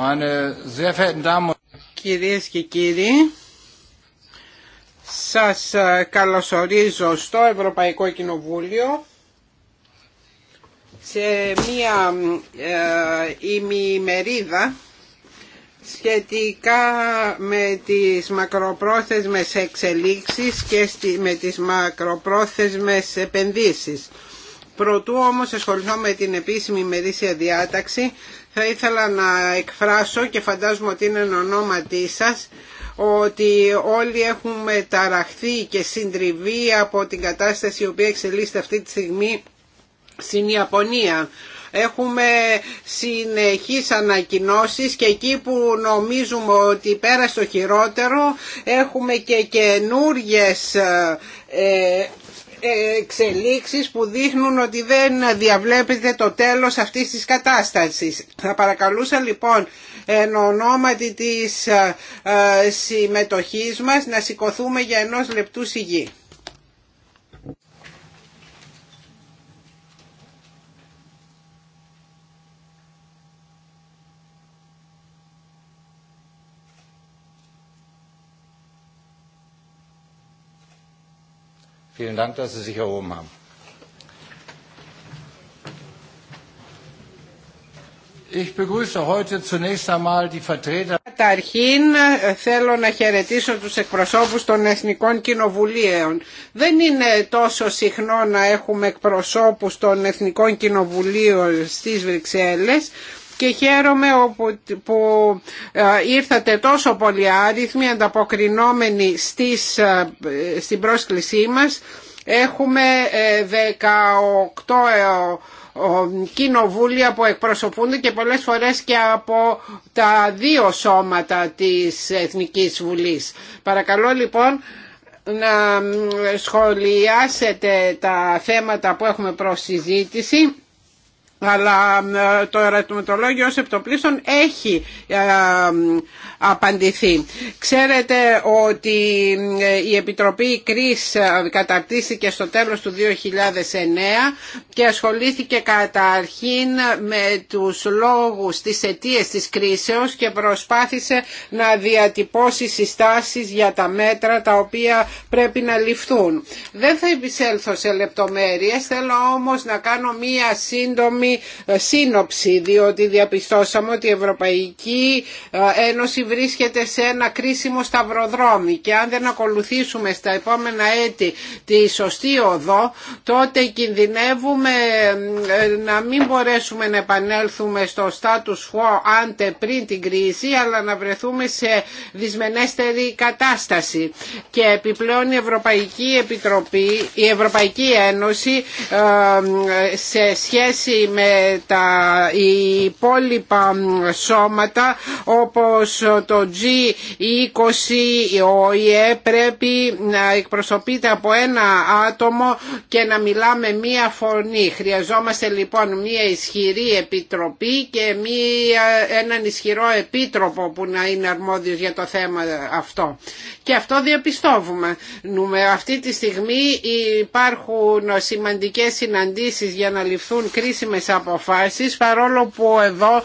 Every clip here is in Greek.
Meine Κυρίες και κύριοι, σας ε, καλωσορίζω στο Ευρωπαϊκό Κοινοβούλιο σε μία ε, ημιμερίδα σχετικά με τις μακροπρόθεσμες εξελίξεις και στη, με τις μακροπρόθεσμες επενδύσεις. Προτού όμως ασχοληθώ με την επίσημη ημερήσια διάταξη, θα ήθελα να εκφράσω και φαντάζομαι ότι είναι εν ονόματι σας ότι όλοι έχουμε ταραχθεί και συντριβεί από την κατάσταση η οποία εξελίσσεται αυτή τη στιγμή στην Ιαπωνία. Έχουμε συνεχείς ανακοινώσεις και εκεί που νομίζουμε ότι πέρασε το χειρότερο έχουμε και καινούργιες ε, εξελίξεις που δείχνουν ότι δεν διαβλέπεται το τέλος αυτής της κατάστασης. Θα παρακαλούσα λοιπόν εν ονόματι της ε, ε, συμμετοχής μας να σηκωθούμε για ενός λεπτού σιγή. Vielen Dank, dass Sie sich erhoben haben. Ich Καταρχήν ε, θέλω να χαιρετήσω τους εκπροσώπους των Εθνικών Κοινοβουλίων. Δεν είναι τόσο συχνό να έχουμε εκπροσώπους των Εθνικών Κοινοβουλίων στις Βρυξέλλες, και χαίρομαι που ε, ήρθατε τόσο πολύ άριθμοι ανταποκρινόμενοι στις, ε, στην πρόσκλησή μας. Έχουμε 18 ε, κοινοβούλια που εκπροσωπούνται και πολλές φορές και από τα δύο σώματα της Εθνικής Βουλής. Παρακαλώ λοιπόν να σχολιάσετε τα θέματα που έχουμε προς συζήτηση αλλά ε, το ερωτηματολόγιο ως επτοπλίστων έχει ε, απαντηθεί. Ξέρετε ότι ε, η Επιτροπή Κρίς καταρτίστηκε στο τέλος του 2009 και ασχολήθηκε καταρχήν με τους λόγους, τις αιτίες της κρίσεως και προσπάθησε να διατυπώσει συστάσεις για τα μέτρα τα οποία πρέπει να ληφθούν. Δεν θα επισέλθω σε λεπτομέρειες, θέλω όμως να κάνω μία σύντομη ε, σύνοψη διότι διαπιστώσαμε ότι η Ευρωπαϊκή ε, Ένωση βρίσκεται σε ένα κρίσιμο σταυροδρόμι και αν δεν ακολουθήσουμε στα επόμενα έτη τη σωστή οδό τότε κινδυνεύουμε ε, να μην μπορέσουμε να επανέλθουμε στο status quo άντε πριν την κρίση αλλά να βρεθούμε σε δυσμενέστερη κατάσταση και επιπλέον η Ευρωπαϊκή Επιτροπή η Ευρωπαϊκή Ένωση σε σχέση με τα υπόλοιπα σώματα όπως το G20 ο ΙΕ πρέπει να εκπροσωπείται από ένα άτομο και να μιλάμε μία φωνή. Χρειαζόμαστε λοιπόν μία ισχυρή επιτροπή και μία, έναν ισχυρό επίτροπο που να είναι αρμόδιος για το θέμα αυτό. Και αυτό διαπιστώβουμε. Αυτή τη στιγμή υπάρχουν σημαντικές συναντήσεις για να ληφθούν κρίσιμες αποφάσεις παρόλο που εδώ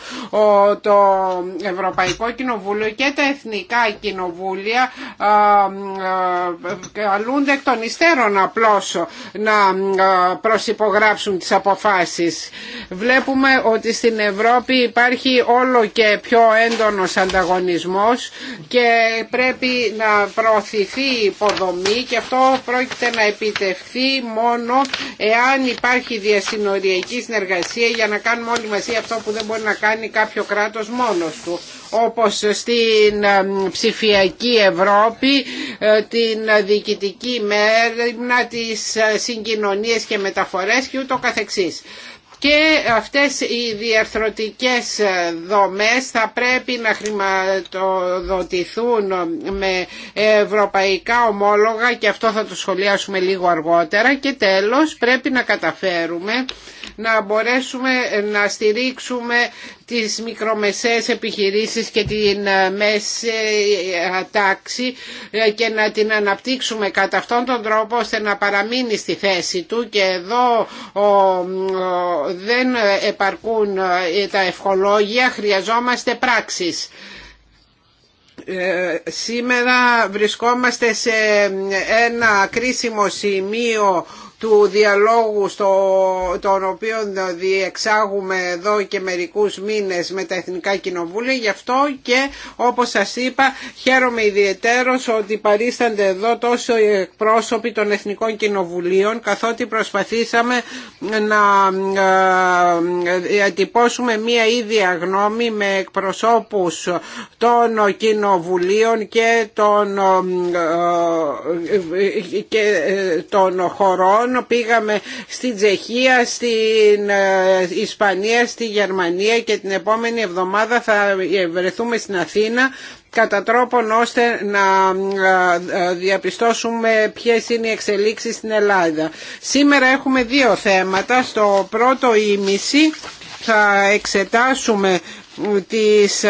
το Ευρωπαϊκό Κοινοβούλιο και τα Εθνικά Κοινοβούλια καλούνται εκ των υστέρων απλώς να προσυπογράψουν τις αποφάσεις. Βλέπουμε ότι στην Ευρώπη υπάρχει όλο και πιο έντονος ανταγωνισμός και πρέπει να προωθηθεί η υποδομή και αυτό πρόκειται να επιτευχθεί μόνο εάν υπάρχει διασυνοριακή συνεργασία για να κάνουμε όλοι μαζί αυτό που δεν μπορεί να κάνει κάποιο κράτος μόνος του όπως στην ε, ψηφιακή Ευρώπη, ε, την διοικητική μέρημνα, τις ε, συγκοινωνίες και μεταφορές και ούτω καθεξής. Και αυτές οι διαρθρωτικές δομές θα πρέπει να χρηματοδοτηθούν με ευρωπαϊκά ομόλογα και αυτό θα το σχολιάσουμε λίγο αργότερα. Και τέλος πρέπει να καταφέρουμε να μπορέσουμε να στηρίξουμε τις μικρομεσαίες επιχειρήσεις και την ε, μέση ε, τάξη ε, και να την αναπτύξουμε κατά αυτόν τον τρόπο ώστε να παραμείνει στη θέση του και εδώ δεν επαρκούν τα ευχολόγια, χρειαζόμαστε πράξεις. σήμερα βρισκόμαστε σε ένα κρίσιμο σημείο του διαλόγου στο, τον οποίο διεξάγουμε εδώ και μερικούς μήνες με τα Εθνικά Κοινοβούλια. Γι' αυτό και όπως σας είπα χαίρομαι ιδιαιτέρως ότι παρίστανται εδώ τόσο οι εκπρόσωποι των Εθνικών Κοινοβουλίων καθότι προσπαθήσαμε να ε, ε, διατυπώσουμε μία ίδια γνώμη με εκπροσώπους των Κοινοβουλίων και των, ε, και των χωρών πήγαμε στην Τσεχία, στην ε, Ισπανία, στη Γερμανία και την επόμενη εβδομάδα θα βρεθούμε στην Αθήνα κατά τρόπον ώστε να ε, ε, διαπιστώσουμε ποιες είναι οι εξελίξεις στην Ελλάδα. Σήμερα έχουμε δύο θέματα. Στο πρώτο ήμιση θα εξετάσουμε τις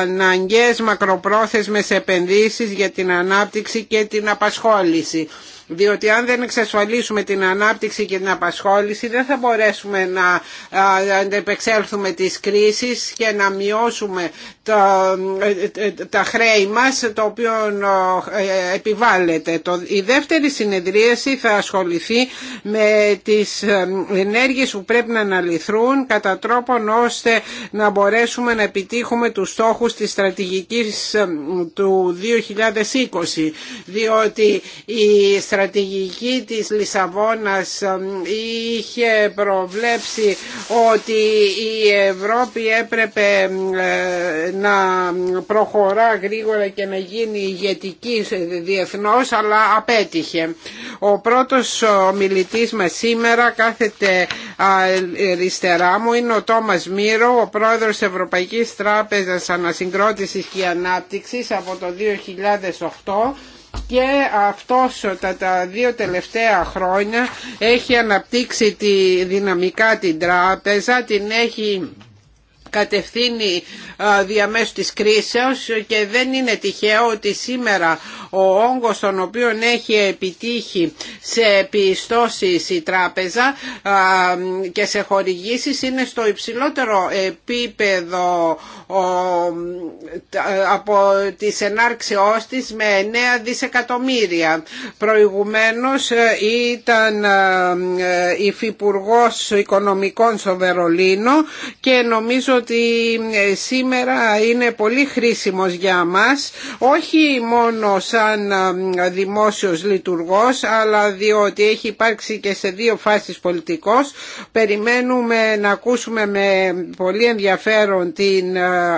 αναγκαίες μακροπρόθεσμες επενδύσεις για την ανάπτυξη και την απασχόληση διότι αν δεν εξασφαλίσουμε την ανάπτυξη και την απασχόληση δεν θα μπορέσουμε να αντεπεξέλθουμε τις κρίσεις και να μειώσουμε τα, τα χρέη μας το οποίο ε, επιβάλλεται. Η δεύτερη συνεδρίαση θα ασχοληθεί με τις ε, ενέργειες που πρέπει να αναλυθούν κατά τρόπον ώστε να μπορέσουμε να επιτύχουμε τους στόχους της στρατηγικής ε, του 2020 διότι η στρατηγική της Λισαβόνας είχε προβλέψει ότι η Ευρώπη έπρεπε ε, να προχωρά γρήγορα και να γίνει ηγετική διεθνώς αλλά απέτυχε. Ο πρώτος μιλητής μας σήμερα κάθεται αριστερά μου είναι ο Τόμας Μύρο, ο πρόεδρος Ευρωπαϊκής Τράπεζας Ανασυγκρότησης και Ανάπτυξης από το 2008 και αυτός τα, τα δύο τελευταία χρόνια έχει αναπτύξει τη δυναμικά την τράπεζα, την έχει κατευθύνει διαμέσου της κρίσεως και δεν είναι τυχαίο ότι σήμερα ο όγκος τον οποίο έχει επιτύχει σε πιστώσεις η τράπεζα και σε χορηγήσεις είναι στο υψηλότερο επίπεδο από τις ενάρξεώς της με 9 δισεκατομμύρια. Προηγουμένως ε, ήταν ε, ε, υφυπουργό Οικονομικών στο Βερολίνο και νομίζω ότι σήμερα είναι πολύ χρήσιμος για μας όχι μόνο σαν δημόσιος λειτουργός αλλά διότι έχει υπάρξει και σε δύο φάσεις πολιτικός περιμένουμε να ακούσουμε με πολύ ενδιαφέρον την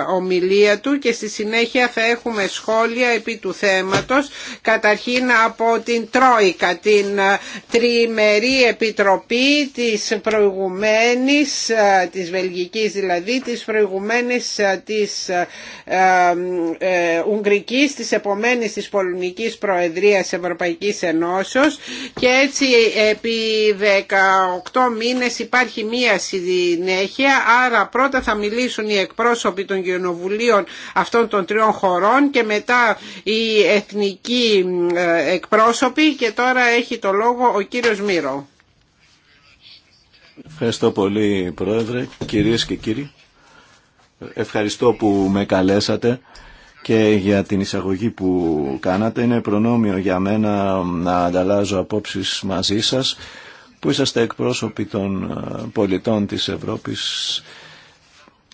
ομιλία του και στη συνέχεια θα έχουμε σχόλια επί του θέματος καταρχήν από την Τρόικα, την ε, Τριημερή Επιτροπή της προηγουμένης, ε, της Βελγικής δηλαδή, της προηγουμένης ε, της ε, ε, Ουγγρικής, της επομένης της Πολωνικής Προεδρίας Ευρωπαϊκής Ενώσεως και έτσι επί 18 μήνες υπάρχει μία συνέχεια, άρα πρώτα θα μιλήσουν οι εκπρόσωποι των κοινοβουλίων αυτών των τριών χωρών και μετά οι εθνικοί ε, εκπρόσωποι και τώρα έχει το λόγο ο κύριος Μύρο. Ευχαριστώ πολύ Πρόεδρε, κυρίες και κύριοι. Ευχαριστώ που με καλέσατε και για την εισαγωγή που κάνατε. Είναι προνόμιο για μένα να ανταλλάζω απόψεις μαζί σας που είσαστε εκπρόσωποι των ε, πολιτών της Ευρώπης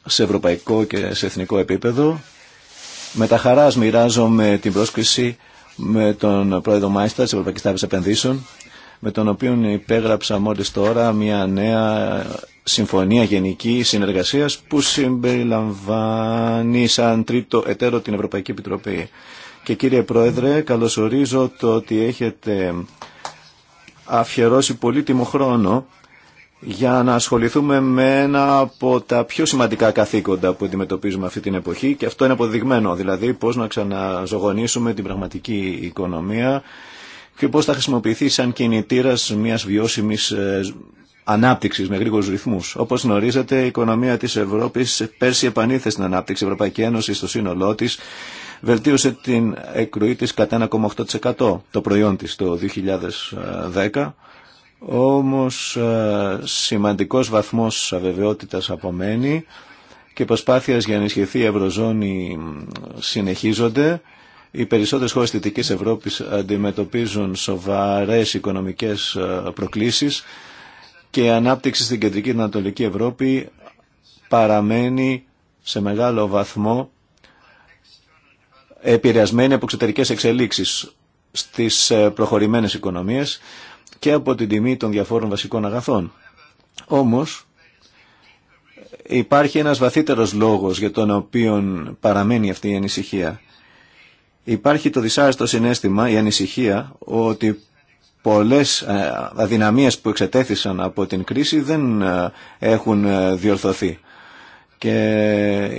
σε ευρωπαϊκό και σε εθνικό επίπεδο. Με τα χαρά μοιράζομαι την πρόσκληση με τον πρόεδρο Μάιστα της Ευρωπαϊκής Τράπεζας Επενδύσεων με τον οποίο υπέγραψα μόλις τώρα μια νέα συμφωνία γενική συνεργασίας που συμπεριλαμβάνει σαν τρίτο εταίρο την Ευρωπαϊκή Επιτροπή. Και κύριε Πρόεδρε, καλωσορίζω το ότι έχετε αφιερώσει πολύτιμο χρόνο για να ασχοληθούμε με ένα από τα πιο σημαντικά καθήκοντα που αντιμετωπίζουμε αυτή την εποχή και αυτό είναι αποδειγμένο, δηλαδή πώς να ξαναζωγονήσουμε την πραγματική οικονομία και πώς θα χρησιμοποιηθεί σαν κινητήρας μιας βιώσιμης ε, ανάπτυξης με γρήγορους ρυθμούς. Όπως γνωρίζετε, η οικονομία της Ευρώπης πέρσι επανήλθε στην ανάπτυξη. Η Ευρωπαϊκή Ένωση στο σύνολό της βελτίωσε την εκροή της κατά 1,8% το προϊόν της το 2010 όμως ε, σημαντικός βαθμός αβεβαιότητας απομένει και προσπάθειες για να ενισχυθεί η Ευρωζώνη συνεχίζονται. Οι περισσότερες χώρες της Δυτικής Ευρώπης αντιμετωπίζουν σοβαρές οικονομικές ε, προκλήσεις και η ανάπτυξη στην Κεντρική και Ανατολική Ευρώπη παραμένει σε μεγάλο βαθμό επηρεασμένη από εξωτερικές εξελίξεις στις ε, προχωρημένες οικονομίες και από την τιμή των διαφόρων βασικών αγαθών. Όμως υπάρχει ένας βαθύτερος λόγος για τον οποίο παραμένει αυτή η ανησυχία. Υπάρχει το δυσάρεστο συνέστημα, η ανησυχία, ότι πολλές ε, αδυναμίες που εξετέθησαν από την κρίση δεν ε, έχουν ε, διορθωθεί. Και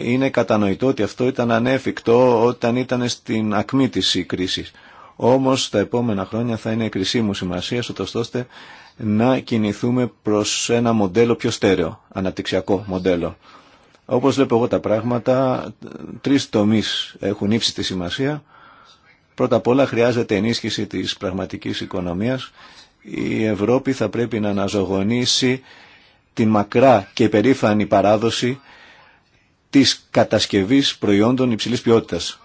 είναι κατανοητό ότι αυτό ήταν ανέφικτο όταν ήταν στην ακμή της η κρίση. Όμως τα επόμενα χρόνια θα είναι κρισίμου σημασία ώστε να κινηθούμε προς ένα μοντέλο πιο στέρεο, αναπτυξιακό μοντέλο. Όπως βλέπω εγώ τα πράγματα, τρεις τομείς έχουν ύψη τη σημασία. Πρώτα απ' όλα χρειάζεται ενίσχυση της πραγματικής οικονομίας. Η Ευρώπη θα πρέπει να αναζωογονήσει την μακρά και περήφανη παράδοση της κατασκευής προϊόντων υψηλής ποιότητας.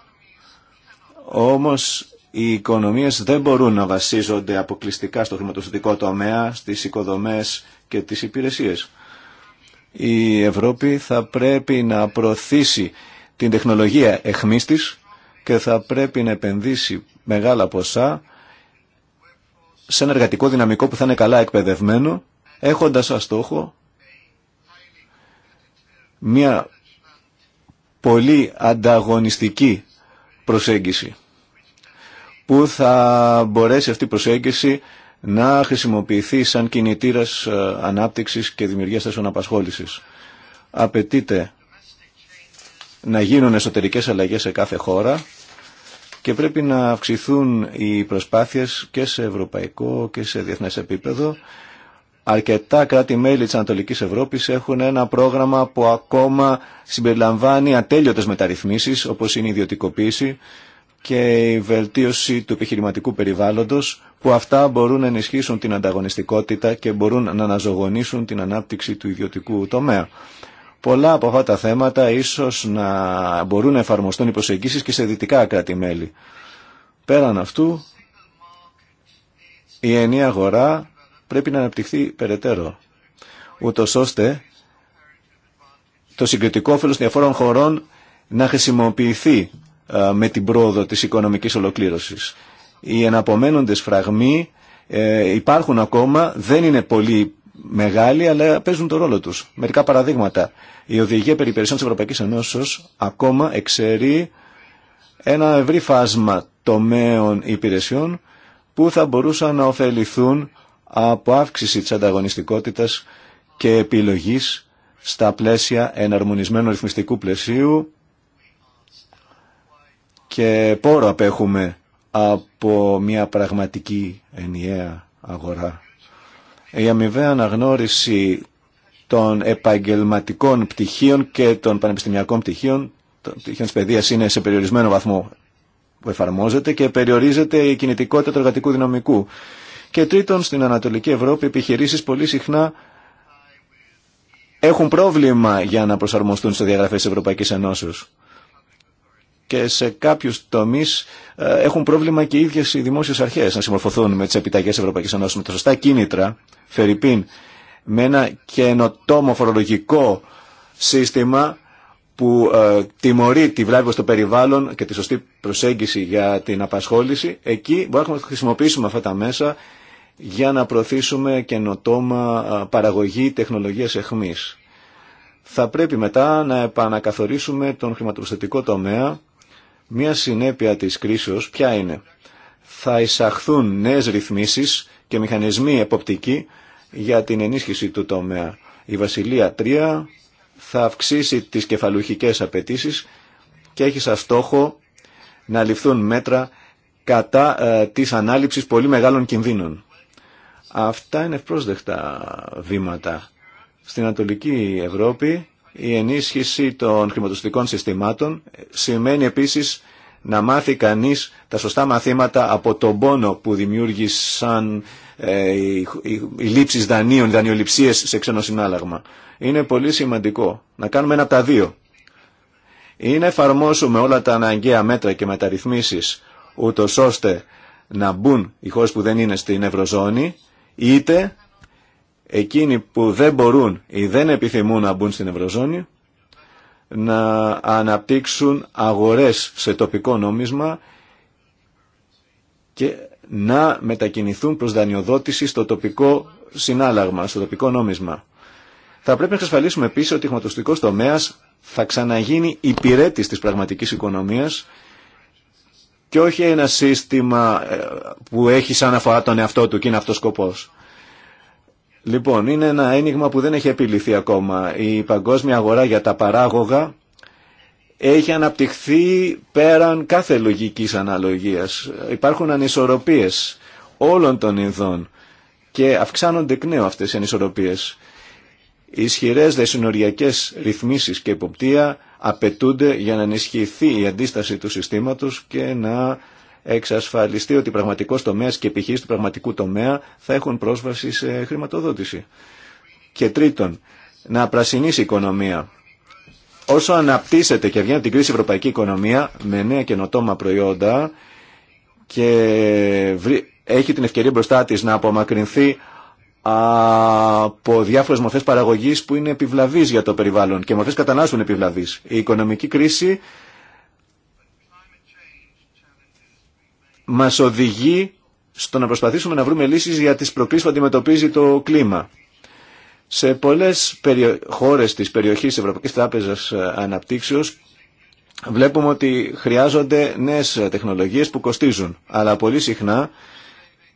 Όμως οι οικονομίες δεν μπορούν να βασίζονται αποκλειστικά στο χρηματοστατικό τομέα, στις οικοδομές και τις υπηρεσίες. Η Ευρώπη θα πρέπει να προωθήσει την τεχνολογία εχμής της και θα πρέπει να επενδύσει μεγάλα ποσά σε ένα εργατικό δυναμικό που θα είναι καλά εκπαιδευμένο, έχοντας σαν στόχο μια πολύ ανταγωνιστική προσέγγιση που θα μπορέσει αυτή η προσέγγιση να χρησιμοποιηθεί σαν κινητήρας ε, ανάπτυξης και δημιουργίας θέσεων απασχόλησης. Απαιτείται να γίνουν εσωτερικές αλλαγές σε κάθε χώρα και πρέπει να αυξηθούν οι προσπάθειες και σε ευρωπαϊκό και σε διεθνές επίπεδο. Αρκετά κράτη-μέλη της Ανατολικής Ευρώπης έχουν ένα πρόγραμμα που ακόμα συμπεριλαμβάνει ατέλειωτες μεταρρυθμίσεις όπως είναι η ιδιωτικοποίηση και η βελτίωση του επιχειρηματικού περιβάλλοντος που αυτά μπορούν να ενισχύσουν την ανταγωνιστικότητα και μπορούν να αναζωογονήσουν την ανάπτυξη του ιδιωτικού τομέα. Πολλά από αυτά τα θέματα ίσως να μπορούν να εφαρμοστούν οι προσεγγίσεις και σε δυτικά κράτη-μέλη. Πέραν αυτού, η ενή αγορά πρέπει να αναπτυχθεί περαιτέρω, ούτω ώστε το συγκριτικό όφελος διαφόρων χωρών να χρησιμοποιηθεί ε, με την πρόοδο της οικονομικής ολοκλήρωσης. Οι εναπομένοντες φραγμοί ε, υπάρχουν ακόμα, δεν είναι πολύ μεγάλοι, αλλά παίζουν το ρόλο τους. Μερικά παραδείγματα. Η Οδηγία Περιπηρεσιών της Ευρωπαϊκής Ενώσεως ακόμα εξαιρεί ένα ευρύ φάσμα τομέων υπηρεσιών που θα μπορούσαν να ωφεληθούν από αύξηση της ανταγωνιστικότητας και επιλογής στα πλαίσια εναρμονισμένου ρυθμιστικού πλαισίου και πόρο απέχουμε από μια πραγματική ενιαία αγορά. Η αμοιβαία αναγνώριση των επαγγελματικών πτυχίων και των πανεπιστημιακών πτυχίων, των πτυχίων της παιδείας είναι σε περιορισμένο βαθμό που εφαρμόζεται και περιορίζεται η κινητικότητα του εργατικού δυναμικού. Και τρίτον, στην Ανατολική Ευρώπη επιχειρήσεις πολύ συχνά έχουν πρόβλημα για να προσαρμοστούν στο διαγραφές της Ευρωπαϊκής Ενώσεως και σε κάποιους τομείς ε, έχουν πρόβλημα και οι ίδιες οι δημόσιες αρχές να συμμορφωθούν με τις επιταγές Ευρωπαϊκής Ενώσης με τα σωστά κίνητρα, Φερρυπίν, με ένα καινοτόμο φορολογικό σύστημα που ε, τιμωρεί τη βλάβη στο περιβάλλον και τη σωστή προσέγγιση για την απασχόληση, εκεί μπορούμε να χρησιμοποιήσουμε αυτά τα μέσα για να προωθήσουμε καινοτόμα ε, παραγωγή τεχνολογίας εχμής. Θα πρέπει μετά να επανακαθορίσουμε τον χρηματοπιστωτικό τομέα Μία συνέπεια της κρίσεως ποια είναι. Θα εισαχθούν νέες ρυθμίσεις και μηχανισμοί εποπτικοί για την ενίσχυση του τομέα. Η Βασιλεία 3 θα αυξήσει τις κεφαλουχικές απαιτήσεις και έχει σαν στόχο να ληφθούν μέτρα κατά ε, της ανάληψης πολύ μεγάλων κινδύνων. Αυτά είναι ευπρόσδεκτα βήματα. Στην Ανατολική Ευρώπη η ενίσχυση των χρηματοστικών συστημάτων σημαίνει επίσης να μάθει κανείς τα σωστά μαθήματα από τον πόνο που δημιούργησαν ε, οι, οι, οι λήψεις δανείων, οι δανειοληψίες σε ξένο συνάλλαγμα. Είναι πολύ σημαντικό να κάνουμε ένα από τα δύο. Ή να εφαρμόσουμε όλα τα αναγκαία μέτρα και μεταρρυθμίσεις ούτω ώστε να μπουν οι χώρες που δεν είναι στην Ευρωζώνη είτε εκείνοι που δεν μπορούν ή δεν επιθυμούν να μπουν στην Ευρωζώνη να αναπτύξουν αγορές σε τοπικό νόμισμα και να μετακινηθούν προς δανειοδότηση στο τοπικό συνάλλαγμα, στο τοπικό νόμισμα. Θα πρέπει να εξασφαλίσουμε επίσης ότι ο χρηματοστικός τομέας θα ξαναγίνει υπηρέτης της πραγματικής οικονομίας και όχι ένα σύστημα ε, που έχει σαν αφορά τον εαυτό του και είναι αυτός σκοπός. Λοιπόν, είναι ένα ένιγμα που δεν έχει επιληθεί ακόμα. Η παγκόσμια αγορά για τα παράγωγα έχει αναπτυχθεί πέραν κάθε λογικής αναλογίας. Υπάρχουν ανισορροπίες όλων των ειδών και αυξάνονται εκ νέου αυτές οι ανισορροπίες. Οι ισχυρές δεσυνοριακές ρυθμίσεις και υποπτία απαιτούνται για να ενισχυθεί η αντίσταση του συστήματος και να εξασφαλιστεί ότι πραγματικό τομέα και επιχείρηση του πραγματικού τομέα θα έχουν πρόσβαση σε χρηματοδότηση. Και τρίτον, να πρασινίσει η οικονομία. Όσο αναπτύσσεται και βγαίνει την κρίση η ευρωπαϊκή οικονομία με νέα καινοτόμα προϊόντα και έχει την ευκαιρία μπροστά τη να απομακρυνθεί από διάφορε μορφέ παραγωγή που είναι επιβλαβεί για το περιβάλλον και μορφέ κατανάλωση που είναι επιβλαβεί. Η οικονομική κρίση μας οδηγεί στο να προσπαθήσουμε να βρούμε λύσεις για τις προκλήσεις που αντιμετωπίζει το κλίμα. Σε πολλές περιο... χώρες της περιοχής Ευρωπαϊκής Τράπεζας ε, Αναπτύξεως βλέπουμε ότι χρειάζονται νέες τεχνολογίες που κοστίζουν. Αλλά πολύ συχνά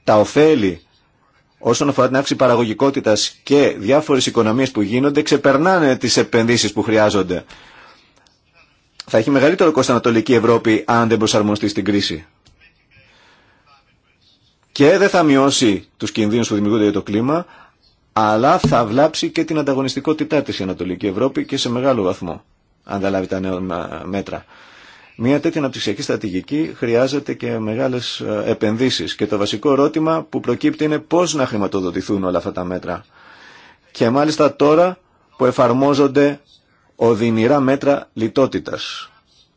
τα ωφέλη όσον αφορά την αύξηση παραγωγικότητας και διάφορες οικονομίες που γίνονται ξεπερνάνε τις επενδύσεις που χρειάζονται. Θα έχει μεγαλύτερο κόστος Ανατολική Ευρώπη αν δεν προσαρμοστεί στην κρίση και δεν θα μειώσει τους κινδύνους που δημιουργούνται για το κλίμα, αλλά θα βλάψει και την ανταγωνιστικότητά της η Ανατολική Ευρώπη και σε μεγάλο βαθμό, αν τα λάβει τα νέα μέτρα. Μια τέτοια αναπτυξιακή στρατηγική χρειάζεται και μεγάλες ε, επενδύσεις και το βασικό ερώτημα που προκύπτει είναι πώς να χρηματοδοτηθούν όλα αυτά τα μέτρα. Και μάλιστα τώρα που εφαρμόζονται οδυνηρά μέτρα λιτότητας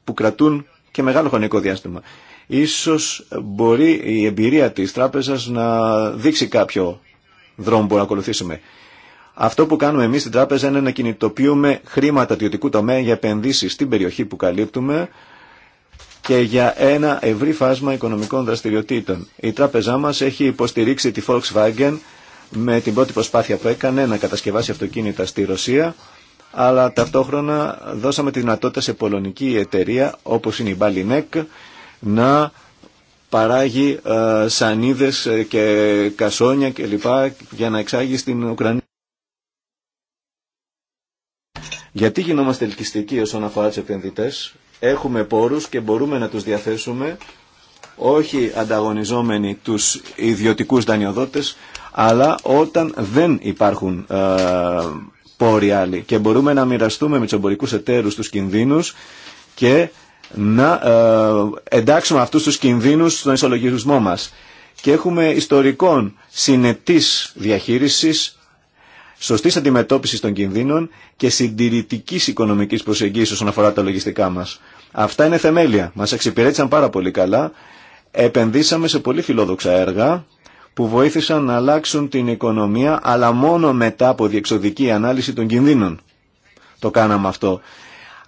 που κρατούν και μεγάλο χρονικό διάστημα ίσως μπορεί η εμπειρία της τράπεζας να δείξει κάποιο δρόμο που να ακολουθήσουμε. Αυτό που κάνουμε εμείς στην τράπεζα είναι να κινητοποιούμε χρήματα ιδιωτικού τομέα για επενδύσεις στην περιοχή που καλύπτουμε και για ένα ευρύ φάσμα οικονομικών δραστηριοτήτων. Η τράπεζά μας έχει υποστηρίξει τη Volkswagen με την πρώτη προσπάθεια που έκανε να κατασκευάσει αυτοκίνητα στη Ρωσία αλλά ταυτόχρονα δώσαμε τη δυνατότητα σε πολωνική εταιρεία όπως είναι η Balinec να παράγει ε, σανίδες ε, και κασόνια κλπ. για να εξάγει στην Ουκρανία. Γιατί γινόμαστε ελκυστικοί όσον αφορά του επενδυτέ, έχουμε πόρους και μπορούμε να τους διαθέσουμε όχι ανταγωνιζόμενοι τους ιδιωτικούς δανειοδότες, αλλά όταν δεν υπάρχουν ε, πόροι άλλοι και μπορούμε να μοιραστούμε με τους εμπορικούς εταίρους τους κινδύνους και να ε, εντάξουμε αυτούς τους κινδύνους στον ισολογισμό μας. Και έχουμε ιστορικών συνετής διαχείρισης, σωστής αντιμετώπισης των κινδύνων και συντηρητικής οικονομικής προσεγγίσης όσον αφορά τα λογιστικά μας. Αυτά είναι θεμέλια. Μας εξυπηρέτησαν πάρα πολύ καλά. Επενδύσαμε σε πολύ φιλόδοξα έργα που βοήθησαν να αλλάξουν την οικονομία αλλά μόνο μετά από διεξοδική ανάλυση των κινδύνων. Το κάναμε αυτό.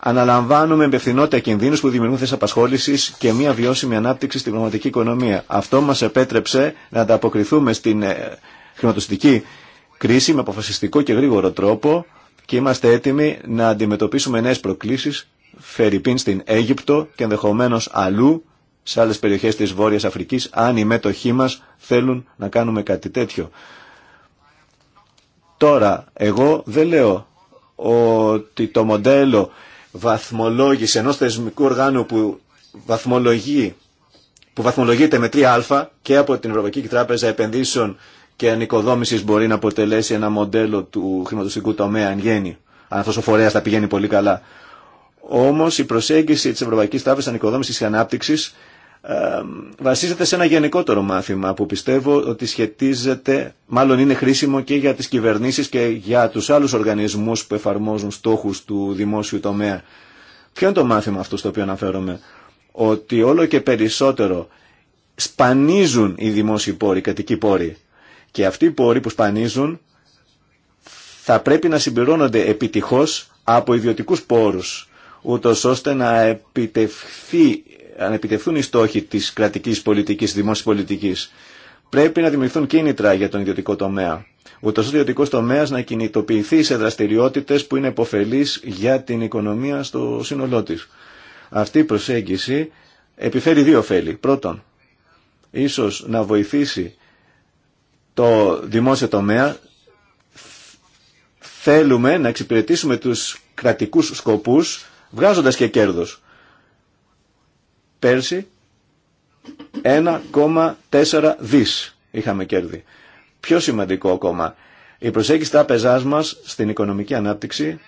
Αναλαμβάνουμε εμπευθυνότητα κινδύνου που δημιουργούν θέσει απασχόληση και μια βιώσιμη ανάπτυξη στην πραγματική οικονομία. Αυτό μα επέτρεψε να ανταποκριθούμε στην ε, χρηματοστική κρίση με αποφασιστικό και γρήγορο τρόπο και είμαστε έτοιμοι να αντιμετωπίσουμε νέε προκλήσει, φερειπίν στην Αίγυπτο και ενδεχομένω αλλού σε άλλε περιοχέ τη Βόρεια Αφρική, αν οι μέτοχοί μα θέλουν να κάνουμε κάτι τέτοιο. Τώρα, εγώ δεν λέω ότι το μοντέλο βαθμολόγηση ενός θεσμικού οργάνου που βαθμολογεί που βαθμολογείται με 3α και από την Ευρωπαϊκή Τράπεζα Επενδύσεων και Ανοικοδόμηση μπορεί να αποτελέσει ένα μοντέλο του χρηματοστικού τομέα εν γέννη, αν αυτό ο φορέα θα πηγαίνει πολύ καλά. Όμω η προσέγγιση τη Ευρωπαϊκή Τράπεζα Ανοικοδόμηση και Ανάπτυξη βασίζεται σε ένα γενικότερο μάθημα που πιστεύω ότι σχετίζεται, μάλλον είναι χρήσιμο και για τις κυβερνήσεις και για τους άλλους οργανισμούς που εφαρμόζουν στόχους του δημόσιου τομέα. Ποιο είναι το μάθημα αυτό στο οποίο αναφέρομαι. Ότι όλο και περισσότερο σπανίζουν οι δημόσιοι πόροι, οι κατοικοί πόροι. Και αυτοί οι πόροι που σπανίζουν θα πρέπει να συμπληρώνονται επιτυχώς από ιδιωτικούς πόρους, ούτως ώστε να επιτευχθεί αν επιτευθούν οι στόχοι της κρατικής πολιτικής, της δημόσιας πολιτικής, πρέπει να δημιουργηθούν κίνητρα για τον ιδιωτικό τομέα. Ούτως ο ιδιωτικό τομέας να κινητοποιηθεί σε δραστηριότητες που είναι επωφελείς για την οικονομία στο σύνολό της. Αυτή η προσέγγιση επιφέρει δύο ωφέλη. Πρώτον, ίσως να βοηθήσει το δημόσιο τομέα θέλουμε να εξυπηρετήσουμε τους κρατικούς σκοπούς βγάζοντας και κέρδος. Πέρσι 1,4 δις είχαμε κέρδη. Πιο σημαντικό ακόμα, η προσέγγιση τράπεζά μας στην οικονομική ανάπτυξη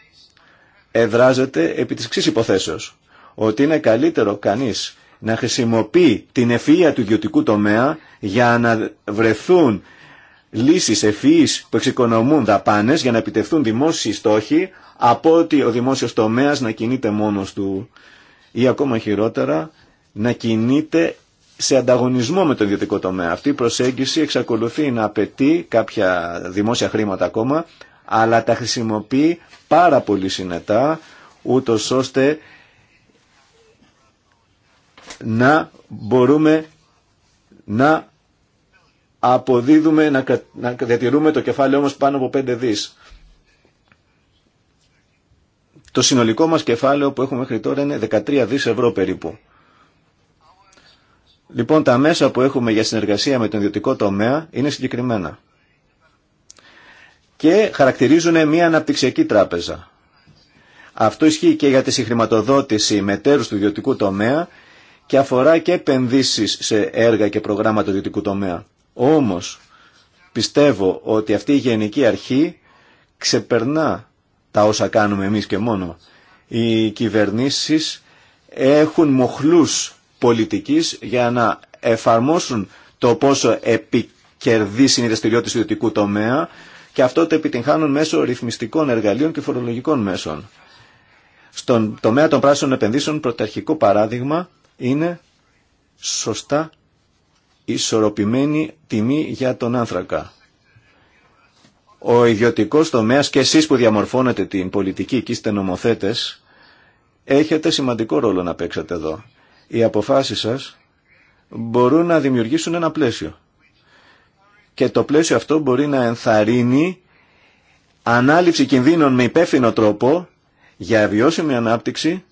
εδράζεται επί της εξής υποθέσεως, ότι είναι καλύτερο κανείς να χρησιμοποιεί την ευφυΐα του ιδιωτικού τομέα για να βρεθούν λύσεις ευφυΐς που εξοικονομούν δαπάνες για να επιτευθούν δημόσιοι στόχοι από ότι ο δημόσιος τομέας να κινείται μόνος του ή ακόμα χειρότερα να κινείται σε ανταγωνισμό με τον ιδιωτικό τομέα. Αυτή η προσέγγιση εξακολουθεί να απαιτεί κάποια δημόσια χρήματα ακόμα, αλλά τα χρησιμοποιεί πάρα πολύ συνετά, ούτω ώστε να μπορούμε να αποδίδουμε, να διατηρούμε το κεφάλαιο όμως πάνω από 5 δις. Το συνολικό μας κεφάλαιο που έχουμε μέχρι τώρα είναι 13 δις ευρώ περίπου. Λοιπόν, τα μέσα που έχουμε για συνεργασία με τον ιδιωτικό τομέα είναι συγκεκριμένα. Και χαρακτηρίζουν μια αναπτυξιακή τράπεζα. Αυτό ισχύει και για τη συγχρηματοδότηση μετέρους του ιδιωτικού τομέα και αφορά και επενδύσεις σε έργα και προγράμματα του ιδιωτικού τομέα. Όμως, πιστεύω ότι αυτή η γενική αρχή ξεπερνά τα όσα κάνουμε εμείς και μόνο. Οι κυβερνήσεις έχουν μοχλούς πολιτικής για να εφαρμόσουν το πόσο επικερδής είναι η δραστηριότητα του ιδιωτικού τομέα και αυτό το επιτυγχάνουν μέσω ρυθμιστικών εργαλείων και φορολογικών μέσων. Στον τομέα των πράσινων επενδύσεων πρωταρχικό παράδειγμα είναι σωστά ισορροπημένη τιμή για τον άνθρακα. Ο ιδιωτικός τομέας και εσείς που διαμορφώνετε την πολιτική και είστε νομοθέτες έχετε σημαντικό ρόλο να παίξετε εδώ. Οι αποφάσεις σας μπορούν να δημιουργήσουν ένα πλαίσιο. Και το πλαίσιο αυτό μπορεί να ενθαρρύνει ανάληψη κινδύνων με υπεύθυνο τρόπο για βιώσιμη ανάπτυξη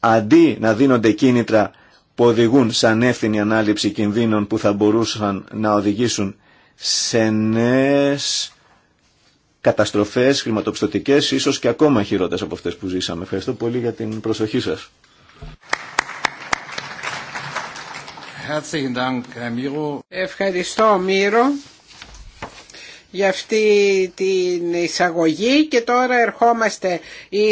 αντί να δίνονται κίνητρα που οδηγούν σαν ανεύθυνη ανάληψη κινδύνων που θα μπορούσαν να οδηγήσουν σε νέες καταστροφές χρηματοπιστωτικές, ίσως και ακόμα χειρότερες από αυτές που ζήσαμε. Ευχαριστώ πολύ για την προσοχή σας. Ευχαριστώ Μύρο για αυτή την εισαγωγή και τώρα ερχόμαστε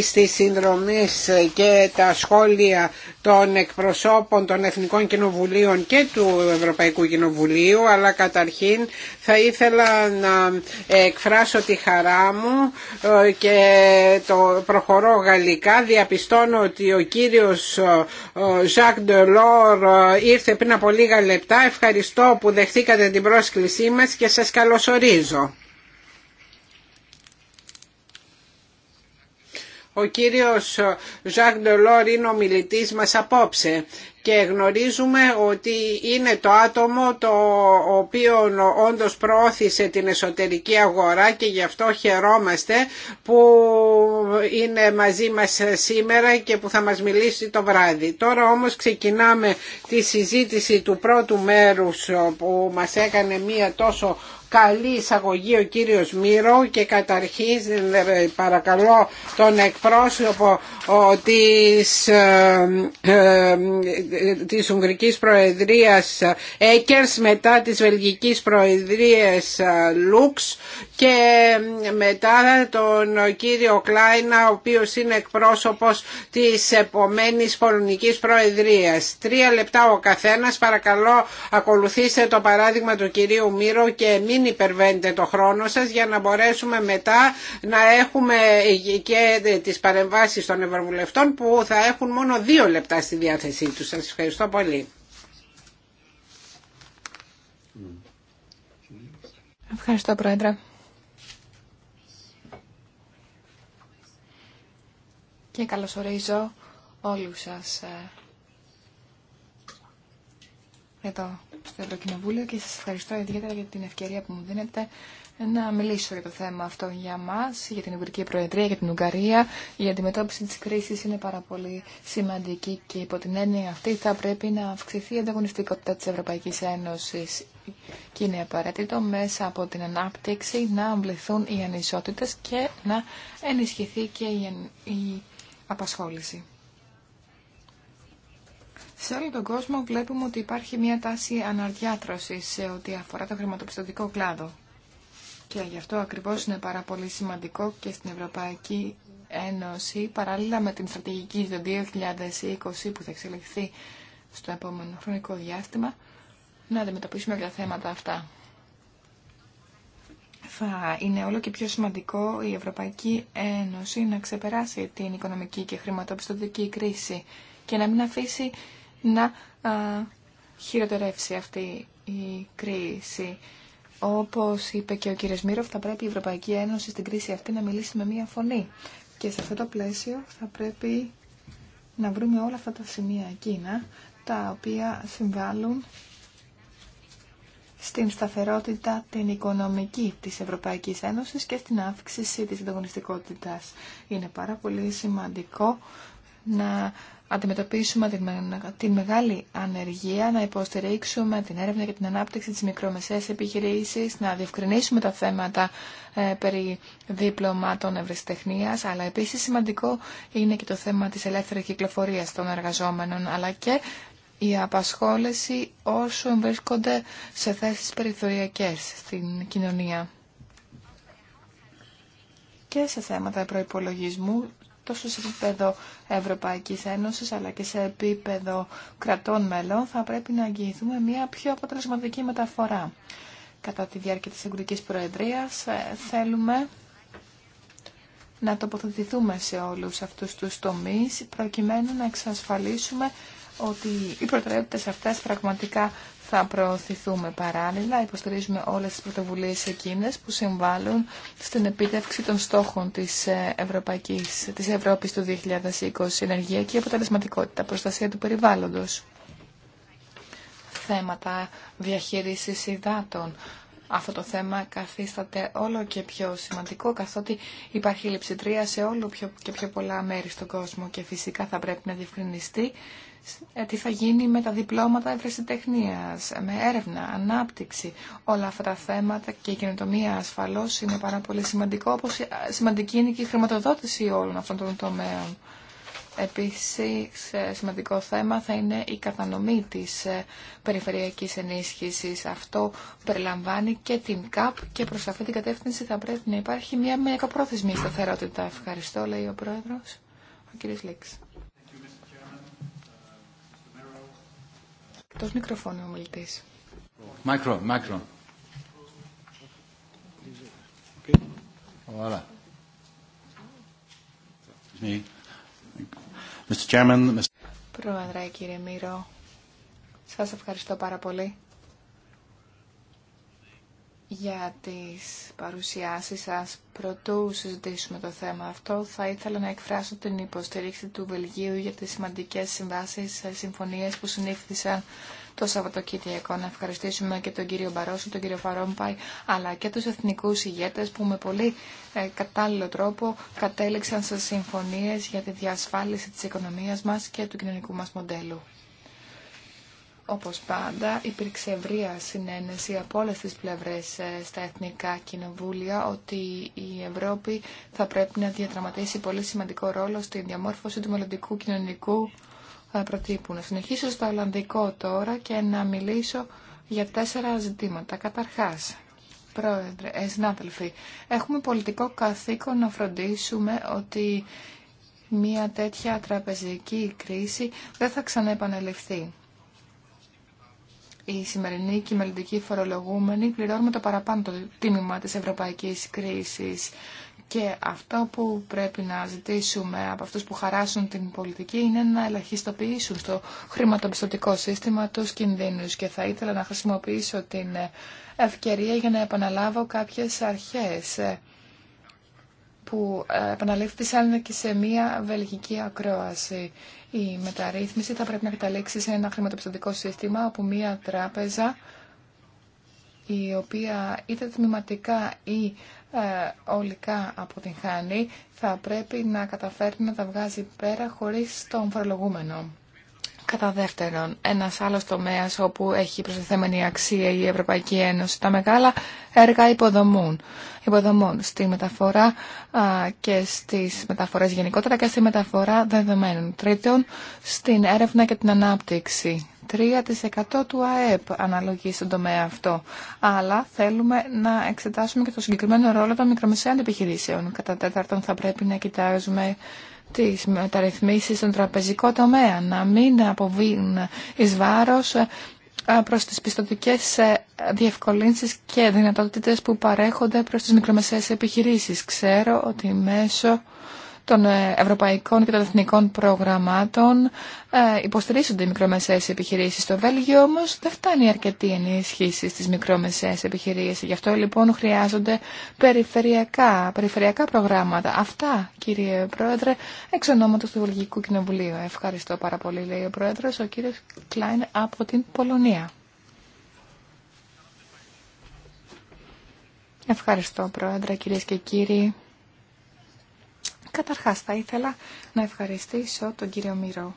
στις συνδρομές και τα σχόλια των εκπροσώπων των Εθνικών Κοινοβουλίων και του Ευρωπαϊκού Κοινοβουλίου αλλά καταρχήν θα ήθελα να εκφράσω τη χαρά μου ε, και το προχωρώ γαλλικά. Διαπιστώνω ότι ο κύριος Ζακ ε, Ντελόρ ήρθε πριν από λίγα λεπτά. Ευχαριστώ που δεχτήκατε την πρόσκλησή μας και σας καλωσορίζω. Ο κύριος Ζακ ε, Ντελόρ είναι ο μιλητής μας απόψε και γνωρίζουμε ότι είναι το άτομο το οποίο όντως προώθησε την εσωτερική αγορά και γι' αυτό χαιρόμαστε που είναι μαζί μας σήμερα και που θα μας μιλήσει το βράδυ. Τώρα όμως ξεκινάμε τη συζήτηση του πρώτου μέρους που μας έκανε μία τόσο καλή εισαγωγή ο κύριος Μύρο και καταρχήν ε, παρακαλώ τον εκπρόσωπο της, ε, ε, της Ουγγρικής Προεδρίας Έκερς μετά της Βελγικής Προεδρίας Λούξ και μετά τον κύριο Κλάινα ο οποίος είναι εκπρόσωπος της επομένης Πολωνικής Προεδρίας. Τρία λεπτά ο καθένας. Παρακαλώ ακολουθήστε το παράδειγμα του κυρίου Μύρο και μην υπερβαίνετε το χρόνο σας για να μπορέσουμε μετά να έχουμε και τις παρεμβάσεις των Ευρωβουλευτών που θα έχουν μόνο δύο λεπτά στη διάθεσή τους. Σας ευχαριστώ πολύ. Ευχαριστώ Πρόεδρε. και καλωσορίζω όλους σας ε, εδώ στο Ευρωκοινοβούλιο και σας ευχαριστώ ιδιαίτερα για την ευκαιρία που μου δίνετε να μιλήσω για το θέμα αυτό για μας, για την Υπουργική Προεδρία, για την Ουγγαρία. Η αντιμετώπιση της κρίσης είναι πάρα πολύ σημαντική και υπό την έννοια αυτή θα πρέπει να αυξηθεί η ανταγωνιστικότητα της Ευρωπαϊκής Ένωσης και είναι απαραίτητο μέσα από την ανάπτυξη να αμβληθούν οι ανισότητες και να ενισχυθεί και η απασχόληση. Σε όλο τον κόσμο βλέπουμε ότι υπάρχει μια τάση αναδιάθρωσης σε ό,τι αφορά το χρηματοπιστωτικό κλάδο. Και γι' αυτό ακριβώς είναι πάρα πολύ σημαντικό και στην Ευρωπαϊκή Ένωση, παράλληλα με την στρατηγική το 2020 που θα εξελιχθεί στο επόμενο χρονικό διάστημα, να αντιμετωπίσουμε τα θέματα αυτά θα είναι όλο και πιο σημαντικό η Ευρωπαϊκή Ένωση να ξεπεράσει την οικονομική και χρηματοπιστωτική κρίση και να μην αφήσει να χειροτερεύσει αυτή η κρίση. Όπως είπε και ο κύριος Μύροφ, θα πρέπει η Ευρωπαϊκή Ένωση στην κρίση αυτή να μιλήσει με μία φωνή. Και σε αυτό το πλαίσιο θα πρέπει να βρούμε όλα αυτά τα σημεία εκείνα, τα οποία συμβάλλουν στην σταθερότητα την οικονομική της Ευρωπαϊκής Ένωσης και στην αύξηση της ανταγωνιστικότητας. Είναι πάρα πολύ σημαντικό να αντιμετωπίσουμε την μεγάλη ανεργία, να υποστηρίξουμε την έρευνα και την ανάπτυξη της μικρομεσαίας επιχειρήσης, να διευκρινίσουμε τα θέματα ε, περί διπλωμάτων ευρεσιτεχνίας, αλλά επίσης σημαντικό είναι και το θέμα της ελεύθερης κυκλοφορίας των εργαζόμενων, αλλά και η απασχόληση όσο βρίσκονται σε θέσεις περιθωριακές στην κοινωνία και σε θέματα προϋπολογισμού τόσο σε επίπεδο Ευρωπαϊκής Ένωσης αλλά και σε επίπεδο κρατών μελών θα πρέπει να αγγιηθούμε μια πιο αποτελεσματική μεταφορά. Κατά τη διάρκεια της Εγκουρικής Προεδρίας ε, θέλουμε να τοποθετηθούμε σε όλους αυτούς τους τομείς προκειμένου να εξασφαλίσουμε ότι οι προτεραιότητες αυτές πραγματικά θα προωθηθούμε παράλληλα. Υποστηρίζουμε όλες τις πρωτοβουλίες εκείνες που συμβάλλουν στην επίτευξη των στόχων της, ε, Ευρωπαϊκής, της Ευρώπης του 2020, και αποτελεσματικότητα, προστασία του περιβάλλοντος, θέματα διαχείρισης υδάτων, αυτό το θέμα καθίσταται όλο και πιο σημαντικό, καθότι υπάρχει λειψητρία σε όλο και πιο πολλά μέρη στον κόσμο και φυσικά θα πρέπει να διευκρινιστεί ε, τι θα γίνει με τα διπλώματα ευρεσιτεχνίας, με έρευνα, ανάπτυξη. Όλα αυτά τα θέματα και η καινοτομία ασφαλώς είναι πάρα πολύ σημαντικό, όπως σημαντική είναι και η χρηματοδότηση όλων αυτών των τομέων. Επίσης, ε, σημαντικό θέμα θα είναι η κατανομή της ε, περιφερειακής ενίσχυσης. Αυτό περιλαμβάνει και την ΚΑΠ και προς αυτή την κατεύθυνση θα πρέπει να υπάρχει μια μεγαπρόθεσμη σταθερότητα. Ευχαριστώ, λέει ο Πρόεδρος, ο κ. Λίξ. Εκτός μικροφώνου ο μιλητής. Μάκρο, μάικρο. Voilà. Mr. Chairman, Mr. Πρόεδρε, κύριε Μύρο, σας ευχαριστώ πάρα πολύ για τις παρουσιάσεις σας. Πρωτού συζητήσουμε το θέμα αυτό, θα ήθελα να εκφράσω την υποστήριξη του Βελγίου για τις σημαντικές συμβάσεις, ε, συμφωνίες που συνήφθησαν το Σαββατοκύριακο. Να ευχαριστήσουμε και τον κύριο Μπαρόσο, τον κύριο Φαρόμπαϊ, αλλά και τους εθνικούς ηγέτες που με πολύ ε, κατάλληλο τρόπο κατέληξαν σε συμφωνίες για τη διασφάλιση της οικονομίας μας και του κοινωνικού μας μοντέλου. Όπως πάντα υπήρξε ευρεία συνένεση από όλες τις πλευρές ε, στα εθνικά κοινοβούλια ότι η Ευρώπη θα πρέπει να διαδραματίσει πολύ σημαντικό ρόλο στη διαμόρφωση του μελλοντικού κοινωνικού ε, προτύπου. Να συνεχίσω στο Ολλανδικό τώρα και να μιλήσω για τέσσερα ζητήματα. Καταρχάς, πρόεδρε, ε, συνάδελφοι, έχουμε πολιτικό καθήκον να φροντίσουμε ότι μια τέτοια τραπεζική κρίση δεν θα ξαναεπανελειφθεί οι σημερινοί και οι μελλοντικοί φορολογούμενοι πληρώνουμε το παραπάνω το τίμημα της ευρωπαϊκής κρίσης. Και αυτό που πρέπει να ζητήσουμε από αυτούς που χαράσουν την πολιτική είναι να ελαχιστοποιήσουν στο χρηματοπιστωτικό σύστημα τους κινδύνους. Και θα ήθελα να χρησιμοποιήσω την ευκαιρία για να επαναλάβω κάποιες αρχές που επαναλήφθησαν και σε μία βελγική ακρόαση. Η μεταρρύθμιση θα πρέπει να καταλήξει σε ένα χρηματοπιστωτικό σύστημα όπου μία τράπεζα η οποία είτε τμηματικά ή ε, ολικά αποτυγχάνει, θα πρέπει να καταφέρει να τα βγάζει πέρα χωρίς τον φορολογούμενο. Κατά δεύτερον, ένας άλλο τομέα όπου έχει προσθεθέμενη αξία η Ευρωπαϊκή Ένωση, τα μεγάλα έργα υποδομών, υποδομών στη μεταφορά και στις μεταφορές γενικότερα και στη μεταφορά δεδομένων. Τρίτον, στην έρευνα και την ανάπτυξη. 3% του ΑΕΠ αναλογεί στον τομέα αυτό. Αλλά θέλουμε να εξετάσουμε και το συγκεκριμένο ρόλο των μικρομεσαίων επιχειρήσεων. Κατά τέταρτον, θα πρέπει να κοιτάζουμε τις μεταρρυθμίσεις στον τραπεζικό τομέα, να μην αποβεί εις βάρος ε, προς τις πιστοτικές ε, διευκολύνσεις και δυνατότητες που παρέχονται προς τις μικρομεσαίες επιχειρήσεις. Ξέρω ότι μέσω των ε, ευρωπαϊκών και των εθνικών προγραμμάτων ε, υποστηρίζονται οι μικρομεσαίες επιχειρήσεις. Στο Βέλγιο όμως δεν φτάνει αρκετή ενίσχυση στις μικρομεσαίες επιχειρήσεις. Γι' αυτό λοιπόν χρειάζονται περιφερειακά, περιφερειακά προγράμματα. Αυτά κύριε Πρόεδρε, εξ ονόματος του Βουλγικού Κοινοβουλίου. Ευχαριστώ πάρα πολύ λέει ο Πρόεδρος, ο κύριος Κλάιν από την Πολωνία. Ευχαριστώ Πρόεδρε, κυρίες και κύριοι. Καταρχάς θα ήθελα να ευχαριστήσω τον κύριο Μυρό,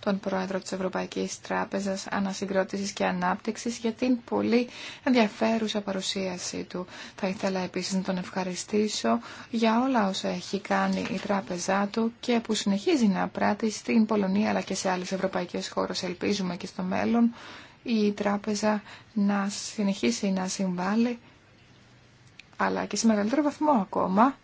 τον πρόεδρο της Ευρωπαϊκής Τράπεζας Ανασυγκρότησης και Ανάπτυξης για την πολύ ενδιαφέρουσα παρουσίαση του. Θα ήθελα επίσης να τον ευχαριστήσω για όλα όσα έχει κάνει η τράπεζά του και που συνεχίζει να πράττει στην Πολωνία αλλά και σε άλλες ευρωπαϊκές χώρες. Ελπίζουμε και στο μέλλον η τράπεζα να συνεχίσει να συμβάλλει αλλά και σε μεγαλύτερο βαθμό ακόμα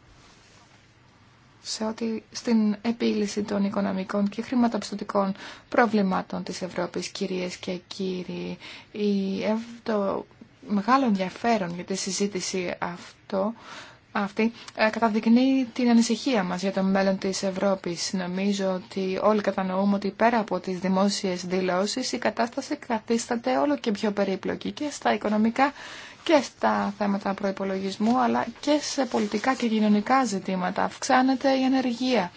σε ό,τι στην επίλυση των οικονομικών και χρηματοπιστωτικών προβλημάτων της Ευρώπης, κυρίες και κύριοι. Η, το μεγάλο ενδιαφέρον για τη συζήτηση αυτό, αυτή ε, καταδεικνύει την ανησυχία μας για το μέλλον της Ευρώπης. Νομίζω ότι όλοι κατανοούμε ότι πέρα από τις δημόσιες δηλώσεις η κατάσταση καθίσταται όλο και πιο περίπλοκη και στα οικονομικά και στα θέματα προϋπολογισμού, αλλά και σε πολιτικά και κοινωνικά ζητήματα. Αυξάνεται η ανεργία.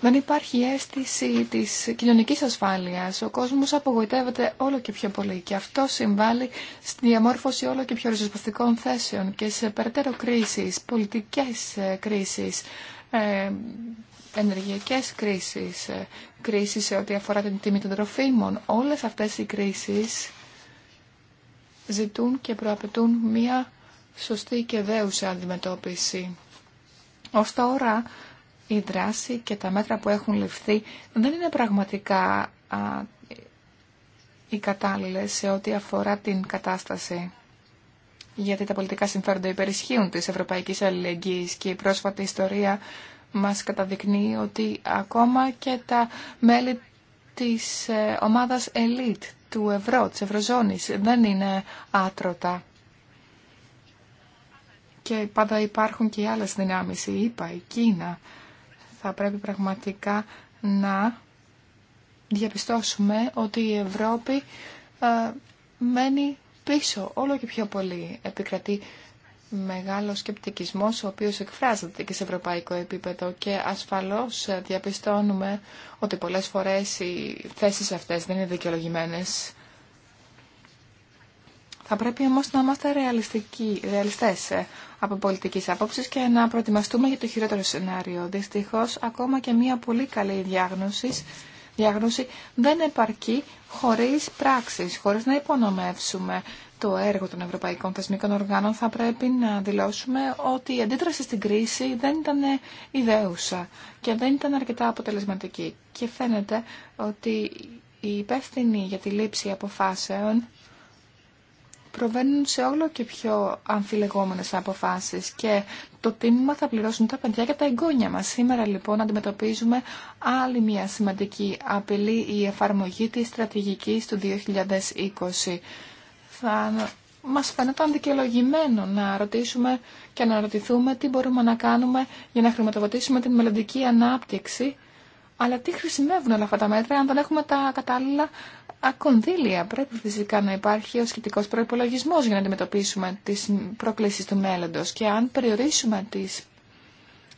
Δεν υπάρχει αίσθηση της κοινωνικής ασφάλειας. Ο κόσμος απογοητεύεται όλο και πιο πολύ και αυτό συμβάλλει στη διαμόρφωση όλο και πιο ριζοσπαστικών θέσεων και σε περαιτέρω κρίσεις, πολιτικές ε, κρίσεις, ε, ενεργειακές κρίσεις, ε, κρίσεις σε ό,τι αφορά την τιμή των τροφίμων. Όλες αυτές οι κρίσεις ζητούν και προαπαιτούν μία σωστή και δέουσα αντιμετώπιση. Ως τώρα η δράση και τα μέτρα που έχουν ληφθεί δεν είναι πραγματικά α, οι κατάλληλε σε ό,τι αφορά την κατάσταση. Γιατί τα πολιτικά συμφέροντα υπερισχύουν της ευρωπαϊκής αλληλεγγύης και η πρόσφατη ιστορία μας καταδεικνύει ότι ακόμα και τα μέλη της ε, ομάδας ελίτ του ευρώ, της ευρωζώνης. Δεν είναι άτρωτα. Και πάντα υπάρχουν και οι άλλες δυνάμεις, η ΕΠΑ, η Κίνα. Θα πρέπει πραγματικά να διαπιστώσουμε ότι η Ευρώπη ε, μένει πίσω όλο και πιο πολύ. Επικρατεί Μεγάλο σκεπτικισμός ο οποίος εκφράζεται και σε ευρωπαϊκό επίπεδο και ασφαλώς διαπιστώνουμε ότι πολλές φορές οι θέσεις αυτές δεν είναι δικαιολογημένες. Θα πρέπει όμως να είμαστε ρεαλιστικοί, ρεαλιστές ε, από πολιτικής άποψης και να προετοιμαστούμε για το χειρότερο σενάριο. Δυστυχώς, ακόμα και μια πολύ καλή διάγνωση, διάγνωση δεν επαρκεί χωρίς πράξεις, χωρίς να υπονομεύσουμε το έργο των Ευρωπαϊκών Θεσμικών Οργάνων θα πρέπει να δηλώσουμε ότι η αντίδραση στην κρίση δεν ήταν ιδέουσα και δεν ήταν αρκετά αποτελεσματική. Και φαίνεται ότι οι υπεύθυνοι για τη λήψη αποφάσεων προβαίνουν σε όλο και πιο αμφιλεγόμενες αποφάσεις και το τίμημα θα πληρώσουν τα παιδιά και τα εγγόνια μας. Σήμερα λοιπόν αντιμετωπίζουμε άλλη μια σημαντική απειλή η εφαρμογή της στρατηγικής του 2020 θα μας φαίνεται δικαιολογημένο να ρωτήσουμε και να ρωτηθούμε τι μπορούμε να κάνουμε για να χρηματοδοτήσουμε την μελλοντική ανάπτυξη, αλλά τι χρησιμεύουν όλα αυτά τα μέτρα αν δεν έχουμε τα κατάλληλα κονδύλια. Πρέπει φυσικά να υπάρχει ο σχετικός προϋπολογισμός για να αντιμετωπίσουμε τις προκλήσεις του μέλλοντος και αν περιορίσουμε τις,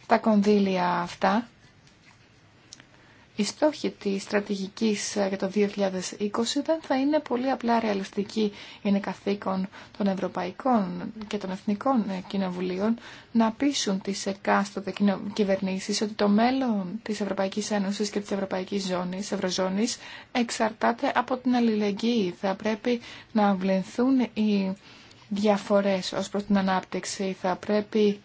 τα κονδύλια αυτά, οι στόχοι τη στρατηγικής ε, για το 2020 δεν θα είναι πολύ απλά ρεαλιστικοί. Είναι καθήκον των ευρωπαϊκών και των εθνικών ε, κοινοβουλίων να πείσουν τις εκάστοτε κυβερνήσεις ότι το μέλλον τη Ευρωπαϊκή Ένωση και τη Ευρωπαϊκή Ζώνης, Ευρωζώνης εξαρτάται από την αλληλεγγύη. Θα πρέπει να βλενθούν οι διαφορέ ω προ την ανάπτυξη. Θα πρέπει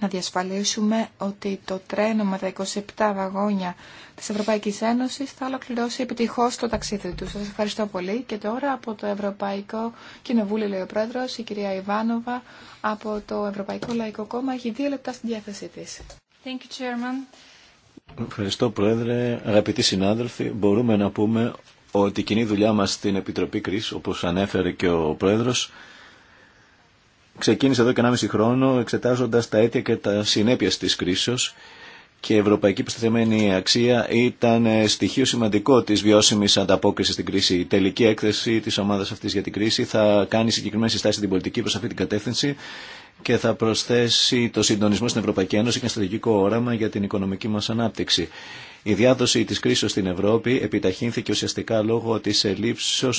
να διασφαλίσουμε ότι το τρένο με τα 27 βαγόνια της Ευρωπαϊκής Ένωσης θα ολοκληρώσει επιτυχώς το ταξίδι του. Σας ευχαριστώ πολύ και τώρα από το Ευρωπαϊκό Κοινοβούλιο, λέει ο Πρόεδρος, η κυρία Ιβάνοβα από το Ευρωπαϊκό Λαϊκό Κόμμα έχει δύο λεπτά στην διάθεσή της. Ευχαριστώ Πρόεδρε. Αγαπητοί συνάδελφοι, μπορούμε να πούμε ότι η κοινή δουλειά μας στην Επιτροπή Κρίση, όπως ανέφερε και ο Πρόεδρος, ξεκίνησε εδώ και 1,5 χρόνο εξετάζοντα τα αίτια και τα συνέπεια τη κρίσεως και η ευρωπαϊκή προστιθέμενη αξία ήταν στοιχείο σημαντικό τη βιώσιμη ανταπόκριση στην κρίση. Η τελική έκθεση τη ομάδα αυτή για την κρίση θα κάνει συγκεκριμένε συστάσει στην πολιτική προ αυτή την κατεύθυνση και θα προσθέσει το συντονισμό στην Ευρωπαϊκή Ένωση και ένα στρατηγικό όραμα για την οικονομική μα ανάπτυξη. Η διάδοση τη κρίση στην Ευρώπη επιταχύνθηκε ουσιαστικά λόγω τη ελλείψεω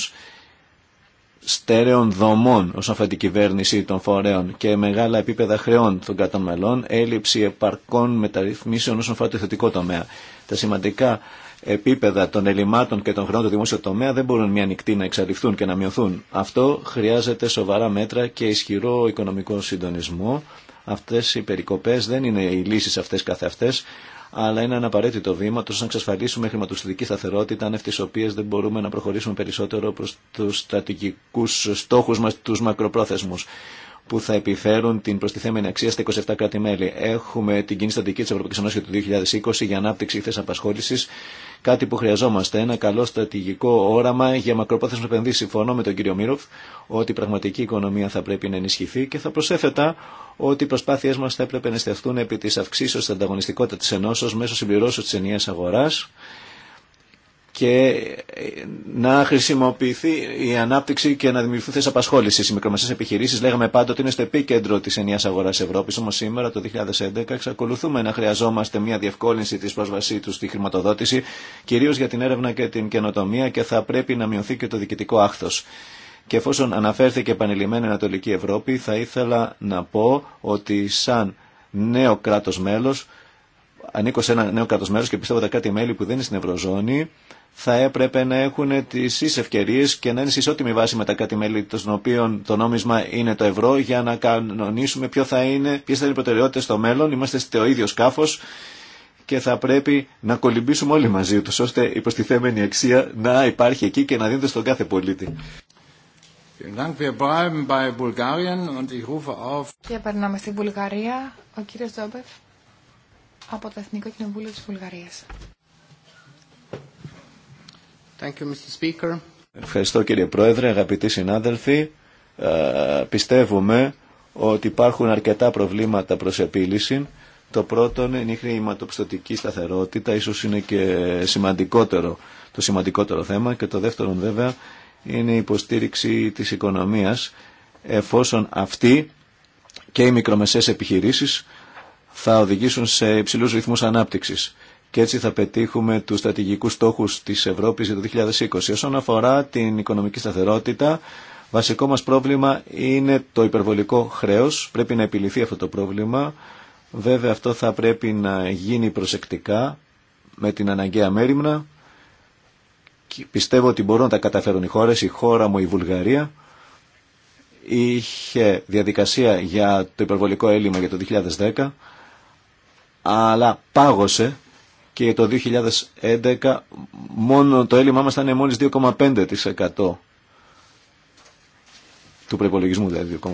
στέρεων δομών όσον αφορά την κυβέρνηση των φορέων και μεγάλα επίπεδα χρεών των κρατών έλλειψη επαρκών μεταρρυθμίσεων όσον αφορά το θετικό τομέα. Τα σημαντικά επίπεδα των ελλημάτων και των χρεών του δημόσιου τομέα δεν μπορούν μια νυχτή να εξαλειφθούν και να μειωθούν. Αυτό χρειάζεται σοβαρά μέτρα και ισχυρό οικονομικό συντονισμό. Αυτέ οι περικοπέ δεν είναι οι λύσει αυτέ καθεαυτέ, αλλά είναι ένα απαραίτητο βήμα τόσο να εξασφαλίσουμε χρηματοστατική σταθερότητα, αν τη δεν μπορούμε να προχωρήσουμε περισσότερο προ του στρατηγικού στόχου μα, του μακροπρόθεσμου που θα επιφέρουν την προστιθέμενη αξία στα 27 κράτη-μέλη. Έχουμε την κοινή στατική τη Ευρωπαϊκή Ενώσης του 2020 για ανάπτυξη χθε απασχόληση. Κάτι που χρειαζόμαστε, ένα καλό στρατηγικό όραμα για μακροπρόθεσμε επενδύσει. Συμφωνώ με τον κύριο Μύροφ ότι η πραγματική οικονομία θα πρέπει να ενισχυθεί και θα προσέφετα ότι οι προσπάθειέ μα θα έπρεπε να εστιαστούν επί τη αυξήσεω τη ανταγωνιστικότητα τη ενώσεω μέσω συμπληρώσεω τη ενιαία αγορά και ε, να χρησιμοποιηθεί η ανάπτυξη και να δημιουργηθούν θέσει απασχόληση. Οι μικρομεσαίε επιχειρήσει λέγαμε πάντοτε, ότι είναι στο επίκεντρο τη ενιαία αγορά Ευρώπη. Όμω σήμερα, το 2011, εξακολουθούμε να χρειαζόμαστε μια διευκόλυνση τη πρόσβασή του στη χρηματοδότηση, κυρίω για την έρευνα και την καινοτομία και θα πρέπει να μειωθεί και το διοικητικό άχθο. Και εφόσον αναφέρθηκε η Ανατολική Ευρώπη, θα ήθελα να πω ότι σαν νέο κράτο μέλο, ανήκω σε ένα νέο κράτο μέλο και πιστεύω τα κάτι μέλη που δεν είναι στην Ευρωζώνη, θα έπρεπε να έχουν τι ίσε ευκαιρίε και να είναι σε ισότιμη βάση με τα κάτι μέλη των οποίων το νόμισμα είναι το ευρώ για να κανονίσουμε ποιο θα είναι, ποιε θα είναι οι προτεραιότητε στο μέλλον. Είμαστε στο ίδιο σκάφο και θα πρέπει να κολυμπήσουμε όλοι μαζί του, ώστε η προστιθέμενη αξία να υπάρχει εκεί και να δίνεται στον κάθε πολίτη. Και περνάμε στην Βουλγαρία, ο κύριος Τζόμπεφ από το Εθνικό Κοινοβούλιο της Βουλγαρίας. Ευχαριστώ κύριε Πρόεδρε, αγαπητοί συνάδελφοι. Ε, πιστεύουμε ότι υπάρχουν αρκετά προβλήματα προς επίλυση. Το πρώτο είναι η χρηματοπιστωτική σταθερότητα, ίσως είναι και σημαντικότερο, το σημαντικότερο θέμα. Και το δεύτερο βέβαια είναι η υποστήριξη της οικονομίας, εφόσον αυτή και οι μικρομεσαίες επιχειρήσεις θα οδηγήσουν σε υψηλούς ρυθμούς ανάπτυξης και έτσι θα πετύχουμε τους στρατηγικούς στόχους της Ευρώπης για το 2020. Όσον αφορά την οικονομική σταθερότητα, βασικό μας πρόβλημα είναι το υπερβολικό χρέος. Πρέπει να επιληθεί αυτό το πρόβλημα. Βέβαια αυτό θα πρέπει να γίνει προσεκτικά με την αναγκαία μέρημνα. Πιστεύω ότι μπορούν να τα καταφέρουν οι χώρες, η χώρα μου η Βουλγαρία είχε διαδικασία για το υπερβολικό έλλειμμα για το 2010 αλλά πάγωσε και το 2011 μόνο το έλλειμμά μας ήταν μόλις 2,5% του προπολογισμού δηλαδή 2,5%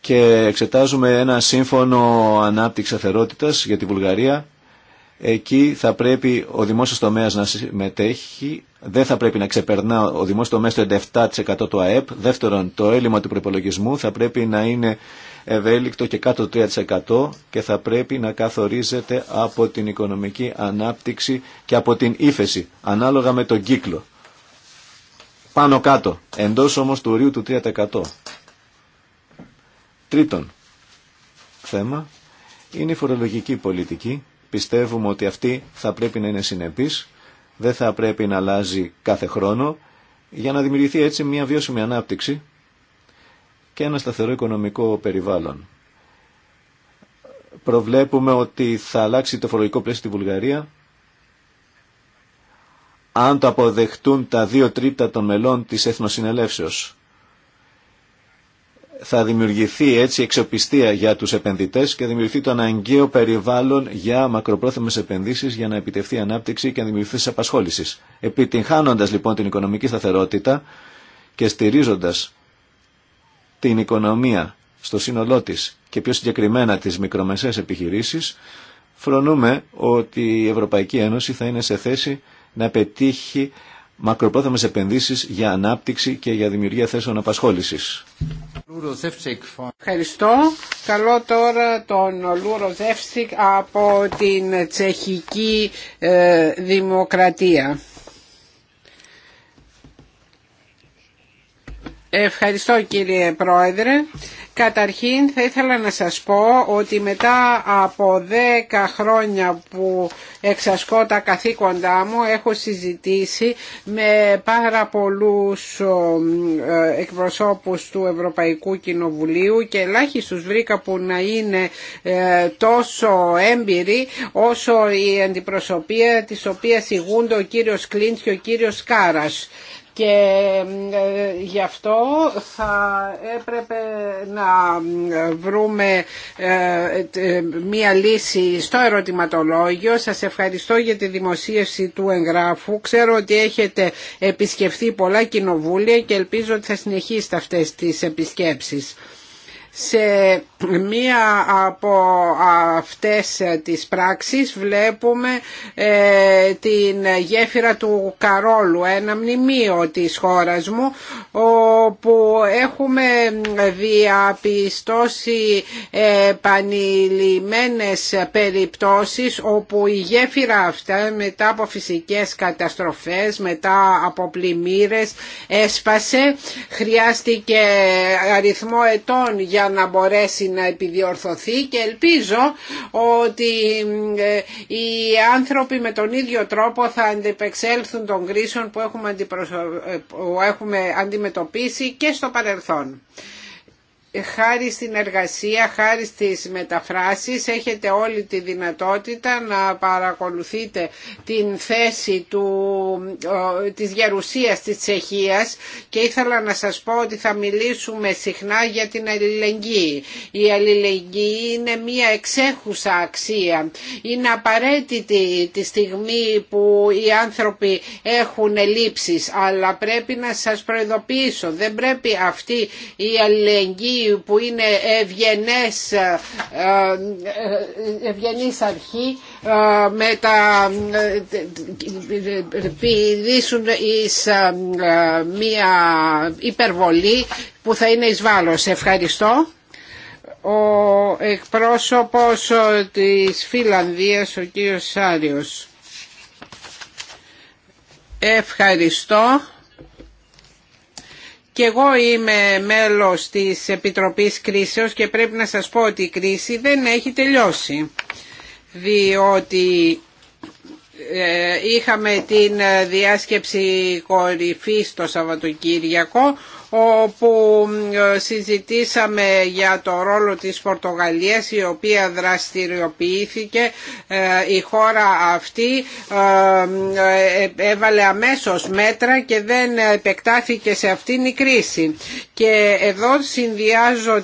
και εξετάζουμε ένα σύμφωνο ανάπτυξη αθερότητας για τη Βουλγαρία εκεί θα πρέπει ο δημόσιος τομέας να συμμετέχει δεν θα πρέπει να ξεπερνά ο δημόσιος τομέας το 97% του ΑΕΠ δεύτερον το έλλειμμα του προπολογισμού θα πρέπει να είναι ευέλικτο και κάτω 3% και θα πρέπει να καθορίζεται από την οικονομική ανάπτυξη και από την ύφεση, ανάλογα με τον κύκλο. Πάνω κάτω, εντός όμως του ορίου του 3%. Τρίτον θέμα είναι η φορολογική πολιτική. Πιστεύουμε ότι αυτή θα πρέπει να είναι συνεπής, δεν θα πρέπει να αλλάζει κάθε χρόνο για να δημιουργηθεί έτσι μια βιώσιμη ανάπτυξη και ένα σταθερό οικονομικό περιβάλλον. Προβλέπουμε ότι θα αλλάξει το φορολογικό πλαίσιο στη Βουλγαρία αν το αποδεχτούν τα δύο τρίπτα των μελών της Εθνοσυνελεύσεως. Θα δημιουργηθεί έτσι εξοπιστία για τους επενδυτές και δημιουργηθεί το αναγκαίο περιβάλλον για μακροπρόθεσμες επενδύσεις για να επιτευχθεί ανάπτυξη και να δημιουργηθεί απασχόληση. Επιτυγχάνοντας λοιπόν την οικονομική σταθερότητα και στηρίζοντας την οικονομία στο σύνολό της και πιο συγκεκριμένα τις μικρομεσαίες επιχειρήσεις, φρονούμε ότι η Ευρωπαϊκή Ένωση θα είναι σε θέση να πετύχει μακροπρόθεσμες επενδύσεις για ανάπτυξη και για δημιουργία θέσεων απασχόλησης. Ευχαριστώ. Καλό τώρα τον Λούρο Ζεύσικ από την Τσεχική ε, Δημοκρατία. Ευχαριστώ κύριε Πρόεδρε. Καταρχήν θα ήθελα να σας πω ότι μετά από δέκα χρόνια που εξασκώ τα καθήκοντά μου έχω συζητήσει με πάρα πολλούς ε, εκπροσώπους του Ευρωπαϊκού Κοινοβουλίου και ελάχιστος βρήκα που να είναι ε, τόσο έμπειροι όσο η αντιπροσωπεία της οποίας ηγούνται ο κύριος Κλίντς και ο κύριος Κάρας και ε, γι' αυτό θα έπρεπε να βρούμε ε, μία λύση στο ερωτηματολόγιο. Σας ευχαριστώ για τη δημοσίευση του εγγράφου. Ξέρω ότι έχετε επισκεφθεί πολλά κοινοβούλια και ελπίζω ότι θα συνεχίσετε αυτές τις επισκέψεις. Σε μία από αυτές τις πράξεις βλέπουμε ε, την γέφυρα του Καρόλου, ένα μνημείο της χώρας μου όπου έχουμε διαπιστώσει επανειλημμένες περιπτώσεις όπου η γέφυρα αυτά μετά από φυσικές καταστροφές, μετά από πλημμύρες έσπασε, χρειάστηκε αριθμό ετών για για να μπορέσει να επιδιορθωθεί και ελπίζω ότι ε, οι άνθρωποι με τον ίδιο τρόπο θα αντιπεξέλθουν των κρίσεων που έχουμε, ε, αντιμετωπίσει και στο παρελθόν χάρη στην εργασία, χάρη στις μεταφράσεις έχετε όλη τη δυνατότητα να παρακολουθείτε την θέση του, της γερουσίας της Τσεχίας και ήθελα να σας πω ότι θα μιλήσουμε συχνά για την αλληλεγγύη. Η αλληλεγγύη είναι μια εξέχουσα αξία. Είναι απαραίτητη τη στιγμή που οι άνθρωποι έχουν ελλείψεις αλλά πρέπει να σας προειδοποιήσω δεν πρέπει αυτή η αλληλεγγύη που είναι ευγενές, ε, ε, ευγενής αρχή ε, με τα πηδήσουν εις μία υπερβολή που θα είναι εις Ευχαριστώ. Ο εκπρόσωπος της Φιλανδίας, ο κύριος Σάριος. Ευχαριστώ. Και εγώ είμαι μέλος της Επιτροπής Κρίσεως και πρέπει να σας πω ότι η κρίση δεν έχει τελειώσει. Διότι ε, είχαμε την ε, διάσκεψη κορυφής το Σαββατοκύριακο όπου ε, συζητήσαμε για το ρόλο της Πορτογαλίας η οποία δραστηριοποιήθηκε ε, η χώρα αυτή ε, έβαλε αμέσως μέτρα και δεν επεκτάθηκε σε αυτήν η κρίση και εδώ συνδυάζω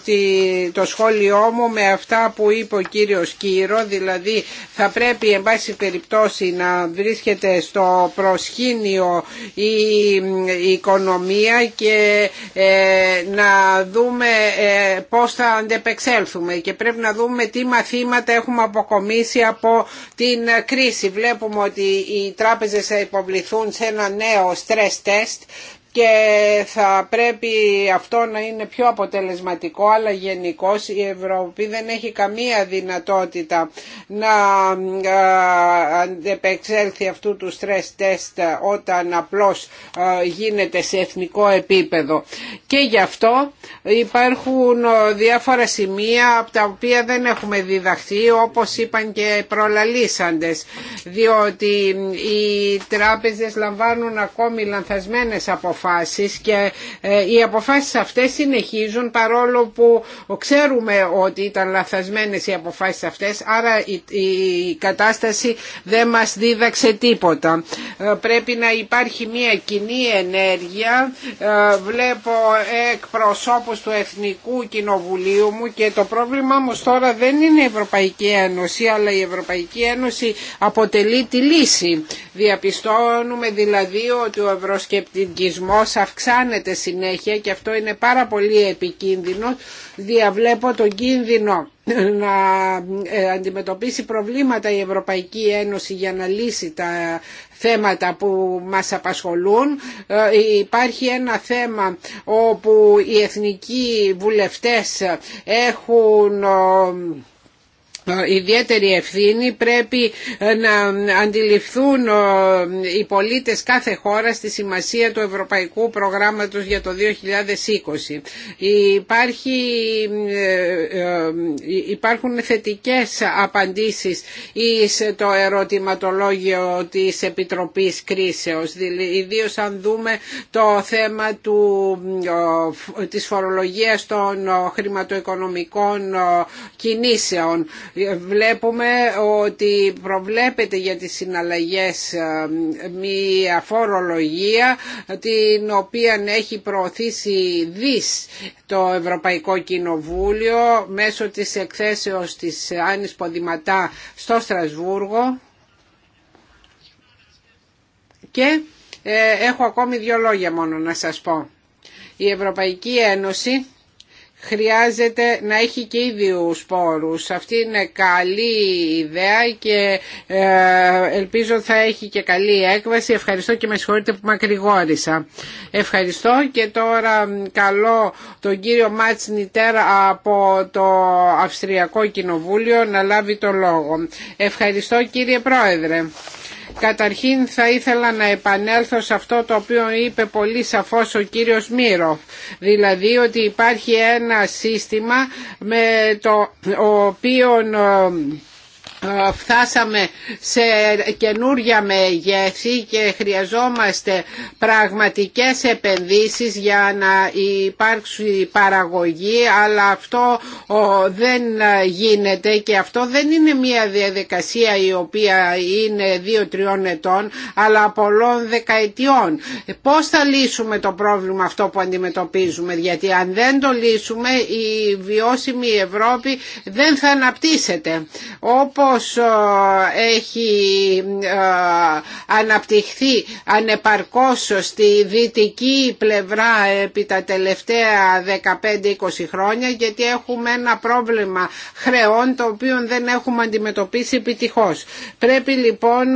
το σχόλιο μου με αυτά που είπε ο κύριος Κύρο δηλαδή θα πρέπει εν πάση περιπτώσει να βρίσκεται στο προσκήνιο η οικονομία και ε, να δούμε ε, πώς θα αντεπεξέλθουμε και πρέπει να δούμε τι μαθήματα έχουμε αποκομίσει από την κρίση. Βλέπουμε ότι οι τράπεζες θα υποβληθούν σε ένα νέο stress test και θα πρέπει αυτό να είναι πιο αποτελεσματικό αλλά γενικώ η Ευρώπη δεν έχει καμία δυνατότητα να αντεπεξέλθει αυτού του stress test όταν απλώς γίνεται σε εθνικό επίπεδο και γι' αυτό υπάρχουν διάφορα σημεία από τα οποία δεν έχουμε διδαχθεί όπως είπαν και προλαλήσαντες διότι οι τράπεζες λαμβάνουν ακόμη λανθασμένες αποφάσεις και ε, οι αποφάσεις αυτές συνεχίζουν παρόλο που ξέρουμε ότι ήταν λαθασμένες οι αποφάσεις αυτές άρα η κατάσταση δεν μας δίδαξε τίποτα. Ε, πρέπει να υπάρχει μια κοινή ενέργεια. Ε, βλέπω εκπροσώπους του Εθνικού Κοινοβουλίου μου και το πρόβλημα μου τώρα δεν είναι η Ευρωπαϊκή Ένωση αλλά η Ευρωπαϊκή Ένωση αποτελεί τη λύση. Διαπιστώνουμε δηλαδή ότι ο ευρωσκεπτικισμός αριθμός αυξάνεται συνέχεια και αυτό είναι πάρα πολύ επικίνδυνο. Διαβλέπω τον κίνδυνο να ε, αντιμετωπίσει προβλήματα η Ευρωπαϊκή Ένωση για να λύσει τα θέματα που μας απασχολούν. Ε, υπάρχει ένα θέμα όπου οι εθνικοί βουλευτές έχουν ε, ιδιαίτερη ευθύνη πρέπει ε, να αντιληφθούν ε, οι πολίτες κάθε χώρα στη σημασία του Ευρωπαϊκού Προγράμματος για το 2020. Υπάρχει, ε, υπάρχουν θετικές απαντήσεις ή το ερωτηματολόγιο της Επιτροπής Κρίσεως, ιδίως αν δούμε το θέμα του, της φορολογίας των χρηματοοικονομικών κινήσεων Βλέπουμε ότι προβλέπεται για τις συναλλαγές ε, μια φορολογία την οποία έχει προωθήσει δις το Ευρωπαϊκό Κοινοβούλιο μέσω της εκθέσεως της Άνης Ποδηματά στο Στρασβούργο και ε, έχω ακόμη δύο λόγια μόνο να σας πω. Η Ευρωπαϊκή Ένωση χρειάζεται να έχει και ίδιου πόρους. Αυτή είναι καλή ιδέα και ε, ελπίζω θα έχει και καλή έκβαση. Ευχαριστώ και με συγχωρείτε που μακρηγόρησα. Ευχαριστώ και τώρα καλό τον κύριο Μάτς Νιτέρ από το Αυστριακό Κοινοβούλιο να λάβει το λόγο. Ευχαριστώ κύριε Πρόεδρε. Καταρχήν θα ήθελα να επανέλθω σε αυτό το οποίο είπε πολύ σαφώς ο κύριος Μύρο. Δηλαδή ότι υπάρχει ένα σύστημα με το οποίο ε, ε, φτάσαμε σε καινούργια μεγέθη και χρειαζόμαστε πραγματικές επενδύσεις για να υπάρξει παραγωγή αλλά αυτό δεν γίνεται και αυτό δεν είναι μια διαδικασία η οποία είναι δύο-τριών ετών αλλά πολλών δεκαετιών. Πώς θα λύσουμε το πρόβλημα αυτό που αντιμετωπίζουμε γιατί αν δεν το λύσουμε η βιώσιμη Ευρώπη δεν θα αναπτύσσεται. Όπως όσο έχει ε, αναπτυχθεί ανεπαρκώς στη δυτική πλευρά επί τα τελευταία 15-20 χρόνια γιατί έχουμε ένα πρόβλημα χρεών το οποίο δεν έχουμε αντιμετωπίσει επιτυχώς. Πρέπει λοιπόν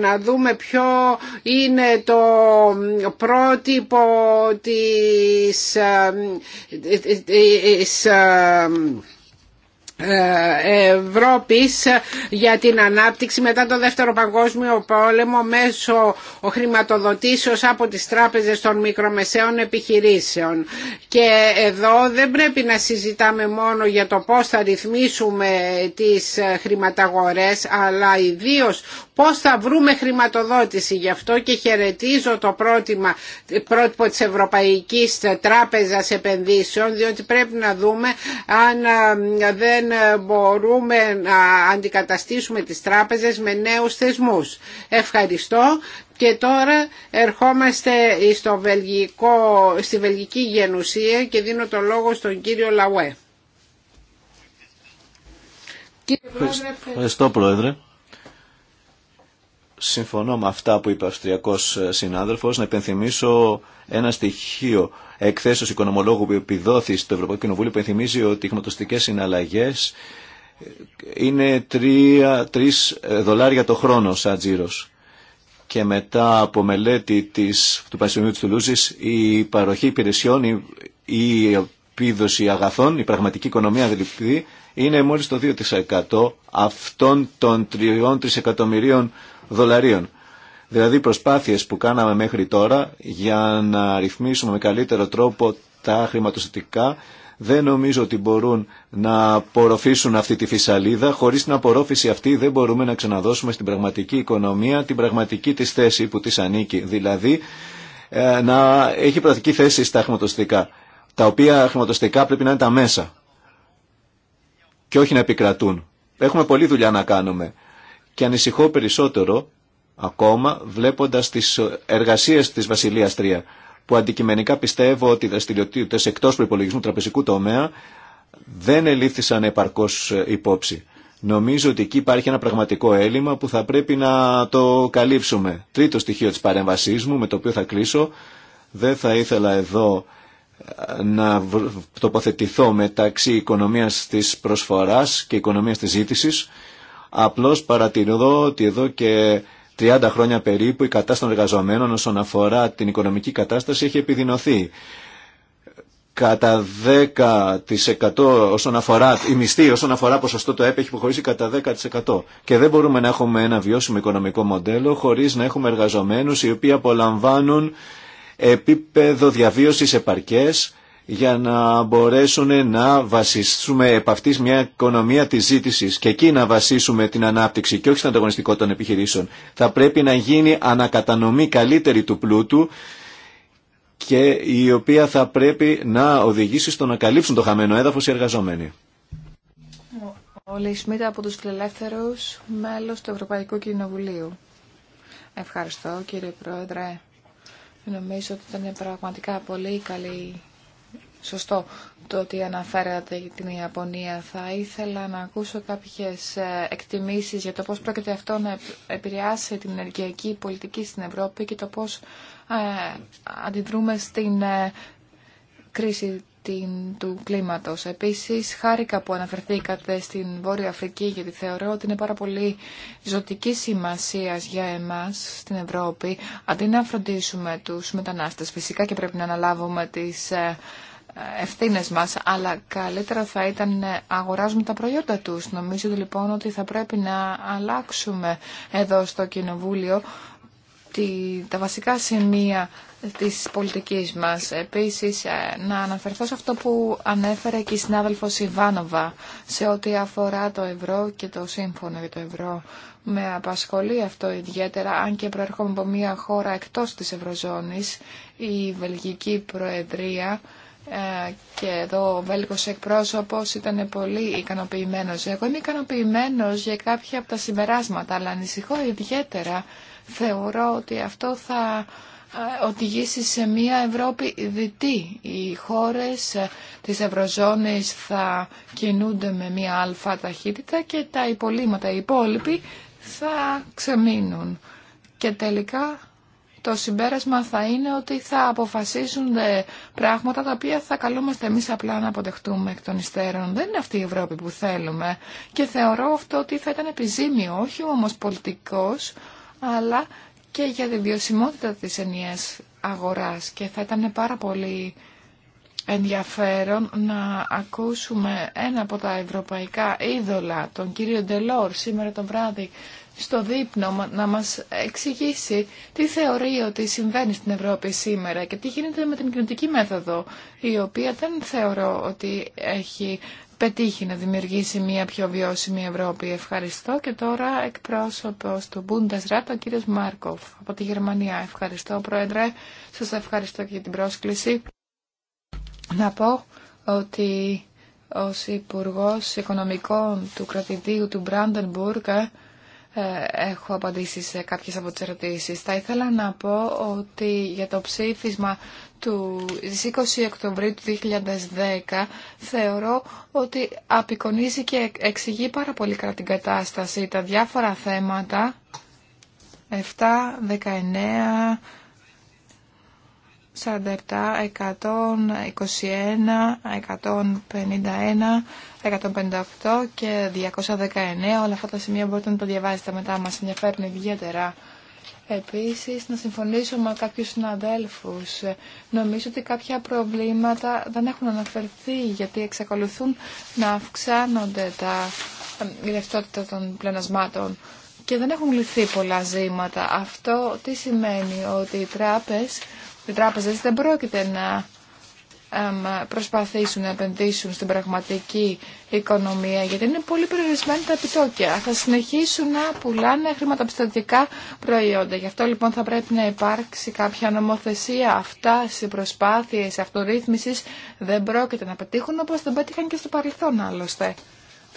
να δούμε ποιο είναι το πρότυπο της, ε, της ε, ε, Ευρώπης για την ανάπτυξη μετά το Δεύτερο Παγκόσμιο Πόλεμο μέσω χρηματοδοτήσεως από τις τράπεζες των μικρομεσαίων επιχειρήσεων. Και εδώ δεν πρέπει να συζητάμε μόνο για το πώς θα ρυθμίσουμε τις χρηματαγορές αλλά ιδίως πώς θα βρούμε χρηματοδότηση. Γι' αυτό και χαιρετίζω το πρότυπο, πρότυπο της Ευρωπαϊκής Τράπεζας Επενδύσεων διότι πρέπει να δούμε αν δεν μπορούμε να αντικαταστήσουμε τις τράπεζες με νέους θεσμούς. Ευχαριστώ. Και τώρα ερχόμαστε στο βελγικό, στη βελγική γενουσία και δίνω το λόγο στον κύριο Λαουέ. Ευχαριστώ Πρόεδρε συμφωνώ με αυτά που είπε ο αυστριακό ε, συνάδελφο, να υπενθυμίσω ένα στοιχείο εκθέσεως οικονομολόγου που επιδόθη στο Ευρωπαϊκό Κοινοβούλιο, που υπενθυμίζει ότι οι χρηματοστικέ συναλλαγέ ε, είναι 3, ε, δολάρια το χρόνο σαν τζίρο. Και μετά από μελέτη της, του Πανεπιστημίου τη Τουλούζη, η παροχή υπηρεσιών, η, η επίδοση αγαθών, η πραγματική οικονομία δηλαδή, είναι μόλις το 2% αυτών των 3-3 εκατομμυρίων δολαρίων. Δηλαδή προσπάθειες που κάναμε μέχρι τώρα για να ρυθμίσουμε με καλύτερο τρόπο τα χρηματοστατικά δεν νομίζω ότι μπορούν να απορροφήσουν αυτή τη φυσαλίδα. Χωρίς την απορρόφηση αυτή δεν μπορούμε να ξαναδώσουμε στην πραγματική οικονομία την πραγματική της θέση που της ανήκει. Δηλαδή ε, να έχει πραγματική θέση στα χρηματοστατικά, τα οποία χρηματοστατικά πρέπει να είναι τα μέσα και όχι να επικρατούν. Έχουμε πολλή δουλειά να κάνουμε και ανησυχώ περισσότερο ακόμα βλέποντας τις εργασίες της Βασιλείας Τρία που αντικειμενικά πιστεύω ότι οι δραστηριότητες εκτός προπολογισμού τραπεζικού τομέα δεν ελήφθησαν επαρκώς υπόψη. Νομίζω ότι εκεί υπάρχει ένα πραγματικό έλλειμμα που θα πρέπει να το καλύψουμε. Τρίτο στοιχείο της παρέμβασής μου με το οποίο θα κλείσω. Δεν θα ήθελα εδώ ε, να τοποθετηθώ μεταξύ οικονομίας της προσφοράς και οικονομίας της ζήτησης. Απλώς παρατηρώ ότι εδώ και 30 χρόνια περίπου η κατάσταση των εργαζομένων όσον αφορά την οικονομική κατάσταση έχει επιδεινωθεί. Κατά 10% όσον αφορά, η μισθή όσον αφορά ποσοστό το ΕΠ έχει υποχωρήσει κατά 10%. Και δεν μπορούμε να έχουμε ένα βιώσιμο οικονομικό μοντέλο χωρίς να έχουμε εργαζομένους οι οποίοι απολαμβάνουν επίπεδο διαβίωσης επαρκές για να μπορέσουν να βασιστούμε επ' αυτής μια οικονομία της ζήτησης και εκεί να βασίσουμε την ανάπτυξη και όχι στην ανταγωνιστικό των επιχειρήσεων. Θα πρέπει να γίνει ανακατανομή καλύτερη του πλούτου και η οποία θα πρέπει να οδηγήσει στο να καλύψουν το χαμένο έδαφος οι εργαζόμενοι. Ο Λεϊσμίτα από τους Φιλελεύθερους, μέλος του Ευρωπαϊκού Κοινοβουλίου. Ευχαριστώ κύριε Πρόεδρε. Νομίζω ότι ήταν πραγματικά πολύ καλή σωστό το ότι αναφέρατε την Ιαπωνία. Θα ήθελα να ακούσω κάποιες ε, εκτιμήσεις για το πώς πρόκειται αυτό να επηρεάσει την ενεργειακή πολιτική στην Ευρώπη και το πώς ε, αντιδρούμε στην ε, κρίση του κλίματος. Επίσης, χάρηκα που αναφερθήκατε στην Βόρεια Αφρική, γιατί θεωρώ ότι είναι πάρα πολύ ζωτική σημασία για εμάς στην Ευρώπη, αντί να φροντίσουμε τους μετανάστες. Φυσικά και πρέπει να αναλάβουμε τις Ευθύνε μας, αλλά καλύτερα θα ήταν να αγοράζουμε τα προϊόντα τους. Νομίζω λοιπόν ότι θα πρέπει να αλλάξουμε εδώ στο Κοινοβούλιο τα βασικά σημεία της πολιτικής μας. Επίσης, ε, να αναφερθώ σε αυτό που ανέφερε και η συνάδελφος Ιβάνοβα σε ό,τι αφορά το ευρώ και το σύμφωνο για το ευρώ. Με απασχολεί αυτό ιδιαίτερα, αν και προέρχομαι από μια χώρα εκτός της Ευρωζώνης, η Βελγική Προεδρία ε, και εδώ ο Βέλγος εκπρόσωπος ήταν πολύ ικανοποιημένος. Εγώ είμαι ικανοποιημένος για κάποια από τα συμπεράσματα, αλλά ανησυχώ ιδιαίτερα. Θεωρώ ότι αυτό θα ε, οδηγήσει σε μια Ευρώπη δυτή. Οι χώρες ε, της Ευρωζώνης θα κινούνται με μια αλφα ταχύτητα και τα υπολείμματα οι υπόλοιποι θα ξεμείνουν. Και τελικά το συμπέρασμα θα είναι ότι θα αποφασίσουν πράγματα τα οποία θα καλούμαστε εμείς απλά να αποτεχτούμε εκ των υστέρων. Δεν είναι αυτή η Ευρώπη που θέλουμε και θεωρώ αυτό ότι θα ήταν επιζήμιο, όχι όμως πολιτικός, αλλά και για τη βιωσιμότητα της ενιαίας αγοράς και θα ήταν πάρα πολύ ενδιαφέρον να ακούσουμε ένα από τα ευρωπαϊκά είδωλα, τον κύριο Ντελόρ, σήμερα το βράδυ στο δείπνο να μας εξηγήσει τι θεωρεί ότι συμβαίνει στην Ευρώπη σήμερα και τι γίνεται με την κοινωτική μέθοδο, η οποία δεν θεωρώ ότι έχει πετύχει να δημιουργήσει μια πιο βιώσιμη Ευρώπη. Ευχαριστώ και τώρα εκπρόσωπος του Bundesrat, ο κύριος Μάρκοφ από τη Γερμανία. Ευχαριστώ Πρόεδρε, σας ευχαριστώ και για την πρόσκληση. Να πω ότι ως Υπουργός Οικονομικών του κρατηδίου του Μπραντενμπουργκ ε, έχω απαντήσει σε κάποιες από τις ερωτήσεις. Θα ήθελα να πω ότι για το ψήφισμα του 20 Οκτωβρίου του 2010 θεωρώ ότι απεικονίζει και εξηγεί πάρα πολύ καλά την κατάσταση. Τα διάφορα θέματα 7, 19, 47, 121, 151, 158 και 219. Όλα αυτά τα σημεία μπορείτε να τα διαβάζετε μετά. Μας ενδιαφέρουν ιδιαίτερα. Επίσης, να συμφωνήσω με κάποιους συναδέλφους. Νομίζω ότι κάποια προβλήματα δεν έχουν αναφερθεί, γιατί εξακολουθούν να αυξάνονται τα ε, ρευστότητα των πλενασμάτων και δεν έχουν λυθεί πολλά ζήματα. Αυτό τι σημαίνει, ότι οι τράπεζες οι τράπεζες δεν πρόκειται να προσπαθήσουν να επενδύσουν στην πραγματική οικονομία γιατί είναι πολύ περιορισμένα τα επιτόκια. Θα συνεχίσουν να πουλάνε χρηματοπιστωτικά προϊόντα. Γι' αυτό λοιπόν θα πρέπει να υπάρξει κάποια νομοθεσία. Αυτά σε προσπάθειες αυτορύθμισης δεν πρόκειται να πετύχουν όπως δεν πέτυχαν και στο παρελθόν άλλωστε.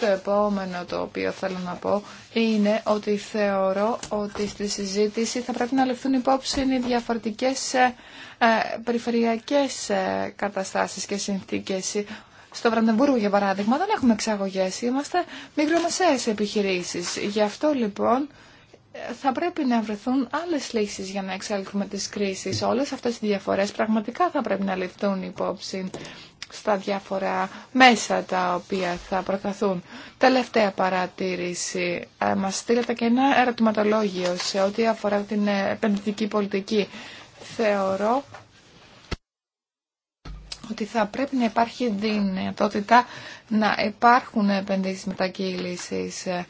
Το επόμενο το οποίο θέλω να πω είναι ότι θεωρώ ότι στη συζήτηση θα πρέπει να λεφθούν υπόψη οι διαφορετικές ε, ε περιφερειακές ε, καταστάσεις και συνθήκες. Στο Βραντεμβούργο, για παράδειγμα, δεν έχουμε εξαγωγές, είμαστε μικρομεσαίες επιχειρήσεις. Γι' αυτό, λοιπόν, θα πρέπει να βρεθούν άλλες λύσεις για να εξέλθουμε τις κρίσεις. Όλες αυτές οι διαφορές πραγματικά θα πρέπει να ληφθούν υπόψη στα διάφορα μέσα τα οποία θα προταθούν. Τελευταία παρατήρηση. Ε, μας στείλετε και ένα ερωτηματολόγιο σε ό,τι αφορά την ε, επενδυτική πολιτική. Θεωρώ ότι θα πρέπει να υπάρχει δυνατότητα να υπάρχουν επενδύσεις μετακύλησης ε,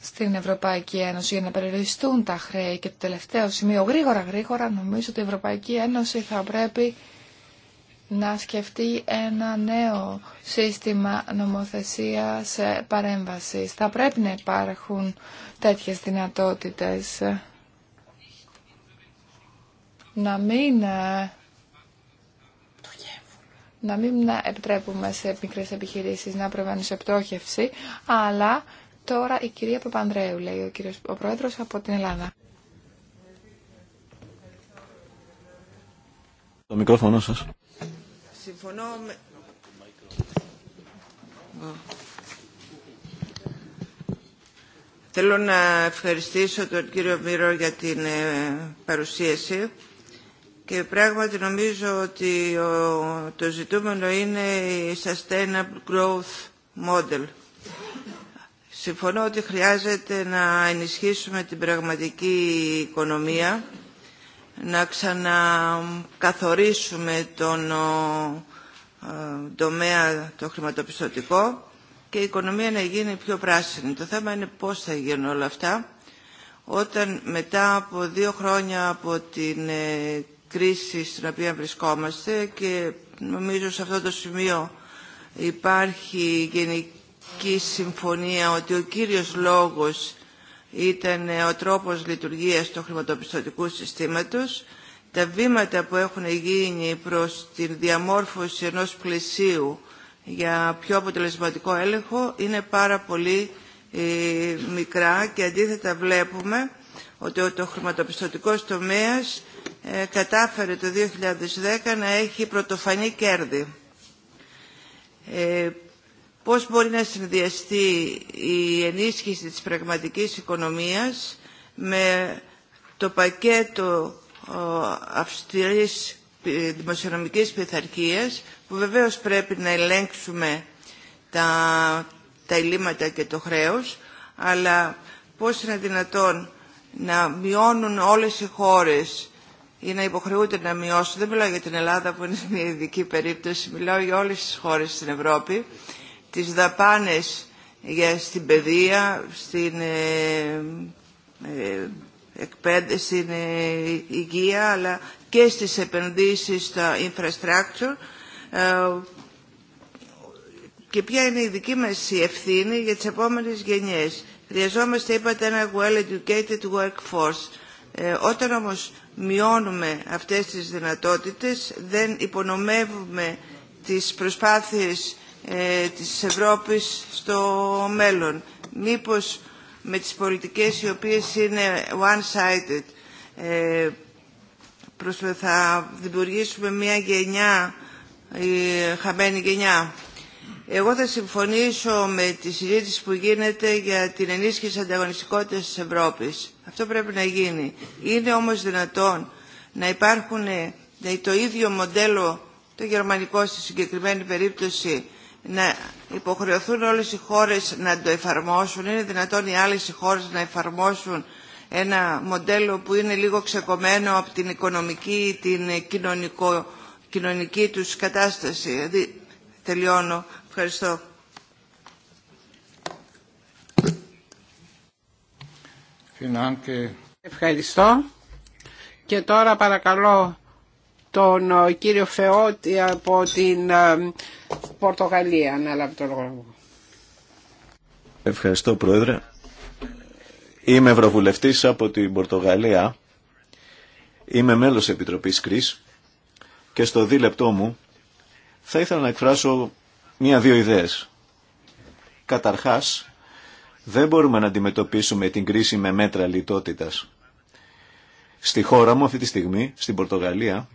στην Ευρωπαϊκή Ένωση για να περιοριστούν τα χρέη και το τελευταίο σημείο γρήγορα γρήγορα νομίζω ότι η Ευρωπαϊκή Ένωση θα πρέπει να σκεφτεί ένα νέο σύστημα νομοθεσίας ε, παρέμβασης. Θα πρέπει να υπάρχουν τέτοιες δυνατότητες. Να μην, ε, να μην επιτρέπουμε σε μικρές επιχειρήσεις να προβάνουν σε πτώχευση, αλλά τώρα η κυρία Παπανδρέου, λέει ο, κύριος, ο πρόεδρος από την Ελλάδα. Το μικρόφωνο σας. Θέλω να ευχαριστήσω τον κύριο Μύρο για την ε, παρουσίαση και πράγματι νομίζω ότι το ζητούμενο είναι η Sustainable Growth Model. Συμφωνώ ότι χρειάζεται να ενισχύσουμε την πραγματική οικονομία να ξανακαθορίσουμε τον ε, τομέα το χρηματοπιστωτικό και η οικονομία να γίνει πιο πράσινη. Το θέμα είναι πώς θα γίνουν όλα αυτά όταν μετά από δύο χρόνια από την ε, κρίση στην οποία βρισκόμαστε και νομίζω σε αυτό το σημείο υπάρχει γενική συμφωνία ότι ο κύριος λόγος ήταν ο τρόπος λειτουργίας του χρηματοπιστωτικού συστήματος, τα βήματα που έχουν γίνει προς τη διαμόρφωση ενός πλαισίου για πιο αποτελεσματικό έλεγχο είναι πάρα πολύ ε, μικρά και αντίθετα βλέπουμε ότι το χρηματοπιστωτικό τομέας ε, κατάφερε το 2010 να έχει πρωτοφανή κέρδη. Ε, πώς μπορεί να συνδυαστεί η ενίσχυση της πραγματικής οικονομίας με το πακέτο αυστηρής δημοσιονομικής πειθαρχίας που βεβαίως πρέπει να ελέγξουμε τα, τα ελλείμματα και το χρέος αλλά πώς είναι δυνατόν να μειώνουν όλες οι χώρες ή να υποχρεούνται να μειώσουν, δεν μιλάω για την Ελλάδα που είναι μια ειδική περίπτωση, μιλάω για όλες τις χώρες στην Ευρώπη, τις δαπάνες για στην παιδεία, στην ε, ε, εκπαίδευση, στην ε, υγεία, αλλά και στις επενδύσεις στα infrastructure και ποια είναι η δική μας ευθύνη για τις επόμενες γενιές. Χρειαζόμαστε, είπατε, ένα well-educated workforce. όταν όμως μειώνουμε αυτές τις δυνατότητες, δεν υπονομεύουμε τις προσπάθειες ε, της Ευρώπης στο μέλλον. Μήπως με τις πολιτικές οι οποίες είναι one-sided ε, θα δημιουργήσουμε μια γενιά, ε, χαμένη γενιά. Εγώ θα συμφωνήσω με τη συζήτηση που γίνεται για την ενίσχυση ανταγωνιστικότητας της Ευρώπης. Αυτό πρέπει να γίνει. Είναι όμως δυνατόν να υπάρχουν το ίδιο μοντέλο, το γερμανικό στη συγκεκριμένη περίπτωση, να υποχρεωθούν όλες οι χώρες να το εφαρμόσουν. Είναι δυνατόν οι άλλες χώρες να εφαρμόσουν ένα μοντέλο που είναι λίγο ξεκομμένο από την οικονομική, την κοινωνικό, κοινωνική τους κατάσταση. Δηλαδή, τελειώνω. Ευχαριστώ. Ευχαριστώ. Και τώρα παρακαλώ τον ε, κύριο Φεώτη από την ε, Πορτογαλία να Ευχαριστώ Πρόεδρε. Είμαι Ευρωβουλευτής από την Πορτογαλία. Είμαι μέλος Επιτροπής ΚΡΙΣ και στο δίλεπτό μου θα ήθελα να εκφράσω μία-δύο ιδέες. Καταρχάς, δεν μπορούμε να αντιμετωπίσουμε την κρίση με μέτρα λιτότητας. Στη χώρα μου αυτή τη στιγμή, στην Πορτογαλία,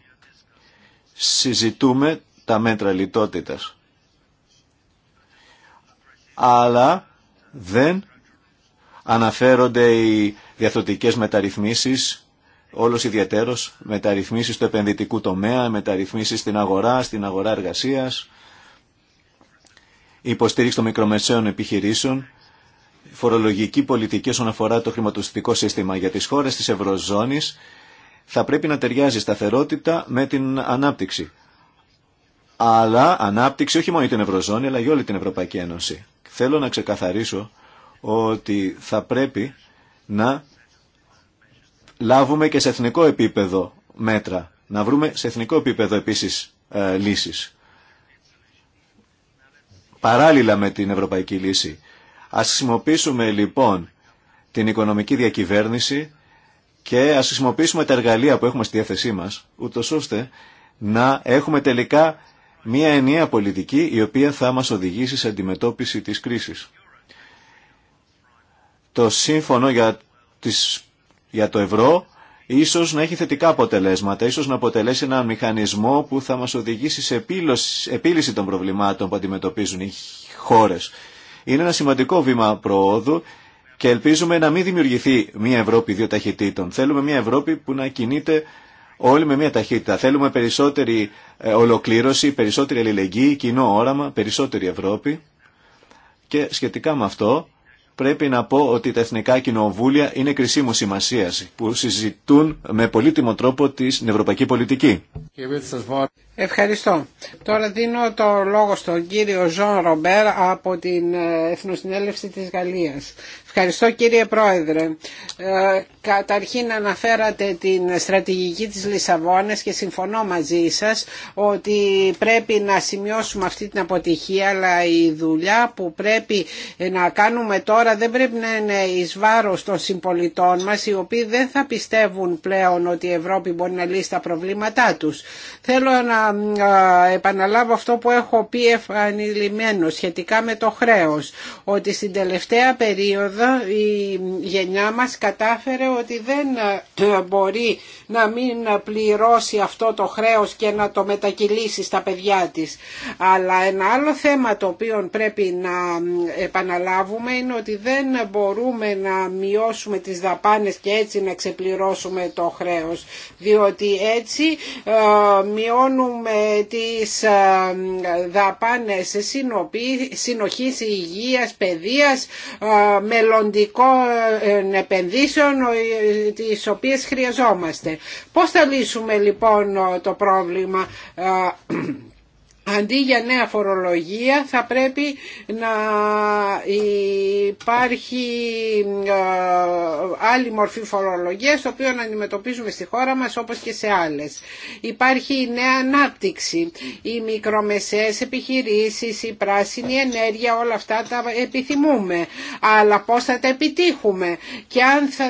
συζητούμε τα μέτρα λιτότητας. Αλλά δεν αναφέρονται οι διαθωτικές μεταρρυθμίσεις, όλος ιδιαίτερος μεταρρυθμίσεις του επενδυτικού τομέα, μεταρρυθμίσεις στην αγορά, στην αγορά εργασίας, υποστήριξη των μικρομεσαίων επιχειρήσεων, φορολογική πολιτική όσον αφορά το χρηματοστητικό σύστημα για τις χώρες της Ευρωζώνης θα πρέπει να ταιριάζει σταθερότητα με την ανάπτυξη. Αλλά ανάπτυξη όχι μόνο για την Ευρωζώνη, αλλά για όλη την Ευρωπαϊκή Ένωση. Θέλω να ξεκαθαρίσω ότι θα πρέπει να λάβουμε και σε εθνικό επίπεδο μέτρα. Να βρούμε σε εθνικό επίπεδο επίσης ε, λύσεις. Παράλληλα με την ευρωπαϊκή λύση. Ας χρησιμοποιήσουμε λοιπόν την οικονομική διακυβέρνηση και ας χρησιμοποιήσουμε τα εργαλεία που έχουμε στη διάθεσή μας, ούτω ώστε να έχουμε τελικά μια ενιαία πολιτική η οποία θα μας οδηγήσει σε αντιμετώπιση της κρίσης. Το σύμφωνο για, τις, το ευρώ ίσως να έχει θετικά αποτελέσματα, ίσως να αποτελέσει έναν μηχανισμό που θα μας οδηγήσει σε επίλωση, επίλυση των προβλημάτων που αντιμετωπίζουν οι χώρες. Είναι ένα σημαντικό βήμα προόδου και ελπίζουμε να μην δημιουργηθεί μια Ευρώπη δύο ταχυτήτων. Θέλουμε μια Ευρώπη που να κινείται όλοι με μια ταχύτητα. Θέλουμε περισσότερη ε, ολοκλήρωση, περισσότερη αλληλεγγύη, κοινό όραμα, περισσότερη Ευρώπη. Και σχετικά με αυτό πρέπει να πω ότι τα εθνικά κοινοβούλια είναι κρισίμου σημασία που συζητούν με πολύτιμο τρόπο την ευρωπαϊκή πολιτική. Ευχαριστώ. Τώρα δίνω το λόγο στον κύριο Ζων Ρομπέρ από την ε, Εθνοσυνέλευση της Γαλλίας. Ευχαριστώ κύριε Πρόεδρε. Ε, καταρχήν αναφέρατε την στρατηγική της Λισαβόνας και συμφωνώ μαζί σας ότι πρέπει να σημειώσουμε αυτή την αποτυχία αλλά η δουλειά που πρέπει ε, να κάνουμε τώρα δεν πρέπει να είναι εις βάρος των συμπολιτών μας οι οποίοι δεν θα πιστεύουν πλέον ότι η Ευρώπη μπορεί να λύσει τα προβλήματά τους. Θέλω να επαναλάβω αυτό που έχω πει επανειλημμένο σχετικά με το χρέος ότι στην τελευταία περίοδο η γενιά μας κατάφερε ότι δεν μπορεί να μην πληρώσει αυτό το χρέος και να το μετακυλήσει στα παιδιά της. Αλλά ένα άλλο θέμα το οποίο πρέπει να επαναλάβουμε είναι ότι δεν μπορούμε να μειώσουμε τις δαπάνες και έτσι να ξεπληρώσουμε το χρέος διότι έτσι μειώνουμε έχουμε τις ε, δαπάνες συνοχής υγείας, παιδείας, ε, μελλοντικών επενδύσεων ε, τις οποίες χρειαζόμαστε. Πώς θα λύσουμε λοιπόν το πρόβλημα Αντί για νέα φορολογία θα πρέπει να υπάρχει ε, άλλη μορφή φορολογίας το οποίο να αντιμετωπίζουμε στη χώρα μας όπως και σε άλλες. Υπάρχει η νέα ανάπτυξη, οι μικρομεσαίες επιχειρήσεις, η πράσινη ενέργεια, όλα αυτά τα επιθυμούμε. Αλλά πώς θα τα επιτύχουμε και αν θα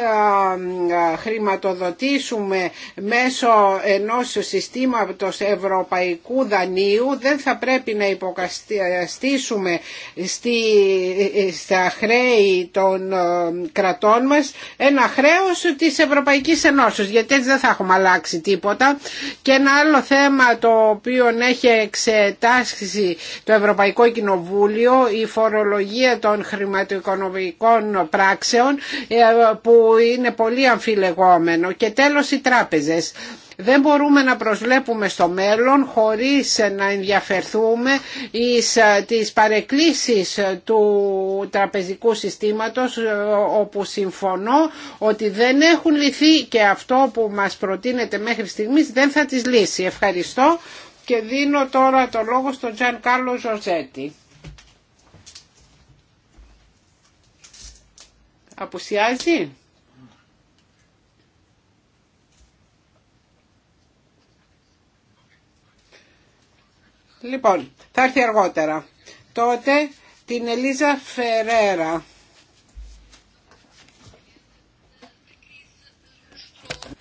ε, χρηματοδοτήσουμε μέσω ενός συστήματος ευρωπαϊκού δανείου δεν θα πρέπει να υποκαστήσουμε στη, στα χρέη των ε, κρατών μας ένα χρέος της Ευρωπαϊκής Ενώσεως γιατί έτσι δεν θα έχουμε αλλάξει τίποτα και ένα άλλο θέμα το οποίο έχει εξετάσει το Ευρωπαϊκό Κοινοβούλιο η φορολογία των χρηματοοικονομικών πράξεων ε, που είναι πολύ αμφιλεγόμενο και τέλος οι τράπεζες δεν μπορούμε να προσβλέπουμε στο μέλλον χωρίς να ενδιαφερθούμε εις ε, τις παρεκκλήσεις του τραπεζικού συστήματος ε, όπου συμφωνώ ότι δεν έχουν λυθεί και αυτό που μας προτείνεται μέχρι στιγμής δεν θα τις λύσει. Ευχαριστώ και δίνω τώρα το λόγο στον Τζαν Κάρλο Ζοζέτη. Απουσιάζει. Λοιπόν, θα έρθει αργότερα. Τότε την Ελίζα Φερέρα.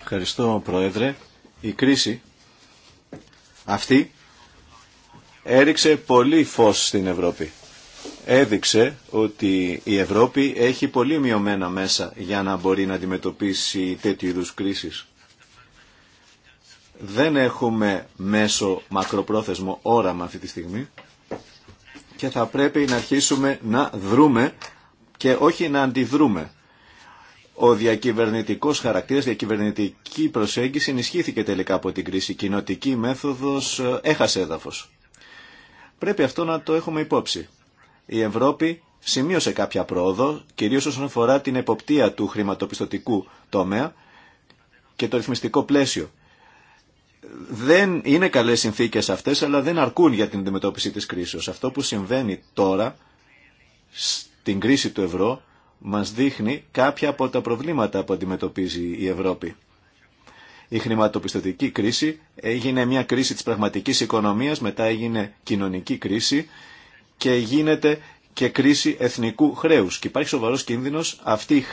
Ευχαριστώ Πρόεδρε. Η κρίση αυτή έριξε πολύ φως στην Ευρώπη. Έδειξε ότι η Ευρώπη έχει πολύ μειωμένα μέσα για να μπορεί να αντιμετωπίσει τέτοιου είδους κρίσεις δεν έχουμε μέσο μακροπρόθεσμο όραμα αυτή τη στιγμή και θα πρέπει να αρχίσουμε να δρούμε και όχι να αντιδρούμε. Ο διακυβερνητικός χαρακτήρας, διακυβερνητική προσέγγιση ενισχύθηκε τελικά από την κρίση. Η κοινοτική μέθοδος ε, έχασε έδαφος. Πρέπει αυτό να το έχουμε υπόψη. Η Ευρώπη σημείωσε κάποια πρόοδο, κυρίως όσον αφορά την εποπτεία του χρηματοπιστωτικού τομέα και το ρυθμιστικό πλαίσιο δεν είναι καλές συνθήκες αυτές, αλλά δεν αρκούν για την αντιμετώπιση της κρίσης. Αυτό που συμβαίνει τώρα, στην κρίση του ευρώ, μας δείχνει κάποια από τα προβλήματα που αντιμετωπίζει η Ευρώπη. Η χρηματοπιστωτική κρίση έγινε μια κρίση της πραγματικής οικονομίας, μετά έγινε κοινωνική κρίση και γίνεται και κρίση εθνικού χρέους. Και υπάρχει σοβαρός κίνδυνος αυτή η,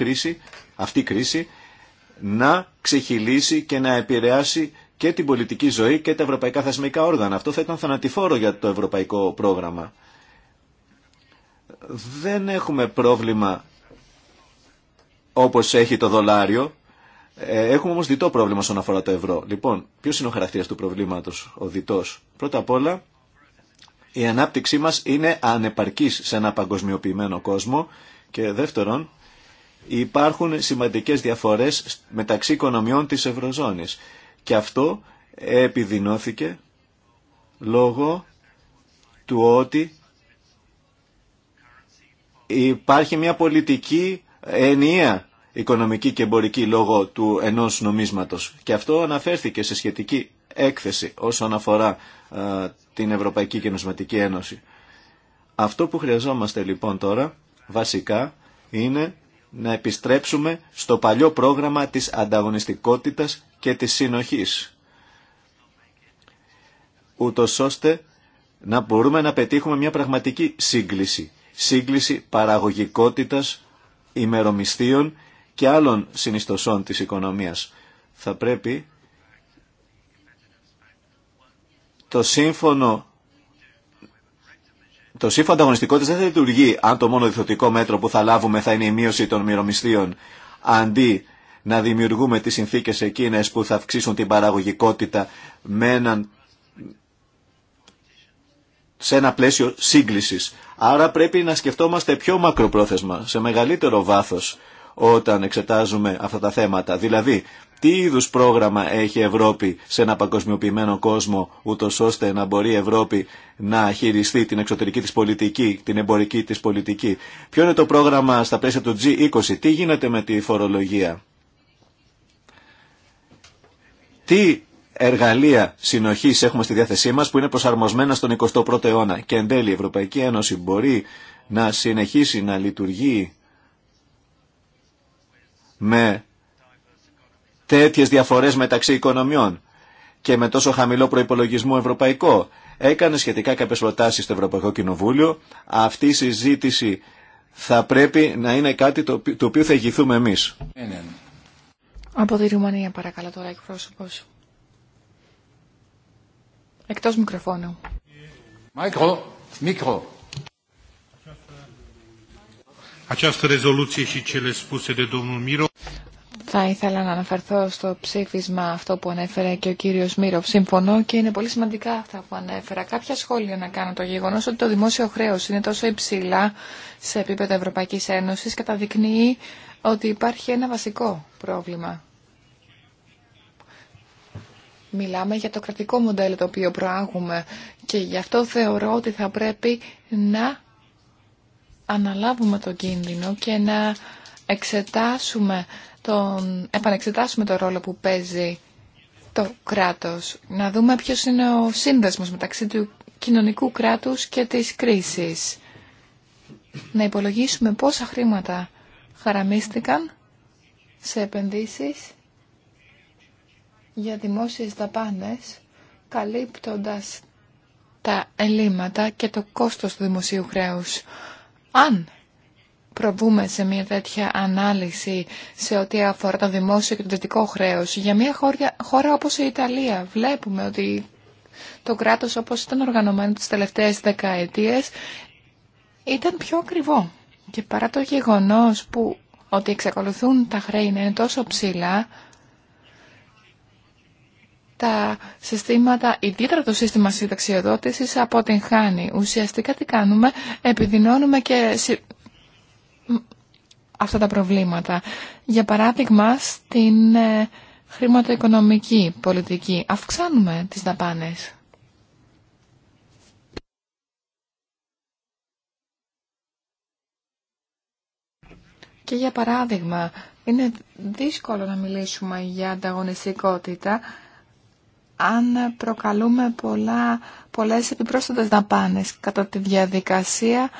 αυτή η κρίση να ξεχυλήσει και να επηρεάσει και την πολιτική ζωή και τα ευρωπαϊκά θεσμικά όργανα. Αυτό θα ήταν θανατηφόρο για το ευρωπαϊκό πρόγραμμα. Δεν έχουμε πρόβλημα όπως έχει το δολάριο. Ε, έχουμε όμως διτό πρόβλημα όσον αφορά το ευρώ. Λοιπόν, ποιος είναι ο χαρακτήρας του προβλήματος, ο διτός. Πρώτα απ' όλα, η ανάπτυξή μας είναι ανεπαρκής σε ένα παγκοσμιοποιημένο κόσμο και δεύτερον, υπάρχουν σημαντικές διαφορές μεταξύ οικονομιών της Ευρωζώνης και αυτό επιδεινώθηκε λόγω του ότι υπάρχει μια πολιτική ενία οικονομική και εμπορική λόγω του ενός νομίσματος. Και αυτό αναφέρθηκε σε σχετική έκθεση όσον αφορά την Ευρωπαϊκή και Νοσματική Ένωση. Αυτό που χρειαζόμαστε λοιπόν τώρα βασικά είναι να επιστρέψουμε στο παλιό πρόγραμμα της ανταγωνιστικότητας και της συνοχής, ούτω ώστε να μπορούμε να πετύχουμε μια πραγματική σύγκληση, σύγκληση παραγωγικότητας ημερομισθείων και άλλων συνιστοσών της οικονομίας. Θα πρέπει το σύμφωνο το σύμφωνο ανταγωνιστικότητα δεν θα λειτουργεί αν το μόνο διθωτικό μέτρο που θα λάβουμε θα είναι η μείωση των αντί να δημιουργούμε τις συνθήκες εκείνες που θα αυξήσουν την παραγωγικότητα με έναν σε ένα πλαίσιο σύγκλησης. Άρα πρέπει να σκεφτόμαστε πιο μακροπρόθεσμα, σε μεγαλύτερο βάθος όταν εξετάζουμε αυτά τα θέματα. Δηλαδή, τι είδους πρόγραμμα έχει η Ευρώπη σε ένα παγκοσμιοποιημένο κόσμο, ούτω ώστε να μπορεί η Ευρώπη να χειριστεί την εξωτερική της πολιτική, την εμπορική της πολιτική. Ποιο είναι το πρόγραμμα στα πλαίσια του G20, τι γίνεται με τη φορολογία τι εργαλεία συνοχής έχουμε στη διάθεσή μας που είναι προσαρμοσμένα στον 21ο αιώνα και εν τέλει η Ευρωπαϊκή Ένωση μπορεί να συνεχίσει να λειτουργεί με τέτοιες διαφορές μεταξύ οικονομιών και με τόσο χαμηλό προϋπολογισμό ευρωπαϊκό. Έκανε σχετικά κάποιες προτάσεις στο Ευρωπαϊκό Κοινοβούλιο. Αυτή η συζήτηση θα πρέπει να είναι κάτι το οποίο θα ηγηθούμε εμείς. Ναι, ναι, ναι. Από τη Ρουμανία παρακαλώ τώρα εκπρόσωπος. Εκτός μικροφώνου. Μικρό, μικρό. Θα ήθελα να αναφερθώ στο ψήφισμα αυτό που ανέφερε και ο κύριος Μύροφ. Συμφωνώ και είναι πολύ σημαντικά αυτά που ανέφερα. Κάποια σχόλια να κάνω το γεγονός ότι το δημόσιο χρέος είναι τόσο υψηλά σε επίπεδο Ευρωπαϊκής Ένωσης καταδεικνύει ότι υπάρχει ένα βασικό πρόβλημα. Μιλάμε για το κρατικό μοντέλο το οποίο προάγουμε και γι' αυτό θεωρώ ότι θα πρέπει να αναλάβουμε τον κίνδυνο και να εξετάσουμε τον, επανεξετάσουμε το ρόλο που παίζει το κράτος, να δούμε ποιος είναι ο σύνδεσμος μεταξύ του κοινωνικού κράτους και της κρίσης να υπολογίσουμε πόσα χρήματα χαραμίστηκαν σε επενδύσεις για δημόσιες δαπάνες, καλύπτοντας τα ελλείμματα και το κόστος του δημοσίου χρέους. Αν προβούμε σε μια τέτοια ανάλυση σε ό,τι αφορά το δημόσιο και το δυτικό χρέος, για μια χώρα, χώρα όπως η Ιταλία βλέπουμε ότι το κράτος όπως ήταν οργανωμένο τις τελευταίες δεκαετίες ήταν πιο ακριβό. Και παρά το γεγονός που ότι εξακολουθούν τα χρέη να είναι τόσο ψηλά, τα συστήματα, ιδιαίτερα το σύστημα συνταξιοδότησης, αποτυγχάνει. Ουσιαστικά τι κάνουμε, επιδεινώνουμε και αυτά τα προβλήματα. Για παράδειγμα, στην ε, χρηματοοικονομική πολιτική αυξάνουμε τις δαπάνες. Και για παράδειγμα, είναι δύσκολο να μιλήσουμε για ανταγωνιστικότητα αν προκαλούμε πολλά, πολλές επιπρόσθετες δαπάνες κατά τη διαδικασία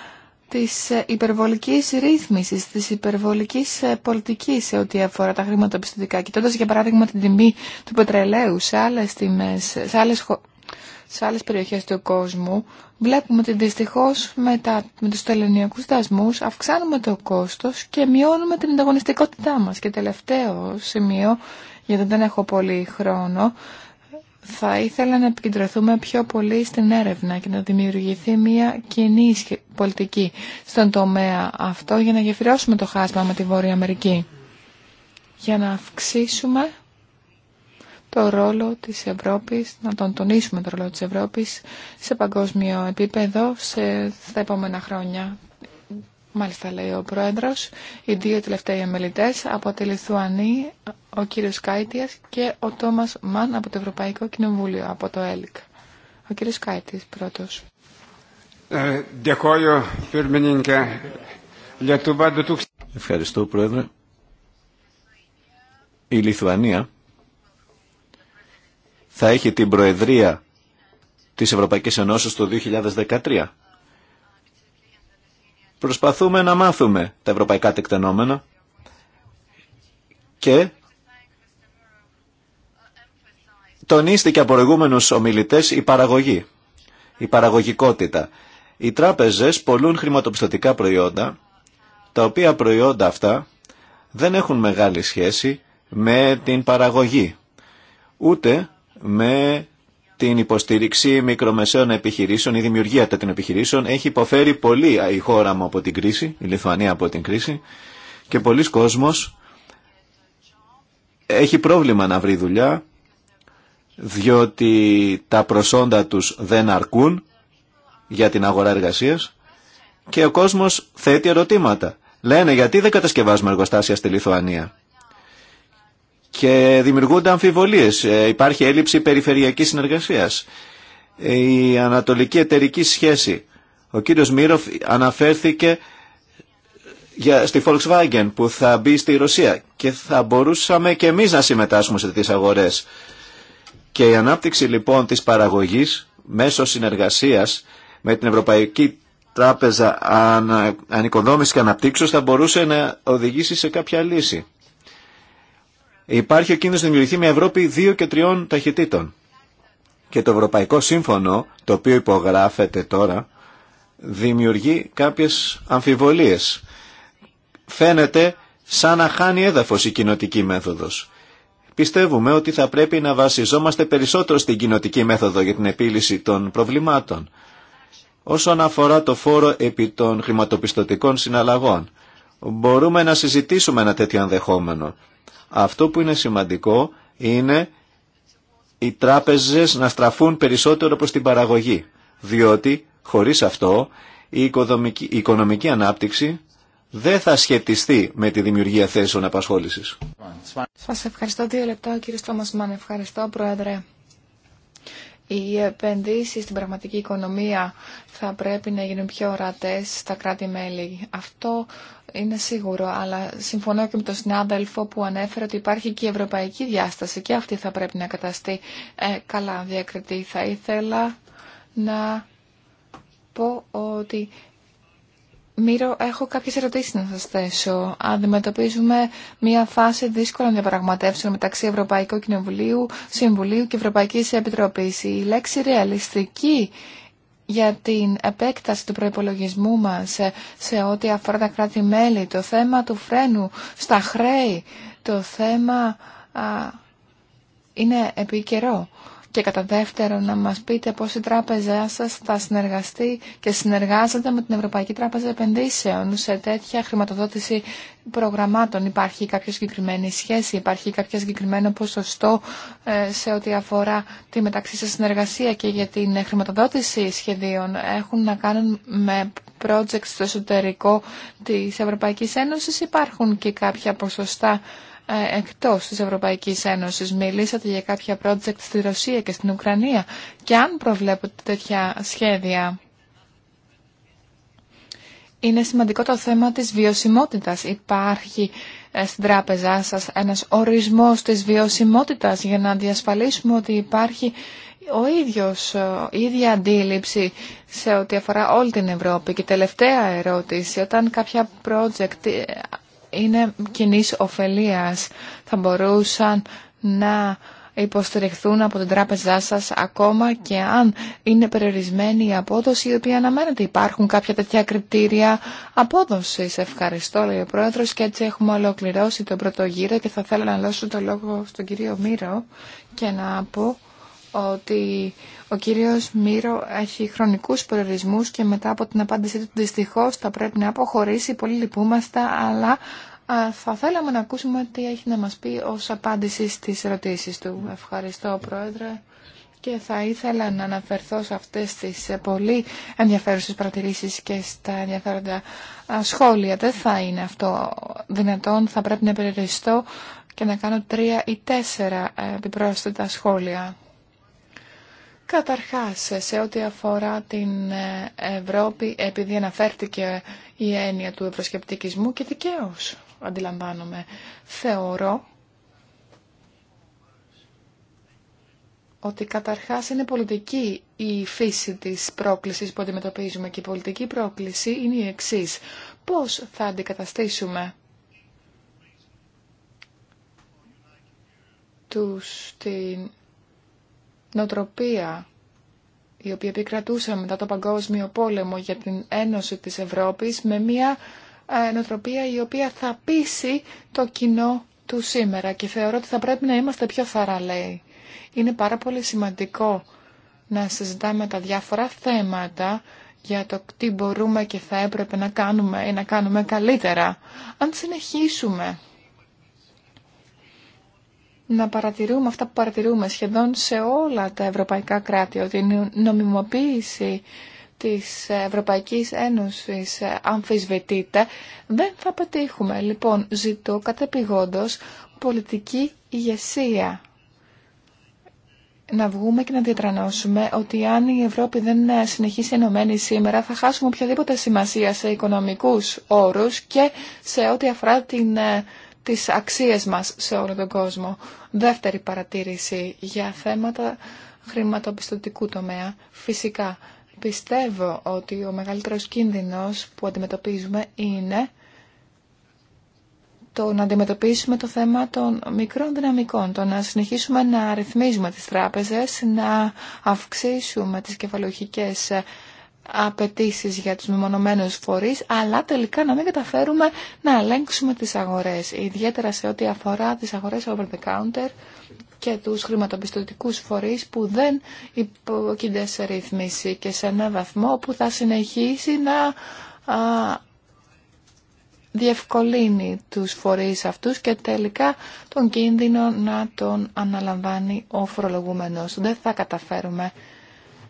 της υπερβολικής ρύθμισης, της υπερβολικής πολιτικής σε ό,τι αφορά τα χρηματοπιστωτικά. Κοιτώντας για παράδειγμα την τιμή του πετρελαίου σε άλλες, τιμές, σε άλλες περιοχές του κόσμου, βλέπουμε ότι δυστυχώς με, τα, με τους δασμούς αυξάνουμε το κόστος και μειώνουμε την ανταγωνιστικότητά μας. Και τελευταίο σημείο, γιατί δεν έχω πολύ χρόνο, θα ήθελα να επικεντρωθούμε πιο πολύ στην έρευνα και να δημιουργηθεί μια κοινή πολιτική στον τομέα αυτό για να γεφυρώσουμε το χάσμα με τη Βόρεια Αμερική. Για να αυξήσουμε το ρόλο της Ευρώπης, να τον τονίσουμε το ρόλο της Ευρώπης σε παγκόσμιο επίπεδο σε, στα επόμενα χρόνια. Μάλιστα λέει ο Πρόεδρος, οι δύο τελευταίοι εμελητές από τη Λιθουανία, ο κύριος Κάιτιας και ο Τόμας Μαν από το Ευρωπαϊκό Κοινοβούλιο, από το ΕΛΚ. Ο κύριος Κάιτιας πρώτος. Ε, Ευχαριστώ Πρόεδρε. Η Λιθουανία θα έχει την Προεδρία της Ευρωπαϊκής Ενώσης το 2013. Προσπαθούμε να μάθουμε τα ευρωπαϊκά τεκτενόμενα και τονίστηκε από προηγούμενους ομιλητές η παραγωγή, η παραγωγικότητα. Οι τράπεζες πολλούν χρηματοπιστωτικά προϊόντα, τα οποία προϊόντα αυτά δεν έχουν μεγάλη σχέση με την παραγωγή, ούτε με την υποστήριξη μικρομεσαίων επιχειρήσεων, η δημιουργία τέτοιων επιχειρήσεων έχει υποφέρει πολύ η χώρα μου από την κρίση, η Λιθουανία από την κρίση και πολλοί κόσμος έχει πρόβλημα να βρει δουλειά διότι τα προσόντα τους δεν αρκούν για την αγορά εργασίας και ο κόσμος θέτει ερωτήματα. Λένε γιατί δεν κατασκευάζουμε εργοστάσια στη Λιθουανία και δημιουργούνται αμφιβολίες. Ε, υπάρχει έλλειψη περιφερειακής συνεργασίας. Ε, η ανατολική εταιρική σχέση. Ο κύριος Μύροφ αναφέρθηκε για, στη Volkswagen που θα μπει στη Ρωσία και θα μπορούσαμε και εμείς να συμμετάσχουμε σε τις αγορές. Και η ανάπτυξη λοιπόν της παραγωγής μέσω συνεργασίας με την Ευρωπαϊκή Τράπεζα Ανοικοδόμησης και Αναπτύξεως θα μπορούσε να οδηγήσει σε κάποια λύση. Υπάρχει ο κίνδυνος να δημιουργηθεί μια Ευρώπη δύο και τριών ταχυτήτων. Και το Ευρωπαϊκό Σύμφωνο, το οποίο υπογράφεται τώρα, δημιουργεί κάποιες αμφιβολίες. Φαίνεται σαν να χάνει έδαφος η κοινοτική μέθοδος. Πιστεύουμε ότι θα πρέπει να βασιζόμαστε περισσότερο στην κοινοτική μέθοδο για την επίλυση των προβλημάτων. Όσον αφορά το φόρο επί των χρηματοπιστωτικών συναλλαγών, μπορούμε να συζητήσουμε ένα τέτοιο ενδεχόμενο. Αυτό που είναι σημαντικό είναι οι τράπεζες να στραφούν περισσότερο προς την παραγωγή, διότι χωρίς αυτό η οικονομική, ανάπτυξη δεν θα σχετιστεί με τη δημιουργία θέσεων απασχόλησης. Σας ευχαριστώ δύο λεπτά κύριε Στόμασμαν. Ευχαριστώ Πρόεδρε. Οι επενδύσεις στην πραγματική οικονομία θα πρέπει να γίνουν πιο ορατές στα κράτη-μέλη. Αυτό είναι σίγουρο, αλλά συμφωνώ και με τον συνάδελφο που ανέφερε ότι υπάρχει και η ευρωπαϊκή διάσταση και αυτή θα πρέπει να καταστεί ε, καλά διακριτή. Θα ήθελα να πω ότι Μύρο, έχω κάποιες ερωτήσεις να σας θέσω. Αντιμετωπίζουμε μια φάση δύσκολων διαπραγματεύσεων μεταξύ Ευρωπαϊκού Κοινοβουλίου, Συμβουλίου και Ευρωπαϊκής Επιτροπής. Η λέξη ρεαλιστική για την επέκταση του προϋπολογισμού μας σε ό,τι αφορά τα κράτη-μέλη, το θέμα του φρένου στα χρέη, το θέμα είναι επικαιρό. Και κατά δεύτερο να μας πείτε πώς η τράπεζά σας θα συνεργαστεί και συνεργάζεται με την Ευρωπαϊκή Τράπεζα Επενδύσεων σε τέτοια χρηματοδότηση προγραμμάτων. Υπάρχει κάποια συγκεκριμένη σχέση, υπάρχει κάποιο συγκεκριμένο ποσοστό ε, σε ό,τι αφορά τη μεταξύ σας συνεργασία και για την χρηματοδότηση σχεδίων. Έχουν να κάνουν με projects στο εσωτερικό της Ευρωπαϊκής Ένωσης. Υπάρχουν και κάποια ποσοστά ε, εκτός της Ευρωπαϊκής Ένωσης. Μιλήσατε για κάποια project στη Ρωσία και στην Ουκρανία και αν προβλέπετε τέτοια σχέδια. Είναι σημαντικό το θέμα της βιωσιμότητας. Υπάρχει ε, στην τράπεζά σας ένας ορισμός της βιωσιμότητας για να διασφαλίσουμε ότι υπάρχει ο ίδιος, ε, η ίδια αντίληψη σε ό,τι αφορά όλη την Ευρώπη. Και τελευταία ερώτηση, όταν κάποια project είναι κοινή ωφελία. Θα μπορούσαν να υποστηριχθούν από την τράπεζά σας ακόμα και αν είναι περιορισμένη η απόδοση η οποία αναμένεται. Υπάρχουν κάποια τέτοια κριτήρια απόδοσης. Ευχαριστώ, λέει ο Πρόεδρος, και έτσι έχουμε ολοκληρώσει τον πρώτο γύρο και θα θέλω να δώσω το λόγο στον κύριο Μύρο και να πω ότι ο κύριος Μύρο έχει χρονικούς προορισμούς και μετά από την απάντησή του δυστυχώς θα πρέπει να αποχωρήσει, πολύ λυπούμαστε, αλλά θα θέλαμε να ακούσουμε τι έχει να μας πει ως απάντηση στις ερωτήσεις του. Ευχαριστώ Πρόεδρε και θα ήθελα να αναφερθώ σε αυτές τις ε, πολύ ενδιαφέρουσες παρατηρήσεις και στα ενδιαφέροντα σχόλια. Δεν θα είναι αυτό δυνατόν, θα πρέπει να περιοριστώ και να κάνω τρία ή τέσσερα ε, επιπρόσθετα σχόλια. Καταρχάς, σε ό,τι αφορά την ε, Ευρώπη, επειδή αναφέρθηκε η έννοια του ευρωσκεπτικισμού και δικαίω αντιλαμβάνομαι, θεωρώ ότι καταρχάς είναι πολιτική η φύση της πρόκλησης που αντιμετωπίζουμε και η πολιτική πρόκληση είναι η εξής. Πώς θα αντικαταστήσουμε τους, την νοτροπία η οποία επικρατούσε μετά το Παγκόσμιο Πόλεμο για την Ένωση της Ευρώπης με μια ε, νοτροπία η οποία θα πείσει το κοινό του σήμερα και θεωρώ ότι θα πρέπει να είμαστε πιο θαραλέοι. Είναι πάρα πολύ σημαντικό να συζητάμε τα διάφορα θέματα για το τι μπορούμε και θα έπρεπε να κάνουμε ή να κάνουμε καλύτερα. Αν συνεχίσουμε να παρατηρούμε αυτά που παρατηρούμε σχεδόν σε όλα τα ευρωπαϊκά κράτη, ότι η νομιμοποίηση της Ευρωπαϊκής Ένωσης αμφισβητείται, δεν θα πετύχουμε. Λοιπόν, ζητώ κατεπηγόντως πολιτική ηγεσία. Να βγούμε και να διατρανώσουμε ότι αν η Ευρώπη δεν συνεχίσει ενωμένη σήμερα θα χάσουμε οποιαδήποτε σημασία σε οικονομικούς όρους και σε ό,τι αφορά την ε, τις αξίες μας σε όλο τον κόσμο. Δεύτερη παρατήρηση για θέματα χρηματοπιστωτικού τομέα. Φυσικά, πιστεύω ότι ο μεγαλύτερος κίνδυνος που αντιμετωπίζουμε είναι το να αντιμετωπίσουμε το θέμα των μικρών δυναμικών, το να συνεχίσουμε να ρυθμίζουμε τις τράπεζες, να αυξήσουμε τις κεφαλογικές για τους μεμονωμένους φορείς, αλλά τελικά να μην καταφέρουμε να ελέγξουμε τις αγορές, ιδιαίτερα σε ό,τι αφορά τις αγορές over the counter και τους χρηματοπιστωτικούς φορείς που δεν υποκίνται σε ρυθμίση και σε ένα βαθμό που θα συνεχίσει να διευκολύνει τους φορείς αυτούς και τελικά τον κίνδυνο να τον αναλαμβάνει ο φορολογούμενος. Δεν θα καταφέρουμε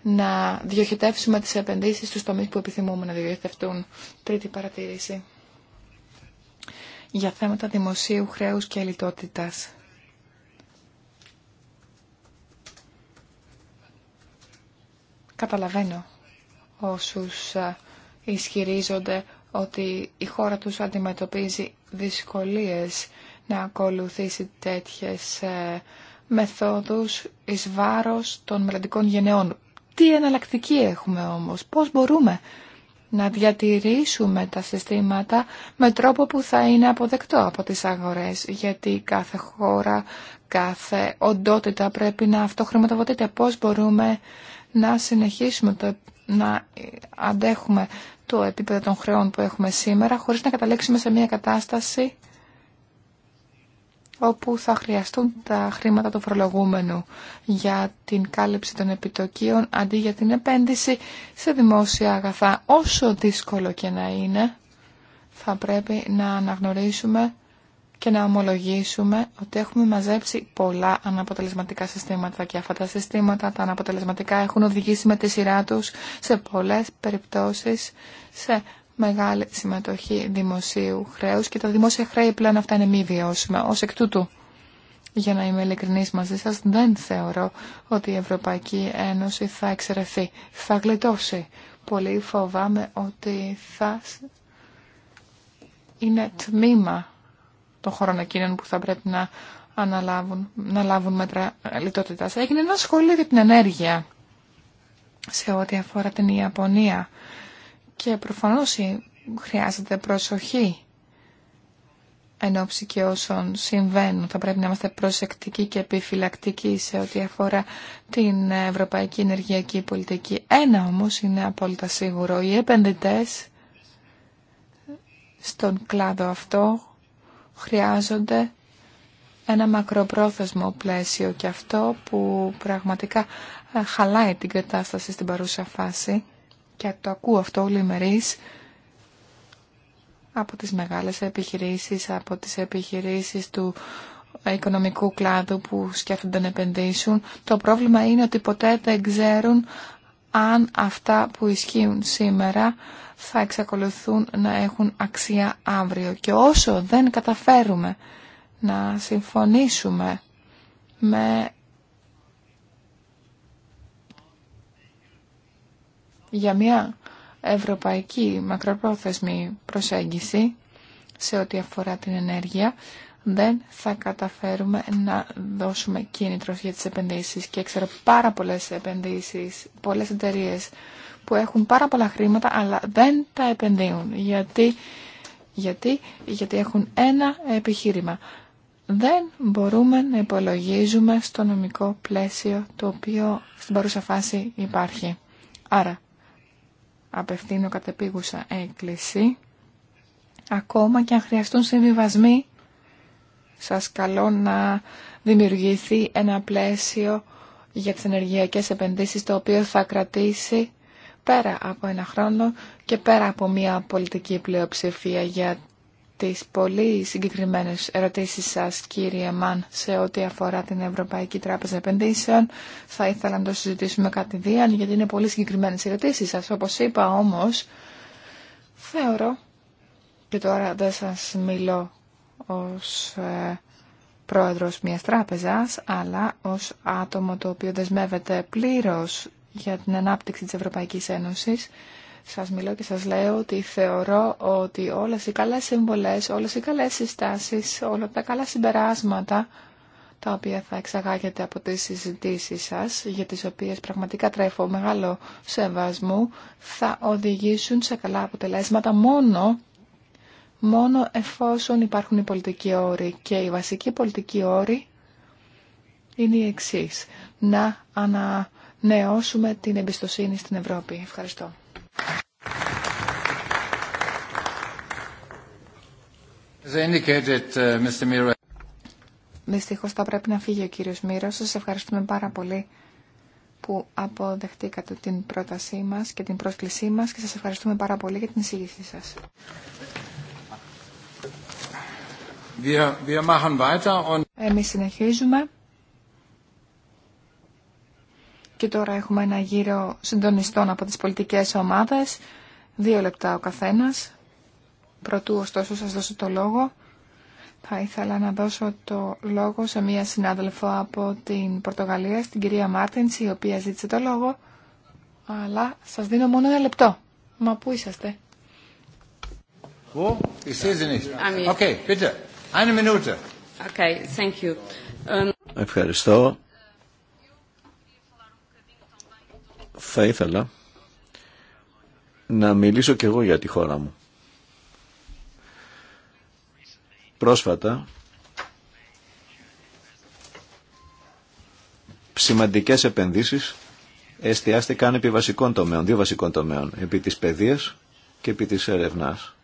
να διοχετεύσουμε τις επενδύσεις στους τομείς που επιθυμούμε να διοχετευτούν. Τρίτη παρατήρηση. Για θέματα δημοσίου χρέους και λιτότητας. Καταλαβαίνω όσους ισχυρίζονται ότι η χώρα τους αντιμετωπίζει δυσκολίες να ακολουθήσει τέτοιες ε, μεθόδους εις βάρος των μελλοντικών γενεών. Τι εναλλακτική έχουμε όμως, πώς μπορούμε να διατηρήσουμε τα συστήματα με τρόπο που θα είναι αποδεκτό από τις αγορές, γιατί κάθε χώρα, κάθε οντότητα πρέπει να αυτοχρηματοδοτείται. Πώς μπορούμε να συνεχίσουμε να αντέχουμε το επίπεδο των χρεών που έχουμε σήμερα, χωρίς να καταλήξουμε σε μια κατάσταση όπου θα χρειαστούν τα χρήματα του φορολογούμενου για την κάλυψη των επιτοκίων αντί για την επένδυση σε δημόσια αγαθά. Όσο δύσκολο και να είναι, θα πρέπει να αναγνωρίσουμε και να ομολογήσουμε ότι έχουμε μαζέψει πολλά αναποτελεσματικά συστήματα και αυτά τα συστήματα τα αναποτελεσματικά έχουν οδηγήσει με τη σειρά τους σε πολλές περιπτώσεις σε μεγάλη συμμετοχή δημοσίου χρέους και τα δημόσια χρέη πλέον αυτά είναι μη βιώσιμα. Ως εκ τούτου, για να είμαι ειλικρινής μαζί σας, δεν θεωρώ ότι η Ευρωπαϊκή Ένωση θα εξαιρεθεί, θα γλιτώσει. Πολύ φοβάμαι ότι θα είναι τμήμα των χωρών εκείνων που θα πρέπει να αναλάβουν, να λάβουν μέτρα λιτότητας. Έγινε ένα σχολείο για την ενέργεια σε ό,τι αφορά την Ιαπωνία. Και προφανώς χρειάζεται προσοχή εν ώψη και όσων συμβαίνουν. Θα πρέπει να είμαστε προσεκτικοί και επιφυλακτικοί σε ό,τι αφορά την ευρωπαϊκή ενεργειακή πολιτική. Ένα όμως είναι απόλυτα σίγουρο. Οι επενδυτές στον κλάδο αυτό χρειάζονται ένα μακροπρόθεσμο πλαίσιο και αυτό που πραγματικά ε, χαλάει την κατάσταση στην παρούσα φάση και το ακούω αυτό λιμερής από τις μεγάλες επιχειρήσεις, από τις επιχειρήσεις του οικονομικού κλάδου που σκέφτονται να επενδύσουν. Το πρόβλημα είναι ότι ποτέ δεν ξέρουν αν αυτά που ισχύουν σήμερα θα εξακολουθούν να έχουν αξία αύριο. Και όσο δεν καταφέρουμε να συμφωνήσουμε με για μια ευρωπαϊκή μακροπρόθεσμη προσέγγιση σε ό,τι αφορά την ενέργεια δεν θα καταφέρουμε να δώσουμε κίνητρο για τις επενδύσεις και ξέρω πάρα πολλές επενδύσεις, πολλές εταιρείε που έχουν πάρα πολλά χρήματα αλλά δεν τα επενδύουν γιατί, γιατί, γιατί έχουν ένα επιχείρημα. Δεν μπορούμε να υπολογίζουμε στο νομικό πλαίσιο το οποίο στην παρούσα φάση υπάρχει. Άρα απευθύνω κατεπίγουσα έκκληση. Ακόμα και αν χρειαστούν συμβιβασμοί, σας καλώ να δημιουργηθεί ένα πλαίσιο για τις ενεργειακές επενδύσεις το οποίο θα κρατήσει πέρα από ένα χρόνο και πέρα από μια πολιτική πλειοψηφία για τις πολύ συγκεκριμένες ερωτήσεις σας, κύριε Μαν, σε ό,τι αφορά την Ευρωπαϊκή Τράπεζα Επενδύσεων. Θα ήθελα να το συζητήσουμε διάν γιατί είναι πολύ συγκεκριμένες ερωτήσεις σας. Όπως είπα όμως, θεωρώ, και τώρα δεν σας μιλώ ως ε, πρόεδρος μιας τράπεζας, αλλά ως άτομο το οποίο δεσμεύεται πλήρως για την ανάπτυξη της Ευρωπαϊκής Ένωσης, σας μιλώ και σας λέω ότι θεωρώ ότι όλες οι καλές συμβολές, όλες οι καλές συστάσεις, όλα τα καλά συμπεράσματα τα οποία θα εξαγάγετε από τις συζητήσει σας, για τις οποίες πραγματικά τρέφω μεγάλο σεβασμό, θα οδηγήσουν σε καλά αποτελέσματα μόνο, μόνο εφόσον υπάρχουν οι πολιτικοί όροι. Και οι βασικοί πολιτικοί όροι είναι οι εξής. Να ανανεώσουμε την εμπιστοσύνη στην Ευρώπη. Ευχαριστώ. Uh, Δυστυχώ θα πρέπει να φύγει ο κύριο Μύρο. Σα ευχαριστούμε πάρα πολύ που αποδεχτήκατε την πρότασή μα και την πρόσκλησή μα και σα ευχαριστούμε πάρα πολύ για την εισήγησή σα. Εμεί συνεχίζουμε. Και τώρα έχουμε ένα γύρο συντονιστών από τις πολιτικές ομάδες. Δύο λεπτά ο καθένας. Πρωτού ωστόσο σας δώσω το λόγο, θα ήθελα να δώσω το λόγο σε μία συνάδελφο από την Πορτογαλία, στην κυρία Μάρτινς, η οποία ζήτησε το λόγο, αλλά σας δίνω μόνο ένα λεπτό. Μα πού είσαστε? Um, Ευχαριστώ. Θα ήθελα να μιλήσω και εγώ για τη χώρα μου. Πρόσφατα, σημαντικές επενδύσεις εστιάστηκαν επί βασικών τομέων, δύο βασικών τομέων, επί της παιδείας και επί της ερευνάς.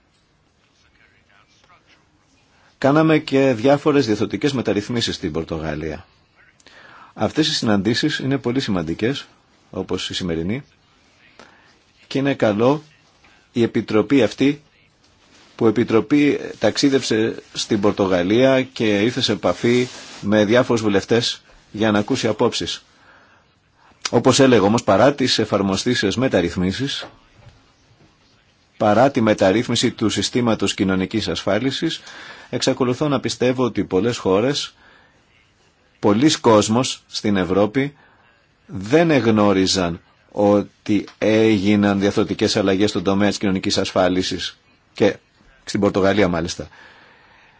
Κάναμε και διάφορες διαθωτικές μεταρρυθμίσεις στην Πορτογαλία. Αυτές οι συναντήσεις είναι πολύ σημαντικές, όπως η σημερινή, και είναι καλό η Επιτροπή αυτή που Επιτροπή ταξίδευσε στην Πορτογαλία και ήρθε σε επαφή με διάφορους βουλευτές για να ακούσει απόψεις. Όπως έλεγα όμως παρά τις εφαρμοστήσεις μεταρρυθμίσεις, παρά τη μεταρρύθμιση του συστήματος κοινωνικής ασφάλισης, εξακολουθώ να πιστεύω ότι πολλές χώρες, πολλοί κόσμος στην Ευρώπη δεν εγνώριζαν ότι έγιναν διαθωτικές αλλαγές στον τομέα της κοινωνικής ασφάλισης και στην Πορτογαλία μάλιστα.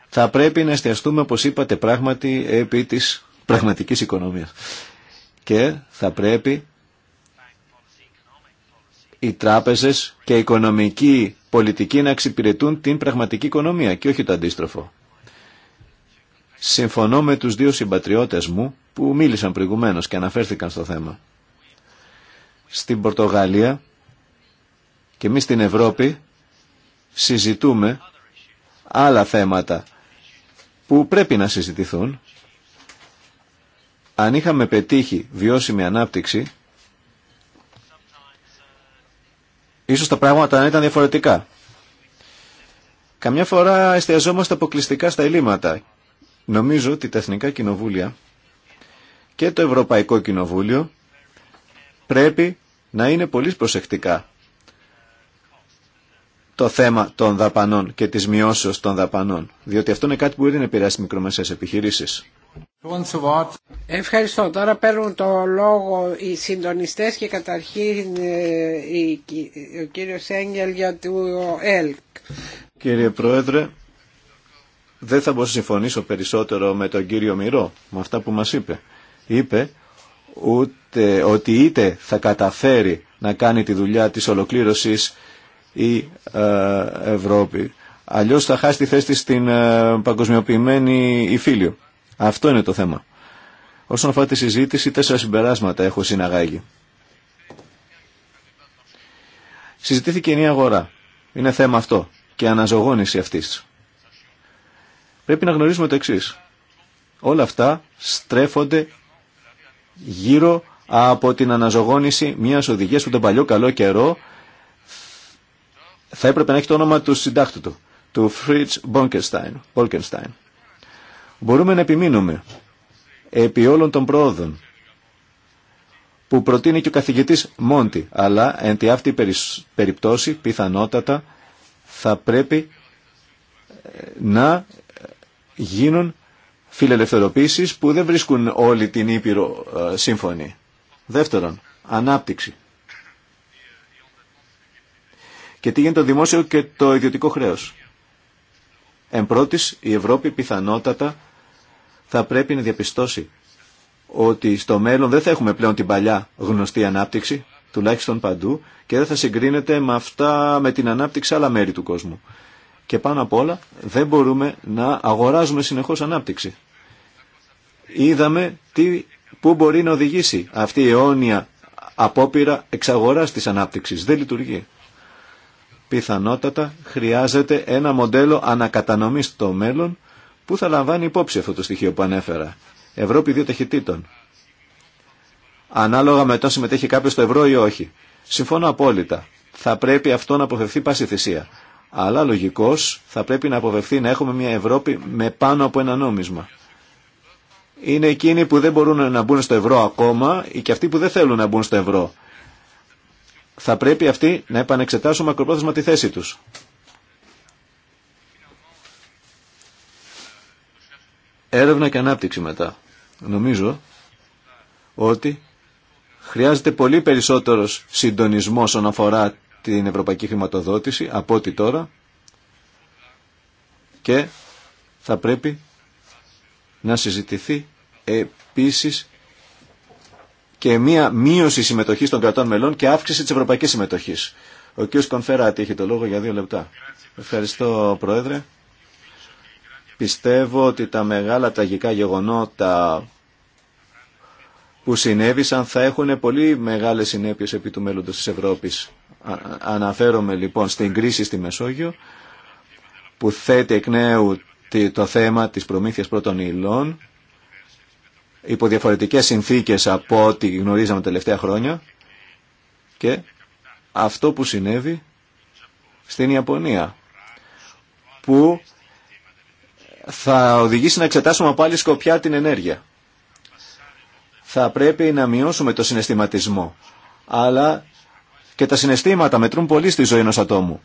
Θα πρέπει να εστιαστούμε, όπως είπατε, πράγματι επί της πραγματικής οικονομίας. Και θα πρέπει οι τράπεζες και η οικονομική πολιτική να εξυπηρετούν την πραγματική οικονομία και όχι το αντίστροφο. Συμφωνώ με τους δύο συμπατριώτες μου που μίλησαν προηγουμένως και αναφέρθηκαν στο θέμα. Στην Πορτογαλία και εμείς στην Ευρώπη συζητούμε άλλα θέματα που πρέπει να συζητηθούν. Αν είχαμε πετύχει βιώσιμη ανάπτυξη, ίσως τα πράγματα να ήταν διαφορετικά. Καμιά φορά εστιαζόμαστε αποκλειστικά στα ελλείμματα. Νομίζω ότι τα Εθνικά Κοινοβούλια και το Ευρωπαϊκό Κοινοβούλιο πρέπει να είναι πολύ προσεκτικά το θέμα των δαπανών και της μειώσεως των δαπανών, διότι αυτό είναι κάτι που ήδη επηρεάσει μικρομεσαίες επιχειρήσεις. Ευχαριστώ. Τώρα παίρνουν το λόγο οι συντονιστές και καταρχήν ε, ο κύριος Έγγελ για το ΕΛΚ. Κύριε Πρόεδρε, δεν θα μπορούσα να συμφωνήσω περισσότερο με τον κύριο Μυρό, με αυτά που μας είπε. Είπε ούτε, ότι είτε θα καταφέρει να κάνει τη δουλειά της ολοκλήρωσης η ε, Ευρώπη. Αλλιώς θα χάσει τη θέση στην ε, παγκοσμιοποιημένη υφήλιο. Αυτό είναι το θέμα. Όσον αφορά τη συζήτηση, τέσσερα συμπεράσματα έχω συναγάγει. Συζητήθηκε η αγορά. Είναι θέμα αυτό και αναζωγόνηση αυτής. Πρέπει να γνωρίζουμε το εξή. Όλα αυτά στρέφονται γύρω από την αναζωγόνηση μιας οδηγίας που τον παλιό καλό καιρό θα έπρεπε να έχει το όνομα του συντάκτου του, του Φρίτς Μπόλκενστάιν. Μπορούμε να επιμείνουμε επί όλων των προόδων που προτείνει και ο καθηγητής Μόντι, αλλά εν τη αυτή περιπτώσει πιθανότατα θα πρέπει ε, να γίνουν φιλελευθεροποίησεις που δεν βρίσκουν όλη την Ήπειρο ε, σύμφωνη. Δεύτερον, ανάπτυξη και τι γίνεται το δημόσιο και το ιδιωτικό χρέος. Εν πρώτης, η Ευρώπη πιθανότατα θα πρέπει να διαπιστώσει ότι στο μέλλον δεν θα έχουμε πλέον την παλιά γνωστή ανάπτυξη, τουλάχιστον παντού, και δεν θα συγκρίνεται με αυτά με την ανάπτυξη άλλα μέρη του κόσμου. Και πάνω απ' όλα δεν μπορούμε να αγοράζουμε συνεχώς ανάπτυξη. Είδαμε που μπορεί να οδηγήσει αυτή η αιώνια απόπειρα εξαγοράς της ανάπτυξης. Δεν λειτουργεί πιθανότατα χρειάζεται ένα μοντέλο ανακατανομής στο μέλλον που θα λαμβάνει υπόψη αυτό το στοιχείο που ανέφερα. Ευρώπη δύο ταχυτήτων. Ανάλογα με το συμμετέχει κάποιο στο ευρώ ή όχι. Συμφωνώ απόλυτα. Θα πρέπει αυτό να αποφευθεί πάση θυσία. Αλλά λογικώ θα πρέπει να αποφευθεί να έχουμε μια Ευρώπη με πάνω από ένα νόμισμα. Είναι εκείνοι που δεν μπορούν να μπουν στο ευρώ ακόμα και αυτοί που δεν θέλουν να μπουν στο ευρώ θα πρέπει αυτοί να επανεξετάσουν μακροπρόθεσμα τη θέση τους. Έρευνα και ανάπτυξη μετά. Νομίζω ότι χρειάζεται πολύ περισσότερος συντονισμός όσον αφορά την ευρωπαϊκή χρηματοδότηση από ό,τι τώρα και θα πρέπει να συζητηθεί επίσης και μία μείωση συμμετοχής των κρατών μελών και αύξηση της ευρωπαϊκής συμμετοχής. Ο κ. Κονφεράτη έχει το λόγο για δύο λεπτά. Ευχαριστώ Πρόεδρε. Πιστεύω ότι τα μεγάλα τραγικά γεγονότα που συνέβησαν θα έχουν πολύ μεγάλες συνέπειες επί του μέλλοντος της Ευρώπης. Αναφέρομαι λοιπόν στην κρίση στη Μεσόγειο που θέτει εκ νέου το θέμα της προμήθειας πρώτων υλών υπό διαφορετικές συνθήκες από ό,τι γνωρίζαμε τα τελευταία χρόνια και αυτό που συνέβη στην Ιαπωνία που θα οδηγήσει να εξετάσουμε πάλι σκοπιά την ενέργεια. Θα πρέπει να μειώσουμε το συναισθηματισμό αλλά και τα συναισθήματα μετρούν πολύ στη ζωή ενός ατόμου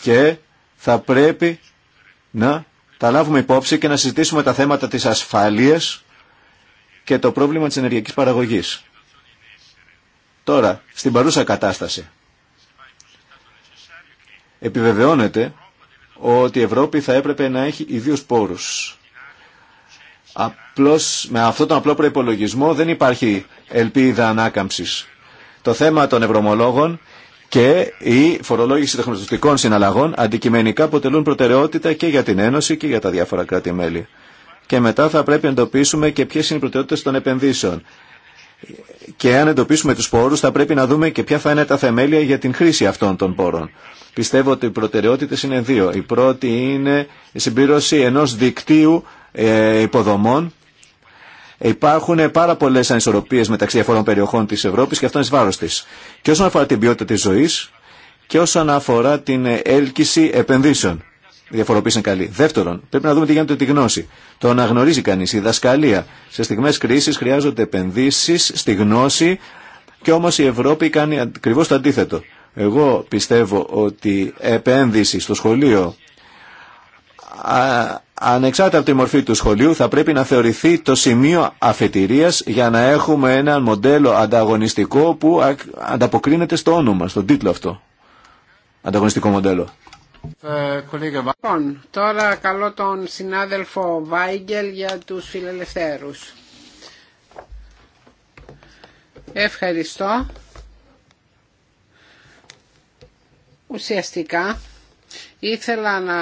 και θα πρέπει να τα λάβουμε υπόψη και να συζητήσουμε τα θέματα της ασφάλειας και το πρόβλημα της ενεργειακής παραγωγής. Τώρα, στην παρούσα κατάσταση, επιβεβαιώνεται ότι η Ευρώπη θα έπρεπε να έχει ιδίους πόρους. Απλώς, με αυτόν τον απλό προϋπολογισμό δεν υπάρχει ελπίδα ανάκαμψης. Το θέμα των ευρωμολόγων και η φορολόγηση των χρηματοδοτικών συναλλαγών αντικειμενικά αποτελούν προτεραιότητα και για την Ένωση και για τα διάφορα κράτη-μέλη και μετά θα πρέπει να εντοπίσουμε και ποιες είναι οι προτεραιότητες των επενδύσεων. Και αν εντοπίσουμε τους πόρους θα πρέπει να δούμε και ποια θα είναι τα θεμέλια για την χρήση αυτών των πόρων. Πιστεύω ότι οι προτεραιότητες είναι δύο. Η πρώτη είναι η συμπλήρωση ενός δικτύου ε, υποδομών. Υπάρχουν πάρα πολλές ανισορροπίες μεταξύ διαφορών περιοχών της Ευρώπης και αυτό είναι βάρος της. Και όσον αφορά την ποιότητα της ζωής και όσον αφορά την έλκυση επενδύσεων διαφοροποίηση είναι καλή. Δεύτερον, πρέπει να δούμε τι γίνεται με τη γνώση. Το να γνωρίζει κανεί, η δασκαλία. Σε στιγμέ κρίση χρειάζονται επενδύσει στη γνώση και όμω η Ευρώπη κάνει ακριβώ το αντίθετο. Εγώ πιστεύω ότι επένδυση στο σχολείο, ανεξάρτητα από τη μορφή του σχολείου, θα πρέπει να θεωρηθεί το σημείο αφετηρίας για να έχουμε ένα μοντέλο ανταγωνιστικό που ανταποκρίνεται στο όνομα, στον τίτλο αυτό. Ανταγωνιστικό μοντέλο. Ε, λοιπόν, τώρα καλώ τον συνάδελφο Βάιγκελ για τους φιλελευθέρους. Ευχαριστώ. Ουσιαστικά ήθελα να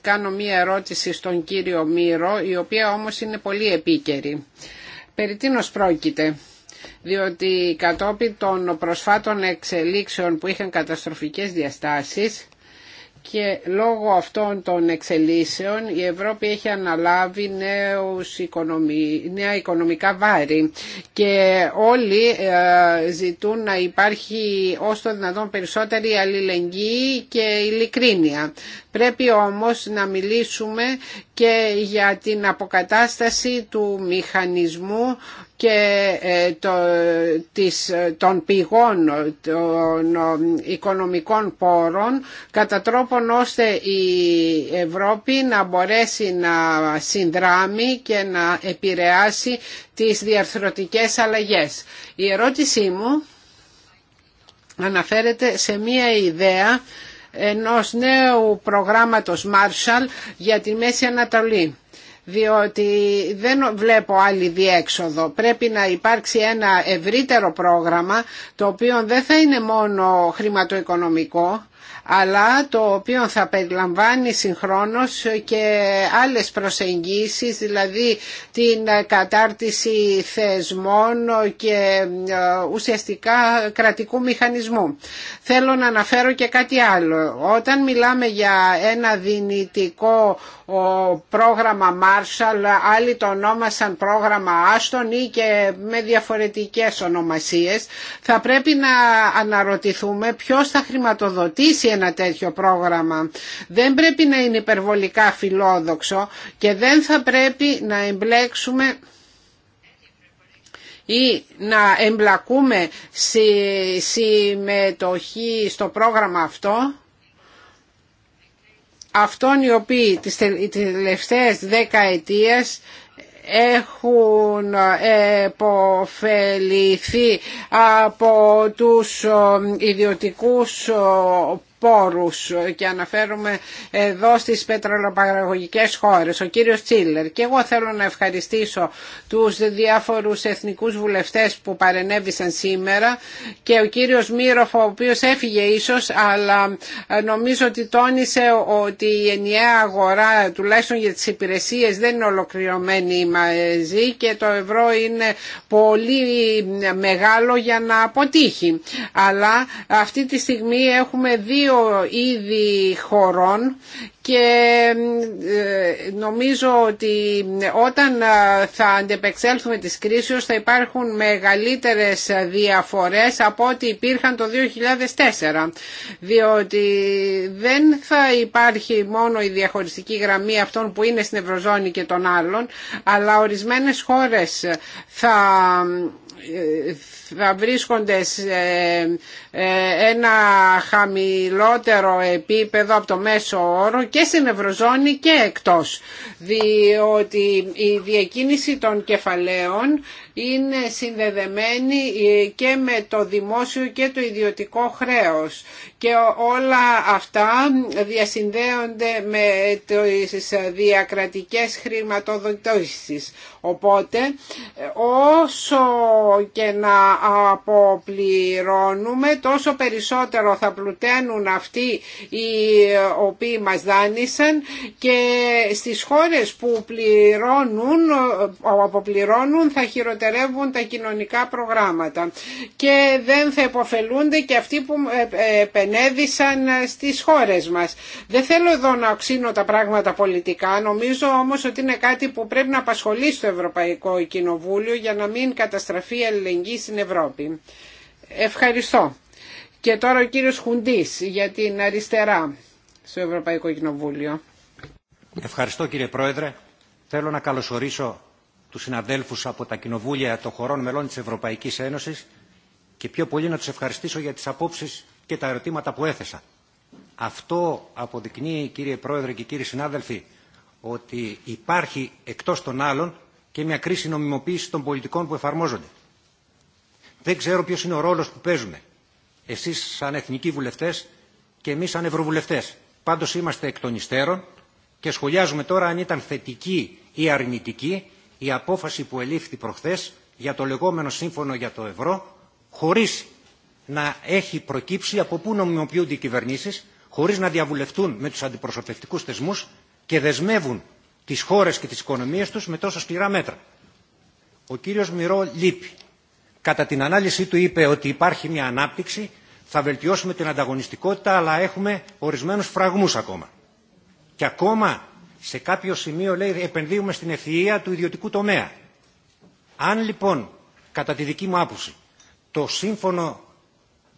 κάνω μία ερώτηση στον κύριο Μύρο, η οποία όμως είναι πολύ επίκαιρη. Περί τίνος πρόκειται διότι κατόπιν των προσφάτων εξελίξεων που είχαν καταστροφικές διαστάσεις και λόγω αυτών των εξελίσεων η Ευρώπη έχει αναλάβει νέους νέα οικονομικά βάρη και όλοι ε, ζητούν να υπάρχει όσο το δυνατόν περισσότερη αλληλεγγύη και ειλικρίνεια. Πρέπει όμως να μιλήσουμε και για την αποκατάσταση του μηχανισμού και ε, των πηγών των ε, οικονομικών πόρων κατά τρόπον ώστε η Ευρώπη να μπορέσει να συνδράμει και να επηρεάσει τις διαρθρωτικές αλλαγές. Η ερώτησή μου αναφέρεται σε μία ιδέα ενός νέου προγράμματος Marshall για τη Μέση Ανατολή διότι δεν βλέπω άλλη διέξοδο. Πρέπει να υπάρξει ένα ευρύτερο πρόγραμμα το οποίο δεν θα είναι μόνο χρηματοοικονομικό αλλά το οποίο θα περιλαμβάνει συγχρόνως και άλλες προσεγγίσεις, δηλαδή την κατάρτιση θεσμών και ε, ουσιαστικά κρατικού μηχανισμού. Θέλω να αναφέρω και κάτι άλλο. Όταν μιλάμε για ένα δυνητικό πρόγραμμα Marshall, άλλοι το ονόμασαν πρόγραμμα Άστον ή και με διαφορετικές ονομασίες, θα πρέπει να αναρωτηθούμε ποιος θα χρηματοδοτήσει ένα τέτοιο πρόγραμμα. Δεν πρέπει να είναι υπερβολικά φιλόδοξο και δεν θα πρέπει να εμπλέξουμε ή να εμπλακούμε στη συμμετοχή στο πρόγραμμα αυτό αυτών οι οποίοι τις τελευταίες δέκα έχουν εποφεληθεί από τους ε, ιδιωτικούς ε, πόρους και αναφέρουμε εδώ στις πετρελοπαραγωγικές χώρες, ο κύριος Τσίλερ. Και εγώ θέλω να ευχαριστήσω τους διάφορους εθνικούς βουλευτές που παρενέβησαν σήμερα και ο κύριος Μύροφ, ο οποίος έφυγε ίσως, αλλά νομίζω ότι τόνισε ότι η ενιαία αγορά, τουλάχιστον για τις υπηρεσίες, δεν είναι ολοκληρωμένη μαζί και το ευρώ είναι πολύ μεγάλο για να αποτύχει. Αλλά αυτή τη στιγμή έχουμε δύο δύο είδη χωρών και ε, νομίζω ότι όταν ε, θα αντεπεξέλθουμε τις κρίσεις θα υπάρχουν μεγαλύτερες διαφορές από ό,τι υπήρχαν το 2004 διότι δεν θα υπάρχει μόνο η διαχωριστική γραμμή αυτών που είναι στην Ευρωζώνη και των άλλων αλλά ορισμένες χώρες θα ε, θα βρίσκονται σε ε, ένα χαμηλότερο επίπεδο από το μέσο όρο και στην Ευρωζώνη και εκτός διότι η διακίνηση των κεφαλαίων είναι συνδεδεμένη ε, και με το δημόσιο και το ιδιωτικό χρέος και όλα αυτά διασυνδέονται με τις διακρατικές χρηματοδοτήσεις. Οπότε ε, όσο και να αποπληρώνουμε τόσο περισσότερο θα πλουταίνουν αυτοί οι ε, οποίοι μας δάνεισαν και στις χώρες που πληρώνουν, ε, αποπληρώνουν θα χειροτερεύουν τα κοινωνικά προγράμματα και δεν θα υποφελούνται και αυτοί που ε, επενέδυσαν στις χώρες μας. Δεν θέλω εδώ να οξύνω τα πράγματα πολιτικά, νομίζω όμως ότι είναι κάτι που πρέπει να απασχολεί στο Ευρωπαϊκό Κοινοβούλιο για να μην καταστραφεί η αλληλεγγύη στην Ευρώπη. Ευχαριστώ. Και τώρα ο κύριος Χουντής για την αριστερά στο Ευρωπαϊκό Κοινοβούλιο. Ευχαριστώ κύριε Πρόεδρε. Θέλω να καλωσορίσω τους συναδέλφους από τα κοινοβούλια των χωρών μελών της Ευρωπαϊκής Ένωσης και πιο πολύ να τους ευχαριστήσω για τις απόψεις και τα ερωτήματα που έθεσα. Αυτό αποδεικνύει κύριε Πρόεδρε και κύριοι συνάδελφοι ότι υπάρχει εκτός των άλλων και μια κρίση νομιμοποίηση των πολιτικών που εφαρμόζονται. Δεν ξέρω ποιος είναι ο ρόλος που παίζουμε εσείς σαν εθνικοί βουλευτές και εμείς σαν ευρωβουλευτές. Πάντως είμαστε εκ των υστέρων και σχολιάζουμε τώρα αν ήταν θετική ή αρνητική η απόφαση που ελήφθη προχθές για το λεγόμενο σύμφωνο για το ευρώ χωρίς να έχει προκύψει από πού νομιμοποιούνται οι κυβερνήσεις, χωρίς να διαβουλευτούν με τους αντιπροσωπευτικούς θεσμούς και δεσμεύουν τις χώρες και τις οικονομίες τους με τόσο σκληρά μέτρα. Ο κύριος Μυρό λείπει κατά την ανάλυση του είπε ότι υπάρχει μια ανάπτυξη, θα βελτιώσουμε την ανταγωνιστικότητα, αλλά έχουμε ορισμένους φραγμούς ακόμα. Και ακόμα σε κάποιο σημείο λέει επενδύουμε στην ευθεία του ιδιωτικού τομέα. Αν λοιπόν, κατά τη δική μου άποψη, το σύμφωνο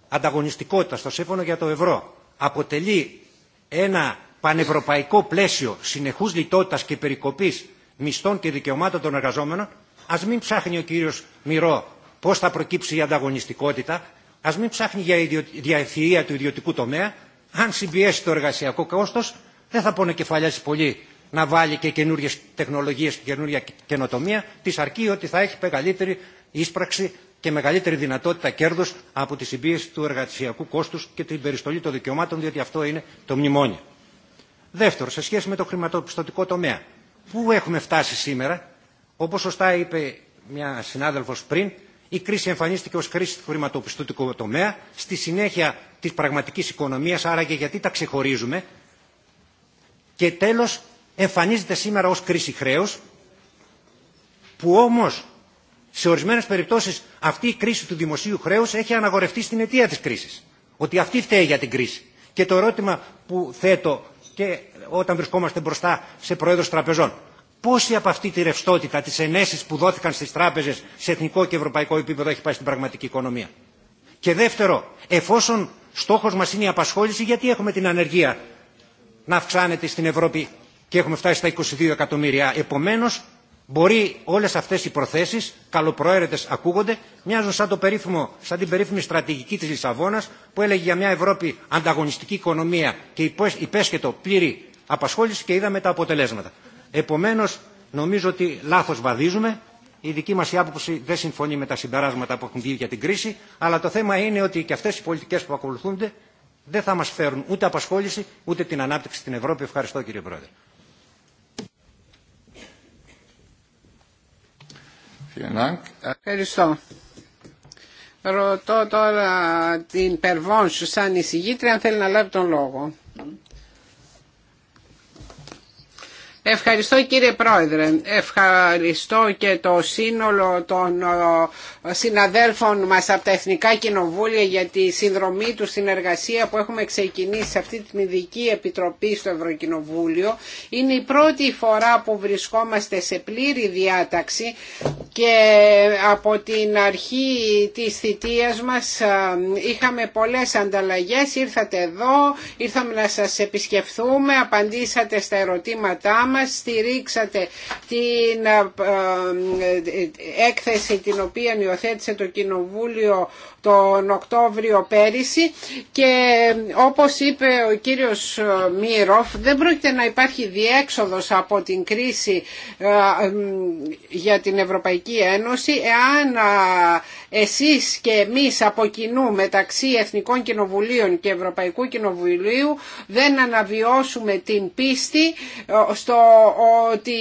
ανταγωνιστικότητας, το σύμφωνο για το ευρώ, αποτελεί ένα πανευρωπαϊκό πλαίσιο συνεχούς λιτότητας και περικοπής μισθών και δικαιωμάτων των εργαζόμενων, ας μην ψάχνει ο κύριος Μυρό πώ θα προκύψει η ανταγωνιστικότητα, α μην ψάχνει για διαφυΐα του ιδιωτικού τομέα. Αν συμπιέσει το εργασιακό κόστο, δεν θα πονοκεφαλιάσει πολύ να βάλει και καινούριε τεχνολογίε και καινούρια καινοτομία, τη αρκεί ότι θα έχει μεγαλύτερη ίσπραξη και μεγαλύτερη δυνατότητα κέρδου από τη συμπίεση του εργασιακού κόστου και την περιστολή των δικαιωμάτων, διότι αυτό είναι το μνημόνιο. Δεύτερο, σε σχέση με το χρηματοπιστωτικό τομέα. Πού έχουμε φτάσει σήμερα, όπω σωστά είπε μια συνάδελφο πριν, η κρίση εμφανίστηκε ως κρίση του χρηματοπιστωτικού τομέα, στη συνέχεια της πραγματικής οικονομίας, άρα και γιατί τα ξεχωρίζουμε. Και τέλος εμφανίζεται σήμερα ως κρίση χρέους, που όμως σε ορισμένες περιπτώσεις αυτή η κρίση του δημοσίου χρέους έχει αναγορευτεί στην αιτία τη κρίσης. Ότι αυτή φταίει για την κρίση. Και το ερώτημα που θέτω και όταν βρισκόμαστε μπροστά σε πρόεδρο τραπεζών. Πόση από αυτή τη ρευστότητα, τις ενέσεις που δόθηκαν στι τράπεζε σε εθνικό και ευρωπαϊκό επίπεδο έχει πάει στην πραγματική οικονομία. Και δεύτερο, εφόσον στόχο μα είναι η απασχόληση, γιατί έχουμε την ανεργία να αυξάνεται στην Ευρώπη και έχουμε φτάσει στα 22 εκατομμύρια. Επομένω, μπορεί όλε αυτέ οι προθέσει, καλοπροαίρετε ακούγονται, μοιάζουν σαν, σαν την περίφημη στρατηγική τη Λισαβόνα που έλεγε για μια Ευρώπη ανταγωνιστική οικονομία και υπέσχετο πλήρη απασχόληση και είδαμε τα αποτελέσματα. Επομένως, νομίζω ότι λάθος βαδίζουμε. Η δική μας άποψη δεν συμφωνεί με τα συμπεράσματα που έχουν βγει για την κρίση, αλλά το θέμα είναι ότι και αυτές οι πολιτικές που ακολουθούνται δεν θα μας φέρουν ούτε απασχόληση, ούτε την ανάπτυξη στην Ευρώπη. Ευχαριστώ κύριε Πρόεδρε. Ευχαριστώ. Ρωτώ τώρα την Περβόνσου σαν εισηγήτρια αν θέλει να λάβει τον λόγο. Ευχαριστώ κύριε Πρόεδρε. Ευχαριστώ και το σύνολο των ε, συναδέλφων μας από τα Εθνικά Κοινοβούλια για τη συνδρομή του στην εργασία που έχουμε ξεκινήσει σε αυτή την ειδική επιτροπή στο Ευρωκοινοβούλιο. Είναι η πρώτη φορά που βρισκόμαστε σε πλήρη διάταξη και από την αρχή της θητείας μας ε, είχαμε πολλές ανταλλαγές. Ήρθατε εδώ, ήρθαμε να σας επισκεφθούμε, απαντήσατε στα ερωτήματά μας μας στηρίξατε την ε, ε, ε, έκθεση την οποία υιοθέτησε το Κοινοβούλιο τον Οκτώβριο πέρυσι και όπως είπε ο κύριος Μύροφ δεν πρόκειται να υπάρχει διέξοδος από την κρίση ε, για την Ευρωπαϊκή Ένωση εάν εσείς και εμείς από κοινού μεταξύ Εθνικών Κοινοβουλίων και Ευρωπαϊκού Κοινοβουλίου δεν αναβιώσουμε την πίστη ε, στο ότι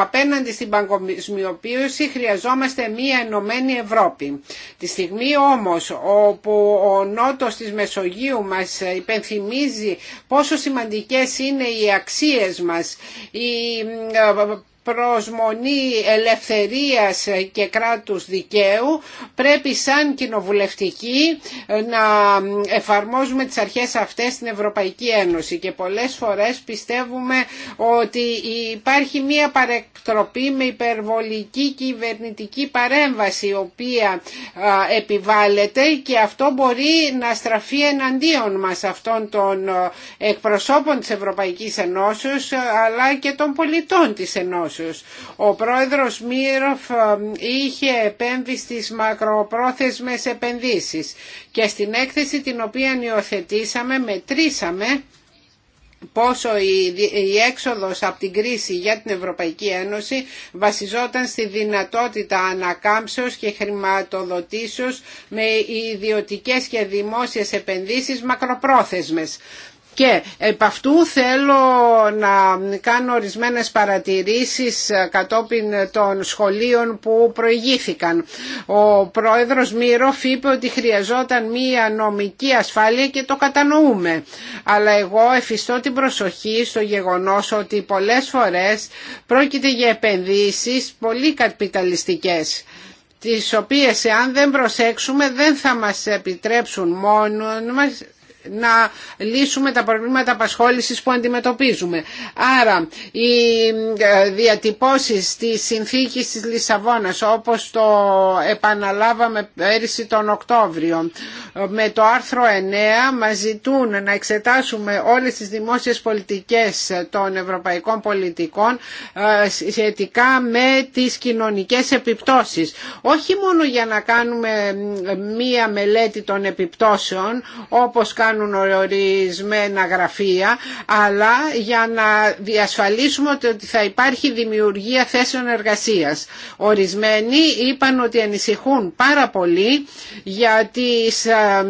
απέναντι στην παγκοσμιοποίηση χρειαζόμαστε μία ενωμένη Ευρώπη. Τη στιγμή όμως όπου ο νότος της Μεσογείου μας υπενθυμίζει πόσο σημαντικές είναι οι αξίες μας, η προσμονή ελευθερίας και κράτους δικαίου πρέπει σαν κοινοβουλευτική να εφαρμόζουμε τις αρχές αυτές στην Ευρωπαϊκή Ένωση και πολλές φορές πιστεύουμε ότι υπάρχει μία παρεκτροπή με υπερβολική κυβερνητική παρέμβαση η οποία επιβάλλεται και αυτό μπορεί να στραφεί εναντίον μας αυτών των εκπροσώπων της Ευρωπαϊκής Ενώσεως αλλά και των πολιτών της Ενώσεως. Ο πρόεδρος Μίροφ ε, είχε επέμβει στις μακροπρόθεσμες επενδύσεις και στην έκθεση την οποία υιοθετήσαμε μετρήσαμε πόσο η έξοδος από την κρίση για την Ευρωπαϊκή Ένωση βασιζόταν στη δυνατότητα ανακάμψεως και χρηματοδοτήσεως με ιδιωτικές και δημόσιες επενδύσεις μακροπρόθεσμες. Και επ' αυτού θέλω να κάνω ορισμένες παρατηρήσεις κατόπιν των σχολείων που προηγήθηκαν. Ο πρόεδρος Μύροφ είπε ότι χρειαζόταν μία νομική ασφάλεια και το κατανοούμε. Αλλά εγώ εφιστώ την προσοχή στο γεγονός ότι πολλές φορές πρόκειται για επενδύσεις πολύ καπιταλιστικές τις οποίες εάν δεν προσέξουμε δεν θα μας επιτρέψουν μόνο να λύσουμε τα προβλήματα απασχόλησης που αντιμετωπίζουμε. Άρα οι ε, διατυπώσεις της συνθήκης της Λισαβόνας όπως το επαναλάβαμε πέρυσι τον Οκτώβριο με το άρθρο 9 μας ζητούν να εξετάσουμε όλες τις δημόσιες πολιτικές των ευρωπαϊκών πολιτικών ε, σχετικά με τις κοινωνικές επιπτώσεις. Όχι μόνο για να κάνουμε ε, μία μελέτη των επιπτώσεων όπως κάνουν ορισμένα γραφεία αλλά για να διασφαλίσουμε ότι θα υπάρχει δημιουργία θέσεων εργασίας. Ορισμένοι είπαν ότι ανησυχούν πάρα πολύ για τις ε,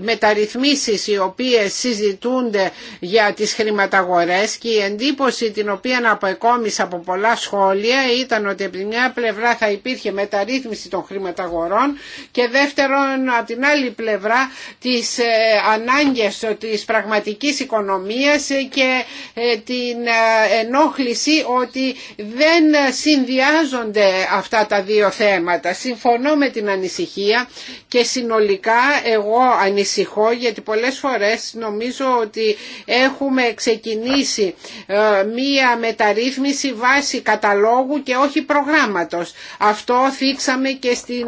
μεταρρυθμίσεις οι οποίες συζητούνται για τις χρηματαγορές και η εντύπωση την οποία αποεκόμισα από πολλά σχόλια ήταν ότι από τη μια πλευρά θα υπήρχε μεταρρύθμιση των χρηματαγορών και δεύτερον από την άλλη πλευρά της ανάγκης ε, ανάγκες της πραγματικής οικονομίας και ε, την ε, ενόχληση ότι δεν συνδυάζονται αυτά τα δύο θέματα. Συμφωνώ με την ανησυχία και συνολικά εγώ ανησυχώ γιατί πολλές φορές νομίζω ότι έχουμε ξεκινήσει ε, μία μεταρρύθμιση βάση καταλόγου και όχι προγράμματος. Αυτό θίξαμε και στην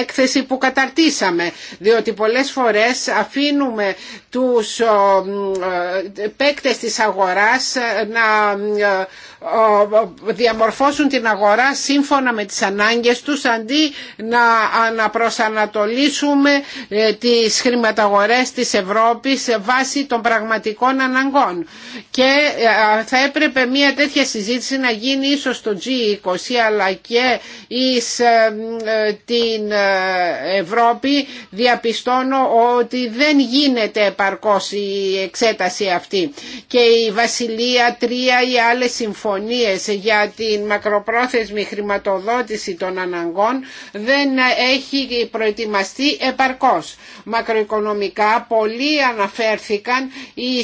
έκθεση που καταρτήσαμε διότι πολλές φορές αφήνουμε τους ε, παίκτες της αγοράς να ε, διαμορφώσουν την αγορά σύμφωνα με τις ανάγκες τους αντί να αναπροσανατολίσουμε ε, τις χρηματαγορές της Ευρώπης βάσει των πραγματικών αναγκών. Και ε, θα έπρεπε μια τέτοια συζήτηση να γίνει ίσως στο G20 αλλά και εις ε, την Ευρώπη διαπιστώνω ότι δεν γίνεται επαρκώς η εξέταση αυτή. Και η Βασιλεία 3, ή άλλες συμφωνίες για την μακροπρόθεσμη χρηματοδότηση των αναγκών δεν έχει προετοιμαστεί επαρκώς. Μακροοικονομικά πολλοί αναφέρθηκαν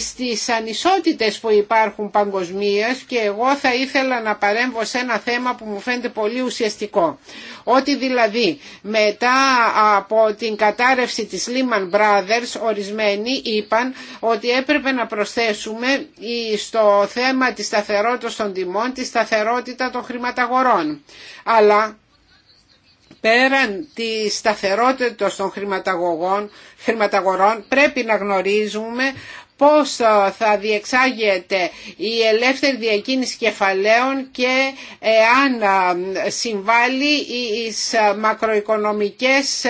στις ανισότητες που υπάρχουν παγκοσμίως και εγώ θα ήθελα να παρέμβω σε ένα θέμα που μου φαίνεται πολύ ουσιαστικό. Ότι δηλαδή μετά από την κατάρρευση της Lehman Brothers ορισμένοι είπαν ότι έπρεπε να προσθέσουμε στο θέμα της σταθερότητας των τιμών τη σταθερότητα των χρηματαγορών. Αλλά πέραν τη σταθερότητα των χρηματαγορών, πρέπει να γνωρίζουμε πώς θα διεξάγεται η ελεύθερη διακίνηση κεφαλαίων και ε, αν ε, συμβάλλει εις ε, μακροοικονομικές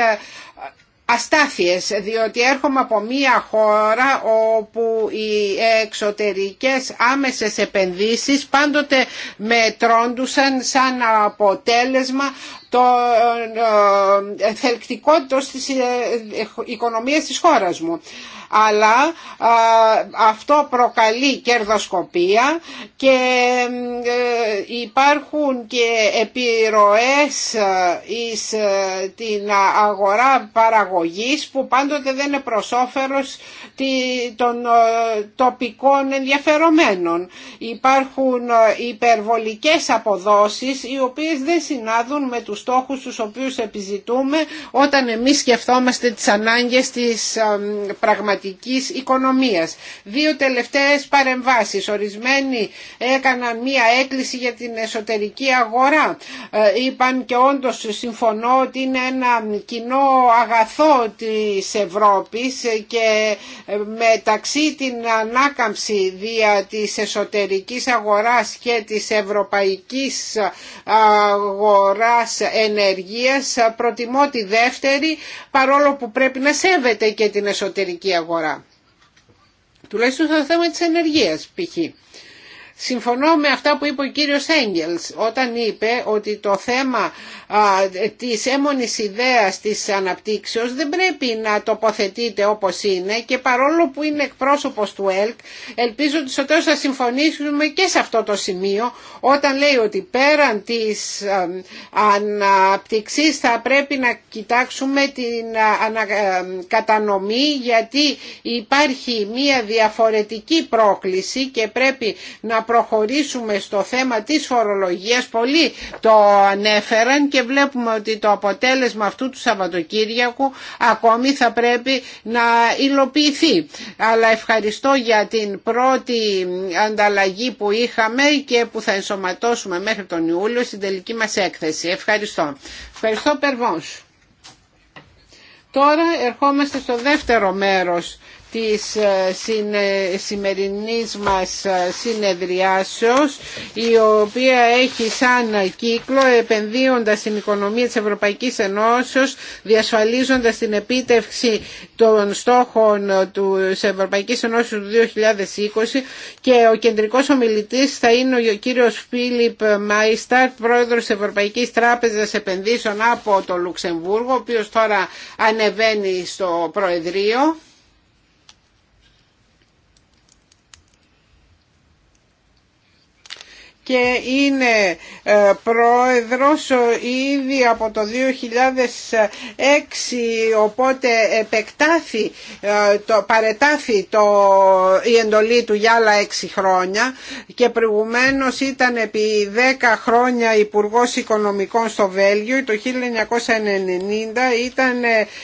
αστάθειες, διότι έρχομαι από μία χώρα όπου οι εξωτερικές άμεσες επενδύσεις πάντοτε μετρώντουσαν σαν αποτέλεσμα το θελκτικότητος της οικονομίας της χώρας μου αλλά αυτό προκαλεί κερδοσκοπία και ε, υπάρχουν και επιρροές ε, εις ε, την αγορά παραγωγής που πάντοτε δεν είναι προς τον των τοπικών ενδιαφερομένων. Υπάρχουν υπερβολικές αποδόσεις οι οποίες δεν συνάδουν με τους στόχους τους οποίους επιζητούμε όταν εμείς σκεφτόμαστε τις ανάγκες της πραγματικότητας οικονομίας. Δύο τελευταίες παρεμβάσεις. Ορισμένοι έκαναν μία έκκληση για την εσωτερική αγορά. Ε, είπαν και όντως συμφωνώ ότι είναι ένα κοινό αγαθό της Ευρώπης και ε, μεταξύ την ανάκαμψη δια της εσωτερικής αγοράς και της ευρωπαϊκής αγοράς ενεργείας προτιμώ τη δεύτερη παρόλο που πρέπει να σέβεται και την εσωτερική αγορά. Τουλάχιστον στο θέμα της ενεργείας π.χ. Συμφωνώ με αυτά που είπε ο κύριος Έγγελς όταν είπε ότι το θέμα της έμονης ιδέας της αναπτύξεως δεν πρέπει να τοποθετείται όπως είναι και παρόλο που είναι εκπρόσωπος του ΕΛΚ ελπίζω ότι στο τέλος θα συμφωνήσουμε και σε αυτό το σημείο όταν λέει ότι πέραν της αναπτυξής θα πρέπει να κοιτάξουμε την κατανομή γιατί υπάρχει μια διαφορετική πρόκληση και πρέπει να προχωρήσουμε στο θέμα της φορολογίας. Πολλοί το ανέφεραν και βλέπουμε ότι το αποτέλεσμα αυτού του Σαββατοκύριακου ακόμη θα πρέπει να υλοποιηθεί. Αλλά ευχαριστώ για την πρώτη ανταλλαγή που είχαμε και που θα ενσωματώσουμε μέχρι τον Ιούλιο στην τελική μας έκθεση. Ευχαριστώ. Ευχαριστώ Τώρα ερχόμαστε στο δεύτερο μέρος της ε, σημερινής μας ε, συνεδριάσεως η οποία έχει σαν κύκλο επενδύοντας στην οικονομία της Ευρωπαϊκής Ενώσεως διασφαλίζοντας την επίτευξη των στόχων της Ευρωπαϊκής Ενώσεως του 2020 και ο κεντρικός ομιλητής θα είναι ο κύριος Φίλιπ Μάισταρ πρόεδρος της Ευρωπαϊκής Τράπεζας Επενδύσεων από το Λουξεμβούργο ο οποίος τώρα ανεβαίνει στο Προεδρείο και είναι ε, πρόεδρος ε, ήδη από το 2006 οπότε επεκτάθη, ε, το, παρετάθη το, η εντολή του για άλλα 6 χρόνια και προηγουμένως ήταν επί 10 χρόνια Υπουργός Οικονομικών στο Βέλγιο το 1990 ήταν,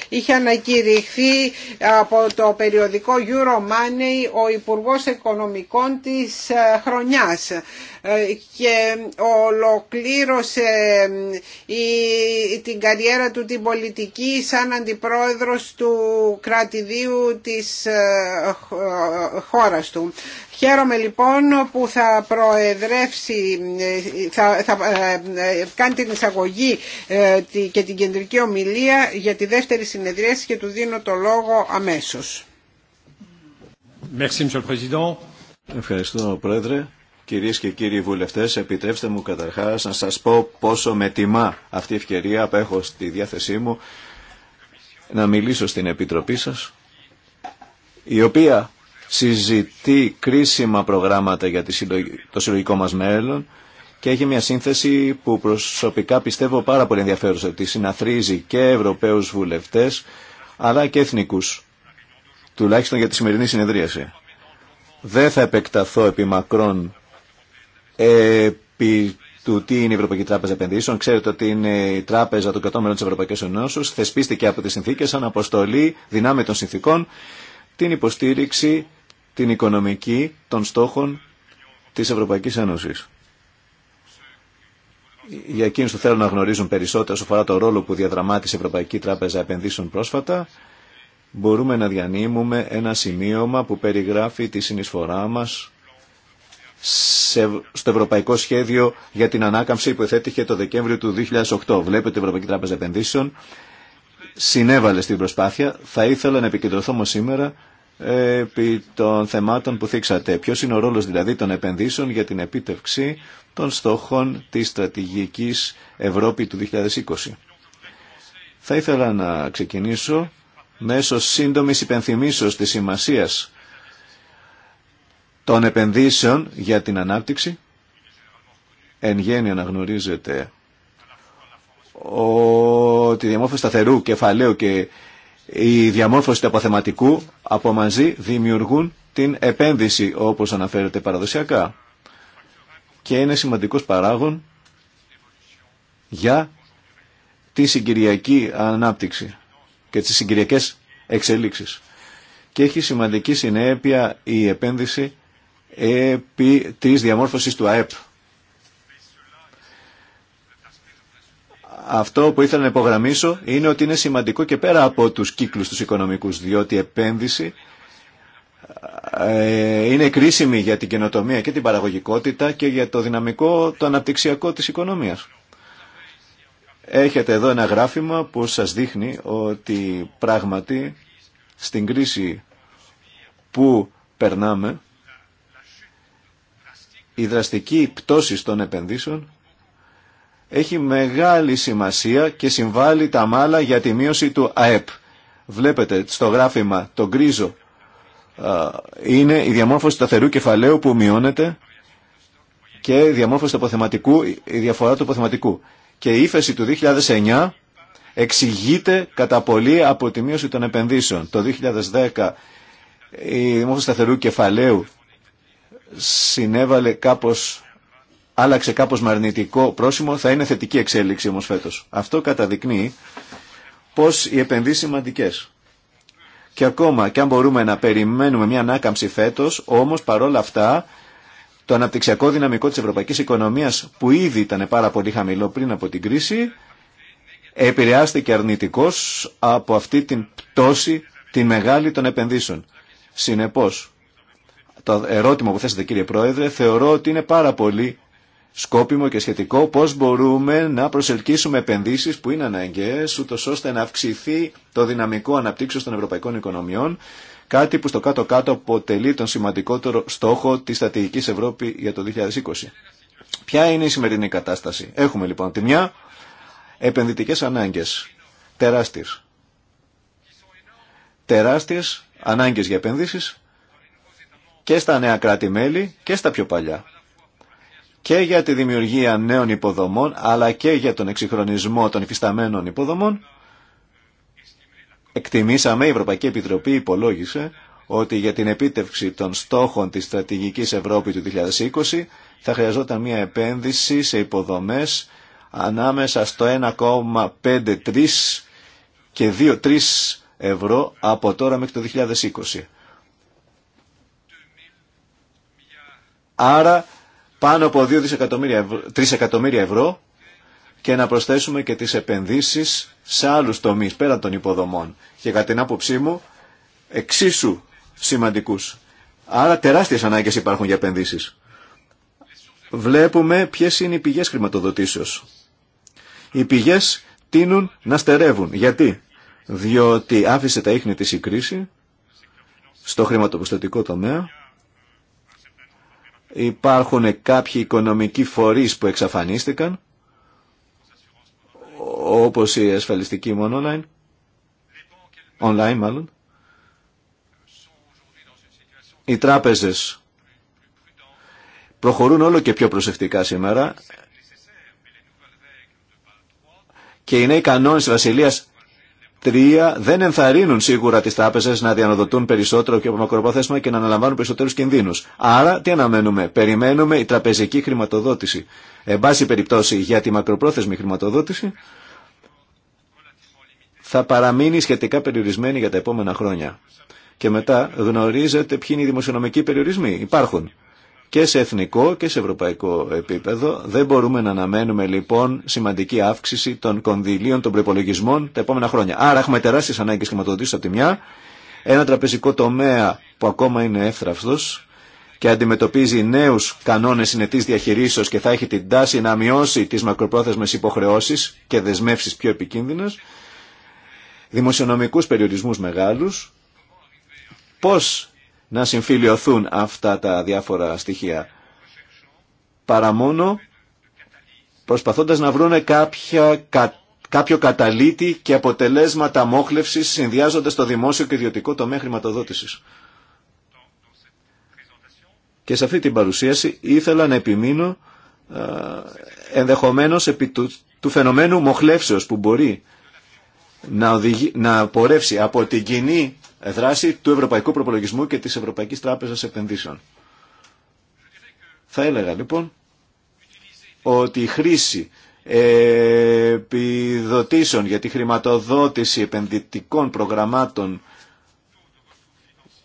είχε ανακηρυχθεί από το περιοδικό Euro Money ο Υπουργός Οικονομικών της χρονιάς. Ε, και ολοκλήρωσε την καριέρα του την πολιτική σαν αντιπρόεδρος του κρατηδίου της ε, ε, χώρας του. Χαίρομαι λοιπόν που θα προεδρεύσει, θα, θα κάνει την εισαγωγή και την κεντρική ομιλία για τη δεύτερη συνεδρίαση και του δίνω το λόγο αμέσως. Ευχαριστώ, Πρόεδρε. Κυρίε και κύριοι βουλευτές, επιτρέψτε μου καταρχά να σας πω πόσο με τιμά αυτή η ευκαιρία που έχω στη διάθεσή μου να μιλήσω στην Επιτροπή σας, η οποία συζητεί κρίσιμα προγράμματα για το συλλογικό μας μέλλον και έχει μια σύνθεση που προσωπικά πιστεύω πάρα πολύ ενδιαφέρουσα, ότι συναθρίζει και Ευρωπαίους βουλευτές, αλλά και εθνικούς, τουλάχιστον για τη σημερινή συνεδρίαση. Δεν θα επεκταθώ επί μακρόν Επί του τι είναι η Ευρωπαϊκή Τράπεζα Επενδύσεων, ξέρετε ότι είναι η Τράπεζα των Κατώμερων τη Ευρωπαϊκή Ενώσεω, θεσπίστηκε από τι συνθήκε σαν αποστολή δυνάμει των συνθήκων την υποστήριξη την οικονομική των στόχων τη Ευρωπαϊκή Ένωση. Για εκείνου που θέλουν να γνωρίζουν περισσότερο όσο αφορά το ρόλο που διαδραμάτισε η Ευρωπαϊκή Τράπεζα Επενδύσεων πρόσφατα, μπορούμε να διανύμουμε ένα σημείωμα που περιγράφει τη συνεισφορά μας στο Ευρωπαϊκό Σχέδιο για την Ανάκαμψη που εθέτηκε το Δεκέμβριο του 2008. Βλέπετε η Ευρωπαϊκή Τράπεζα Επενδύσεων συνέβαλε στην προσπάθεια. Θα ήθελα να επικεντρωθώ όμω σήμερα ε, επί των θεμάτων που θίξατε. Ποιο είναι ο ρόλος δηλαδή των επενδύσεων για την επίτευξη των στόχων της στρατηγικής Ευρώπη του 2020. Θα ήθελα να ξεκινήσω μέσω σύντομης υπενθυμίσεως της σημασίας των επενδύσεων για την ανάπτυξη. Εν γέννη αναγνωρίζεται ότι η διαμόρφωση σταθερού κεφαλαίου και η διαμόρφωση του αποθεματικού από μαζί δημιουργούν την επένδυση όπως αναφέρεται παραδοσιακά και είναι σημαντικός παράγων για τη συγκυριακή ανάπτυξη και τις συγκυριακές εξελίξεις. Και έχει σημαντική συνέπεια η επένδυση επί της διαμόρφωσης του ΑΕΠ. Αυτό που ήθελα να υπογραμμίσω είναι ότι είναι σημαντικό και πέρα από τους κύκλους τους οικονομικούς, διότι η επένδυση ε, είναι κρίσιμη για την καινοτομία και την παραγωγικότητα και για το δυναμικό, το αναπτυξιακό της οικονομίας. Έχετε εδώ ένα γράφημα που σας δείχνει ότι πράγματι στην κρίση που περνάμε η δραστική πτώση των επενδύσεων έχει μεγάλη σημασία και συμβάλλει τα μάλα για τη μείωση του ΑΕΠ. Βλέπετε στο γράφημα το γκρίζο είναι η διαμόρφωση του σταθερού κεφαλαίου που μειώνεται και η διαμόρφωση του αποθεματικού, η διαφορά του αποθεματικού. Και η ύφεση του 2009 εξηγείται κατά πολύ από τη μείωση των επενδύσεων. Το 2010 η διαμόρφωση σταθερού κεφαλαίου συνέβαλε κάπως, άλλαξε κάπως με αρνητικό πρόσημο, θα είναι θετική εξέλιξη όμως φέτος. Αυτό καταδεικνύει πως οι επενδύσεις σημαντικές. Και ακόμα και αν μπορούμε να περιμένουμε μια ανάκαμψη φέτος, όμως παρόλα αυτά το αναπτυξιακό δυναμικό της ευρωπαϊκής οικονομίας που ήδη ήταν πάρα πολύ χαμηλό πριν από την κρίση, επηρεάστηκε αρνητικός από αυτή την πτώση τη μεγάλη των επενδύσεων. Συνεπώς, το ερώτημα που θέσατε κύριε Πρόεδρε θεωρώ ότι είναι πάρα πολύ σκόπιμο και σχετικό πώς μπορούμε να προσελκύσουμε επενδύσεις που είναι αναγκαίες ούτως ώστε να αυξηθεί το δυναμικό αναπτύξεως των ευρωπαϊκών οικονομιών κάτι που στο κάτω-κάτω αποτελεί τον σημαντικότερο στόχο της στρατηγικής Ευρώπη για το 2020. Ποια είναι η σημερινή κατάσταση. Έχουμε λοιπόν τη μια επενδυτικές ανάγκες τεράστιες. Τεράστιες ανάγκες για επενδύσεις και στα νέα κράτη-μέλη και στα πιο παλιά. Και για τη δημιουργία νέων υποδομών, αλλά και για τον εξυγχρονισμό των υφισταμένων υποδομών, εκτιμήσαμε, η Ευρωπαϊκή Επιτροπή υπολόγισε, ότι για την επίτευξη των στόχων της στρατηγικής Ευρώπη του 2020 θα χρειαζόταν μια επένδυση σε υποδομές ανάμεσα στο 1,53 και 2,3 ευρώ από τώρα μέχρι το 2020. Άρα πάνω από 2 ευρώ, 3 εκατομμύρια ευρώ και να προσθέσουμε και τις επενδύσεις σε άλλους τομείς πέραν των υποδομών και κατά την άποψή μου εξίσου σημαντικούς. Άρα τεράστιες ανάγκες υπάρχουν για επενδύσεις. Βλέπουμε ποιες είναι οι πηγές χρηματοδοτήσεως. Οι πηγές τείνουν να στερεύουν. Γιατί? Διότι άφησε τα ίχνη της η κρίση στο χρηματοπιστωτικό τομέα Υπάρχουν κάποιοι οικονομικοί φορείς που εξαφανίστηκαν, όπως η ασφαλιστική μόνο online, online μάλλον. Οι τράπεζες προχωρούν όλο και πιο προσεκτικά σήμερα και οι νέοι κανόνες της Βασιλείας τρία δεν ενθαρρύνουν σίγουρα τις τράπεζες να διανοδοτούν περισσότερο και από μακροπρόθεσμα και να αναλαμβάνουν περισσότερους κινδύνους. Άρα τι αναμένουμε. Περιμένουμε η τραπεζική χρηματοδότηση. Εν πάση περιπτώσει για τη μακροπρόθεσμη χρηματοδότηση θα παραμείνει σχετικά περιορισμένη για τα επόμενα χρόνια. Και μετά γνωρίζετε ποιοι είναι οι δημοσιονομικοί περιορισμοί. Υπάρχουν και σε εθνικό και σε ευρωπαϊκό επίπεδο. Δεν μπορούμε να αναμένουμε λοιπόν σημαντική αύξηση των κονδυλίων των προπολογισμών τα επόμενα χρόνια. Άρα έχουμε τεράστιε ανάγκε χρηματοδοτήσει από τη μια, ένα τραπεζικό τομέα που ακόμα είναι εύθραυστο και αντιμετωπίζει νέου κανόνε συνετή διαχειρίσεω και θα έχει την τάση να μειώσει τι μακροπρόθεσμε υποχρεώσει και δεσμεύσει πιο επικίνδυνε, δημοσιονομικού περιορισμού μεγάλου. Πώ να συμφιλειωθούν αυτά τα διάφορα στοιχεία. Παρά μόνο προσπαθώντας να βρούνε κάποια, κάποιο καταλήτη και αποτελέσματα μόχλευσης συνδυάζοντας το δημόσιο και ιδιωτικό τομέα χρηματοδότησης. Και σε αυτή την παρουσίαση ήθελα να επιμείνω ενδεχομένως επί του, φαινομένου μοχλεύσεως που μπορεί να, να πορεύσει από την κοινή δράση του Ευρωπαϊκού Προπολογισμού και της Ευρωπαϊκής Τράπεζας Επενδύσεων. Θα έλεγα λοιπόν ότι η χρήση επιδοτήσεων για τη χρηματοδότηση επενδυτικών προγραμμάτων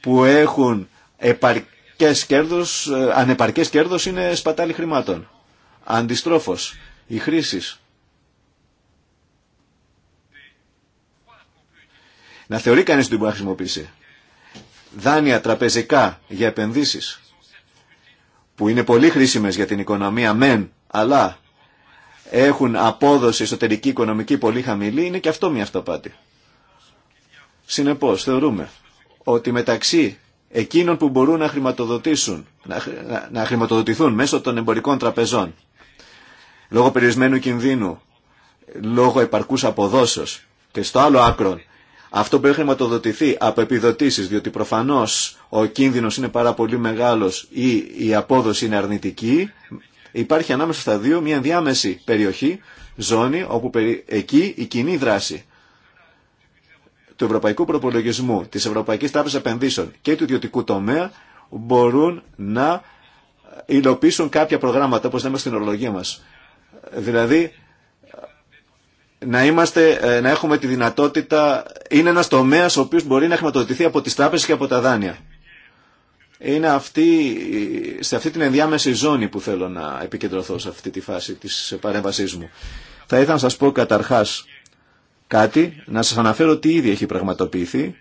που έχουν επαρκές κέρδος, ε, ανεπαρκές κέρδος είναι σπατάλη χρημάτων. Αντιστρόφως, η χρήση να θεωρεί κανείς ότι μπορεί να χρησιμοποιήσει. Δάνεια τραπεζικά για επενδύσεις που είναι πολύ χρήσιμες για την οικονομία μεν, αλλά έχουν απόδοση εσωτερική οικονομική πολύ χαμηλή, είναι και αυτό μια αυτοπάτη. Συνεπώς, θεωρούμε ότι μεταξύ εκείνων που μπορούν να χρηματοδοτήσουν, χρηματοδοτηθούν μέσω των εμπορικών τραπεζών, λόγω περιορισμένου κινδύνου, λόγω επαρκούς αποδόσεως και στο άλλο άκρο αυτό που έχει χρηματοδοτηθεί από επιδοτήσεις, διότι προφανώς ο κίνδυνος είναι πάρα πολύ μεγάλος ή η απόδοση είναι αρνητική. Υπάρχει ανάμεσα στα δύο μια διάμεση περιοχή, ζώνη, όπου εκεί η κοινή δράση του Ευρωπαϊκού Προπολογισμού, της Ευρωπαϊκής Τράπεζας Επενδύσεων και του ιδιωτικού τομέα μπορούν να υλοποιήσουν κάποια προγράμματα, όπως λέμε στην ορολογία μας. Δηλαδή, να, είμαστε, ε, να έχουμε τη δυνατότητα, είναι ένας τομέας ο οποίος μπορεί να χρηματοδοτηθεί από τις τράπεζες και από τα δάνεια. Είναι αυτή, ε, σε αυτή την ενδιάμεση ζώνη που θέλω να επικεντρωθώ σε αυτή τη φάση της παρέμβασής μου. Θα ήθελα να σας πω καταρχάς κάτι, να σας αναφέρω τι ήδη έχει πραγματοποιηθεί,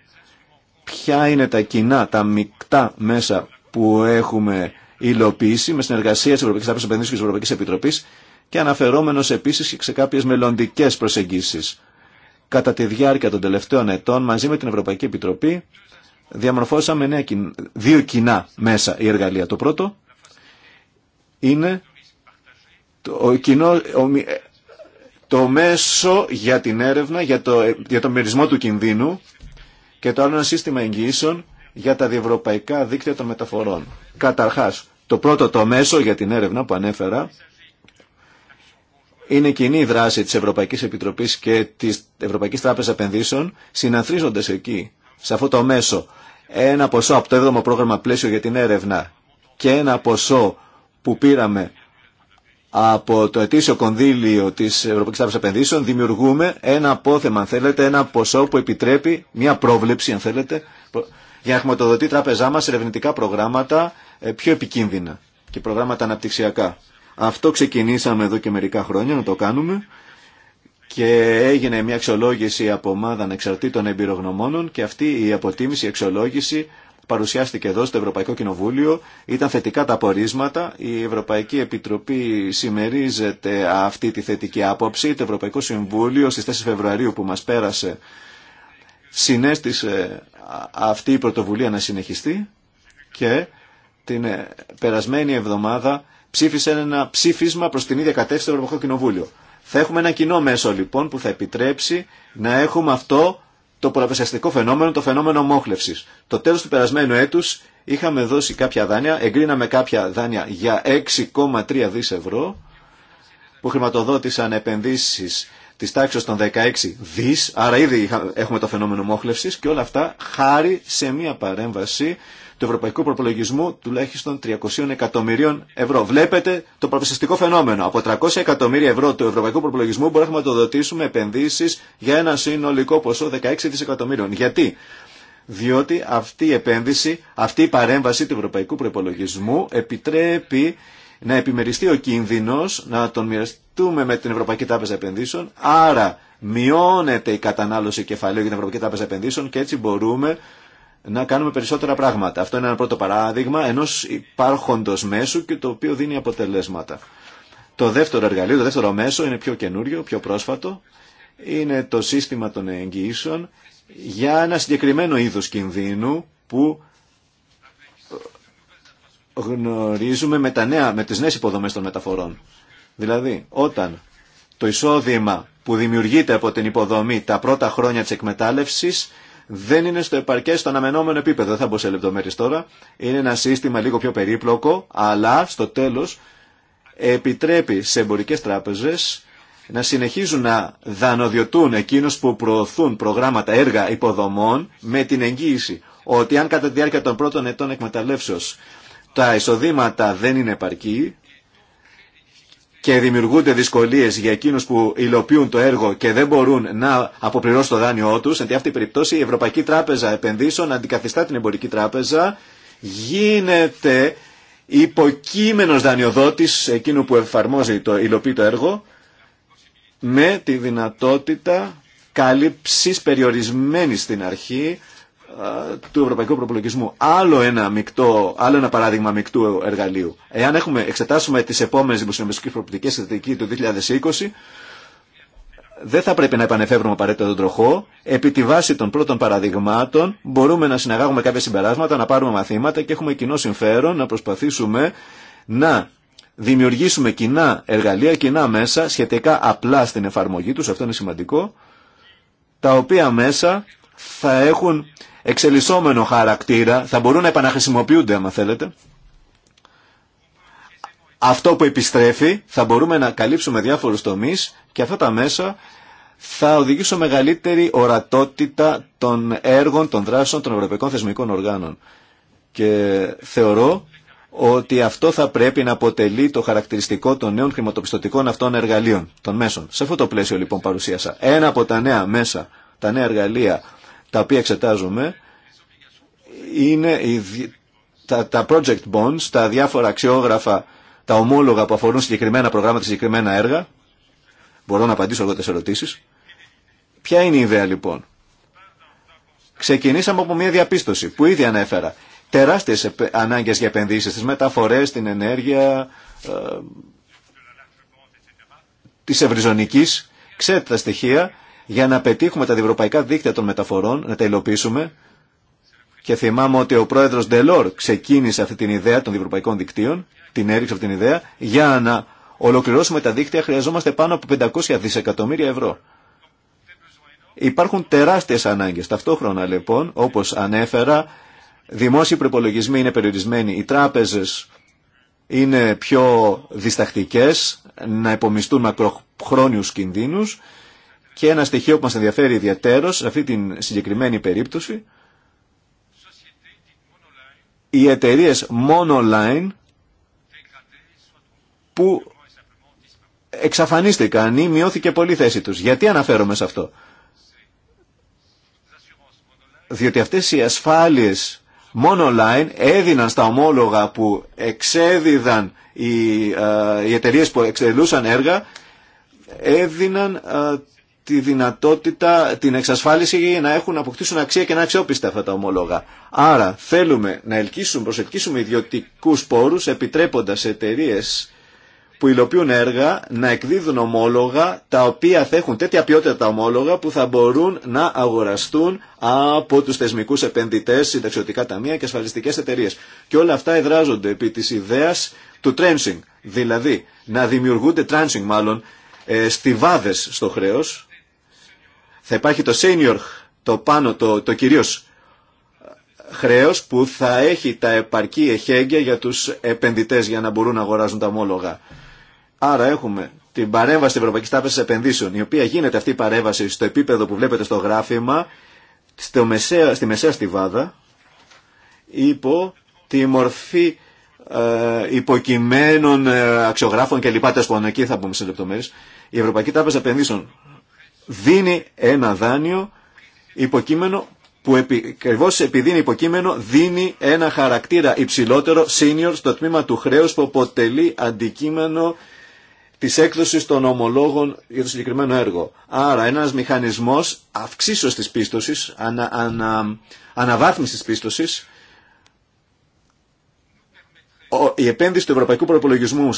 ποια είναι τα κοινά, τα μεικτά μέσα που έχουμε υλοποιήσει με συνεργασία της Ευρωπαϊκής Τράπεζας Επενδύσεων και της Ευρωπαϊκής Επιτροπής και αναφερόμενος επίσης και σε κάποιες μελλοντικέ προσεγγίσεις. Κατά τη διάρκεια των τελευταίων ετών, μαζί με την Ευρωπαϊκή Επιτροπή, διαμορφώσαμε δύο κοινά μέσα η εργαλεία. Το πρώτο είναι το, το μέσο για την έρευνα, για το, για το μερισμό του κινδύνου και το άλλο ένα σύστημα εγγυήσεων για τα διευρωπαϊκά δίκτυα των μεταφορών. Καταρχάς, το πρώτο το μέσο για την έρευνα που ανέφερα είναι κοινή η δράση της Ευρωπαϊκής Επιτροπής και της Ευρωπαϊκής Τράπεζας Επενδύσεων, συναθρίζοντας εκεί, σε αυτό το μέσο, ένα ποσό από το 7ο πρόγραμμα πλαίσιο για την έρευνα και ένα ποσό που πήραμε από το ετήσιο κονδύλιο τη Ευρωπαϊκή Τράπεζα Επενδύσεων δημιουργούμε ένα απόθεμα, αν θέλετε, ένα ποσό που επιτρέπει, μια πρόβλεψη, αν θέλετε, για να χρηματοδοτεί η τράπεζά μα ερευνητικά προγράμματα ε, πιο επικίνδυνα και προγράμματα αναπτυξιακά. Αυτό ξεκινήσαμε εδώ και μερικά χρόνια να το κάνουμε και έγινε μια αξιολόγηση από ομάδα ανεξαρτήτων εμπειρογνωμόνων και αυτή η αποτίμηση, η αξιολόγηση παρουσιάστηκε εδώ στο Ευρωπαϊκό Κοινοβούλιο. Ήταν θετικά τα απορίσματα. Η Ευρωπαϊκή Επιτροπή συμμερίζεται αυτή τη θετική άποψη. Το Ευρωπαϊκό Συμβούλιο στις 4 Φεβρουαρίου που μας πέρασε συνέστησε αυτή η πρωτοβουλία να συνεχιστεί και την περασμένη εβδομάδα ψήφισε ένα ψήφισμα προς την ίδια κατεύθυνση στο Ευρωπαϊκό Κοινοβούλιο. Θα έχουμε ένα κοινό μέσο λοιπόν που θα επιτρέψει να έχουμε αυτό το πολλαπλασιαστικό φαινόμενο, το φαινόμενο μόχλευσης. Το τέλο του περασμένου έτου, είχαμε δώσει κάποια δάνεια, εγκρίναμε κάποια δάνεια για 6,3 δις ευρώ που χρηματοδότησαν επενδύσει τη τάξη των 16 δι, άρα ήδη έχουμε το φαινόμενο μόχλευση και όλα αυτά χάρη σε μια παρέμβαση του ευρωπαϊκού προπολογισμού τουλάχιστον 300 εκατομμυρίων ευρώ. Βλέπετε το παραπιστικό φαινόμενο. Από 300 εκατομμύρια ευρώ του ευρωπαϊκού προπολογισμού μπορούμε να το χρηματοδοτήσουμε επενδύσει για ένα συνολικό ποσό 16 δισεκατομμύριων. Γιατί? Διότι αυτή η επένδυση, αυτή η παρέμβαση του ευρωπαϊκού προπολογισμού επιτρέπει να επιμεριστεί ο κίνδυνο να τον μοιραστούμε με την Ευρωπαϊκή Τράπεζα Επενδύσεων, άρα μειώνεται η κατανάλωση κεφαλαίου για την Ευρωπαϊκή Τράπεζα Επενδύσεων και έτσι μπορούμε να κάνουμε περισσότερα πράγματα. Αυτό είναι ένα πρώτο παράδειγμα ενό υπάρχοντος μέσου και το οποίο δίνει αποτελέσματα. Το δεύτερο εργαλείο, το δεύτερο μέσο είναι πιο καινούριο, πιο πρόσφατο. Είναι το σύστημα των εγγυήσεων για ένα συγκεκριμένο είδος κινδύνου που γνωρίζουμε με, τα νέα, με τις νέες υποδομές των μεταφορών. Δηλαδή, όταν το εισόδημα που δημιουργείται από την υποδομή τα πρώτα χρόνια της εκμετάλλευσης δεν είναι στο επαρκέ στο αναμενόμενο επίπεδο. Δεν θα μπω σε λεπτομέρειε τώρα. Είναι ένα σύστημα λίγο πιο περίπλοκο, αλλά στο τέλο επιτρέπει σε εμπορικέ τράπεζε να συνεχίζουν να δανοδιοτούν εκείνους που προωθούν προγράμματα έργα υποδομών με την εγγύηση ότι αν κατά τη διάρκεια των πρώτων ετών εκμεταλλεύσεως τα εισοδήματα δεν είναι επαρκή, και δημιουργούνται δυσκολίε για εκείνου που υλοποιούν το έργο και δεν μπορούν να αποπληρώσουν το δάνειό του, σε αυτή την περίπτωση η Ευρωπαϊκή Τράπεζα Επενδύσεων αντικαθιστά την Εμπορική Τράπεζα, γίνεται υποκείμενο δανειοδότη εκείνου που εφαρμόζει το υλοποιεί το έργο, με τη δυνατότητα καλύψή περιορισμένη στην αρχή του ευρωπαϊκού προπολογισμού. Άλλο ένα, μεικτό, άλλο ένα παράδειγμα μεικτού εργαλείου. Εάν έχουμε, εξετάσουμε τις επόμενες δημοσιονομικές προοπτικές στρατηγική του 2020, δεν θα πρέπει να επανεφεύρουμε απαραίτητα τον τροχό. Επί τη βάση των πρώτων παραδειγμάτων μπορούμε να συναγάγουμε κάποια συμπεράσματα, να πάρουμε μαθήματα και έχουμε κοινό συμφέρον να προσπαθήσουμε να δημιουργήσουμε κοινά εργαλεία, κοινά μέσα, σχετικά απλά στην εφαρμογή τους, αυτό είναι σημαντικό, τα οποία μέσα θα έχουν εξελισσόμενο χαρακτήρα, θα μπορούν να επαναχρησιμοποιούνται άμα θέλετε. Αυτό που επιστρέφει θα μπορούμε να καλύψουμε διάφορους τομείς και αυτά τα μέσα θα οδηγήσουν μεγαλύτερη ορατότητα των έργων, των δράσεων των ευρωπαϊκών θεσμικών οργάνων. Και θεωρώ ότι αυτό θα πρέπει να αποτελεί το χαρακτηριστικό των νέων χρηματοπιστωτικών αυτών εργαλείων, των μέσων. Σε αυτό το πλαίσιο λοιπόν παρουσίασα. Ένα από τα νέα μέσα, τα νέα εργαλεία τα οποία εξετάζουμε είναι τα, τα project bonds, τα διάφορα αξιόγραφα, τα ομόλογα που αφορούν συγκεκριμένα προγράμματα, συγκεκριμένα έργα. Μπορώ να απαντήσω εγώ τις ερωτήσεις. Ποια είναι η ιδέα λοιπόν. Ξεκινήσαμε από μια διαπίστωση που ήδη ανέφερα. Τεράστιες ανάγκες για επενδύσεις, τις μεταφορές, την ενέργεια, ε, της ευρυζωνικής. Ξέρετε τα στοιχεία για να πετύχουμε τα διευρωπαϊκά δίκτυα των μεταφορών, να τα υλοποιήσουμε. Και θυμάμαι ότι ο πρόεδρος Ντελόρ ξεκίνησε αυτή την ιδέα των διευρωπαϊκών δικτύων, την έριξε αυτή την ιδέα, για να ολοκληρώσουμε τα δίκτυα χρειαζόμαστε πάνω από 500 δισεκατομμύρια ευρώ. Υπάρχουν τεράστιες ανάγκες. Ταυτόχρονα λοιπόν, όπως ανέφερα, δημόσιοι προπολογισμοί είναι περιορισμένοι, οι τράπεζες είναι πιο διστακτικές να υπομιστούν μακροχρόνιους κινδύνους και ένα στοιχείο που μας ενδιαφέρει ιδιαίτερο σε αυτή την συγκεκριμένη περίπτωση, οι εταιρείε monoline που εξαφανίστηκαν ή μειώθηκε πολύ η μειωθηκε πολυ θεση τους. Γιατί αναφέρομαι σε αυτό. Διότι αυτές οι ασφάλειες monoline έδιναν στα ομόλογα που εξέδιδαν οι, ε, οι εταιρείε που εξελούσαν έργα έδιναν ε, τη δυνατότητα, την εξασφάλιση να έχουν να αποκτήσουν αξία και να αξιόπιστα αυτά τα ομολόγα. Άρα θέλουμε να ελκύσουμε, προσελκύσουμε ιδιωτικού πόρου επιτρέποντα εταιρείε που υλοποιούν έργα να εκδίδουν ομόλογα τα οποία θα έχουν τέτοια ποιότητα τα ομόλογα που θα μπορούν να αγοραστούν από τους θεσμικούς επενδυτές, συνταξιωτικά ταμεία και ασφαλιστικές εταιρείες. Και όλα αυτά εδράζονται επί της ιδέας του trenching, δηλαδή να δημιουργούνται trenching μάλλον ε, στιβάδες στο χρέος θα υπάρχει το senior, το πάνω, το, το κυρίως ε, χρέος που θα έχει τα επαρκή εχέγγια για τους επενδυτές για να μπορούν να αγοράζουν τα ομόλογα. Άρα έχουμε την παρέμβαση της Ευρωπαϊκής Τάπεζας Επενδύσεων, η οποία γίνεται αυτή η παρέμβαση στο επίπεδο που βλέπετε στο γράφημα, στο μεσαία, στη μεσαία στιβάδα, υπό τη μορφή ε, υποκειμένων ε, αξιογράφων και Τέλο που θα πούμε σε λεπτομέρειε. Η Ευρωπαϊκή Τάπεζα Επενδύσεων δίνει ένα δάνειο υποκείμενο που ακριβώ επειδή είναι υποκείμενο δίνει ένα χαρακτήρα υψηλότερο senior στο τμήμα του χρέους που αποτελεί αντικείμενο της έκδοσης των ομολόγων για το συγκεκριμένο έργο. Άρα ένας μηχανισμός αυξήσεως της πίστοσης, ανα, αναβάθμισης της πίστοσης η επένδυση του ευρωπαϊκού προπολογισμού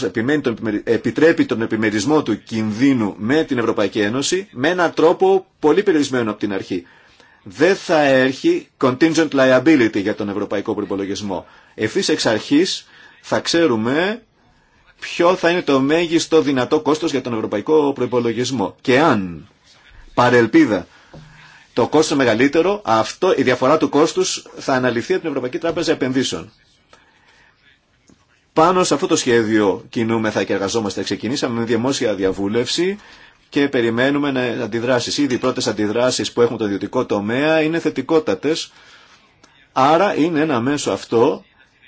επιτρέπει τον επιμερισμό του κινδύνου με την Ευρωπαϊκή Ένωση με έναν τρόπο πολύ περιορισμένο από την αρχή. Δεν θα έρχει contingent liability για τον ευρωπαϊκό προπολογισμό. Ευθύ εξ αρχή θα ξέρουμε ποιο θα είναι το μέγιστο δυνατό κόστος για τον ευρωπαϊκό προπολογισμό. Και αν παρελπίδα το κόστος μεγαλύτερο, αυτό, η διαφορά του κόστους θα αναλυθεί από την Ευρωπαϊκή Τράπεζα Επενδύσεων. Πάνω σε αυτό το σχέδιο κινούμεθα και εργαζόμαστε. Ξεκινήσαμε με δημόσια διαβούλευση και περιμένουμε να αντιδράσεις. Ήδη οι πρώτες αντιδράσεις που έχουμε το ιδιωτικό τομέα είναι θετικότατες. Άρα είναι ένα μέσο αυτό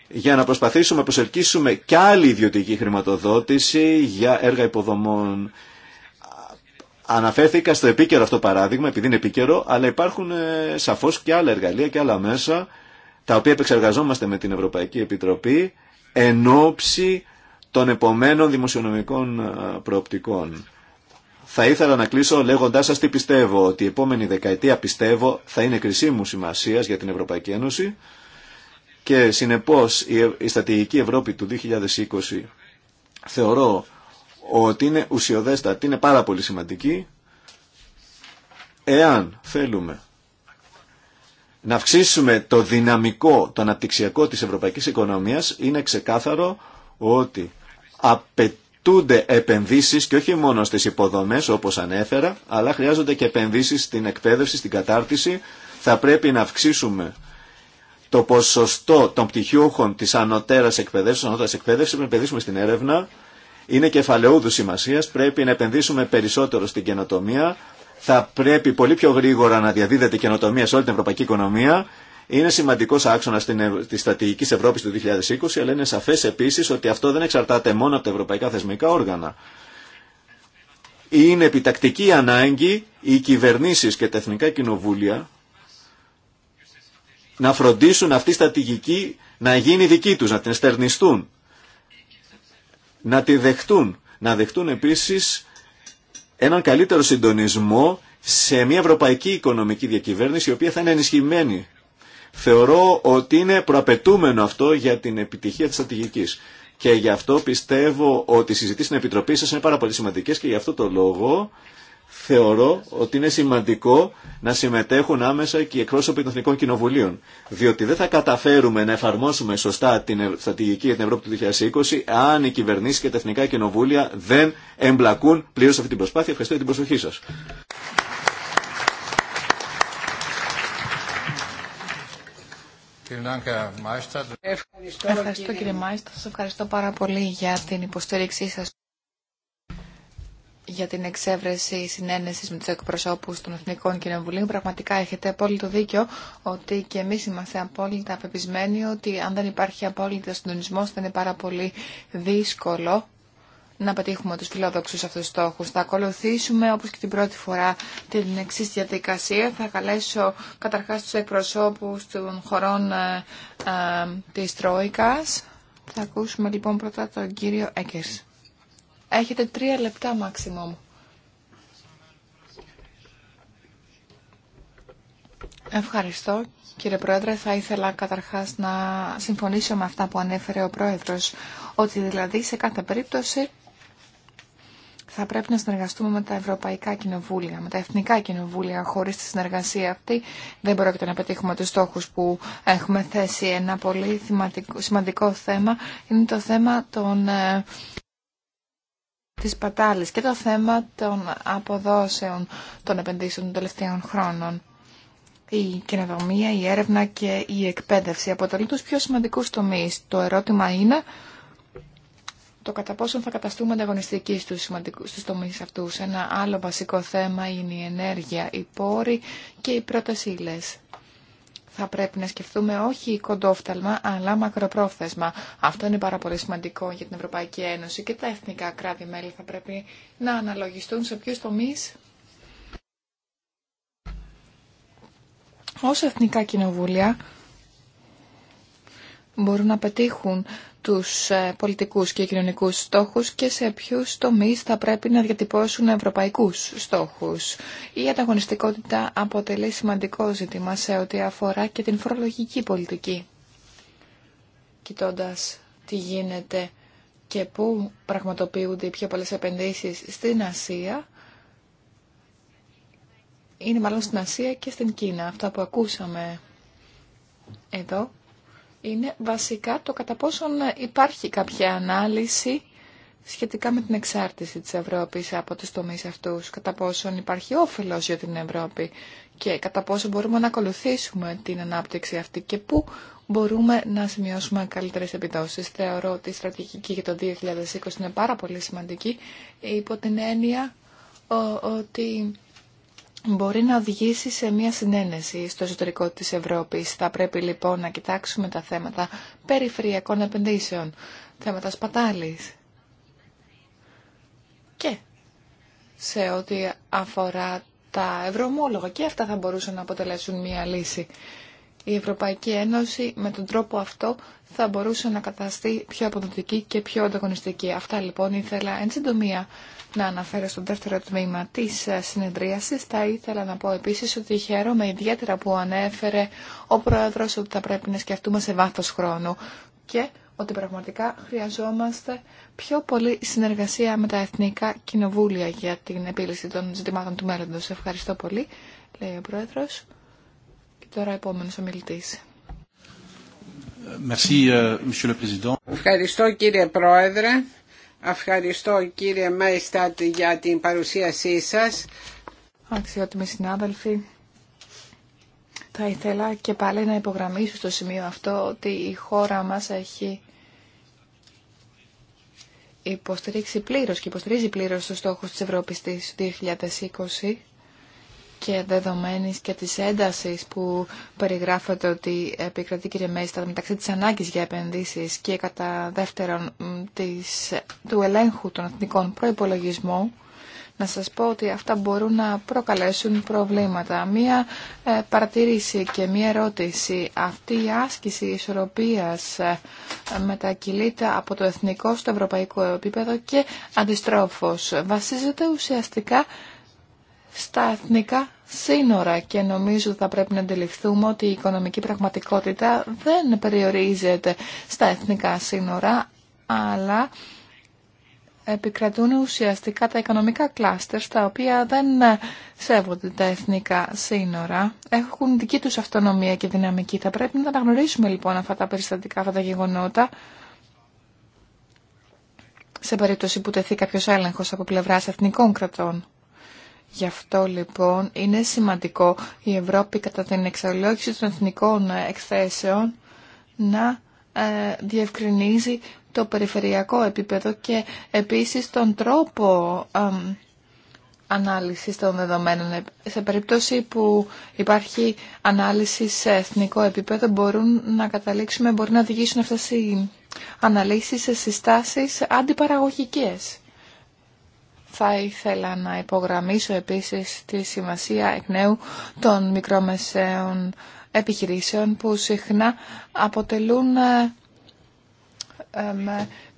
για να προσπαθήσουμε να προσελκύσουμε και άλλη ιδιωτική χρηματοδότηση για έργα υποδομών. Αναφέρθηκα στο επίκαιρο αυτό παράδειγμα, επειδή είναι επίκαιρο, αλλά υπάρχουν ε, σαφώς και άλλα εργαλεία και άλλα μέσα, τα οποία επεξεργαζόμαστε με την Ευρωπαϊκή Επιτροπή εν ώψη των επομένων δημοσιονομικών προοπτικών. Θα ήθελα να κλείσω λέγοντά σα τι πιστεύω, ότι η επόμενη δεκαετία πιστεύω θα είναι κρισίμου σημασία για την Ευρωπαϊκή Ένωση και συνεπώ η Στατηγική Ευρώπη του 2020 θεωρώ ότι είναι ουσιοδέστατη, είναι πάρα πολύ σημαντική εάν θέλουμε να αυξήσουμε το δυναμικό, το αναπτυξιακό της ευρωπαϊκής οικονομίας, είναι ξεκάθαρο ότι απαιτούνται επενδύσεις και όχι μόνο στις υποδομές όπως ανέφερα, αλλά χρειάζονται και επενδύσεις στην εκπαίδευση, στην κατάρτιση. Θα πρέπει να αυξήσουμε το ποσοστό των πτυχιούχων της ανωτέρας εκπαίδευσης, της εκπαίδευσης, πρέπει να επενδύσουμε στην έρευνα, είναι κεφαλαιούδου σημασία. Πρέπει να επενδύσουμε περισσότερο στην καινοτομία, θα πρέπει πολύ πιο γρήγορα να διαδίδεται καινοτομία σε όλη την ευρωπαϊκή οικονομία. Είναι σημαντικό άξονα τη στρατηγική Ευρώπη του 2020, αλλά είναι σαφέ επίση ότι αυτό δεν εξαρτάται μόνο από τα ευρωπαϊκά θεσμικά όργανα. Είναι επιτακτική ανάγκη οι κυβερνήσει και τα εθνικά κοινοβούλια να φροντίσουν αυτή η στρατηγική να γίνει δική του, να την εστερνιστούν, να τη δεχτούν. Να δεχτούν επίση έναν καλύτερο συντονισμό σε μια ευρωπαϊκή οικονομική διακυβέρνηση η οποία θα είναι ενισχυμένη. Θεωρώ ότι είναι προαπαιτούμενο αυτό για την επιτυχία της στρατηγικής. Και γι' αυτό πιστεύω ότι οι συζητήσεις στην Επιτροπή σας είναι πάρα πολύ σημαντικές και γι' αυτό το λόγο θεωρώ ότι είναι σημαντικό να συμμετέχουν άμεσα και οι εκπρόσωποι των Εθνικών Κοινοβουλίων. Διότι δεν θα καταφέρουμε να εφαρμόσουμε σωστά την στρατηγική για την Ευρώπη του 2020 αν οι κυβερνήσει και τα Εθνικά Κοινοβούλια δεν εμπλακούν πλήρω αυτή την προσπάθεια. Ευχαριστώ για την προσοχή σα. Ευχαριστώ κύριε Μάιστα, σας ευχαριστώ πάρα πολύ για την υποστήριξή σας για την εξέβρεση συνένεσης με τους εκπροσώπους των Εθνικών Κοινοβουλίων. Πραγματικά έχετε απόλυτο δίκιο ότι και εμείς είμαστε απόλυτα απεπισμένοι ότι αν δεν υπάρχει απόλυτο συντονισμό θα είναι πάρα πολύ δύσκολο να πετύχουμε τους φιλόδοξους αυτούς του στόχους. Θα ακολουθήσουμε όπως και την πρώτη φορά την εξή διαδικασία. Θα καλέσω καταρχάς τους εκπροσώπους των χωρών ε, ε, της Τρόικας. Θα ακούσουμε λοιπόν πρώτα τον κύριο Έκερς. Έχετε τρία λεπτά maximum. Ευχαριστώ. Κύριε Πρόεδρε, θα ήθελα καταρχάς να συμφωνήσω με αυτά που ανέφερε ο Πρόεδρος, ότι δηλαδή σε κάθε περίπτωση θα πρέπει να συνεργαστούμε με τα ευρωπαϊκά κοινοβούλια, με τα εθνικά κοινοβούλια. Χωρίς τη συνεργασία αυτή δεν πρόκειται να πετύχουμε τους στόχους που έχουμε θέσει. Ένα πολύ σημαντικό θέμα είναι το θέμα των ε, της πατάλης και το θέμα των αποδόσεων των επενδύσεων των τελευταίων χρόνων. Η καινοτομία, η έρευνα και η εκπαίδευση αποτελούν τους πιο σημαντικούς τομείς. Το ερώτημα είναι το κατά πόσο θα καταστούμε ανταγωνιστικοί στους, σημαντικούς, στους τομείς αυτούς. Ένα άλλο βασικό θέμα είναι η ενέργεια, οι πόροι και οι πρώτες θα πρέπει να σκεφτούμε όχι κοντόφθαλμα, αλλά μακροπρόθεσμα. Αυτό είναι πάρα πολύ σημαντικό για την Ευρωπαϊκή Ένωση και τα εθνικά κράτη-μέλη θα πρέπει να αναλογιστούν σε ποιου τομεί. Όσο εθνικά κοινοβούλια μπορούν να πετύχουν τους ε, πολιτικούς και κοινωνικούς στόχους και σε ποιους τομείς θα πρέπει να διατυπώσουν ευρωπαϊκούς στόχους. Η ανταγωνιστικότητα αποτελεί σημαντικό ζήτημα σε ό,τι αφορά και την φορολογική πολιτική. Κοιτώντας τι γίνεται και πού πραγματοποιούνται οι πιο πολλές επενδύσεις στην Ασία, είναι μάλλον στην Ασία και στην Κίνα, αυτά που ακούσαμε εδώ είναι βασικά το κατά πόσον υπάρχει κάποια ανάλυση σχετικά με την εξάρτηση της Ευρώπης από τους τομείς αυτούς, κατά πόσον υπάρχει όφελος για την Ευρώπη και κατά πόσο μπορούμε να ακολουθήσουμε την ανάπτυξη αυτή και πού μπορούμε να σημειώσουμε καλύτερες επιδόσεις. Θεωρώ ότι η στρατηγική για το 2020 είναι πάρα πολύ σημαντική υπό την έννοια ότι μπορεί να οδηγήσει σε μια συνένεση στο εσωτερικό της Ευρώπης. Θα πρέπει λοιπόν να κοιτάξουμε τα θέματα περιφερειακών επενδύσεων, θέματα σπατάλης και σε ό,τι αφορά τα ευρωομόλογα και αυτά θα μπορούσαν να αποτελέσουν μια λύση η Ευρωπαϊκή Ένωση με τον τρόπο αυτό θα μπορούσε να καταστεί πιο αποδοτική και πιο ανταγωνιστική. Αυτά λοιπόν ήθελα εν συντομία να αναφέρω στο δεύτερο τμήμα της ε, συνεδρίασης. Θα ήθελα να πω επίσης ότι χαίρομαι ιδιαίτερα που ανέφερε ο Πρόεδρος ότι θα πρέπει να σκεφτούμε σε βάθος χρόνου και ότι πραγματικά χρειαζόμαστε πιο πολύ συνεργασία με τα εθνικά κοινοβούλια για την επίλυση των ζητημάτων του μέλλοντος. Ευχαριστώ πολύ, λέει ο Πρόεδρος. Τώρα επόμενος ομιλητής. Euh, Ευχαριστώ κύριε Πρόεδρε. Ευχαριστώ κύριε Μέιστατ για την παρουσίασή σας. Αξιότιμοι συνάδελφοι, θα ήθελα και πάλι να υπογραμμίσω στο σημείο αυτό ότι η χώρα μας έχει υποστηρίξει πλήρως και υποστηρίζει πλήρως τους στόχους της Ευρώπης της 2020 και δεδομένη και της ένταση που περιγράφεται ότι επικρατεί κύριε Μέιστα μεταξύ τη ανάγκη για επενδύσεις και κατά δεύτερον της, του ελέγχου των εθνικών προϋπολογισμών, να σας πω ότι αυτά μπορούν να προκαλέσουν προβλήματα. Μία ε, παρατήρηση και μία ερώτηση. Αυτή η άσκηση ισορροπίας ε, μετακυλείται από το εθνικό στο ευρωπαϊκό επίπεδο και αντιστρόφως. Βασίζεται ουσιαστικά στα εθνικά σύνορα και νομίζω θα πρέπει να αντιληφθούμε ότι η οικονομική πραγματικότητα δεν περιορίζεται στα εθνικά σύνορα αλλά επικρατούν ουσιαστικά τα οικονομικά κλάστερ τα οποία δεν σέβονται τα εθνικά σύνορα. Έχουν δική τους αυτονομία και δυναμική. Θα πρέπει να τα αναγνωρίσουμε λοιπόν αυτά τα περιστατικά, αυτά τα γεγονότα σε περίπτωση που τεθεί κάποιος έλεγχος από πλευράς εθνικών κρατών. Γι' αυτό λοιπόν είναι σημαντικό η Ευρώπη κατά την εξολόγηση των εθνικών εκθέσεων να ε, διευκρινίζει το περιφερειακό επίπεδο και επίσης τον τρόπο ανάλυσης των δεδομένων. Σε περίπτωση που υπάρχει ανάλυση σε εθνικό επίπεδο μπορούν να καταλήξουμε, μπορεί να οδηγήσουν αυτές οι αναλύσεις σε συστάσεις αντιπαραγωγικές. Θα ήθελα να υπογραμμίσω επίσης τη σημασία εκ νέου των μικρομεσαίων επιχειρήσεων που συχνά αποτελούν ε,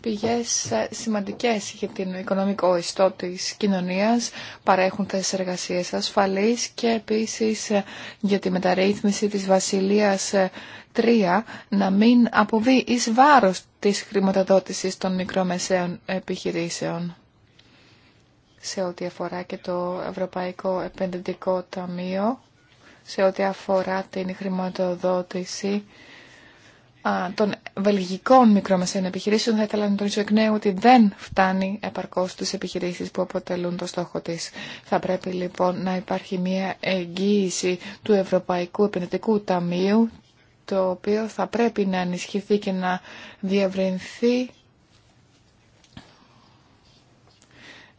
πηγές ε, σημαντικές για την οικονομικό ιστό της κοινωνίας, παρέχουν θέσεις εργασίες ασφαλής και επίσης ε, για τη μεταρρύθμιση της Βασιλείας 3 να μην αποβεί εις βάρος της χρηματοδότησης των μικρομεσαίων επιχειρήσεων σε ό,τι αφορά και το Ευρωπαϊκό Επενδυτικό Ταμείο, σε ό,τι αφορά την χρηματοδότηση των βελγικών μικρομεσαίων επιχειρήσεων. Θα ήθελα να τονίσω εκ νέου ότι δεν φτάνει επαρκώς τις επιχειρήσεις που αποτελούν το στόχο της. Θα πρέπει λοιπόν να υπάρχει μια εγγύηση του Ευρωπαϊκού Επενδυτικού Ταμείου, το οποίο θα πρέπει να ενισχυθεί και να διευρυνθεί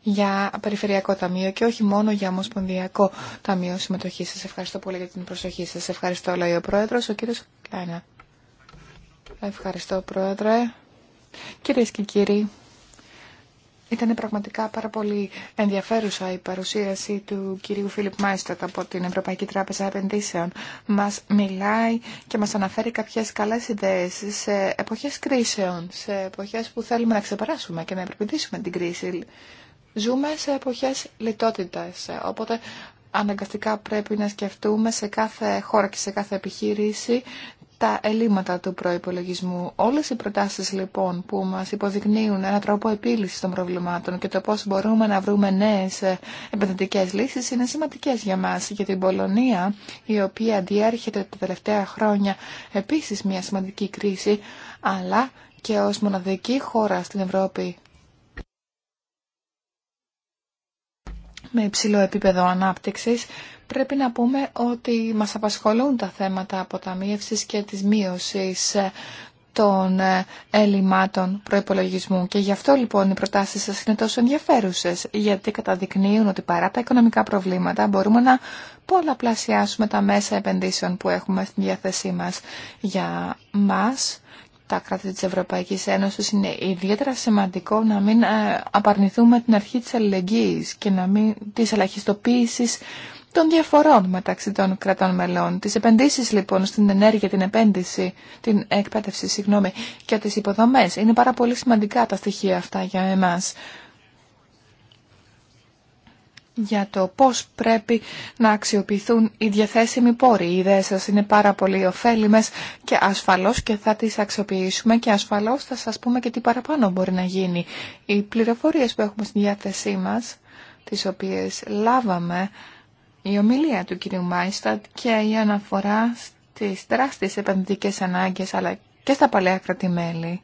για περιφερειακό ταμείο και όχι μόνο για ομοσπονδιακό ταμείο συμμετοχή. Σα ευχαριστώ πολύ για την προσοχή σα. Ευχαριστώ, λέει ο Πρόεδρο, ο κύριο Κλάινα. Ευχαριστώ, Πρόεδρε. Κυρίε και κύριοι, ήταν πραγματικά πάρα πολύ ενδιαφέρουσα η παρουσίαση του κυρίου Φίλιπ Μάιστατ από την Ευρωπαϊκή Τράπεζα Επενδύσεων. Μας μιλάει και μας αναφέρει κάποιες καλές ιδέες σε εποχές κρίσεων, σε εποχές που θέλουμε να ξεπεράσουμε και να επικοινωνήσουμε την κρίση. Ζούμε σε εποχές λιτότητας, οπότε αναγκαστικά πρέπει να σκεφτούμε σε κάθε χώρα και σε κάθε επιχείρηση τα ελλείμματα του προϋπολογισμού. Όλες οι προτάσεις λοιπόν που μας υποδεικνύουν έναν τρόπο επίλυσης των προβλημάτων και το πώς μπορούμε να βρούμε νέες επενδυτικές λύσεις είναι σημαντικές για μας. Για την Πολωνία, η οποία διέρχεται τα τελευταία χρόνια επίσης μια σημαντική κρίση, αλλά και ως μοναδική χώρα στην Ευρώπη με υψηλό επίπεδο ανάπτυξης, πρέπει να πούμε ότι μας απασχολούν τα θέματα αποταμίευσης και της μείωσης ε, των έλλειμμάτων ε, προϋπολογισμού. Και γι' αυτό λοιπόν οι προτάσεις σας είναι τόσο ενδιαφέρουσες, γιατί καταδεικνύουν ότι παρά τα οικονομικά προβλήματα μπορούμε να πολλαπλασιάσουμε τα μέσα επενδύσεων που έχουμε στην διάθεσή μας για μας τα κράτη της Ευρωπαϊκής Ένωσης είναι ιδιαίτερα σημαντικό να μην ε, απαρνηθούμε την αρχή της αλληλεγγύης και να μην της ελαχιστοποίησης των διαφορών μεταξύ των κρατών μελών. Τις επενδύσεις λοιπόν στην ενέργεια, την επένδυση, την εκπαίδευση συγγνώμη, και τις υποδομές είναι πάρα πολύ σημαντικά τα στοιχεία αυτά για εμάς για το πώς πρέπει να αξιοποιηθούν οι διαθέσιμοι πόροι. Οι ιδέες σας είναι πάρα πολύ ωφέλιμες και ασφαλώς και θα τις αξιοποιήσουμε και ασφαλώς θα σας πούμε και τι παραπάνω μπορεί να γίνει. Οι πληροφορίες που έχουμε στη διάθεσή μας, τις οποίες λάβαμε, η ομιλία του κ. Μάιστατ και η αναφορά στις τεράστιες επενδυτικές ανάγκες αλλά και στα παλαιά κρατημέλη.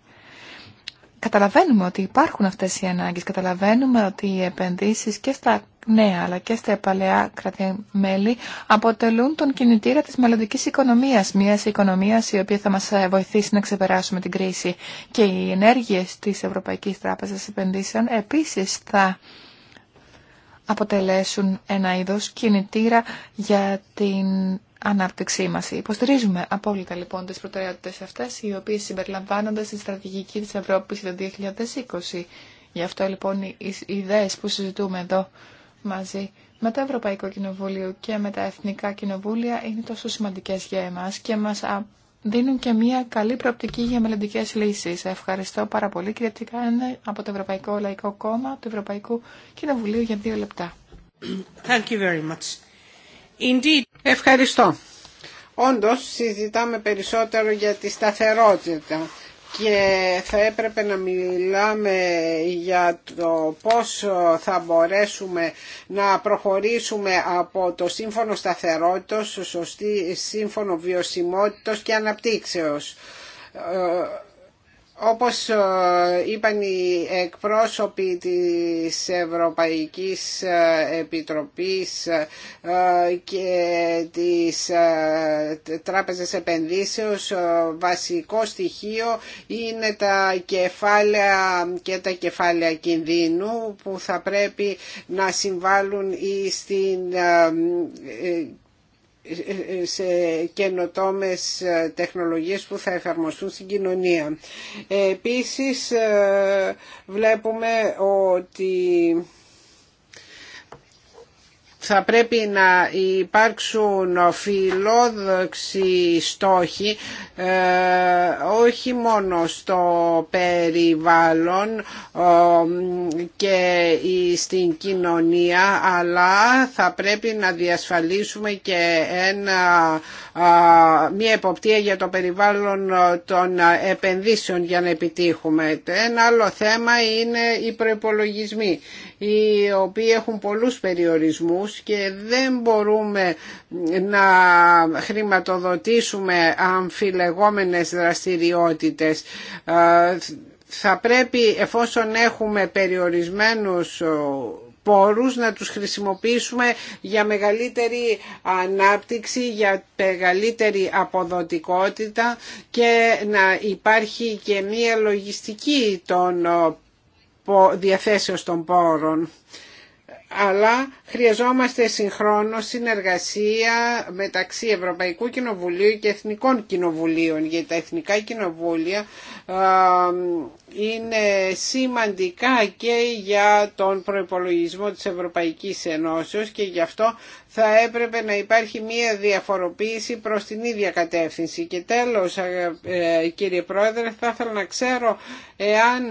Καταλαβαίνουμε ότι υπάρχουν αυτές οι ανάγκες, καταλαβαίνουμε ότι οι επενδύσεις και στα νέα αλλά και στα παλαιά κράτη-μέλη αποτελούν τον κινητήρα της μελλοντική οικονομίας, μιας οικονομίας η οποία θα μας ε, βοηθήσει να ξεπεράσουμε την κρίση. Και οι ενέργειες της Ευρωπαϊκής Τράπεζας Επενδύσεων επίσης θα αποτελέσουν ένα είδος κινητήρα για την ανάπτυξή μας. Υποστηρίζουμε απόλυτα λοιπόν τις προτεραιότητες αυτές, οι οποίες συμπεριλαμβάνονται στη στρατηγική της Ευρώπης το 2020. Γι' αυτό λοιπόν οι ιδέες που συζητούμε εδώ μαζί με το Ευρωπαϊκό Κοινοβούλιο και με τα Εθνικά Κοινοβούλια είναι τόσο σημαντικές για εμάς και μας δίνουν και μια καλή προοπτική για μελλοντικέ λύσεις. Ευχαριστώ πάρα πολύ κύριε Τσικάνε από το Ευρωπαϊκό Λαϊκό Κόμμα του Ευρωπαϊκού Κοινοβουλίου για δύο λεπτά. Thank you very much. Indeed. Ευχαριστώ. Όντως συζητάμε περισσότερο για τη σταθερότητα και θα έπρεπε να μιλάμε για το πώς θα μπορέσουμε να προχωρήσουμε από το σύμφωνο σταθερότητος σωστή σύμφωνο βιωσιμότητος και αναπτύξεως ε, όπως ε, είπαν οι εκπρόσωποι της Ευρωπαϊκής ε, Επιτροπής ε, και της Τράπεζας Επενδύσεως, βασικό στοιχείο είναι τα κεφάλαια και τα κεφάλαια κινδύνου που θα πρέπει να συμβάλλουν στην σε καινοτόμες ε, τεχνολογίες που θα εφαρμοστούν στην κοινωνία. Ε, επίσης ε, βλέπουμε ότι θα πρέπει να υπάρξουν φιλόδοξοι στόχοι ε, όχι μόνο στο περιβάλλον ε, και στην κοινωνία αλλά θα πρέπει να διασφαλίσουμε και ένα, μια εποπτεία για το περιβάλλον των επενδύσεων για να επιτύχουμε. Ένα άλλο θέμα είναι οι προπολογισμοί οι οποίοι έχουν πολλούς περιορισμούς και δεν μπορούμε να χρηματοδοτήσουμε αμφιλεγόμενες δραστηριότητες θα πρέπει εφόσον έχουμε περιορισμένους πόρους να τους χρησιμοποιήσουμε για μεγαλύτερη ανάπτυξη, για μεγαλύτερη αποδοτικότητα και να υπάρχει και μία λογιστική των διαθέσεως των πόρων αλλά χρειαζόμαστε συγχρόνως συνεργασία μεταξύ Ευρωπαϊκού Κοινοβουλίου και Εθνικών Κοινοβουλίων, γιατί τα Εθνικά Κοινοβούλια είναι σημαντικά και για τον προϋπολογισμό της Ευρωπαϊκής Ενώσεως και γι' αυτό θα έπρεπε να υπάρχει μία διαφοροποίηση προς την ίδια κατεύθυνση. Και τέλος, ε, κύριε Πρόεδρε, θα ήθελα να ξέρω εάν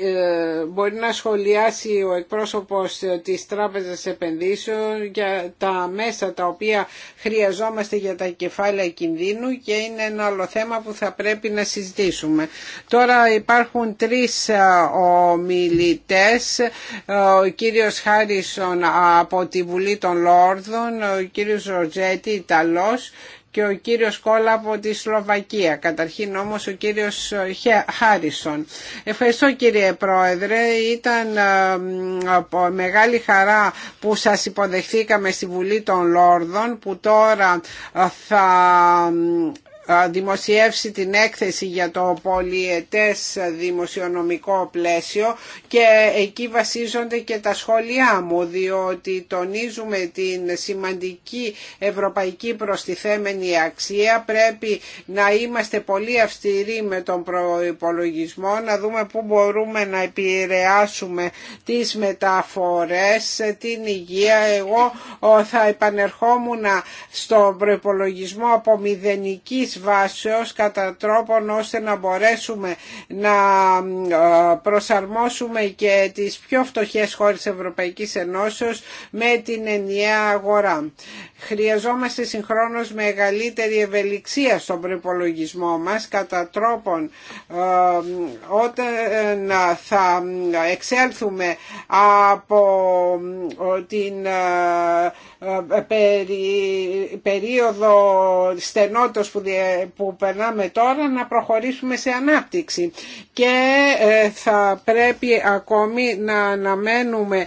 ε, μπορεί να σχολιάσει ο εκπρόσωπος της Τράπεζας Επενδύσεων για τα μέσα τα οποία χρειαζόμαστε για τα κεφάλαια κινδύνου και είναι ένα άλλο θέμα που θα πρέπει να συζητήσουμε. Τώρα υπάρχουν τρεις ε, ομιλητές, ε, ο κύριος Χάρισον από τη Βουλή των Λόρδων, ο κύριος Ροζέτη Ιταλός και ο κύριος Κόλα από τη Σλοβακία. Καταρχήν όμως ο κύριος ε, Χάρισον. Ευχαριστώ κύριε Πρόεδρε. Ήταν ε, μεγάλη χαρά που σας υποδεχθήκαμε στη Βουλή των Λόρδων που τώρα ε, θα δημοσιεύσει την έκθεση για το πολιετές δημοσιονομικό πλαίσιο και εκεί βασίζονται και τα σχόλιά μου διότι τονίζουμε την σημαντική ευρωπαϊκή προστιθέμενη αξία πρέπει να είμαστε πολύ αυστηροί με τον προϋπολογισμό να δούμε πού μπορούμε να επηρεάσουμε τις μεταφορές την υγεία εγώ θα επανερχόμουν στο προϋπολογισμό από μηδενικής κατά τρόπον ώστε να μπορέσουμε να ε, προσαρμόσουμε και τις πιο φτωχές χώρες Ευρωπαϊκής Ενώσεως με την ενιαία αγορά. Χρειαζόμαστε συγχρόνως μεγαλύτερη ευελιξία στον προπολογισμό μας κατά τρόπον ε, όταν ε, θα εξέλθουμε από ε, την περίοδο στενότητας που περνάμε τώρα να προχωρήσουμε σε ανάπτυξη και θα πρέπει ακόμη να αναμένουμε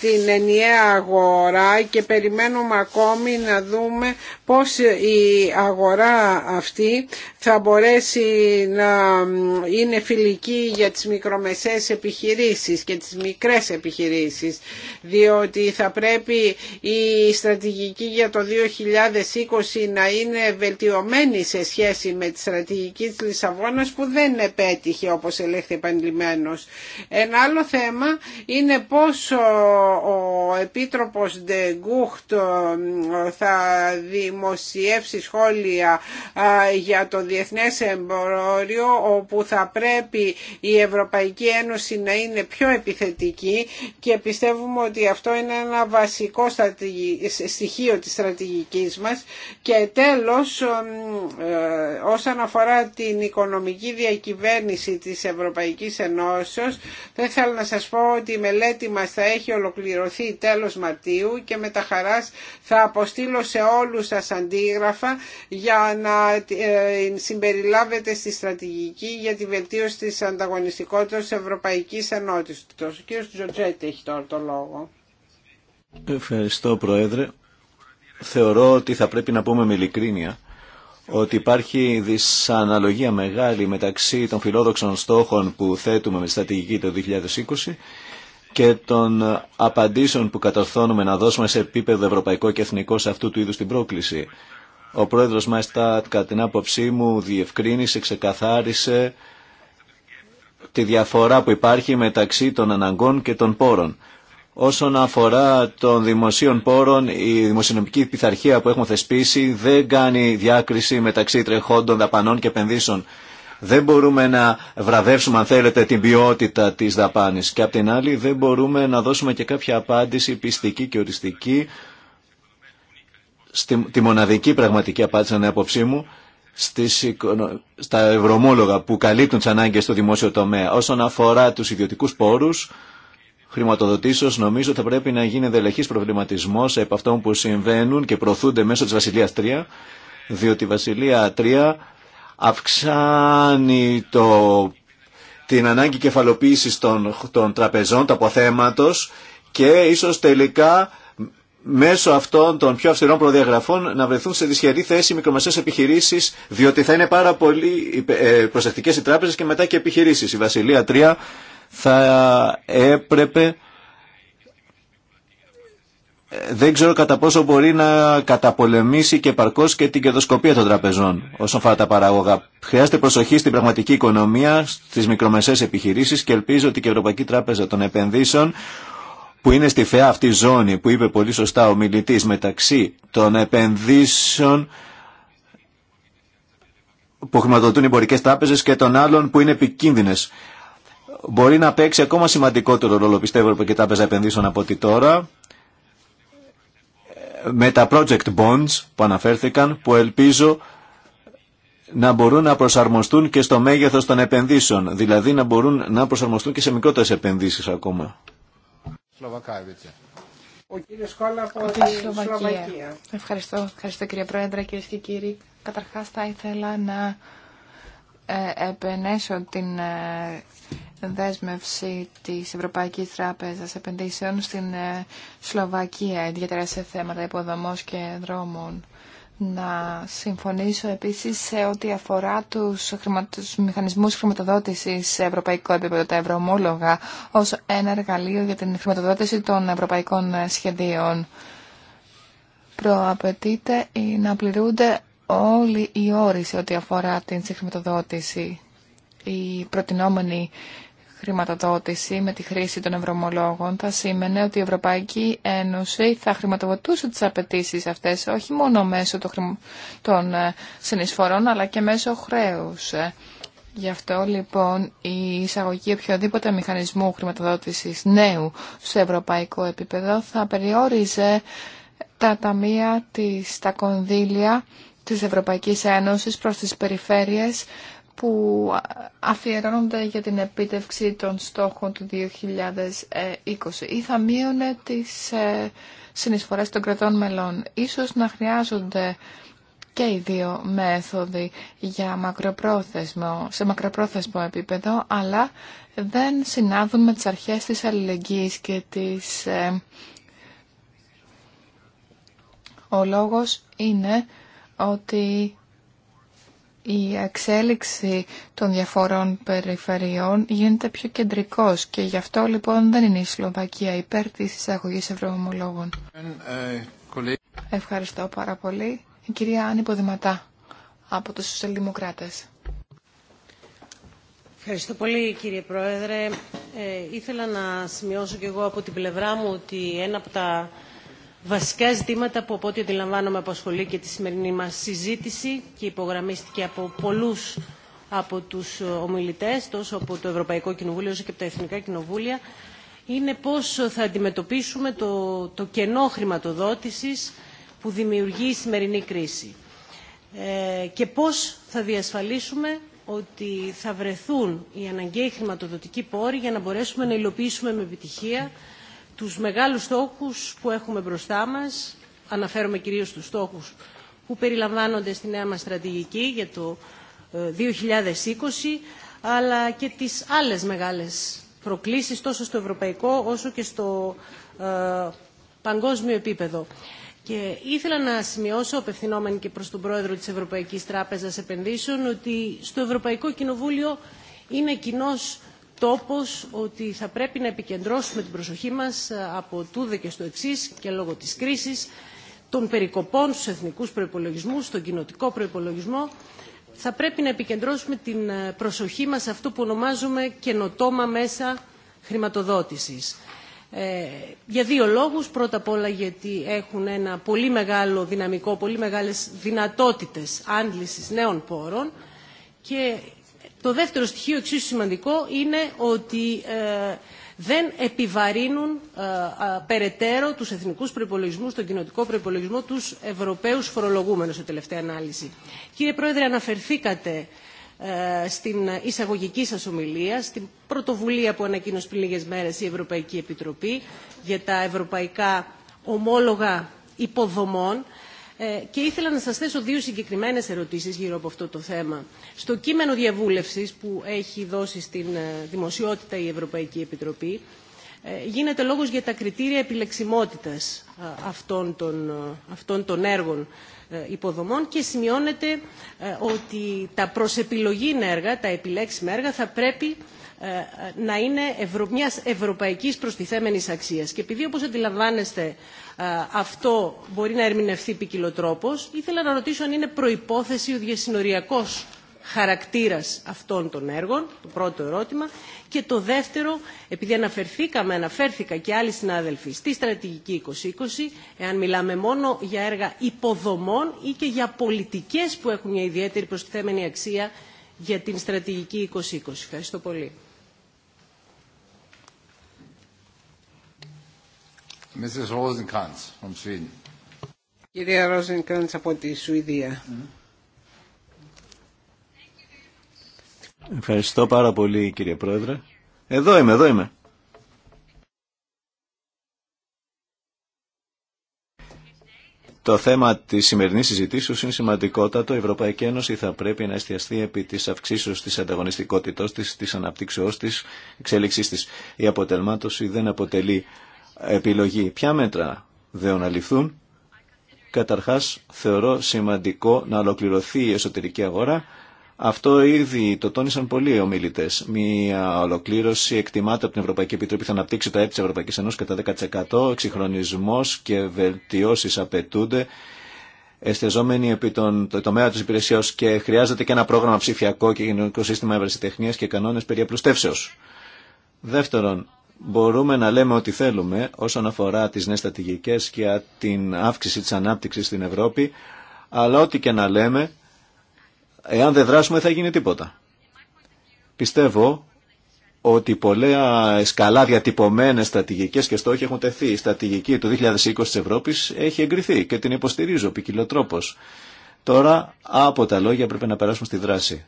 την ενιαία αγορά και περιμένουμε ακόμη ακόμη να δούμε πώς η αγορά αυτή θα μπορέσει να είναι φιλική για τις μικρομεσαίες επιχειρήσεις και τις μικρές επιχειρήσεις διότι θα πρέπει η στρατηγική για το 2020 να είναι βελτιωμένη σε σχέση με τη στρατηγική της Λισαβόνας που δεν επέτυχε όπως ελέγχθη επανειλημμένος. Ένα άλλο θέμα είναι πώς ο, ο Επίτροπος Ντεγκούχτ ε, θα δημιουργήσει δημοσιεύσει σχόλια για το διεθνές εμπορόριο όπου θα πρέπει η Ευρωπαϊκή Ένωση να είναι πιο επιθετική και πιστεύουμε ότι αυτό είναι ένα βασικό στοιχείο της στρατηγικής μας και τέλος ε, όσον αφορά την οικονομική διακυβέρνηση της Ευρωπαϊκής Ενώσεως θα θέλω να σας πω ότι η μελέτη μας θα έχει ολοκληρωθεί τέλος Μαρτίου και με τα χαράς θα αποστείλω σε όλους σας αντίγραφα για να ε, συμπεριλάβετε στη στρατηγική για τη βελτίωση της ανταγωνιστικότητας της Ευρωπαϊκής Ενότητας. Ο κ. Τζοτζέτη έχει τώρα το λόγο. Ευχαριστώ Πρόεδρε. Θεωρώ ότι θα πρέπει να πούμε με ειλικρίνεια ότι υπάρχει δυσαναλογία μεγάλη μεταξύ των φιλόδοξων στόχων που θέτουμε με στρατηγική το 2020 και των απαντήσεων που κατορθώνουμε να δώσουμε σε επίπεδο ευρωπαϊκό και εθνικό σε αυτού του είδους την πρόκληση. Ο πρόεδρος Μαϊστάτ, κατά την άποψή μου, διευκρίνησε, ξεκαθάρισε τη διαφορά που υπάρχει μεταξύ των αναγκών και των πόρων. Όσον αφορά των δημοσίων πόρων, η δημοσιονομική πειθαρχία που έχουμε θεσπίσει δεν κάνει διάκριση μεταξύ τρεχόντων δαπανών και επενδύσεων. Δεν μπορούμε να βραβεύσουμε, αν θέλετε, την ποιότητα της δαπάνης. Και απ' την άλλη δεν μπορούμε να δώσουμε και κάποια απάντηση πιστική και οριστική στη, τη μοναδική πραγματική απάντηση, ανά απόψή μου, στις, στα ευρωμόλογα που καλύπτουν τι ανάγκε στο δημόσιο τομέα. Όσον αφορά τους ιδιωτικούς πόρους, χρηματοδοτήσεω, νομίζω θα πρέπει να γίνει δελεχή προβληματισμό από αυτών που συμβαίνουν και προωθούνται μέσω τη Βασιλεία 3, διότι η Βασιλεία 3 αυξάνει το, την ανάγκη κεφαλοποίησης των, των τραπεζών, του αποθέματος και ίσως τελικά μέσω αυτών των πιο αυστηρών προδιαγραφών να βρεθούν σε δυσχερή θέση μικρομεσαίες επιχειρήσεις διότι θα είναι πάρα πολύ ε, προσεκτικές οι τράπεζες και μετά και επιχειρήσεις. Η Βασιλεία 3 θα έπρεπε δεν ξέρω κατά πόσο μπορεί να καταπολεμήσει και παρκώς και την κερδοσκοπία των τραπεζών όσον αφορά τα παράγωγα. Χρειάζεται προσοχή στην πραγματική οικονομία, στις μικρομεσαίες επιχειρήσεις και ελπίζω ότι και η Ευρωπαϊκή Τράπεζα των Επενδύσεων που είναι στη φαιά αυτή ζώνη που είπε πολύ σωστά ο μιλητής μεταξύ των επενδύσεων που χρηματοδοτούν οι εμπορικές τράπεζες και των άλλων που είναι επικίνδυνες. Μπορεί να παίξει ακόμα σημαντικότερο ρόλο πιστεύω η Ευρωπαϊκή Τράπεζα Επενδύσεων από ότι τώρα με τα project bonds που αναφέρθηκαν που ελπίζω να μπορούν να προσαρμοστούν και στο μέγεθος των επενδύσεων, δηλαδή να μπορούν να προσαρμοστούν και σε μικρότερες επενδύσεις ακόμα. Ο κύριος Κόλλα από τη Σλοβακία. Ευχαριστώ, ευχαριστώ κύριε Πρόεδρε, κύριε και κύριοι. Καταρχάς θα ήθελα να ε, επενέσω την ε, δέσμευση της Ευρωπαϊκής Τράπεζας Επενδύσεων στην ε, Σλοβακία, ιδιαίτερα σε θέματα υποδομός και δρόμων. Να συμφωνήσω επίσης σε ό,τι αφορά τους, τους μηχανισμούς χρηματοδότησης σε ευρωπαϊκό επίπεδο, τα ευρωομόλογα, ως ένα εργαλείο για την χρηματοδότηση των ευρωπαϊκών σχεδίων. Προαπαιτείται να πληρούνται Όλη η όριση ό,τι αφορά την συγχρηματοδότηση, η προτινόμενη χρηματοδότηση με τη χρήση των ευρωμολόγων θα σήμαινε ότι η Ευρωπαϊκή Ένωση θα χρηματοδοτούσε τις απαιτήσει αυτές όχι μόνο μέσω των ε, συνεισφορών αλλά και μέσω χρέους. Γι' αυτό λοιπόν η εισαγωγή οποιοδήποτε μηχανισμού χρηματοδότησης νέου σε ευρωπαϊκό επίπεδο θα περιόριζε τα ταμεία της, τα κονδύλια της Ευρωπαϊκής Ένωσης προς τις περιφέρειες που αφιερώνονται για την επίτευξη των στόχων του 2020 ή θα μείωνε τις ε, συνεισφορές των κρατών μελών. Ίσως να χρειάζονται και οι δύο μέθοδοι για μακροπρόθεσμο, σε μακροπρόθεσμο επίπεδο, αλλά δεν συνάδουν με τις αρχές της αλληλεγγύης και της... Ε, ο λόγος είναι ότι η εξέλιξη των διαφορών περιφερειών γίνεται πιο κεντρικός και γι' αυτό λοιπόν δεν είναι η Σλοβακία υπέρ της εισαγωγής ευρωομολόγων. Ευχαριστώ πάρα πολύ. Η κυρία Άννη Ποδηματά από τους Σοσιαλδημοκράτες. Ευχαριστώ πολύ κύριε Πρόεδρε. Ε, ήθελα να σημειώσω και εγώ από την πλευρά μου ότι ένα από τα βασικά ζητήματα που από ό,τι αντιλαμβάνομαι απασχολεί και τη σημερινή μα συζήτηση και υπογραμμίστηκε από πολλού από του ομιλητέ, τόσο από το Ευρωπαϊκό Κοινοβούλιο όσο και από τα Εθνικά Κοινοβούλια, είναι πώ θα αντιμετωπίσουμε το, το κενό χρηματοδότηση που δημιουργεί η σημερινή κρίση ε, και πώ θα διασφαλίσουμε ότι θα βρεθούν οι αναγκαίοι χρηματοδοτικοί πόροι για να μπορέσουμε να υλοποιήσουμε με επιτυχία τους μεγάλους στόχους που έχουμε μπροστά μας. Αναφέρομαι κυρίως τους στόχους που περιλαμβάνονται στη νέα μας στρατηγική για το 2020, ε, αλλά και τις άλλες μεγάλες προκλήσεις τόσο στο ευρωπαϊκό όσο και στο ε, παγκόσμιο επίπεδο. Και ήθελα να σημειώσω, απευθυνόμενοι και προς τον Πρόεδρο της Ευρωπαϊκής Τράπεζας Επενδύσεων, ότι στο Ευρωπαϊκό Κοινοβούλιο είναι κοινός τόπος ότι θα πρέπει να επικεντρώσουμε την προσοχή μας ε, από τούδε και στο εξής και λόγω της κρίσης των περικοπών στους εθνικούς προϋπολογισμούς, στον κοινοτικό προϋπολογισμό, θα πρέπει να επικεντρώσουμε την ε, προσοχή μας σε αυτό που ονομάζουμε καινοτόμα μέσα χρηματοδότησης. Ε, για δύο λόγους. Πρώτα απ' όλα γιατί έχουν ένα πολύ μεγάλο δυναμικό, πολύ μεγάλες δυνατότητες άντλησης νέων πόρων και το δεύτερο στοιχείο, εξίσου σημαντικό, είναι ότι ε, δεν επιβαρύνουν ε, περαιτέρω τους εθνικούς προϋπολογισμούς, τον κοινοτικό προϋπολογισμό, τους Ευρωπαίους φορολογούμενους, σε τελευταία ανάλυση. Κύριε Πρόεδρε, αναφερθήκατε ε, στην εισαγωγική σας ομιλία, στην πρωτοβουλία που ανακοίνωσε πριν λίγες μέρες η Ευρωπαϊκή Επιτροπή για τα ευρωπαϊκά ομόλογα υποδομών ε, και ήθελα να σας θέσω δύο συγκεκριμένες ερωτήσεις γύρω από αυτό το θέμα. Στο κείμενο διαβούλευσης που έχει δώσει στην ε, δημοσιότητα η Ευρωπαϊκή Επιτροπή ε, γίνεται λόγος για τα κριτήρια επιλεξιμότητας αυτών των, αυτών των έργων υποδομών και σημειώνεται ότι τα προσεπιλογήν έργα, τα επιλέξιμα έργα θα πρέπει ε, να είναι μια ευρωπαϊκή προστιθέμενη αξία. Και επειδή, όπω αντιλαμβάνεστε, ε, αυτό μπορεί να ερμηνευθεί ποικιλοτρόπω, ήθελα να ρωτήσω αν είναι προπόθεση ο διασυνοριακό χαρακτήρα αυτών των έργων, το πρώτο ερώτημα. Και το δεύτερο, επειδή αναφερθήκαμε, αναφέρθηκα και άλλοι συνάδελφοι στη στρατηγική 2020, εάν μιλάμε μόνο για έργα υποδομών ή και για πολιτικές που έχουν μια ιδιαίτερη προστιθέμενη αξία για την στρατηγική 2020. Ευχαριστώ πολύ. από τη Σουηδία. Ευχαριστώ πάρα πολύ κύριε Πρόεδρε. Εδώ είμαι, εδώ είμαι. Το θέμα τη σημερινή συζητήσεω είναι σημαντικότατο. Η Ευρωπαϊκή Ένωση θα πρέπει να εστιαστεί επί τη αυξήσεω τη ανταγωνιστικότητό τη, τη αναπτύξεώ τη, εξέλιξή τη. Η αποτελμάτωση δεν αποτελεί επιλογή. Ποια μέτρα δεν αληφθούν. Καταρχάς θεωρώ σημαντικό να ολοκληρωθεί η εσωτερική αγορά. Αυτό ήδη το τόνισαν πολλοί ομιλητέ. Μία ολοκλήρωση εκτιμάται από την Ευρωπαϊκή Επιτροπή θα αναπτύξει τα έτη τη Ευρωπαϊκή Ένωση κατά 10%. Εξυγχρονισμό και βελτιώσει απαιτούνται. Εστεζόμενοι επί τον το τομέα τη υπηρεσία και χρειάζεται και ένα πρόγραμμα ψηφιακό και γενικό σύστημα ευρεσιτεχνία και κανόνε περί απλουστεύσεω. Δεύτερον, μπορούμε να λέμε ό,τι θέλουμε όσον αφορά τις νέες στρατηγικές και την αύξηση της ανάπτυξης στην Ευρώπη, αλλά ό,τι και να λέμε, εάν δεν δράσουμε θα γίνει τίποτα. Πιστεύω ότι πολλά σκαλά διατυπωμένες στρατηγικές και στόχοι έχουν τεθεί. Η στρατηγική του 2020 της Ευρώπης έχει εγκριθεί και την υποστηρίζω τρόπος. Τώρα από τα λόγια πρέπει να περάσουμε στη δράση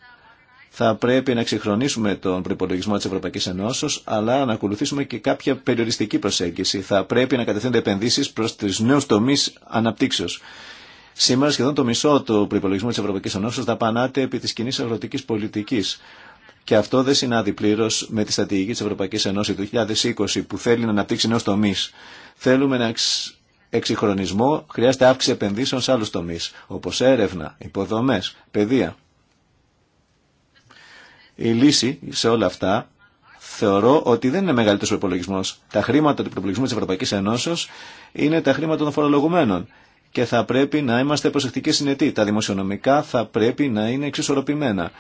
θα πρέπει να ξεχρονίσουμε τον προπολογισμό τη Ευρωπαϊκή Ενώσεω, αλλά να ακολουθήσουμε και κάποια περιοριστική προσέγγιση. Θα πρέπει να κατευθύνονται επενδύσει προ του νέου τομεί αναπτύξεω. Σήμερα σχεδόν το μισό του προπολογισμού τη Ευρωπαϊκή Ενώσεω δαπανάται επί τη κοινή αγροτική πολιτική. Και αυτό δεν συνάδει πλήρω με τη στρατηγική τη Ευρωπαϊκή Ενώση του 2020 που θέλει να αναπτύξει νέου τομεί. Θέλουμε να εξυγχρονισμό, χρειάζεται αύξηση επενδύσεων σε άλλου τομεί, όπω έρευνα, υποδομέ, παιδεία. Η λύση σε όλα αυτά θεωρώ ότι δεν είναι μεγαλύτερο ο υπολογισμό. Τα χρήματα του προπολογισμού τη Ευρωπαϊκή Ενώσεω είναι τα χρήματα των φορολογουμένων. Και θα πρέπει να είμαστε προσεκτικοί συνετοί. Τα δημοσιονομικά θα πρέπει να είναι εξισορροπημένα.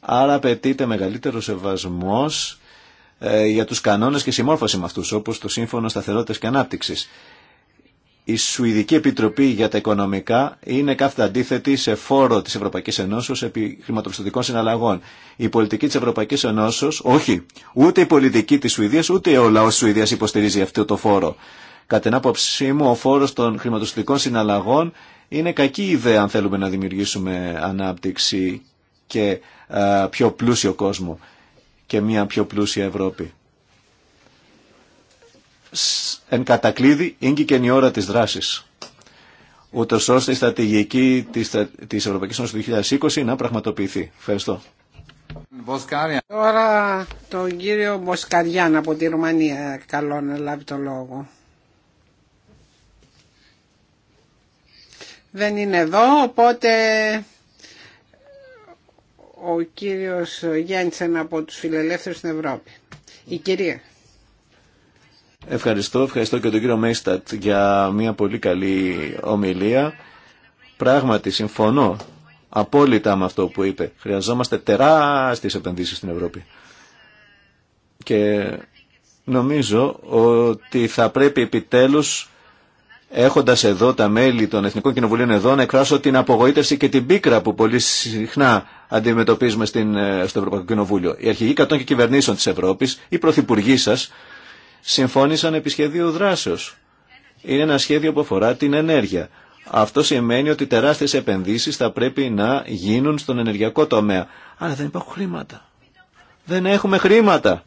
Άρα απαιτείται μεγαλύτερο σεβασμό ε, για του κανόνε και συμμόρφωση με αυτού, όπω το Σύμφωνο Σταθερότητα και Ανάπτυξη. Η Σουηδική Επιτροπή για τα Οικονομικά είναι κάθετα αντίθετη σε φόρο τη Ευρωπαϊκή Ενώσεω επί χρηματοπιστωτικών συναλλαγών. Η πολιτική τη Ευρωπαϊκή Ενώσεω, όχι, ούτε η πολιτική τη Σουηδία, ούτε ο λαό τη Σουηδία υποστηρίζει αυτό το φόρο. Κατά την άποψή μου, ο φόρο των χρηματοπιστωτικών συναλλαγών είναι κακή ιδέα αν θέλουμε να δημιουργήσουμε ανάπτυξη και πιο πλούσιο κόσμο και μια πιο πλούσια Ευρώπη εν κατακλείδη είναι η ώρα της δράσης ούτως ώστε η στρατηγική της, της Ευρωπαϊκής Ένωσης του 2020 να πραγματοποιηθεί. Ευχαριστώ. Τώρα τον κύριο Μποσκαριάν από τη Ρουμανία καλό να λάβει το λόγο. Δεν είναι εδώ, οπότε ο κύριος Γιάννησεν από τους φιλελεύθερους στην Ευρώπη. Η κυρία. Ευχαριστώ, ευχαριστώ και τον κύριο Μέιστατ για μια πολύ καλή ομιλία. Πράγματι, συμφωνώ απόλυτα με αυτό που είπε. Χρειαζόμαστε τεράστιες επενδύσεις στην Ευρώπη. Και νομίζω ότι θα πρέπει επιτέλους έχοντας εδώ τα μέλη των Εθνικών Κοινοβουλίων εδώ να εκφράσω την απογοήτευση και την πίκρα που πολύ συχνά αντιμετωπίζουμε στην, ε, στο Ευρωπαϊκό Κοινοβούλιο. Οι αρχηγοί κατών και κυβερνήσεων της Ευρώπης, οι πρωθυπουργοί σας, συμφώνησαν επί σχεδίου δράσεως. Είναι ένα σχέδιο που αφορά την ενέργεια. Αυτό σημαίνει ότι τεράστιες επενδύσεις θα πρέπει να γίνουν στον ενεργειακό τομέα. Αλλά δεν υπάρχουν χρήματα. Δεν έχουμε χρήματα.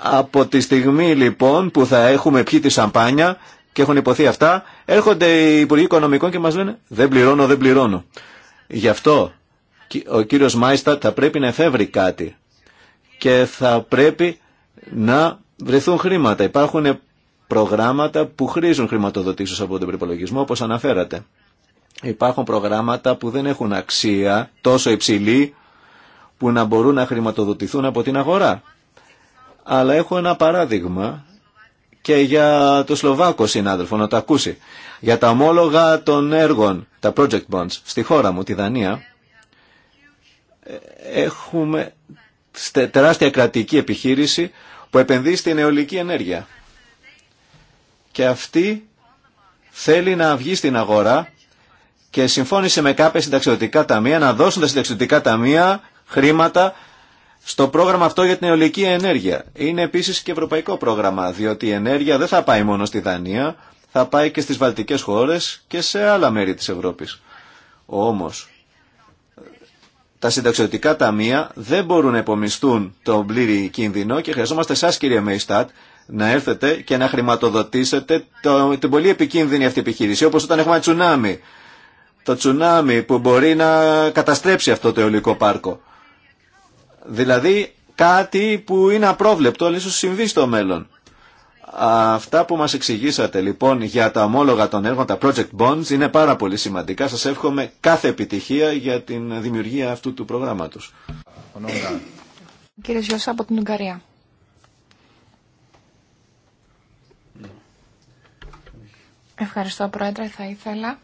Από τη στιγμή λοιπόν που θα έχουμε πιει τη σαμπάνια και έχουν υποθεί αυτά, έρχονται οι Υπουργοί Οικονομικών και μας λένε «Δεν πληρώνω, δεν πληρώνω». Γι' αυτό ο κύριος Μάιστα θα πρέπει να εφεύρει κάτι και θα πρέπει να βρεθούν χρήματα. Υπάρχουν προγράμματα που χρήζουν χρηματοδοτήσεις από τον προπολογισμό, όπως αναφέρατε. Υπάρχουν προγράμματα που δεν έχουν αξία τόσο υψηλή που να μπορούν να χρηματοδοτηθούν από την αγορά. Αλλά έχω ένα παράδειγμα και για το Σλοβάκο συνάδελφο να το ακούσει. Για τα ομόλογα των έργων, τα project bonds, στη χώρα μου, τη Δανία, ε, έχουμε τεράστια κρατική επιχείρηση που επενδύει στην αιωλική ενέργεια. Και αυτή θέλει να βγει στην αγορά και συμφώνησε με κάποια συνταξιδοτικά ταμεία να δώσουν τα συνταξιδοτικά ταμεία χρήματα στο πρόγραμμα αυτό για την αιωλική ενέργεια. Είναι επίσης και ευρωπαϊκό πρόγραμμα, διότι η ενέργεια δεν θα πάει μόνο στη Δανία, θα πάει και στις βαλτικές χώρες και σε άλλα μέρη της Ευρώπης. Όμως, τα συνταξιωτικά ταμεία δεν μπορούν να υπομισθούν τον πλήρη κίνδυνο και χρειαζόμαστε εσά κύριε Μέιστατ να έρθετε και να χρηματοδοτήσετε το, την πολύ επικίνδυνη αυτή επιχείρηση όπως όταν έχουμε τσουνάμι το τσουνάμι που μπορεί να καταστρέψει αυτό το αιωλικό πάρκο δηλαδή κάτι που είναι απρόβλεπτο αλλά ίσως συμβεί στο μέλλον Αυτά που μας εξηγήσατε λοιπόν για τα ομόλογα των έργων, τα project bonds, είναι πάρα πολύ σημαντικά. Σας εύχομαι κάθε επιτυχία για την δημιουργία αυτού του προγράμματος. Κύριε Ζιώσα από την Ουγγαρία. Ευχαριστώ Πρόεδρε, θα ήθελα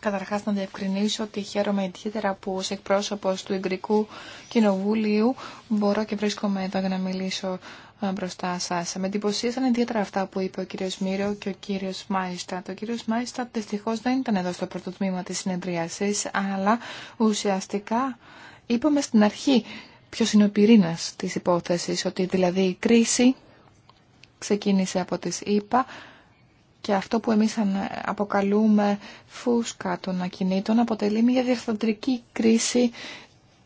καταρχάς να διευκρινίσω ότι χαίρομαι ιδιαίτερα που ως εκπρόσωπος του Εγκρικού Κοινοβουλίου μπορώ και βρίσκομαι εδώ για να μιλήσω ε, μπροστά σας. Με εντυπωσίασαν ιδιαίτερα αυτά που είπε ο κύριος Μύρο και ο κύριος Μάιστα. Ο κύριος Μάιστα δυστυχώ δεν ήταν εδώ στο πρώτο τμήμα της συνεδρίασης, αλλά ουσιαστικά είπαμε στην αρχή ποιο είναι ο πυρήνα τη υπόθεση, ότι δηλαδή η κρίση ξεκίνησε από τις ΗΠΑ και αυτό που εμείς αποκαλούμε φούσκα των ακινήτων αποτελεί μια διευθυντική κρίση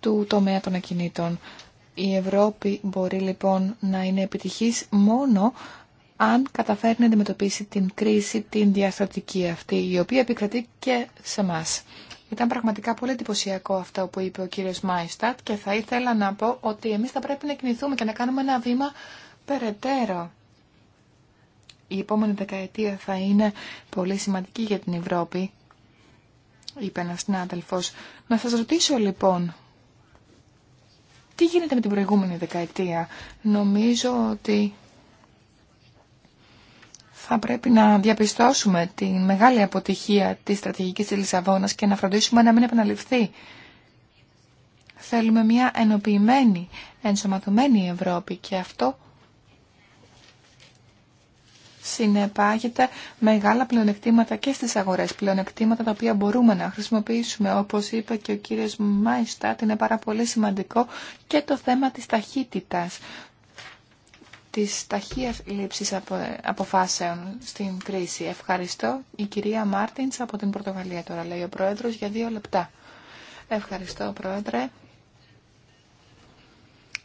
του τομέα των ακινήτων. Η Ευρώπη μπορεί λοιπόν να είναι επιτυχής μόνο αν καταφέρει να αντιμετωπίσει την κρίση, την διαστατική αυτή, η οποία επικρατεί και σε εμά. Ήταν πραγματικά πολύ εντυπωσιακό αυτό που είπε ο κύριος Μάιστατ και θα ήθελα να πω ότι εμείς θα πρέπει να κινηθούμε και να κάνουμε ένα βήμα περαιτέρω. Η επόμενη δεκαετία θα είναι πολύ σημαντική για την Ευρώπη, είπε ένας συνάδελφος. Να σας ρωτήσω λοιπόν, τι γίνεται με την προηγούμενη δεκαετία. Νομίζω ότι θα πρέπει να διαπιστώσουμε τη μεγάλη αποτυχία της στρατηγικής της Λισαβόνας και να φροντίσουμε να μην επαναληφθεί. Θέλουμε μια ενοποιημένη, ενσωματωμένη Ευρώπη και αυτό συνεπάγεται μεγάλα πλεονεκτήματα και στις αγορές. Πλεονεκτήματα τα οποία μπορούμε να χρησιμοποιήσουμε. Όπως είπε και ο κύριος Μάιστατ, είναι πάρα πολύ σημαντικό και το θέμα της ταχύτητας της ταχείας λήψης αποφάσεων στην κρίση. Ευχαριστώ η κυρία Μάρτινς από την Πορτογαλία τώρα, λέει ο Πρόεδρος, για δύο λεπτά. Ευχαριστώ, Πρόεδρε.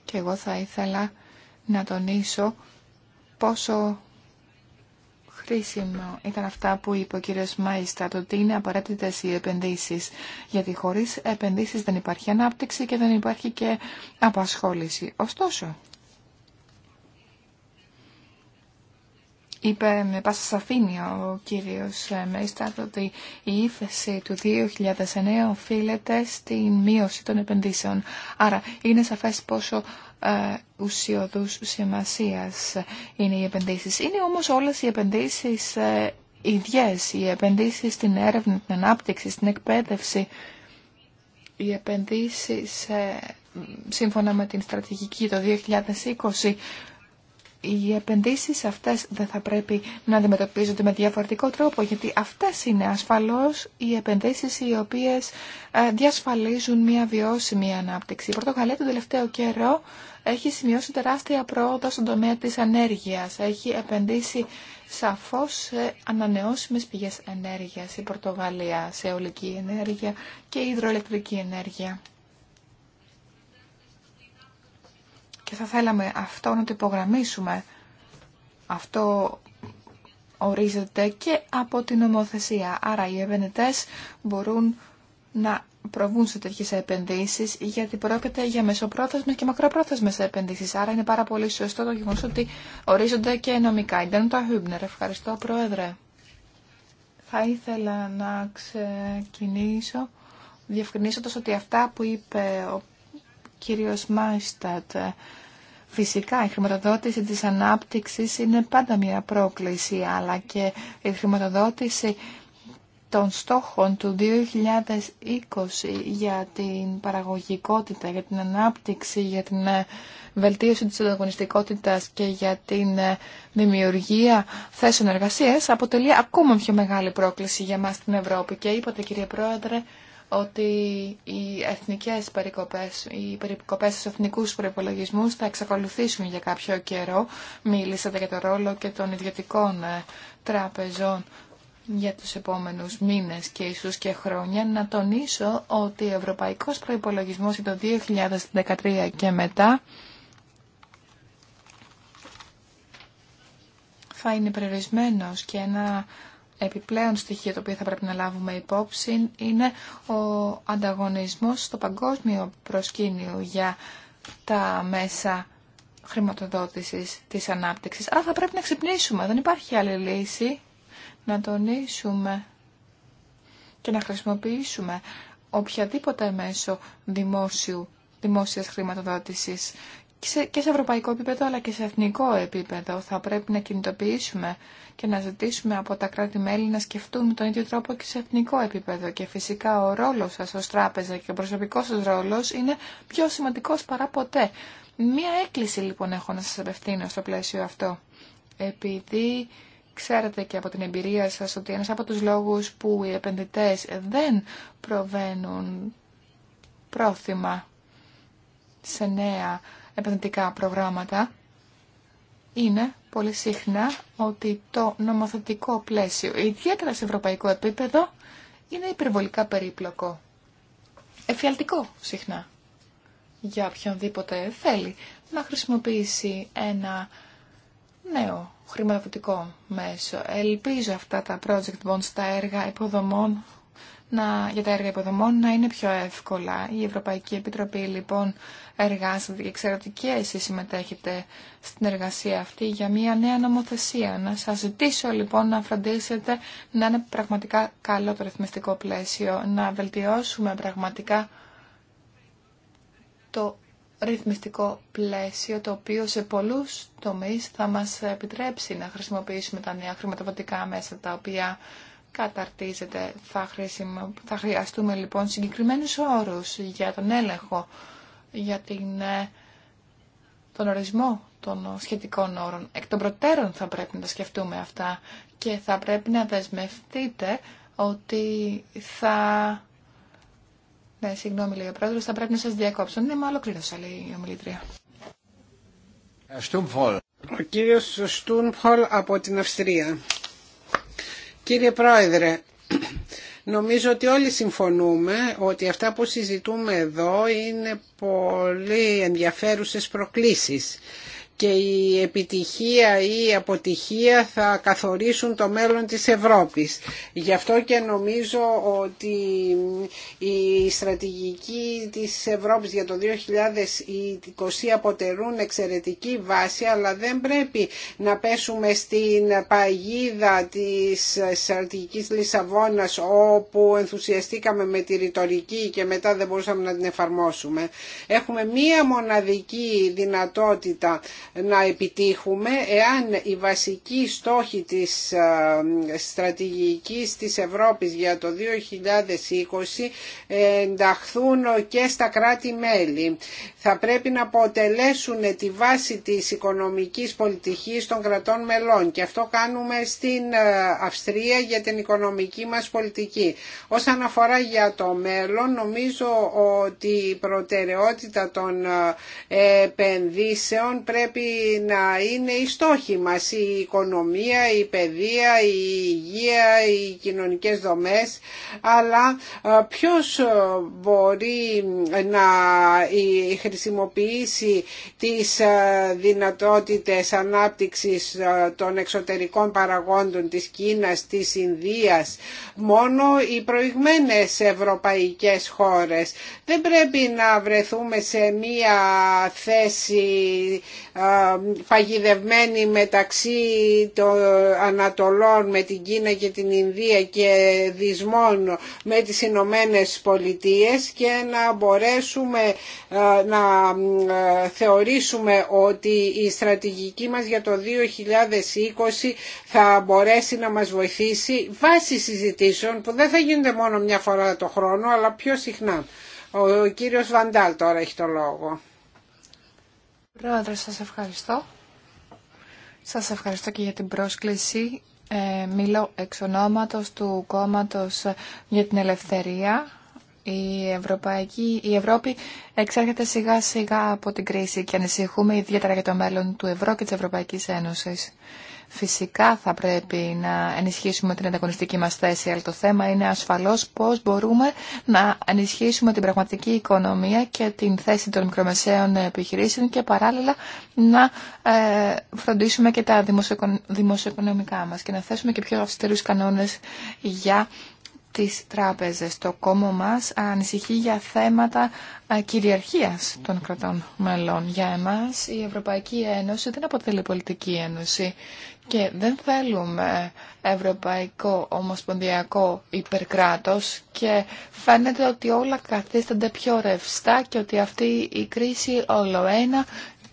Και εγώ θα ήθελα να τονίσω πόσο χρήσιμο ήταν αυτά που είπε ο κύριος Μάιστα, το ότι είναι απαραίτητες οι επενδύσεις, γιατί χωρίς επενδύσεις δεν υπάρχει ανάπτυξη και δεν υπάρχει και απασχόληση. Ωστόσο, Είπε με πάσα σαφήνεια ο κύριος Μέισταρτ ότι η ύφεση του 2009 οφείλεται στην μείωση των επενδύσεων. Άρα είναι σαφές πόσο ε, ουσιοδούς σημασίας είναι οι επενδύσεις. Είναι όμως όλες οι επενδύσεις ε, ιδιές, οι επενδύσεις στην έρευνα, την ανάπτυξη, στην εκπαίδευση, οι επενδύσεις ε, σύμφωνα με την στρατηγική το 2020 οι επενδύσεις αυτές δεν θα πρέπει να αντιμετωπίζονται με διαφορετικό τρόπο, γιατί αυτές είναι ασφαλώς οι επενδύσεις οι οποίες ε, διασφαλίζουν μια βιώσιμη ανάπτυξη. Η Πορτογαλία τον τελευταίο καιρό έχει σημειώσει τεράστια πρόοδο στον τομέα της ανέργειας. Έχει επενδύσει σαφώς σε ανανεώσιμες πηγές ενέργειας η Πορτογαλία, σε ολική ενέργεια και υδροελεκτρική ενέργεια. Και θα θέλαμε αυτό να το υπογραμμίσουμε. Αυτό ορίζεται και από την νομοθεσία. Άρα οι επενδυτές μπορούν να προβούν σε τέτοιε επενδύσει, γιατί πρόκειται για μεσοπρόθεσμες και μακροπρόθεσμε επενδύσει. Άρα είναι πάρα πολύ σωστό το γεγονό ότι ορίζονται και νομικά. το Χούμπνερ, ευχαριστώ, Πρόεδρε. Θα ήθελα να ξεκινήσω διευκρινίζοντα ότι αυτά που είπε ο κύριος Μάιστατ Φυσικά η χρηματοδότηση της ανάπτυξης είναι πάντα μια πρόκληση, αλλά και η χρηματοδότηση των στόχων του 2020 για την παραγωγικότητα, για την ανάπτυξη, για την ε, βελτίωση της ανταγωνιστικότητας και για την ε, δημιουργία θέσεων εργασίας αποτελεί ακόμα πιο μεγάλη πρόκληση για μας στην Ευρώπη. Και είπατε κύριε Πρόεδρε ότι οι εθνικές περικοπές, οι περικοπές στους εθνικούς προϋπολογισμούς θα εξακολουθήσουν για κάποιο καιρό. Μιλήσατε για το ρόλο και των ιδιωτικών ε, τραπεζών για τους επόμενους μήνες και ίσως και χρόνια να τονίσω ότι ο ευρωπαϊκός προϋπολογισμός για το 2013 και μετά θα είναι περιορισμένος και ένα επιπλέον στοιχείο το οποίο θα πρέπει να λάβουμε υπόψη είναι ο ανταγωνισμός στο παγκόσμιο προσκήνιο για τα μέσα χρηματοδότησης της ανάπτυξης. Άρα θα πρέπει να ξυπνήσουμε, δεν υπάρχει άλλη λύση να τονίσουμε και να χρησιμοποιήσουμε οποιαδήποτε μέσο δημόσιου, δημόσιας χρηματοδότησης σε, και σε ευρωπαϊκό επίπεδο αλλά και σε εθνικό επίπεδο θα πρέπει να κινητοποιήσουμε και να ζητήσουμε από τα κράτη-μέλη να σκεφτούν με τον ίδιο τρόπο και σε εθνικό επίπεδο. Και φυσικά ο ρόλος σας ως τράπεζα και ο προσωπικός σας ρόλος είναι πιο σημαντικός παρά ποτέ. Μία έκκληση λοιπόν έχω να σας απευθύνω στο πλαίσιο αυτό. Επειδή ξέρετε και από την εμπειρία σας ότι ένας από τους λόγους που οι επενδυτές δεν προβαίνουν πρόθυμα σε νέα επενδυτικά προγράμματα είναι πολύ συχνά ότι το νομοθετικό πλαίσιο, ιδιαίτερα σε ευρωπαϊκό επίπεδο, είναι υπερβολικά περίπλοκο. Εφιαλτικό συχνά. Για οποιονδήποτε θέλει να χρησιμοποιήσει ένα νέο χρηματοδοτικό μέσο. Ελπίζω αυτά τα project bonds, τα έργα υποδομών να, για τα έργα υποδομών να είναι πιο εύκολα. Η Ευρωπαϊκή Επιτροπή λοιπόν εργάζεται και ξέρω ότι και εσείς συμμετέχετε στην εργασία αυτή για μια νέα νομοθεσία. Να σας ζητήσω λοιπόν να φροντίσετε να είναι πραγματικά καλό το ρυθμιστικό πλαίσιο, να βελτιώσουμε πραγματικά το ρυθμιστικό πλαίσιο το οποίο σε πολλούς τομείς θα μας επιτρέψει να χρησιμοποιήσουμε τα νέα χρηματοδοτικά μέσα τα οποία καταρτίζεται. Θα, θα χρειαστούμε λοιπόν συγκεκριμένους όρους για τον έλεγχο, για την... Ε, τον ορισμό των σχετικών όρων. Εκ των προτέρων θα πρέπει να τα σκεφτούμε αυτά και θα πρέπει να δεσμευτείτε ότι θα... Ναι, συγγνώμη λέει ο πρόεδρος, θα πρέπει να σας διακόψω. Ναι, με ολοκλήρωσα λέει η ομιλήτρια. Ο κύριος Στούνφολ από την Αυστρία. Κύριε Πρόεδρε, νομίζω ότι όλοι συμφωνούμε ότι αυτά που συζητούμε εδώ είναι πολύ ενδιαφέρουσες προκλήσεις και η επιτυχία ή η αποτυχία θα καθορίσουν το μέλλον της Ευρώπης. Γι' αυτό και νομίζω ότι η στρατηγική της Ευρώπης για το 2020 αποτελούν εξαιρετική βάση αλλά δεν πρέπει να πέσουμε στην παγίδα της στρατηγικής Λισαβόνας όπου ενθουσιαστήκαμε με τη ρητορική και μετά δεν μπορούσαμε να την εφαρμόσουμε. Έχουμε μία μοναδική δυνατότητα να επιτύχουμε εάν οι βασικοί στόχοι της ε, στρατηγικής της Ευρώπης για το 2020 ε, ενταχθούν και στα κράτη-μέλη. Θα πρέπει να αποτελέσουν τη βάση της οικονομικής πολιτικής των κρατών μελών και αυτό κάνουμε στην ε, Αυστρία για την οικονομική μας πολιτική. Όσον αφορά για το μέλλον, νομίζω ότι η προτεραιότητα των επενδύσεων πρέπει να είναι οι στόχοι μας, η οικονομία, η παιδεία, η υγεία, οι κοινωνικές δομές, αλλά ε, ποιος ε, μπορεί να ε, χρησιμοποιήσει τις δυνατότητες ανάπτυξης των εξωτερικών παραγόντων της Κίνας, της Ινδίας, μόνο οι προηγμένες ευρωπαϊκές χώρες. Δεν πρέπει να βρεθούμε σε μία θέση παγιδευμένη μεταξύ των Ανατολών με την Κίνα και την Ινδία και δυσμών με τις Ηνωμένε Πολιτείες και να μπορέσουμε ε, να ε, θεωρήσουμε ότι η στρατηγική μας για το 2020 θα μπορέσει να μας βοηθήσει βάσει συζητήσεων που δεν θα γίνονται μόνο μια φορά το χρόνο αλλά πιο συχνά. Ο κύριος Βαντάλ τώρα έχει το λόγο. Πρόεδρε, σας ευχαριστώ. Σας ευχαριστώ και για την πρόσκληση. Ε, μιλώ εξ ονόματος του κόμματος ε, για την ελευθερία. Η, Ευρωπαϊκή, η Ευρώπη εξέρχεται σιγά σιγά από την κρίση και ανησυχούμε ιδιαίτερα για το μέλλον του ευρώ και της Ευρωπαϊκής Ένωσης. Φυσικά θα πρέπει να ενισχύσουμε την ανταγωνιστική μας θέση, αλλά το θέμα είναι ασφαλώς πώς μπορούμε να ενισχύσουμε την πραγματική οικονομία και την θέση των μικρομεσαίων επιχειρήσεων και παράλληλα να ε, φροντίσουμε και τα δημοσιοοικονομικά μας και να θέσουμε και πιο αυστηρούς κανόνες για τις τράπεζες. Το κόμμα μας ανησυχεί για θέματα ε, κυριαρχίας των κρατών μελών. Για εμάς η Ευρωπαϊκή Ένωση δεν αποτελεί πολιτική ένωση και δεν θέλουμε ευρωπαϊκό ομοσπονδιακό υπερκράτος και φαίνεται ότι όλα καθίστανται πιο ρευστά και ότι αυτή η κρίση όλο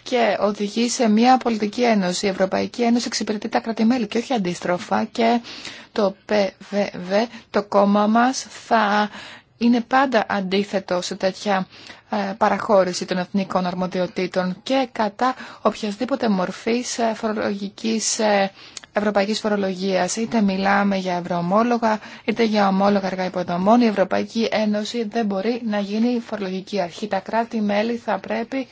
και οδηγεί σε μια πολιτική ένωση. Η Ευρωπαϊκή Ένωση εξυπηρετεί τα κρατημέλη και όχι αντίστροφα και το ΠΒΒ, το κόμμα μας, θα είναι πάντα αντίθετο σε τέτοια ε, παραχώρηση των εθνικών αρμοδιοτήτων και κατά οποιασδήποτε μορφής ε, φορολογικής ε, ευρωπαϊκής φορολογίας. Είτε μιλάμε για ευρωομόλογα, είτε για ομόλογα αργά υποδομών. Η Ευρωπαϊκή Ένωση δεν μπορεί να γίνει φορολογική αρχή. Τα κράτη-μέλη θα πρέπει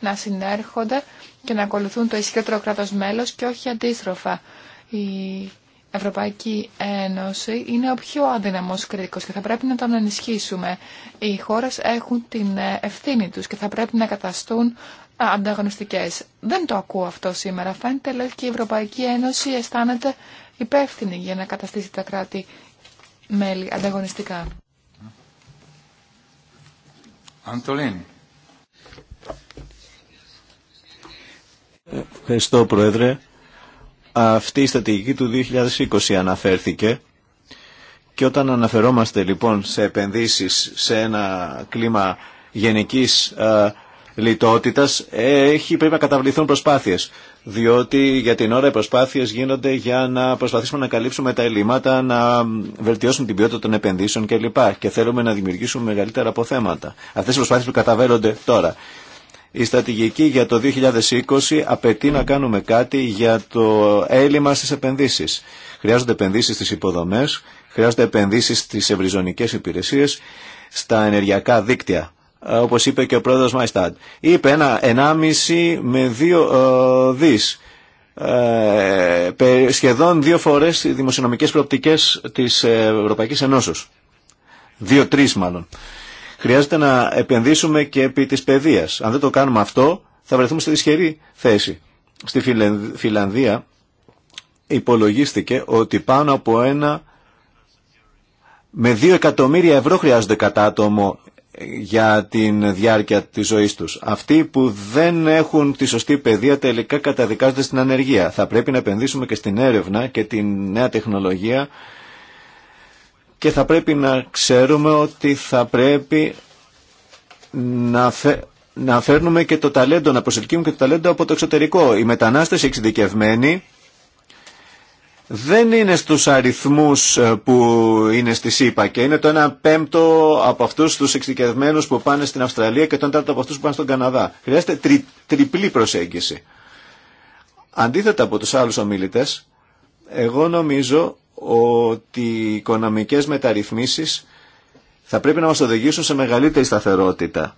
να συνέρχονται και να ακολουθούν το ισχυρότερο κράτος μέλος και όχι αντίστροφα. Ευρωπαϊκή Ένωση είναι ο πιο αδυναμός κρίκος και θα πρέπει να τον ενισχύσουμε. Οι χώρες έχουν την ε, ευθύνη τους και θα πρέπει να καταστούν ε, ανταγωνιστικές. Δεν το ακούω αυτό σήμερα. Φαίνεται λέει και η Ευρωπαϊκή Ένωση αισθάνεται υπεύθυνη για να καταστήσει τα κράτη μέλη ανταγωνιστικά. Αντολίν. Ευχαριστώ Πρόεδρε. Αυτή η στρατηγική του 2020 αναφέρθηκε και όταν αναφερόμαστε λοιπόν σε επενδύσεις σε ένα κλίμα γενικής α, ε, λιτότητας έχει, πρέπει να καταβληθούν προσπάθειες διότι για την ώρα οι προσπάθειες γίνονται για να προσπαθήσουμε να καλύψουμε τα ελλείμματα, να βελτιώσουμε την ποιότητα των επενδύσεων κλπ. Και θέλουμε να δημιουργήσουμε μεγαλύτερα αποθέματα. Αυτές οι προσπάθειες που καταβέλλονται τώρα. Η στρατηγική για το 2020 απαιτεί να κάνουμε κάτι για το έλλειμμα στις επενδύσεις. Χρειάζονται επενδύσεις στις υποδομές, χρειάζονται επενδύσεις στις ευρυζωνικές υπηρεσίες, στα ενεργειακά δίκτυα, ε, όπως είπε και ο πρόεδρος Μαϊστάντ. Είπε ένα 1,5 με 2 ε, δις. Ε, σχεδόν δύο φορές οι δημοσιονομικές προοπτικές της Ευρωπαϊκής Ενώσεως. Δύο-τρεις μάλλον χρειάζεται να επενδύσουμε και επί της παιδείας. Αν δεν το κάνουμε αυτό, θα βρεθούμε στη δυσχερή θέση. Στη Φιλανδία υπολογίστηκε ότι πάνω από ένα με δύο εκατομμύρια ευρώ χρειάζονται κατά άτομο για τη διάρκεια της ζωής τους. Αυτοί που δεν έχουν τη σωστή παιδεία τελικά καταδικάζονται στην ανεργία. Θα πρέπει να επενδύσουμε και στην έρευνα και την νέα τεχνολογία και θα πρέπει να ξέρουμε ότι θα πρέπει να, φε... να φέρνουμε και το ταλέντο, να προσελκύουμε και το ταλέντο από το εξωτερικό. Οι μετανάστες εξειδικευμένοι δεν είναι στους αριθμούς ε, που είναι στη ΣΥΠΑ και είναι το ένα πέμπτο από αυτούς τους εξειδικευμένους που πάνε στην Αυστραλία και το ένα τέταρτο από αυτούς που πάνε στον Καναδά. Χρειάζεται τριπλή προσέγγιση. Αντίθετα από τους άλλους ομίλητες, εγώ νομίζω ότι οι οικονομικές μεταρρυθμίσεις θα πρέπει να μας οδηγήσουν σε μεγαλύτερη σταθερότητα.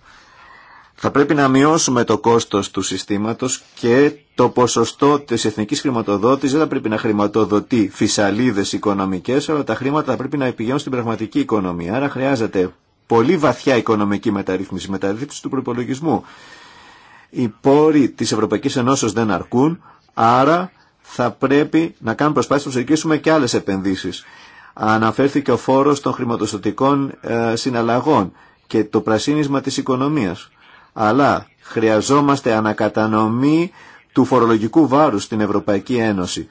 Θα πρέπει να μειώσουμε το κόστος του συστήματος και το ποσοστό της εθνικής χρηματοδότησης δεν θα πρέπει να χρηματοδοτεί φυσαλίδες οικονομικές, αλλά τα χρήματα θα πρέπει να πηγαίνουν στην πραγματική οικονομία. Άρα χρειάζεται πολύ βαθιά οικονομική μεταρρύθμιση, μεταρρύθμιση του προπολογισμού. Οι πόροι της Ευρωπαϊκής Ενώσεως δεν αρκούν, άρα θα πρέπει να κάνουμε προσπάθειες να προσελκύσουμε και άλλες επενδύσεις. Αναφέρθηκε ο φόρος των χρηματοστοτικών ε, συναλλαγών και το πρασίνισμα της οικονομίας. Αλλά χρειαζόμαστε ανακατανομή του φορολογικού βάρους στην Ευρωπαϊκή Ένωση.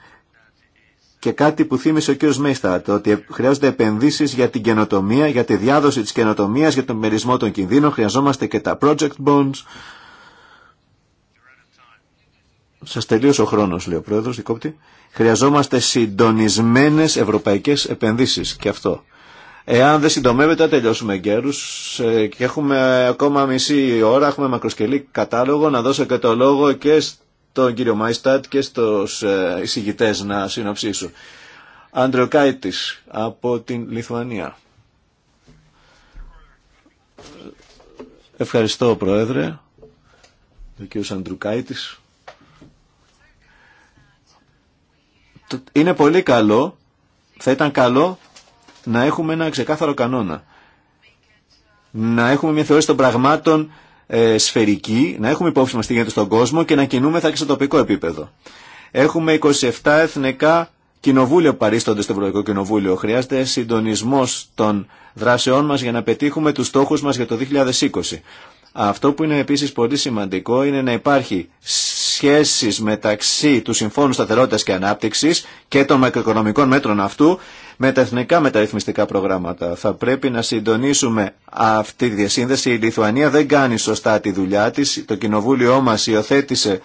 Και κάτι που θύμισε ο κ. Μέιστατ, ότι χρειάζονται επενδύσει για την καινοτομία, για τη διάδοση τη καινοτομία, για τον μερισμό των κινδύνων. Χρειαζόμαστε και τα project bonds. Σα τελείωσε ο χρόνο, λέει ο πρόεδρο Δικόπτη. Χρειαζόμαστε συντονισμένε ευρωπαϊκέ επενδύσει. Και αυτό. Εάν δεν συντομεύεται, τελειώσουμε Ε, και έχουμε ακόμα μισή ώρα, έχουμε μακροσκελή κατάλογο. Να δώσω και το λόγο και στον κύριο Μάιστατ και στου ε, εισηγητέ να συνοψίσουν. Αντροκάητη από την Λιθουανία. Ευχαριστώ, Πρόεδρε. Ο κύριος Αντρουκάιτης. είναι πολύ καλό, θα ήταν καλό να έχουμε ένα ξεκάθαρο κανόνα. Να έχουμε μια θεώρηση των πραγμάτων ε, σφαιρική, να έχουμε υπόψη μας τι γίνεται στον κόσμο και να κινούμεθα και στο τοπικό επίπεδο. Έχουμε 27 εθνικά κοινοβούλια που παρίστονται στο Ευρωπαϊκό Κοινοβούλιο. Χρειάζεται συντονισμό των δράσεών μα για να πετύχουμε του στόχου μα για το 2020. Αυτό που είναι επίση πολύ σημαντικό είναι να υπάρχει σχέσεις μεταξύ του Συμφώνου Σταθερότητας και Ανάπτυξης και των μακροοικονομικών μέτρων αυτού με τα εθνικά μεταρρυθμιστικά προγράμματα. Θα πρέπει να συντονίσουμε αυτή τη διασύνδεση. Η Λιθουανία δεν κάνει σωστά τη δουλειά της. Το Κοινοβούλιο μας υιοθέτησε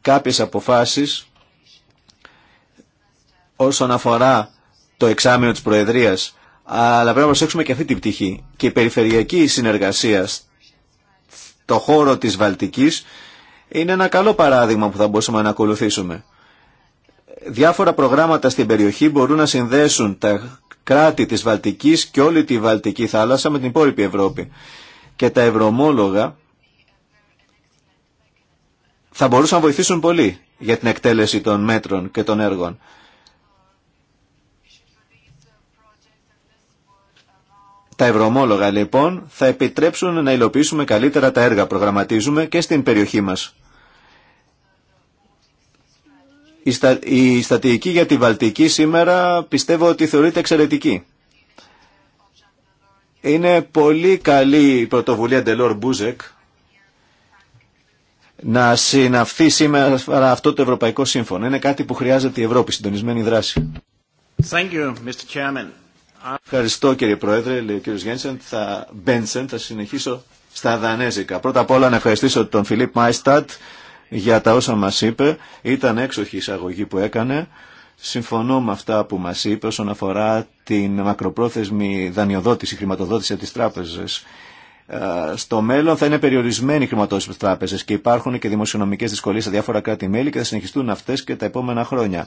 κάποιες αποφάσεις όσον αφορά το εξάμεινο της Προεδρίας αλλά πρέπει να προσέξουμε και αυτή την πτυχή και η περιφερειακή συνεργασία το χώρο της Βαλτικής είναι ένα καλό παράδειγμα που θα μπορούσαμε να ακολουθήσουμε. Διάφορα προγράμματα στην περιοχή μπορούν να συνδέσουν τα κράτη της Βαλτικής και όλη τη Βαλτική θάλασσα με την υπόλοιπη Ευρώπη. Και τα ευρωμόλογα θα μπορούσαν να βοηθήσουν πολύ για την εκτέλεση των μέτρων και των έργων. Τα ευρωμόλογα λοιπόν θα επιτρέψουν να υλοποιήσουμε καλύτερα τα έργα προγραμματίζουμε και στην περιοχή μας. Η, στα, η στατική για τη Βαλτική σήμερα πιστεύω ότι θεωρείται εξαιρετική. Είναι πολύ καλή η πρωτοβουλία Ντελόρ Μπούζεκ να συναυθεί σήμερα αυτό το Ευρωπαϊκό Σύμφωνο. Είναι κάτι που χρειάζεται η Ευρώπη, συντονισμένη δράση. Thank you, Mr. Ευχαριστώ κύριε Πρόεδρε, λέει ο κύριος Γένσεν. Θα, Μπένσεν, θα συνεχίσω στα δανέζικα. Πρώτα απ' όλα να ευχαριστήσω τον Φιλίπ Μάιστατ για τα όσα μας είπε. Ήταν έξοχη η εισαγωγή που έκανε. Συμφωνώ με αυτά που μας είπε όσον αφορά την μακροπρόθεσμη δανειοδότηση, χρηματοδότηση της τράπεζας. Ε, στο μέλλον θα είναι περιορισμένη η χρηματοδότηση από και υπάρχουν και δημοσιονομικέ δυσκολίε σε διάφορα κράτη-μέλη και θα συνεχιστούν αυτέ και τα επόμενα χρόνια.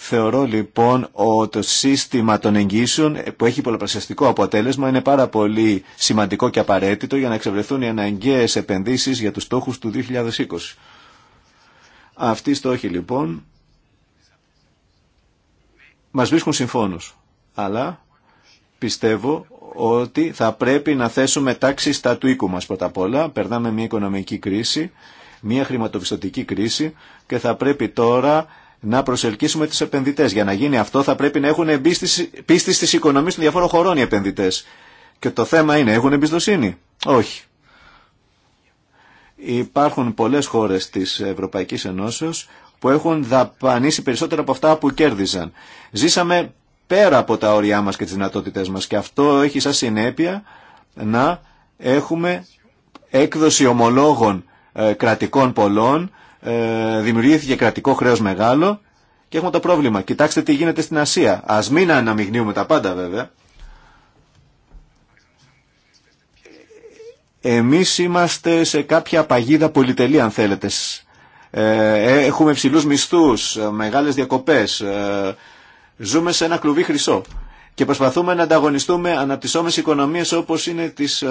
Θεωρώ λοιπόν ότι το σύστημα των εγγύσεων που έχει πολλαπλασιαστικό αποτέλεσμα είναι πάρα πολύ σημαντικό και απαραίτητο για να εξευρεθούν οι αναγκαίες επενδύσεις για τους στόχους του 2020. Αυτοί οι στόχοι λοιπόν μας βρίσκουν συμφώνους. Αλλά πιστεύω ότι θα πρέπει να θέσουμε τάξη στα του οίκου μας πρώτα απ' όλα. Περνάμε μια οικονομική κρίση, μια χρηματοπιστωτική κρίση και θα πρέπει τώρα να προσελκύσουμε τις επενδυτές. Για να γίνει αυτό θα πρέπει να έχουν πίστη στις οικονομίες των διαφόρων χωρών οι επενδυτές. Και το θέμα είναι, έχουν εμπιστοσύνη. Όχι. Υπάρχουν πολλές χώρες της Ευρωπαϊκής Ενώσεως που έχουν δαπανίσει περισσότερα από αυτά που κέρδισαν. Ζήσαμε πέρα από τα όρια μας και τις δυνατότητές μας και αυτό έχει σαν συνέπεια να έχουμε έκδοση ομολόγων ε, κρατικών πολλών ε, δημιουργήθηκε κρατικό χρέο μεγάλο και έχουμε το πρόβλημα. Κοιτάξτε τι γίνεται στην Ασία. Ας μην αναμειγνύουμε τα πάντα βέβαια. Εμείς είμαστε σε κάποια παγίδα πολυτελή αν θέλετε. Ε, ε, έχουμε ψηλούς μισθούς, μεγάλες διακοπές. Ζούμε σε ένα κλουβί χρυσό και προσπαθούμε να ανταγωνιστούμε αναπτυσσόμενες οικονομίες όπως είναι της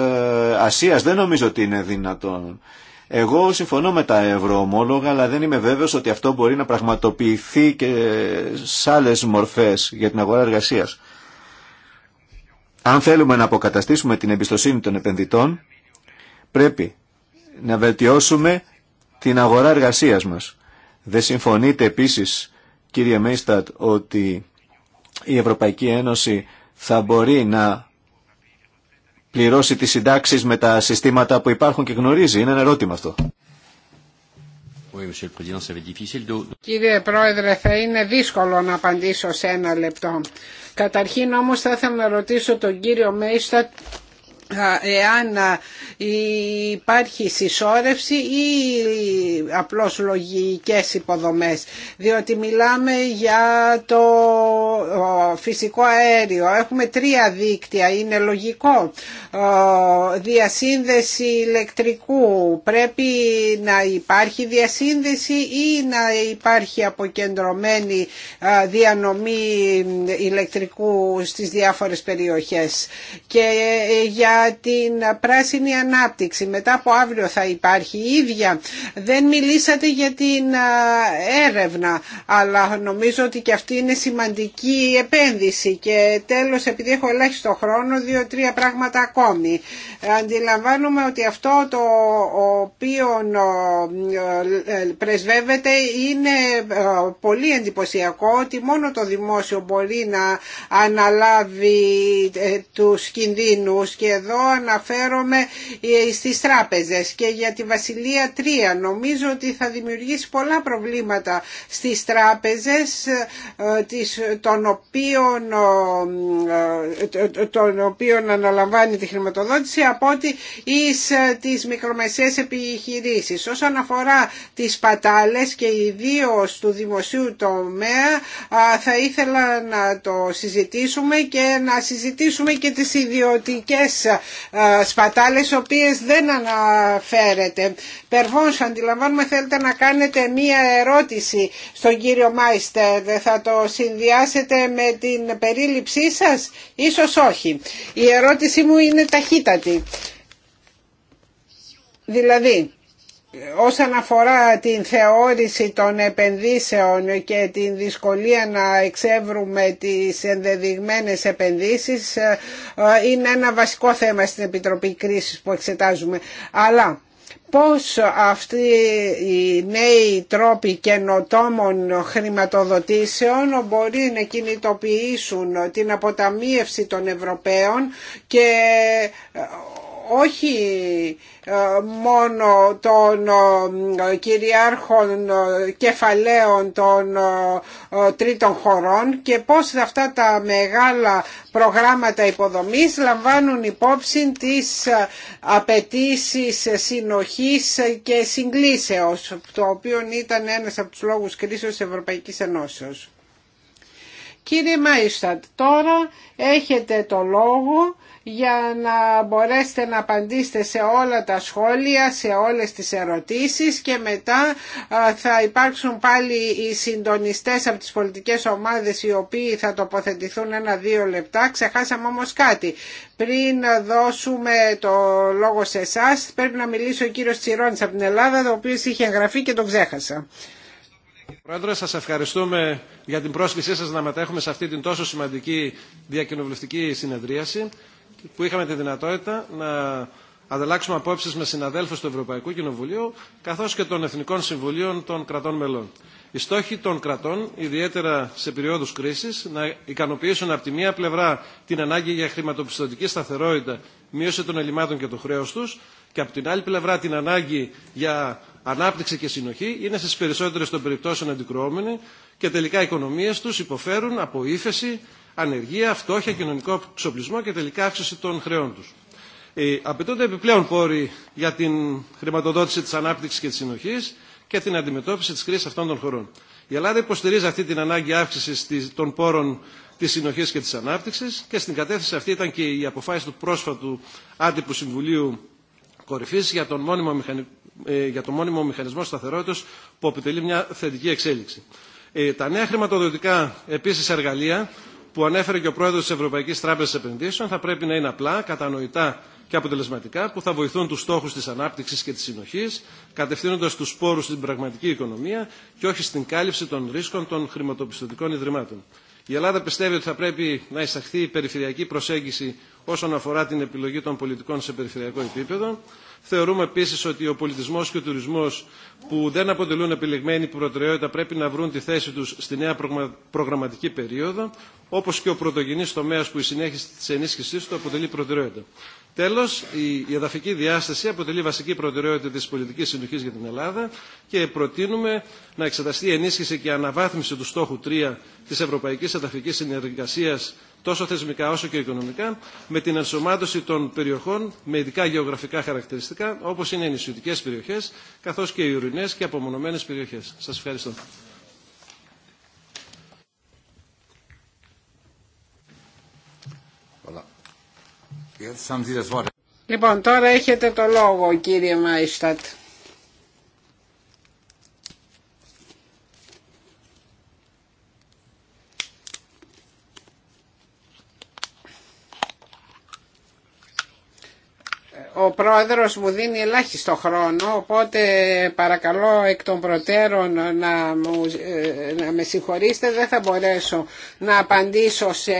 Ασίας. Δεν νομίζω ότι είναι δυνατόν. Εγώ συμφωνώ με τα ευρωομόλογα, αλλά δεν είμαι βέβαιος ότι αυτό μπορεί να πραγματοποιηθεί και σε άλλε μορφές για την αγορά εργασίας. Αν θέλουμε να αποκαταστήσουμε την εμπιστοσύνη των επενδυτών, πρέπει να βελτιώσουμε την αγορά εργασίας μας. Δεν συμφωνείτε επίσης, κύριε Μέιστατ, ότι η Ευρωπαϊκή Ένωση θα μπορεί να πληρώσει τις συντάξεις με τα συστήματα που υπάρχουν και γνωρίζει. Είναι ένα ερώτημα αυτό. Κύριε Πρόεδρε, θα είναι δύσκολο να απαντήσω σε ένα λεπτό. Καταρχήν όμως θα ήθελα να ρωτήσω τον κύριο Μέιστατ εάν υπάρχει συσσόρευση ή απλώς λογικές υποδομές διότι μιλάμε για το φυσικό αέριο έχουμε τρία δίκτυα είναι λογικό διασύνδεση ηλεκτρικού πρέπει να υπάρχει διασύνδεση ή να υπάρχει αποκεντρωμένη διανομή ηλεκτρικού στις διάφορες περιοχές και ε, για την πράσινη ανάπτυξη. Μετά από αύριο θα υπάρχει η ίδια. Δεν μιλήσατε για την έρευνα, αλλά νομίζω ότι και αυτή είναι σημαντική επένδυση. Και τέλος, επειδή έχω ελάχιστο χρόνο, δύο-τρία πράγματα ακόμη. Αντιλαμβάνομαι ότι αυτό το οποίο ε, πρεσβεύεται είναι ε, πολύ εντυπωσιακό ότι μόνο το δημόσιο μπορεί να αναλάβει ε, τους κινδύνους εδώ αναφέρομαι ε, στις τράπεζες και για τη Βασιλεία 3 νομίζω ότι θα δημιουργήσει πολλά προβλήματα στις τράπεζες ε, των οποίων, ε, οποίων αναλαμβάνει τη χρηματοδότηση από ότι εις τις μικρομεσαίες επιχειρήσεις. Όσον αφορά τις πατάλες και ιδίω του δημοσίου τομέα θα ήθελα να το συζητήσουμε και να συζητήσουμε και τις ιδιωτικές ε, σπατάλες οποίες δεν αναφέρεται. Περβόνς, αντιλαμβάνουμε θέλετε να κάνετε μία ερώτηση στον κύριο Μάιστερ. Θα το συνδυάσετε με την περίληψή σας. Ίσως όχι. Η ερώτηση μου είναι ταχύτατη. Δηλαδή, όσον αφορά την θεώρηση των επενδύσεων και την δυσκολία να εξεύρουμε τις ενδεδειγμένες επενδύσεις ε, είναι ένα βασικό θέμα στην Επιτροπή Κρίσης που εξετάζουμε. Αλλά πώς αυτοί οι νέοι τρόποι καινοτόμων χρηματοδοτήσεων μπορεί να κινητοποιήσουν την αποταμίευση των Ευρωπαίων και ε, όχι ε, μόνο των ε, κυριάρχων ε, κεφαλαίων των τρίτων χωρών και πώς αυτά τα μεγάλα προγράμματα υποδομής λαμβάνουν υπόψη τις απαιτήσει συνοχής και συγκλήσεως, το οποίο ήταν ένας από τους λόγους κρίσεως της Ευρωπαϊκής Ενώσεως. Κύριε Μάιστατ, τώρα έχετε το λόγο για να μπορέσετε να απαντήσετε σε όλα τα σχόλια, σε όλες τις ερωτήσεις και μετά θα υπάρξουν πάλι οι συντονιστές από τις πολιτικές ομάδες οι οποίοι θα τοποθετηθούν ένα-δύο λεπτά. Ξεχάσαμε όμως κάτι. Πριν δώσουμε το λόγο σε εσά, πρέπει να μιλήσει ο κύριος Τσιρόνης από την Ελλάδα, ο οποίος είχε εγγραφεί και τον ξέχασα. Πρόεδρε, σας ευχαριστούμε για την πρόσκλησή σας να μετέχουμε σε αυτή την τόσο σημαντική διακοινοβουλευτική συνεδρίαση που είχαμε τη δυνατότητα να ανταλλάξουμε απόψεις με συναδέλφους του Ευρωπαϊκού Κοινοβουλίου καθώς και των Εθνικών Συμβουλίων των Κρατών Μελών. Οι στόχοι των κρατών, ιδιαίτερα σε περιόδους κρίσης, να ικανοποιήσουν από τη μία πλευρά την ανάγκη για χρηματοπιστωτική σταθερότητα, μείωση των ελλημάτων και το χρέους τους και από την άλλη πλευρά την ανάγκη για ανάπτυξη και συνοχή είναι στις περισσότερες των περιπτώσεων αντικρουόμενοι και τελικά οι οικονομίες τους υποφέρουν από ύφεση, ανεργία, φτώχεια, κοινωνικό εξοπλισμό και τελικά αύξηση των χρεών του. Ε, απαιτούνται επιπλέον πόροι για την χρηματοδότηση τη ανάπτυξη και τη συνοχή και την αντιμετώπιση τη κρίση αυτών των χωρών. Η Ελλάδα υποστηρίζει αυτή την ανάγκη αύξηση των πόρων τη συνοχή και τη ανάπτυξη και στην κατεύθυνση αυτή ήταν και η αποφάση του πρόσφατου άτυπου Συμβουλίου Κορυφή για, τον μόνιμο μηχανι... Ε, για το μόνιμο μηχανισμό σταθερότητα που αποτελεί μια θετική εξέλιξη. Ε, τα νέα χρηματοδοτικά επίση εργαλεία που ανέφερε και ο πρόεδρο τη Ευρωπαϊκή Τράπεζα Επενδύσεων θα πρέπει να είναι απλά, κατανοητά και αποτελεσματικά, που θα βοηθούν του στόχου τη ανάπτυξη και τη συνοχή, κατευθύνοντα του πόρου στην πραγματική οικονομία και όχι στην κάλυψη των ρίσκων των χρηματοπιστωτικών ιδρυμάτων. Η Ελλάδα πιστεύει ότι θα πρέπει να εισαχθεί η περιφερειακή προσέγγιση όσον αφορά την επιλογή των πολιτικών σε περιφερειακό επίπεδο, Θεωρούμε επίση ότι ο πολιτισμό και ο τουρισμό που δεν αποτελούν επιλεγμένη προτεραιότητα πρέπει να βρουν τη θέση του στη νέα προγραμματική περίοδο, όπω και ο πρωτογενή τομέα που η συνέχιση τη ενίσχυσή του αποτελεί προτεραιότητα. Τέλος, η εδαφική διάσταση αποτελεί βασική προτεραιότητα της πολιτικής συνοχή για την Ελλάδα και προτείνουμε να εξεταστεί ενίσχυση και αναβάθμιση του στόχου 3 της Ευρωπαϊκής Εδαφικής Συνεργασίας τόσο θεσμικά όσο και οικονομικά, με την ενσωμάτωση των περιοχών με ειδικά γεωγραφικά χαρακτηριστικά, όπω είναι οι νησιωτικές περιοχές, καθώς και οι ουρινέ και απομονωμένε περιοχέ. Σα ευχαριστώ. Λοιπόν, τώρα έχετε το λόγο, κύριε Μάιστατ. ο πρόεδρος μου δίνει ελάχιστο χρόνο, οπότε παρακαλώ εκ των προτέρων να, ε, να με συγχωρήσετε, δεν θα μπορέσω να απαντήσω σε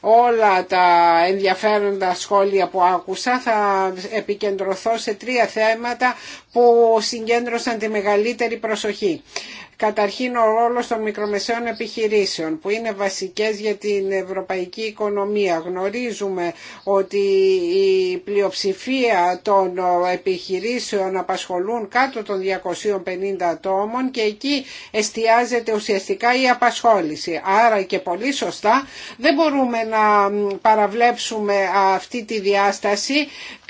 όλα τα ενδιαφέροντα σχόλια που άκουσα. Θα επικεντρωθώ σε τρία θέματα που συγκέντρωσαν τη μεγαλύτερη προσοχή. Καταρχήν ο ρόλος των μικρομεσαίων επιχειρήσεων που είναι βασικές για την ευρωπαϊκή οικονομία. Γνωρίζουμε ότι η πλειοψηφία των επιχειρήσεων απασχολούν κάτω των 250 ατόμων και εκεί εστιάζεται ουσιαστικά η απασχόληση. Άρα και πολύ σωστά δεν μπορούμε να παραβλέψουμε αυτή τη διάσταση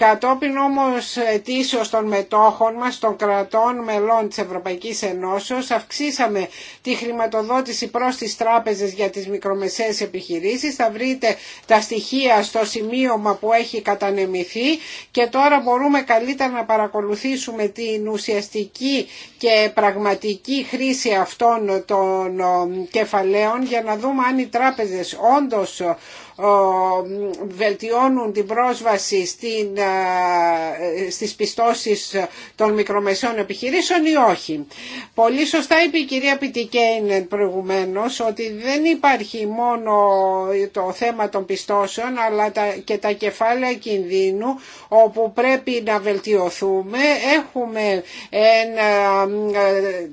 Κατόπιν όμως αιτήσεως των μετόχων μας, των κρατών μελών της Ευρωπαϊκής Ενώσεως, αυξήσαμε τη χρηματοδότηση προς τις τράπεζες για τις μικρομεσαίες επιχειρήσεις. Θα βρείτε τα στοιχεία στο σημείωμα που έχει κατανεμηθεί και τώρα μπορούμε καλύτερα να παρακολουθήσουμε την ουσιαστική και πραγματική χρήση αυτών των κεφαλαίων για να δούμε αν οι τράπεζες όντως βελτιώνουν την πρόσβαση στην, ε, στις πιστώσεις των μικρομεσαίων επιχειρήσεων ή όχι. Πολύ σωστά είπε η κυρία Πιτικέινεν προηγουμένως ότι δεν υπάρχει μόνο το θέμα των πιστώσεων αλλά και τα κεφάλαια κινδύνου όπου πρέπει να βελτιωθούμε. Έχουμε ένα ε,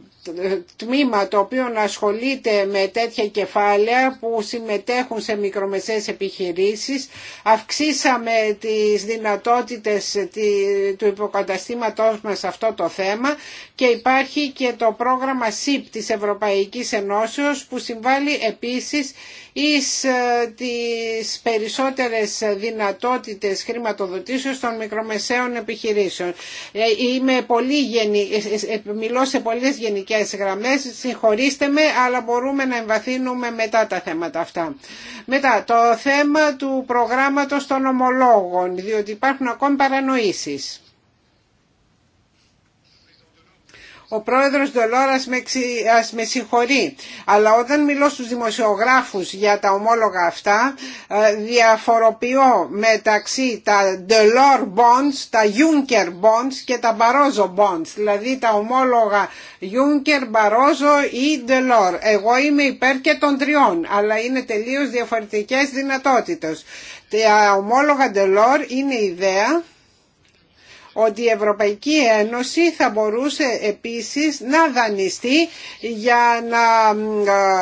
τμήμα το οποίο ασχολείται με τέτοια κεφάλαια που συμμετέχουν σε μικρομεσαίες επιχειρήσεις. Αυξήσαμε τις δυνατότητες του υποκαταστήματός μας σε αυτό το θέμα και υπάρχει και το πρόγραμμα SIP της Ευρωπαϊκής Ενώσεως που συμβάλλει επίσης εις ε, τις περισσότερες δυνατότητες χρηματοδοτήσεως των μικρομεσαίων επιχειρήσεων. Ε, είμαι πολύ γενι... Ε, μιλώ σε πολλές γενικές γραμμές, συγχωρήστε με, αλλά μπορούμε να εμβαθύνουμε μετά τα θέματα αυτά. Μετά, το θέμα του προγράμματος των ομολόγων, διότι υπάρχουν ακόμη παρανοήσεις. Ο πρόεδρος Ντολόρας με, ας με συγχωρεί, αλλά όταν μιλώ στους δημοσιογράφους για τα ομόλογα αυτά, ε, διαφοροποιώ μεταξύ τα Delors bonds, τα Juncker bonds και τα Barroso bonds, δηλαδή τα ομόλογα Juncker, Barroso ή Delors. Εγώ είμαι υπέρ και των τριών, αλλά είναι τελείως διαφορετικές δυνατότητες. Τα ομόλογα Delors είναι ιδέα ότι η Ευρωπαϊκή Ένωση θα μπορούσε επίσης να δανειστεί για να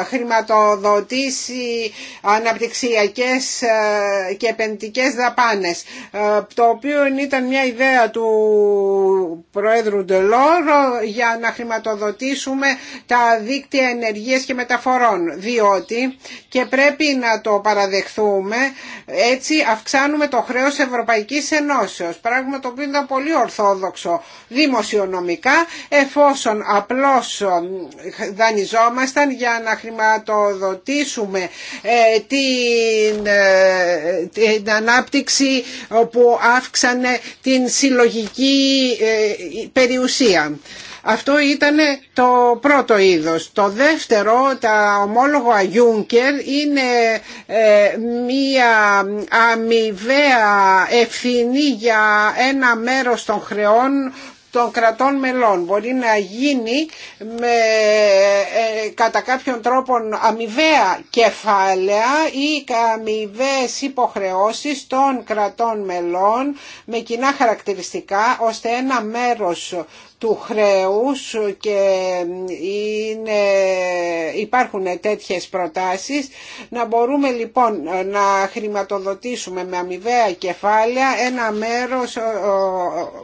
χρηματοδοτήσει αναπτυξιακές ε, και επενδυτικές δαπάνες ε, το οποίο ήταν μια ιδέα του Προέδρου Ντελόρ ε, για να χρηματοδοτήσουμε τα δίκτυα ενεργείας και μεταφορών διότι και πρέπει να το παραδεχθούμε έτσι αυξάνουμε το χρέος Ευρωπαϊκής Ενώσεως πράγμα το οποίο πολύ ορθόδοξο δημοσιονομικά εφόσον απλώς ε, δανειζόμασταν για να χρηματοδοτήσουμε ε, την, ε, την ανάπτυξη που αύξανε την συλλογική περιουσία. Αυτό ήταν το πρώτο είδος. Το δεύτερο, τα ομόλογα Juncker, είναι ε, μία αμοιβαία ευθυνή για ένα μέρος των χρεών των κρατών μελών. Μπορεί να γίνει με, ε, κατά κάποιον τρόπο αμοιβαία κεφάλαια ή αμοιβαίες υποχρεώσεις των κρατών μελών με κοινά χαρακτηριστικά ώστε ένα μέρος του χρέους και είναι, υπάρχουν τέτοιες προτάσεις να μπορούμε λοιπόν να χρηματοδοτήσουμε με αμοιβαία κεφάλαια ένα μέρος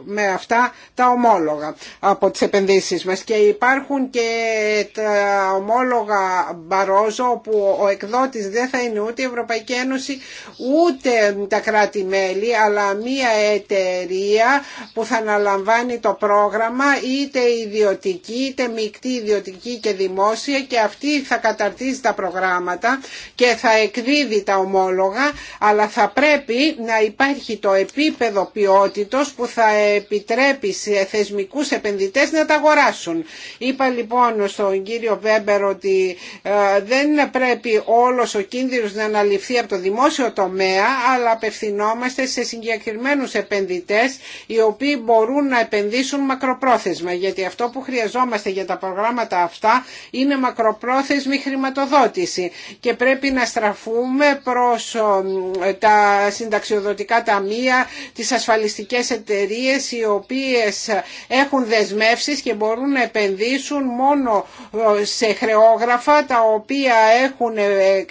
με αυτά τα ομόλογα από τις επενδύσεις μας και υπάρχουν και τα ομόλογα Μπαρόζο που ο εκδότης δεν θα είναι ούτε η Ευρωπαϊκή Ένωση ούτε τα κράτη-μέλη αλλά μία εταιρεία που θα αναλαμβάνει το πρόγραμμα είτε ιδιωτική είτε μεικτή ιδιωτική και δημόσια και αυτή θα καταρτίζει τα προγράμματα και θα εκδίδει τα ομόλογα αλλά θα πρέπει να υπάρχει το επίπεδο ποιότητος που θα επιτρέπει σε θεσμικούς επενδυτές να τα αγοράσουν. Είπα λοιπόν στον κύριο Βέμπερ ότι ε, δεν πρέπει όλος ο κίνδυνος να αναλυφθεί από το δημόσιο τομέα αλλά απευθυνόμαστε σε συγκεκριμένους επενδυτές οι οποίοι μπορούν να επενδύσουν μακροπρόθεσμα γιατί αυτό που χρειαζόμαστε για τα προγράμματα αυτά είναι μακροπρόθεσμη χρηματοδότηση και πρέπει να στραφούμε προς τα συνταξιοδοτικά ταμεία, τις ασφαλιστικές εταιρείες οι οποίες έχουν δεσμεύσεις και μπορούν να επενδύσουν μόνο σε χρεόγραφα τα οποία έχουν ε,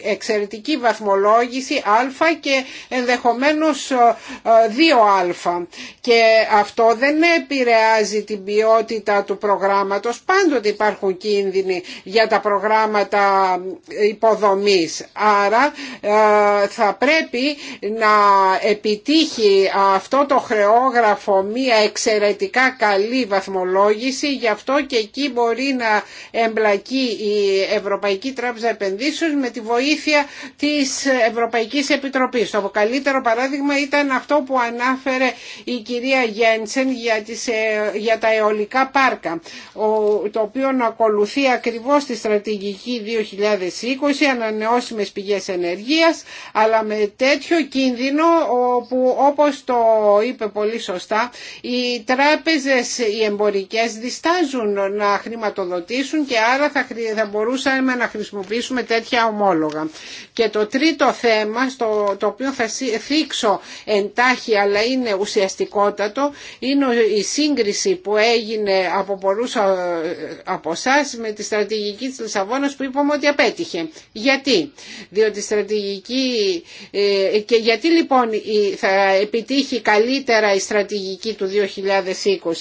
εξαιρετική βαθμολόγηση α και ενδεχομένως 2α και αυτό δεν επηρεάζει την ποιότητα του προγράμματος. Πάντοτε υπάρχουν κίνδυνοι για τα προγράμματα υποδομής. Άρα ε, θα πρέπει να επιτύχει αυτό το χρεόγραφο μία εξαιρετικά καλή βαθμολόγηση. Γι' αυτό και εκεί μπορεί να εμπλακεί η Ευρωπαϊκή Τράπεζα Επενδύσεων με τη βοήθεια της Ευρωπαϊκής Επιτροπής. Το καλύτερο παράδειγμα ήταν αυτό που ανάφερε η κυρία Γέντσεν για, τις, ε, για αιωλικά πάρκα, το οποίο ακολουθεί ακριβώς τη στρατηγική 2020, ανανεώσιμες πηγές ενεργείας, αλλά με τέτοιο κίνδυνο που όπως το είπε πολύ σωστά, οι τράπεζες οι εμπορικές διστάζουν να χρηματοδοτήσουν και άρα θα, μπορούσαμε να χρησιμοποιήσουμε τέτοια ομόλογα. Και το τρίτο θέμα, στο, το οποίο θα θίξω εντάχει αλλά είναι ουσιαστικότατο, είναι η σύγκριση που έγινε από πολλούς ε, από εσά με τη στρατηγική της Λισαβόνας που είπαμε ότι απέτυχε. Γιατί, διότι στρατηγική ε, και γιατί λοιπόν θα επιτύχει καλύτερα η στρατηγική του 2020.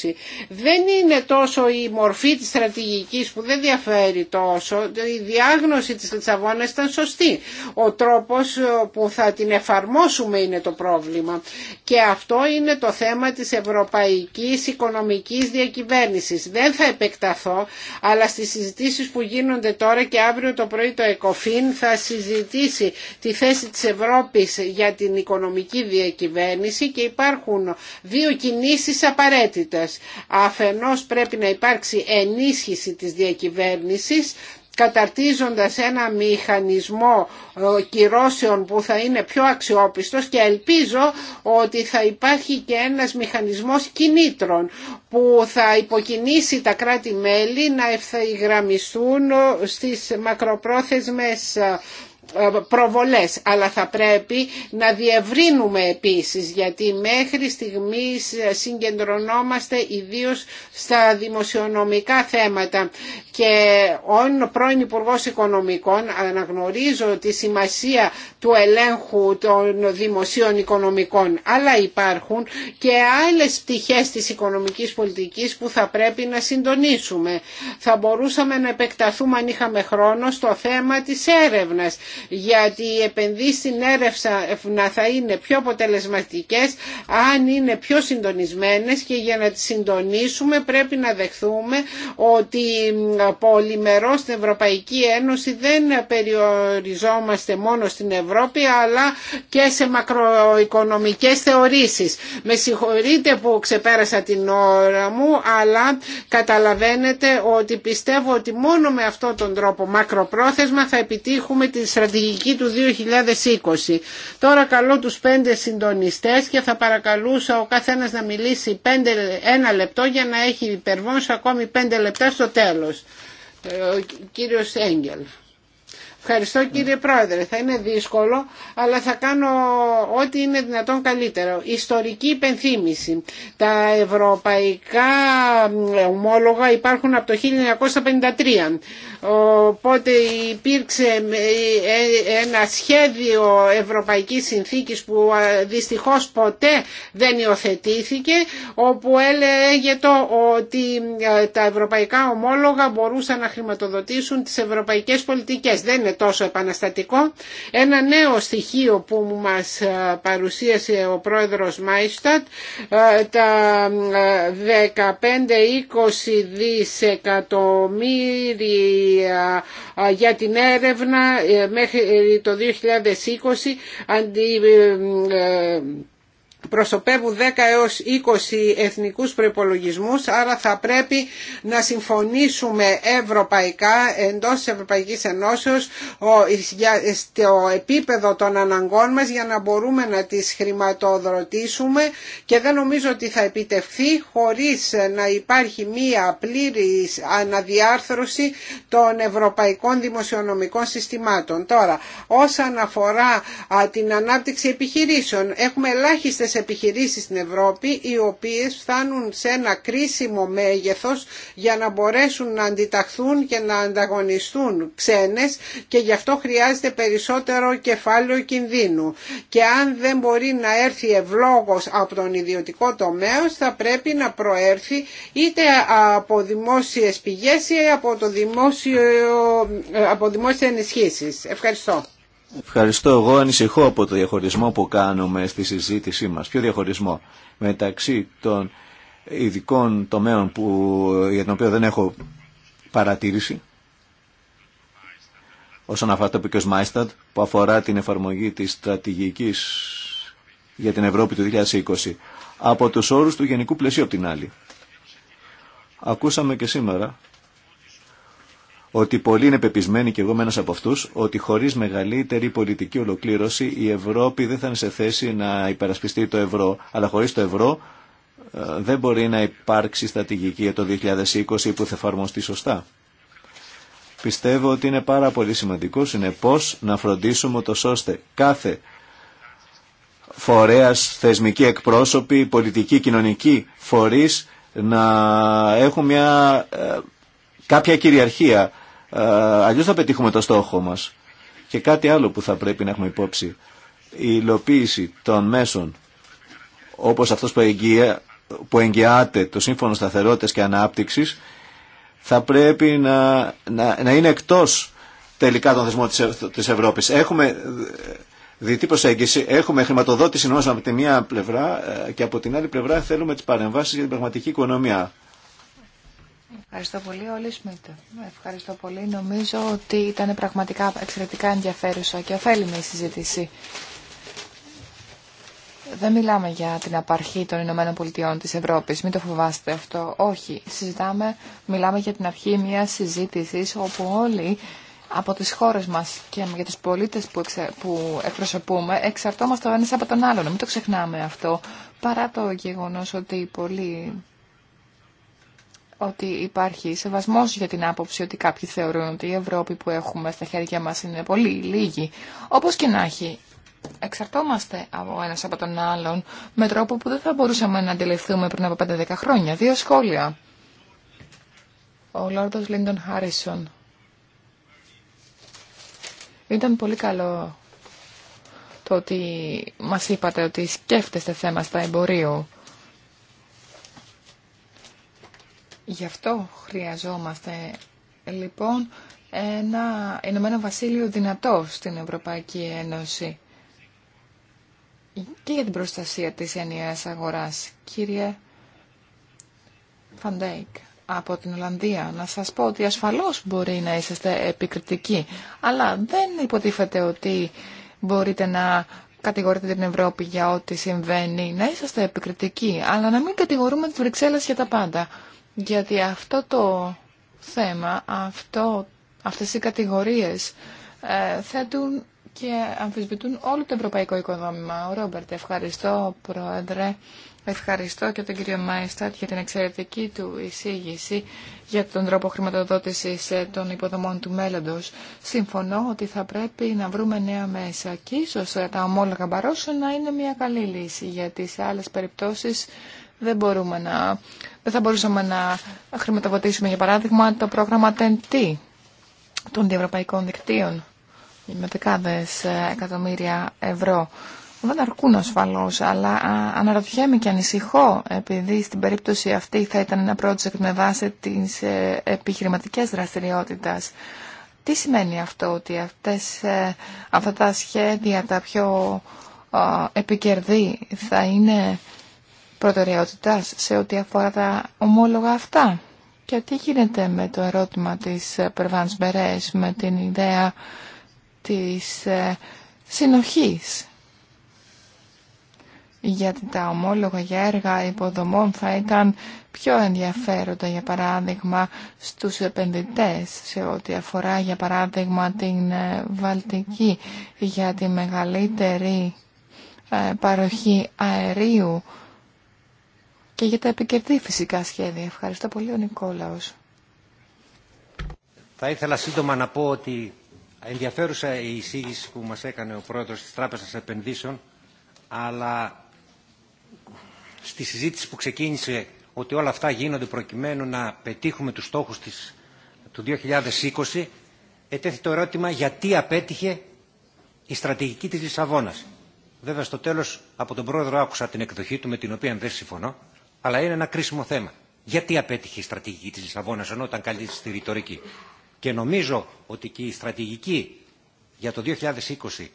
Δεν είναι τόσο η μορφή της στρατηγικής που δεν διαφέρει τόσο, η διάγνωση της Λισαβόνας ήταν σωστή. Ο τρόπος ε, που θα την εφαρμόσουμε είναι το πρόβλημα και αυτό είναι το θέμα της ευρωπαϊκής οικονομικής δεν θα επεκταθώ, αλλά στις συζητήσει που γίνονται τώρα και αύριο το πρωί το ΕΚΟΦΗΝ θα συζητήσει τη θέση της Ευρώπης για την οικονομική διακυβέρνηση και υπάρχουν δύο κινήσεις απαραίτητε. Αφενός πρέπει να υπάρξει ενίσχυση της διακυβέρνηση καταρτίζοντας ένα μηχανισμό ε, κυρώσεων που θα είναι πιο αξιόπιστος και ελπίζω ότι θα υπάρχει και ένας μηχανισμός κινήτρων που θα υποκινήσει τα κράτη-μέλη να ευθυγραμμιστούν ε, στις μακροπρόθεσμες ε, ε, προβολές αλλά θα πρέπει να διευρύνουμε επίσης γιατί μέχρι στιγμής συγκεντρωνόμαστε ιδίως στα δημοσιονομικά θέματα και ο πρώην υπουργό Οικονομικών αναγνωρίζω τη σημασία του ελέγχου των δημοσίων οικονομικών αλλά υπάρχουν και άλλες πτυχές της οικονομικής πολιτικής που θα πρέπει να συντονίσουμε. Θα μπορούσαμε να επεκταθούμε αν είχαμε χρόνο στο θέμα της έρευνας γιατί οι επενδύσεις στην έρευνα θα είναι πιο αποτελεσματικές αν είναι πιο συντονισμένες και για να τις συντονίσουμε πρέπει να δεχθούμε ότι πολυμερώς στην Ευρωπαϊκή Ένωση δεν περιοριζόμαστε μόνο στην Ευρώπη αλλά και σε μακροοικονομικές θεωρήσεις. Με συγχωρείτε που ξεπέρασα την ώρα μου αλλά καταλαβαίνετε ότι πιστεύω ότι μόνο με αυτόν τον τρόπο μακροπρόθεσμα θα επιτύχουμε τις στρατηγική του 2020. Τώρα καλώ τους πέντε συντονιστές και θα παρακαλούσα ο καθένας να μιλήσει πέντε, ένα λεπτό για να έχει υπερβόνσο ακόμη πέντε λεπτά στο τέλος. Ε, ο κύριος Έγγελ. Ευχαριστώ κύριε Πρόεδρε. Θα είναι δύσκολο, αλλά θα κάνω ό,τι είναι δυνατόν καλύτερο. Ιστορική υπενθύμηση. Τα ευρωπαϊκά ομόλογα υπάρχουν από το 1953. Οπότε υπήρξε ε, ένα σχέδιο Ευρωπαϊκής Συνθήκης που δυστυχώς ποτέ δεν υιοθετήθηκε όπου έλεγε το ότι ε, τα ευρωπαϊκά ομόλογα μπορούσαν να χρηματοδοτήσουν τις ευρωπαϊκές πολιτικές. Δεν είναι τόσο επαναστατικό. Ένα νέο στοιχείο που μας ε, παρουσίασε ο πρόεδρος Μάιστατ τα 15-20 δισεκατομμύρια για την έρευνα ε, μέχρι ε, το 2020 αντι ε, προσωπεύουν 10 έως 20 εθνικούς προϋπολογισμούς, άρα θα πρέπει να συμφωνήσουμε ευρωπαϊκά εντός της Ευρωπαϊκής Ενώσεως στο επίπεδο των αναγκών μας για να μπορούμε να τις χρηματοδοτήσουμε και δεν νομίζω ότι θα επιτευχθεί χωρίς να υπάρχει μία πλήρη αναδιάρθρωση των ευρωπαϊκών δημοσιονομικών συστημάτων. Τώρα, όσον αφορά την ανάπτυξη επιχειρήσεων, έχουμε ελάχιστες επιχειρήσεις στην Ευρώπη οι οποίες φτάνουν σε ένα κρίσιμο μέγεθος για να μπορέσουν να αντιταχθούν και να ανταγωνιστούν ξένες και γι' αυτό χρειάζεται περισσότερο κεφάλαιο κινδύνου. Και αν δεν μπορεί να έρθει ευλόγως από τον ιδιωτικό τομέα θα πρέπει να προέρθει είτε από δημόσιες πηγές ή από, το δημόσιο, από ενισχύσεις. Ευχαριστώ. Ευχαριστώ. Εγώ ανησυχώ από το διαχωρισμό που κάνουμε στη συζήτησή μας. Ποιο διαχωρισμό μεταξύ των ειδικών τομέων που, για τον οποίο δεν έχω παρατήρηση όσον αφορά το πικιος Μάιστατ που αφορά την εφαρμογή της στρατηγικής για την Ευρώπη του 2020 από τους όρους του γενικού πλαισίου από την άλλη. Ακούσαμε και σήμερα ότι πολλοί είναι πεπισμένοι και εγώ μένω από αυτού, ότι χωρίς μεγαλύτερη πολιτική ολοκλήρωση η Ευρώπη δεν θα είναι σε θέση να υπερασπιστεί το ευρώ αλλά χωρίς το ευρώ ε, δεν μπορεί να υπάρξει στρατηγική για το 2020 που θα εφαρμοστεί σωστά. Πιστεύω ότι είναι πάρα πολύ σημαντικό συνεπώ να φροντίσουμε το ώστε κάθε φορέας, θεσμική εκπρόσωπη, πολιτική, κοινωνική φορείς να έχουν μια, ε, κάποια κυριαρχία ε, αλλιώς θα πετύχουμε το στόχο μας. Και κάτι άλλο που θα πρέπει να έχουμε υπόψη. Η υλοποίηση των μέσων, όπως αυτός που, εγγυα, εγγυάται το Σύμφωνο Σταθερότητας και Ανάπτυξης, θα πρέπει να, να, να είναι εκτός τελικά των θεσμών της, της Ευρώπης. Έχουμε ε, διτή προσέγγιση, έχουμε χρηματοδότηση νόμως από τη μία πλευρά ε, και από την άλλη πλευρά θέλουμε τις παρεμβάσεις για την πραγματική οικονομία. Ευχαριστώ πολύ, Όλη Σμίτ. Ευχαριστώ πολύ. Νομίζω ότι ήταν πραγματικά εξαιρετικά ενδιαφέρουσα και ωφέλιμη η συζήτηση. Δεν μιλάμε για την απαρχή των Ηνωμένων Πολιτειών της Ευρώπης, μην το φοβάστε αυτό. Όχι, συζητάμε, μιλάμε για την αρχή μιας συζήτησης όπου όλοι από τις χώρες μας και για τους πολίτες που, που εκπροσωπούμε εξαρτώμαστε ο ένας από τον άλλον. Μην το ξεχνάμε αυτό, παρά το γεγονός ότι πολλοί ότι υπάρχει σεβασμός για την άποψη ότι κάποιοι θεωρούν ότι η Ευρώπη που έχουμε στα χέρια μας είναι πολύ λίγη. Όπως και να έχει, εξαρτώμαστε από ένας από τον άλλον με τρόπο που δεν θα μπορούσαμε να αντιληφθούμε πριν από 5-10 χρόνια. Δύο σχόλια. Ο Λόρδος Λίντον Χάρισον. Ήταν πολύ καλό το ότι μας είπατε ότι σκέφτεστε στα εμπορίου. Γι' αυτό χρειαζόμαστε λοιπόν ένα Ηνωμένο Βασίλειο δυνατό στην Ευρωπαϊκή Ένωση και για την προστασία της ενιαίας αγοράς. Κύριε Φαντέικ από την Ολλανδία, να σας πω ότι ασφαλώς μπορεί να είσαστε επικριτικοί, αλλά δεν υποτίθεται ότι μπορείτε να κατηγορείτε την Ευρώπη για ό,τι συμβαίνει. Να είσαστε επικριτικοί, αλλά να μην κατηγορούμε τις Βρυξέλλες για τα πάντα. Γιατί αυτό το θέμα, αυτό, αυτές οι κατηγορίες ε, θέτουν και αμφισβητούν όλο το ευρωπαϊκό οικοδόμημα. Ο Ρόμπερτ, ευχαριστώ Πρόεδρε, ευχαριστώ και τον κύριο Μάιστατ για την εξαιρετική του εισήγηση για τον τρόπο χρηματοδότησης ε, των υποδομών του μέλλοντος. Συμφωνώ ότι θα πρέπει να βρούμε νέα μέσα και ίσως ε, τα ομόλογα μπαρόσο να είναι μια καλή λύση για σε άλλες περιπτώσεις δεν, μπορούμε να, δεν θα μπορούσαμε να χρηματοδοτήσουμε, για παράδειγμα, το πρόγραμμα TNT των διευρωπαϊκών δικτύων με δεκάδε ε, εκατομμύρια ευρώ. Δεν αρκούν ασφαλώ, αλλά αναρωτιέμαι και ανησυχώ, επειδή στην περίπτωση αυτή θα ήταν ένα project με βάση τις ε, επιχειρηματικέ δραστηριότητες. Τι σημαίνει αυτό, ότι αυτές, ε, αυτά τα σχέδια τα πιο επικερδή θα είναι προτεραιότητας σε ό,τι αφορά τα ομόλογα αυτά. Και τι γίνεται με το ερώτημα της ε, Περβάνς με την ιδέα της ε, συνοχής. Γιατί τα ομόλογα για έργα υποδομών θα ήταν πιο ενδιαφέροντα, για παράδειγμα, στους επενδυτές, σε ό,τι αφορά, για παράδειγμα, την ε, Βαλτική, για τη μεγαλύτερη παροχή αερίου και για τα επικερδή φυσικά σχέδια. Ευχαριστώ πολύ ο Νικόλαος. Θα ήθελα σύντομα να πω ότι ενδιαφέρουσα η εισήγηση που μας έκανε ο πρόεδρος της Τράπεζας Επενδύσεων αλλά στη συζήτηση που ξεκίνησε ότι όλα αυτά γίνονται προκειμένου να πετύχουμε τους στόχους της, του 2020 ετέθη το ερώτημα γιατί απέτυχε η στρατηγική της Λισαβόνας. Βέβαια στο τέλος από τον πρόεδρο άκουσα την εκδοχή του με την οποία δεν συμφωνώ αλλά είναι ένα κρίσιμο θέμα. Γιατί απέτυχε η στρατηγική της Λισαβόνας ενώ ήταν καλή στη ρητορική. Και νομίζω ότι και η στρατηγική για το 2020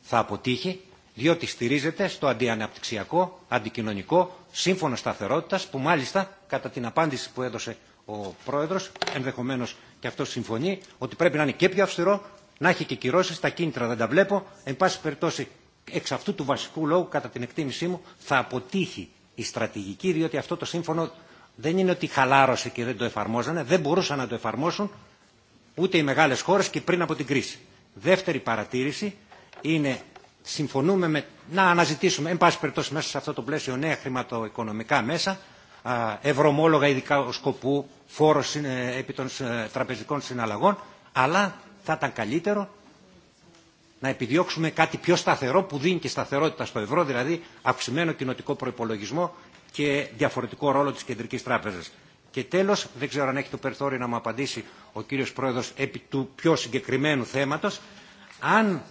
θα αποτύχει διότι στηρίζεται στο αντιαναπτυξιακό, αντικοινωνικό σύμφωνο σταθερότητας που μάλιστα κατά την απάντηση που έδωσε ο Πρόεδρος ενδεχομένως και αυτό συμφωνεί ότι πρέπει να είναι και πιο αυστηρό να έχει και κυρώσει τα κίνητρα δεν τα βλέπω. Εν πάση περιπτώσει, εξ αυτού του βασικού λόγου, κατά την εκτίμησή μου, θα αποτύχει η στρατηγική, διότι αυτό το σύμφωνο δεν είναι ότι χαλάρωσε και δεν το εφαρμόζανε, δεν μπορούσαν να το εφαρμόσουν ούτε οι μεγάλες χώρες και πριν από την κρίση. Δεύτερη παρατήρηση είναι συμφωνούμε με, να αναζητήσουμε, εν πάση περιπτώσει μέσα σε αυτό το πλαίσιο, νέα χρηματοοικονομικά μέσα, ευρωμόλογα ειδικά ο σκοπού, φόρος ε, επί των ε, τραπεζικών συναλλαγών, αλλά θα ήταν καλύτερο να επιδιώξουμε κάτι πιο σταθερό που δίνει και σταθερότητα στο ευρώ, δηλαδή αυξημένο κοινοτικό προπολογισμό και διαφορετικό ρόλο τη Κεντρική Τράπεζα. Και τέλο, δεν ξέρω αν έχει το περιθώριο να μου απαντήσει ο κύριο Πρόεδρο επί του πιο συγκεκριμένου θέματο, αν,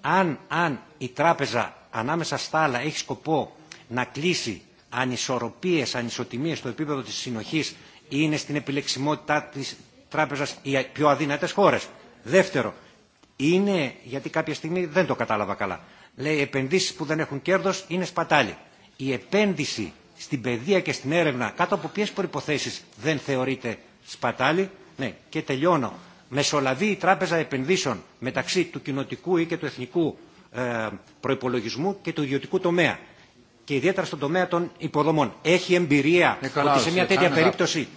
αν, αν η Τράπεζα ανάμεσα στα άλλα έχει σκοπό να κλείσει ανισορροπίε, ανισοτιμίες στο επίπεδο της ή είναι στην επιλεξιμότητά τη Τράπεζα οι πιο αδύνατε χώρε. Δεύτερο, είναι, γιατί κάποια στιγμή δεν το κατάλαβα καλά. Λέει, επενδύσεις που δεν έχουν κέρδος είναι σπατάλη. Η επένδυση στην παιδεία και στην έρευνα, κάτω από ποιες προϋποθέσεις δεν θεωρείται σπατάλη. Ναι, και τελειώνω. Μεσολαβεί η Τράπεζα Επενδύσεων μεταξύ του κοινοτικού ή και του εθνικού ε, προϋπολογισμού και του ιδιωτικού τομέα και ιδιαίτερα στον τομέα των υποδομών. Έχει εμπειρία ε, ότι σε μια ε, τέτοια περίπτωση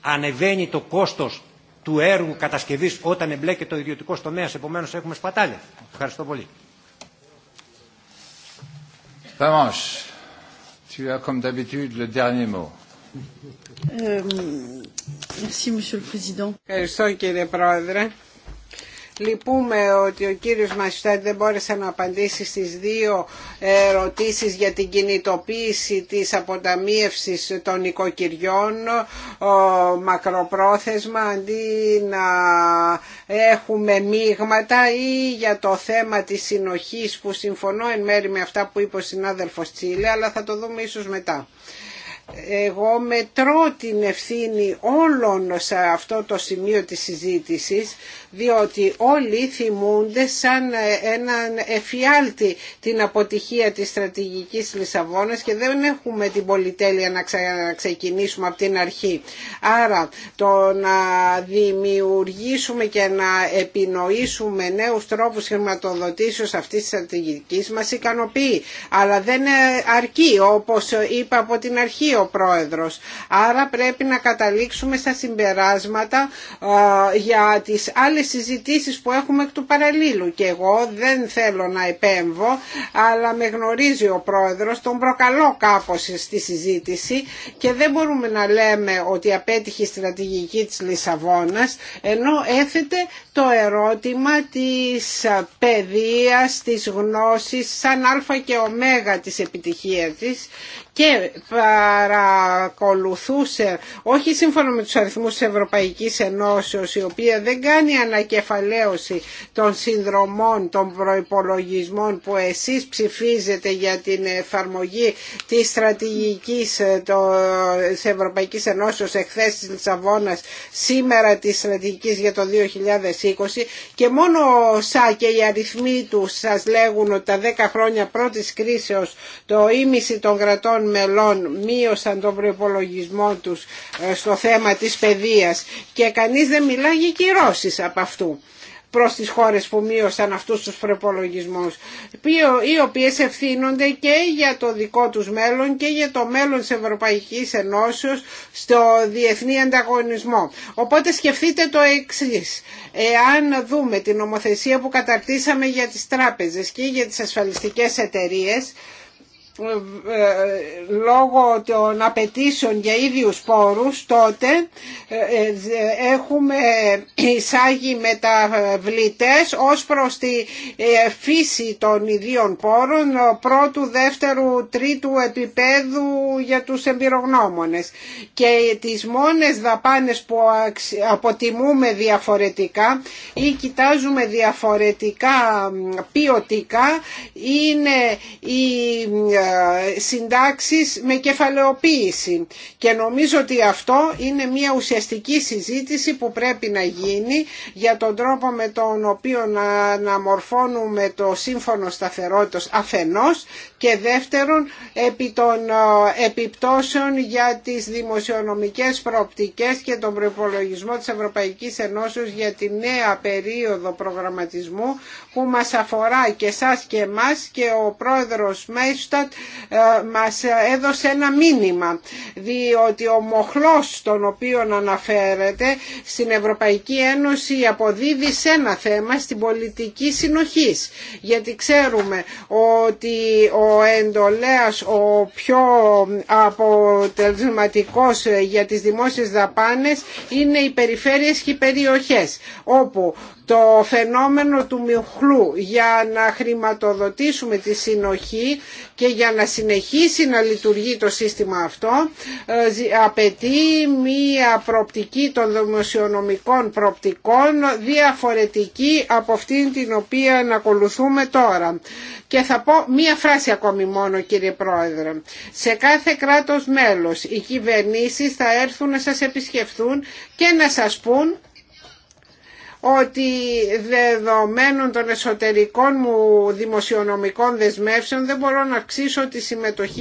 ανεβαίνει το κόστος του έργου κατασκευής όταν εμπλέκεται ο ιδιωτικός τομέας. Επομένως έχουμε σπατάλη. Ευχαριστώ πολύ. Ευχαριστώ κύριε Πρόεδρε. Λυπούμε ότι ο κύριος Μασιστάτη δεν μπόρεσε να απαντήσει στις δύο ερωτήσεις για την κινητοποίηση της αποταμίευσης των οικοκυριών μακροπρόθεσμα αντί να έχουμε μείγματα ή για το θέμα της συνοχής που συμφωνώ εν μέρη με αυτά που είπε ο συνάδελφος Τσίλε αλλά θα το δούμε ίσως μετά εγώ μετρώ την ευθύνη όλων σε αυτό το σημείο της συζήτησης διότι όλοι θυμούνται σαν ε, έναν εφιάλτη την αποτυχία της στρατηγικής Λισαβόνας και δεν έχουμε την πολυτέλεια να ξεκινήσουμε από την αρχή. Άρα το να δημιουργήσουμε και να επινοήσουμε νέους τρόπους χρηματοδοτήσεως αυτής της στρατηγικής μας ικανοποιεί, αλλά δεν ε, αρκεί όπως είπε από την αρχή ο Πρόεδρος. Άρα πρέπει να καταλήξουμε στα συμπεράσματα ε, για τις τις συζητήσεις που έχουμε εκ του παραλίλου και εγώ δεν θέλω να επέμβω αλλά με γνωρίζει ο πρόεδρος, τον προκαλώ κάπως στη συζήτηση και δεν μπορούμε να λέμε ότι απέτυχε η στρατηγική της Λισαβόνας ενώ έθετε το ερώτημα της παιδείας, της γνώσης σαν α και ω της επιτυχίας της και παρακολουθούσε όχι σύμφωνα με τους αριθμούς της Ευρωπαϊκής Ενώσεως η οποία δεν κάνει ανακεφαλαίωση των συνδρομών των προϋπολογισμών που εσείς ψηφίζετε για την εφαρμογή της στρατηγικής της Ευρωπαϊκής Ενώσεως εχθές της Λισαβόνας σήμερα της στρατηγικής για το 2020 και μόνο σα και οι αριθμοί του σας λέγουν ότι τα 10 χρόνια πρώτης κρίσεως το ίμιση των κρατών μελών μείωσαν τον προπολογισμό τους ε, στο θέμα της παιδείας και κανείς δεν μιλά για κυρώσεις από αυτού προς τις χώρες που μείωσαν αυτούς τους προπολογισμού, οι οποίες ευθύνονται και για το δικό τους μέλλον και για το μέλλον της Ευρωπαϊκής Ενώσεως στο διεθνή ανταγωνισμό. Οπότε σκεφτείτε το εξή. Εάν δούμε την νομοθεσία που καταρτήσαμε για τις τράπεζες και για τις ασφαλιστικές εταιρείες, ε, λόγω των απαιτήσεων για ίδιους πόρους τότε ε, ε, έχουμε εισάγει μεταβλητές ως προς τη φύση των ιδίων πόρων πρώτου, δεύτερου, τρίτου επίπεδου για τους εμπειρογνώμονες και τις μόνες δαπάνες που αποτιμούμε διαφορετικά ή κοιτάζουμε διαφορετικά ποιοτικά είναι η συντάξεις με κεφαλαιοποίηση και νομίζω ότι αυτό είναι μια ουσιαστική συζήτηση που πρέπει να γίνει για τον τρόπο με τον οποίο να μορφώνουμε το σύμφωνο σταθερότητος αφενός και δεύτερον επί των ε, επιπτώσεων για τις δημοσιονομικές προοπτικές και τον προπολογισμό της Ευρωπαϊκής Ενώσεως για τη νέα περίοδο προγραμματισμού που μας αφορά και σας και εμάς και ο πρόεδρος Μέιστατ ε, μας έδωσε ένα μήνυμα διότι ο μοχλός τον οποίο αναφέρεται στην Ευρωπαϊκή Ένωση αποδίδει σε ένα θέμα στην πολιτική συνοχής γιατί ξέρουμε ότι ο ο εντολέας ο πιο αποτελεσματικός για τις δημόσιες δαπάνες είναι οι περιφέρειες και οι περιοχές όπου το φαινόμενο του μιουχλού για να χρηματοδοτήσουμε τη συνοχή και για να συνεχίσει να λειτουργεί το σύστημα αυτό ε, απαιτεί μία προπτική των δημοσιονομικών προπτικών διαφορετική από αυτήν την οποία να ακολουθούμε τώρα. Και θα πω μία φράση ακόμη μόνο κύριε Πρόεδρε. Σε κάθε κράτος μέλος οι κυβερνήσεις θα έρθουν να σας επισκεφθούν και να σας πούν ότι δεδομένων των εσωτερικών μου δημοσιονομικών δεσμεύσεων δεν μπορώ να αξίσω τη συμμετοχή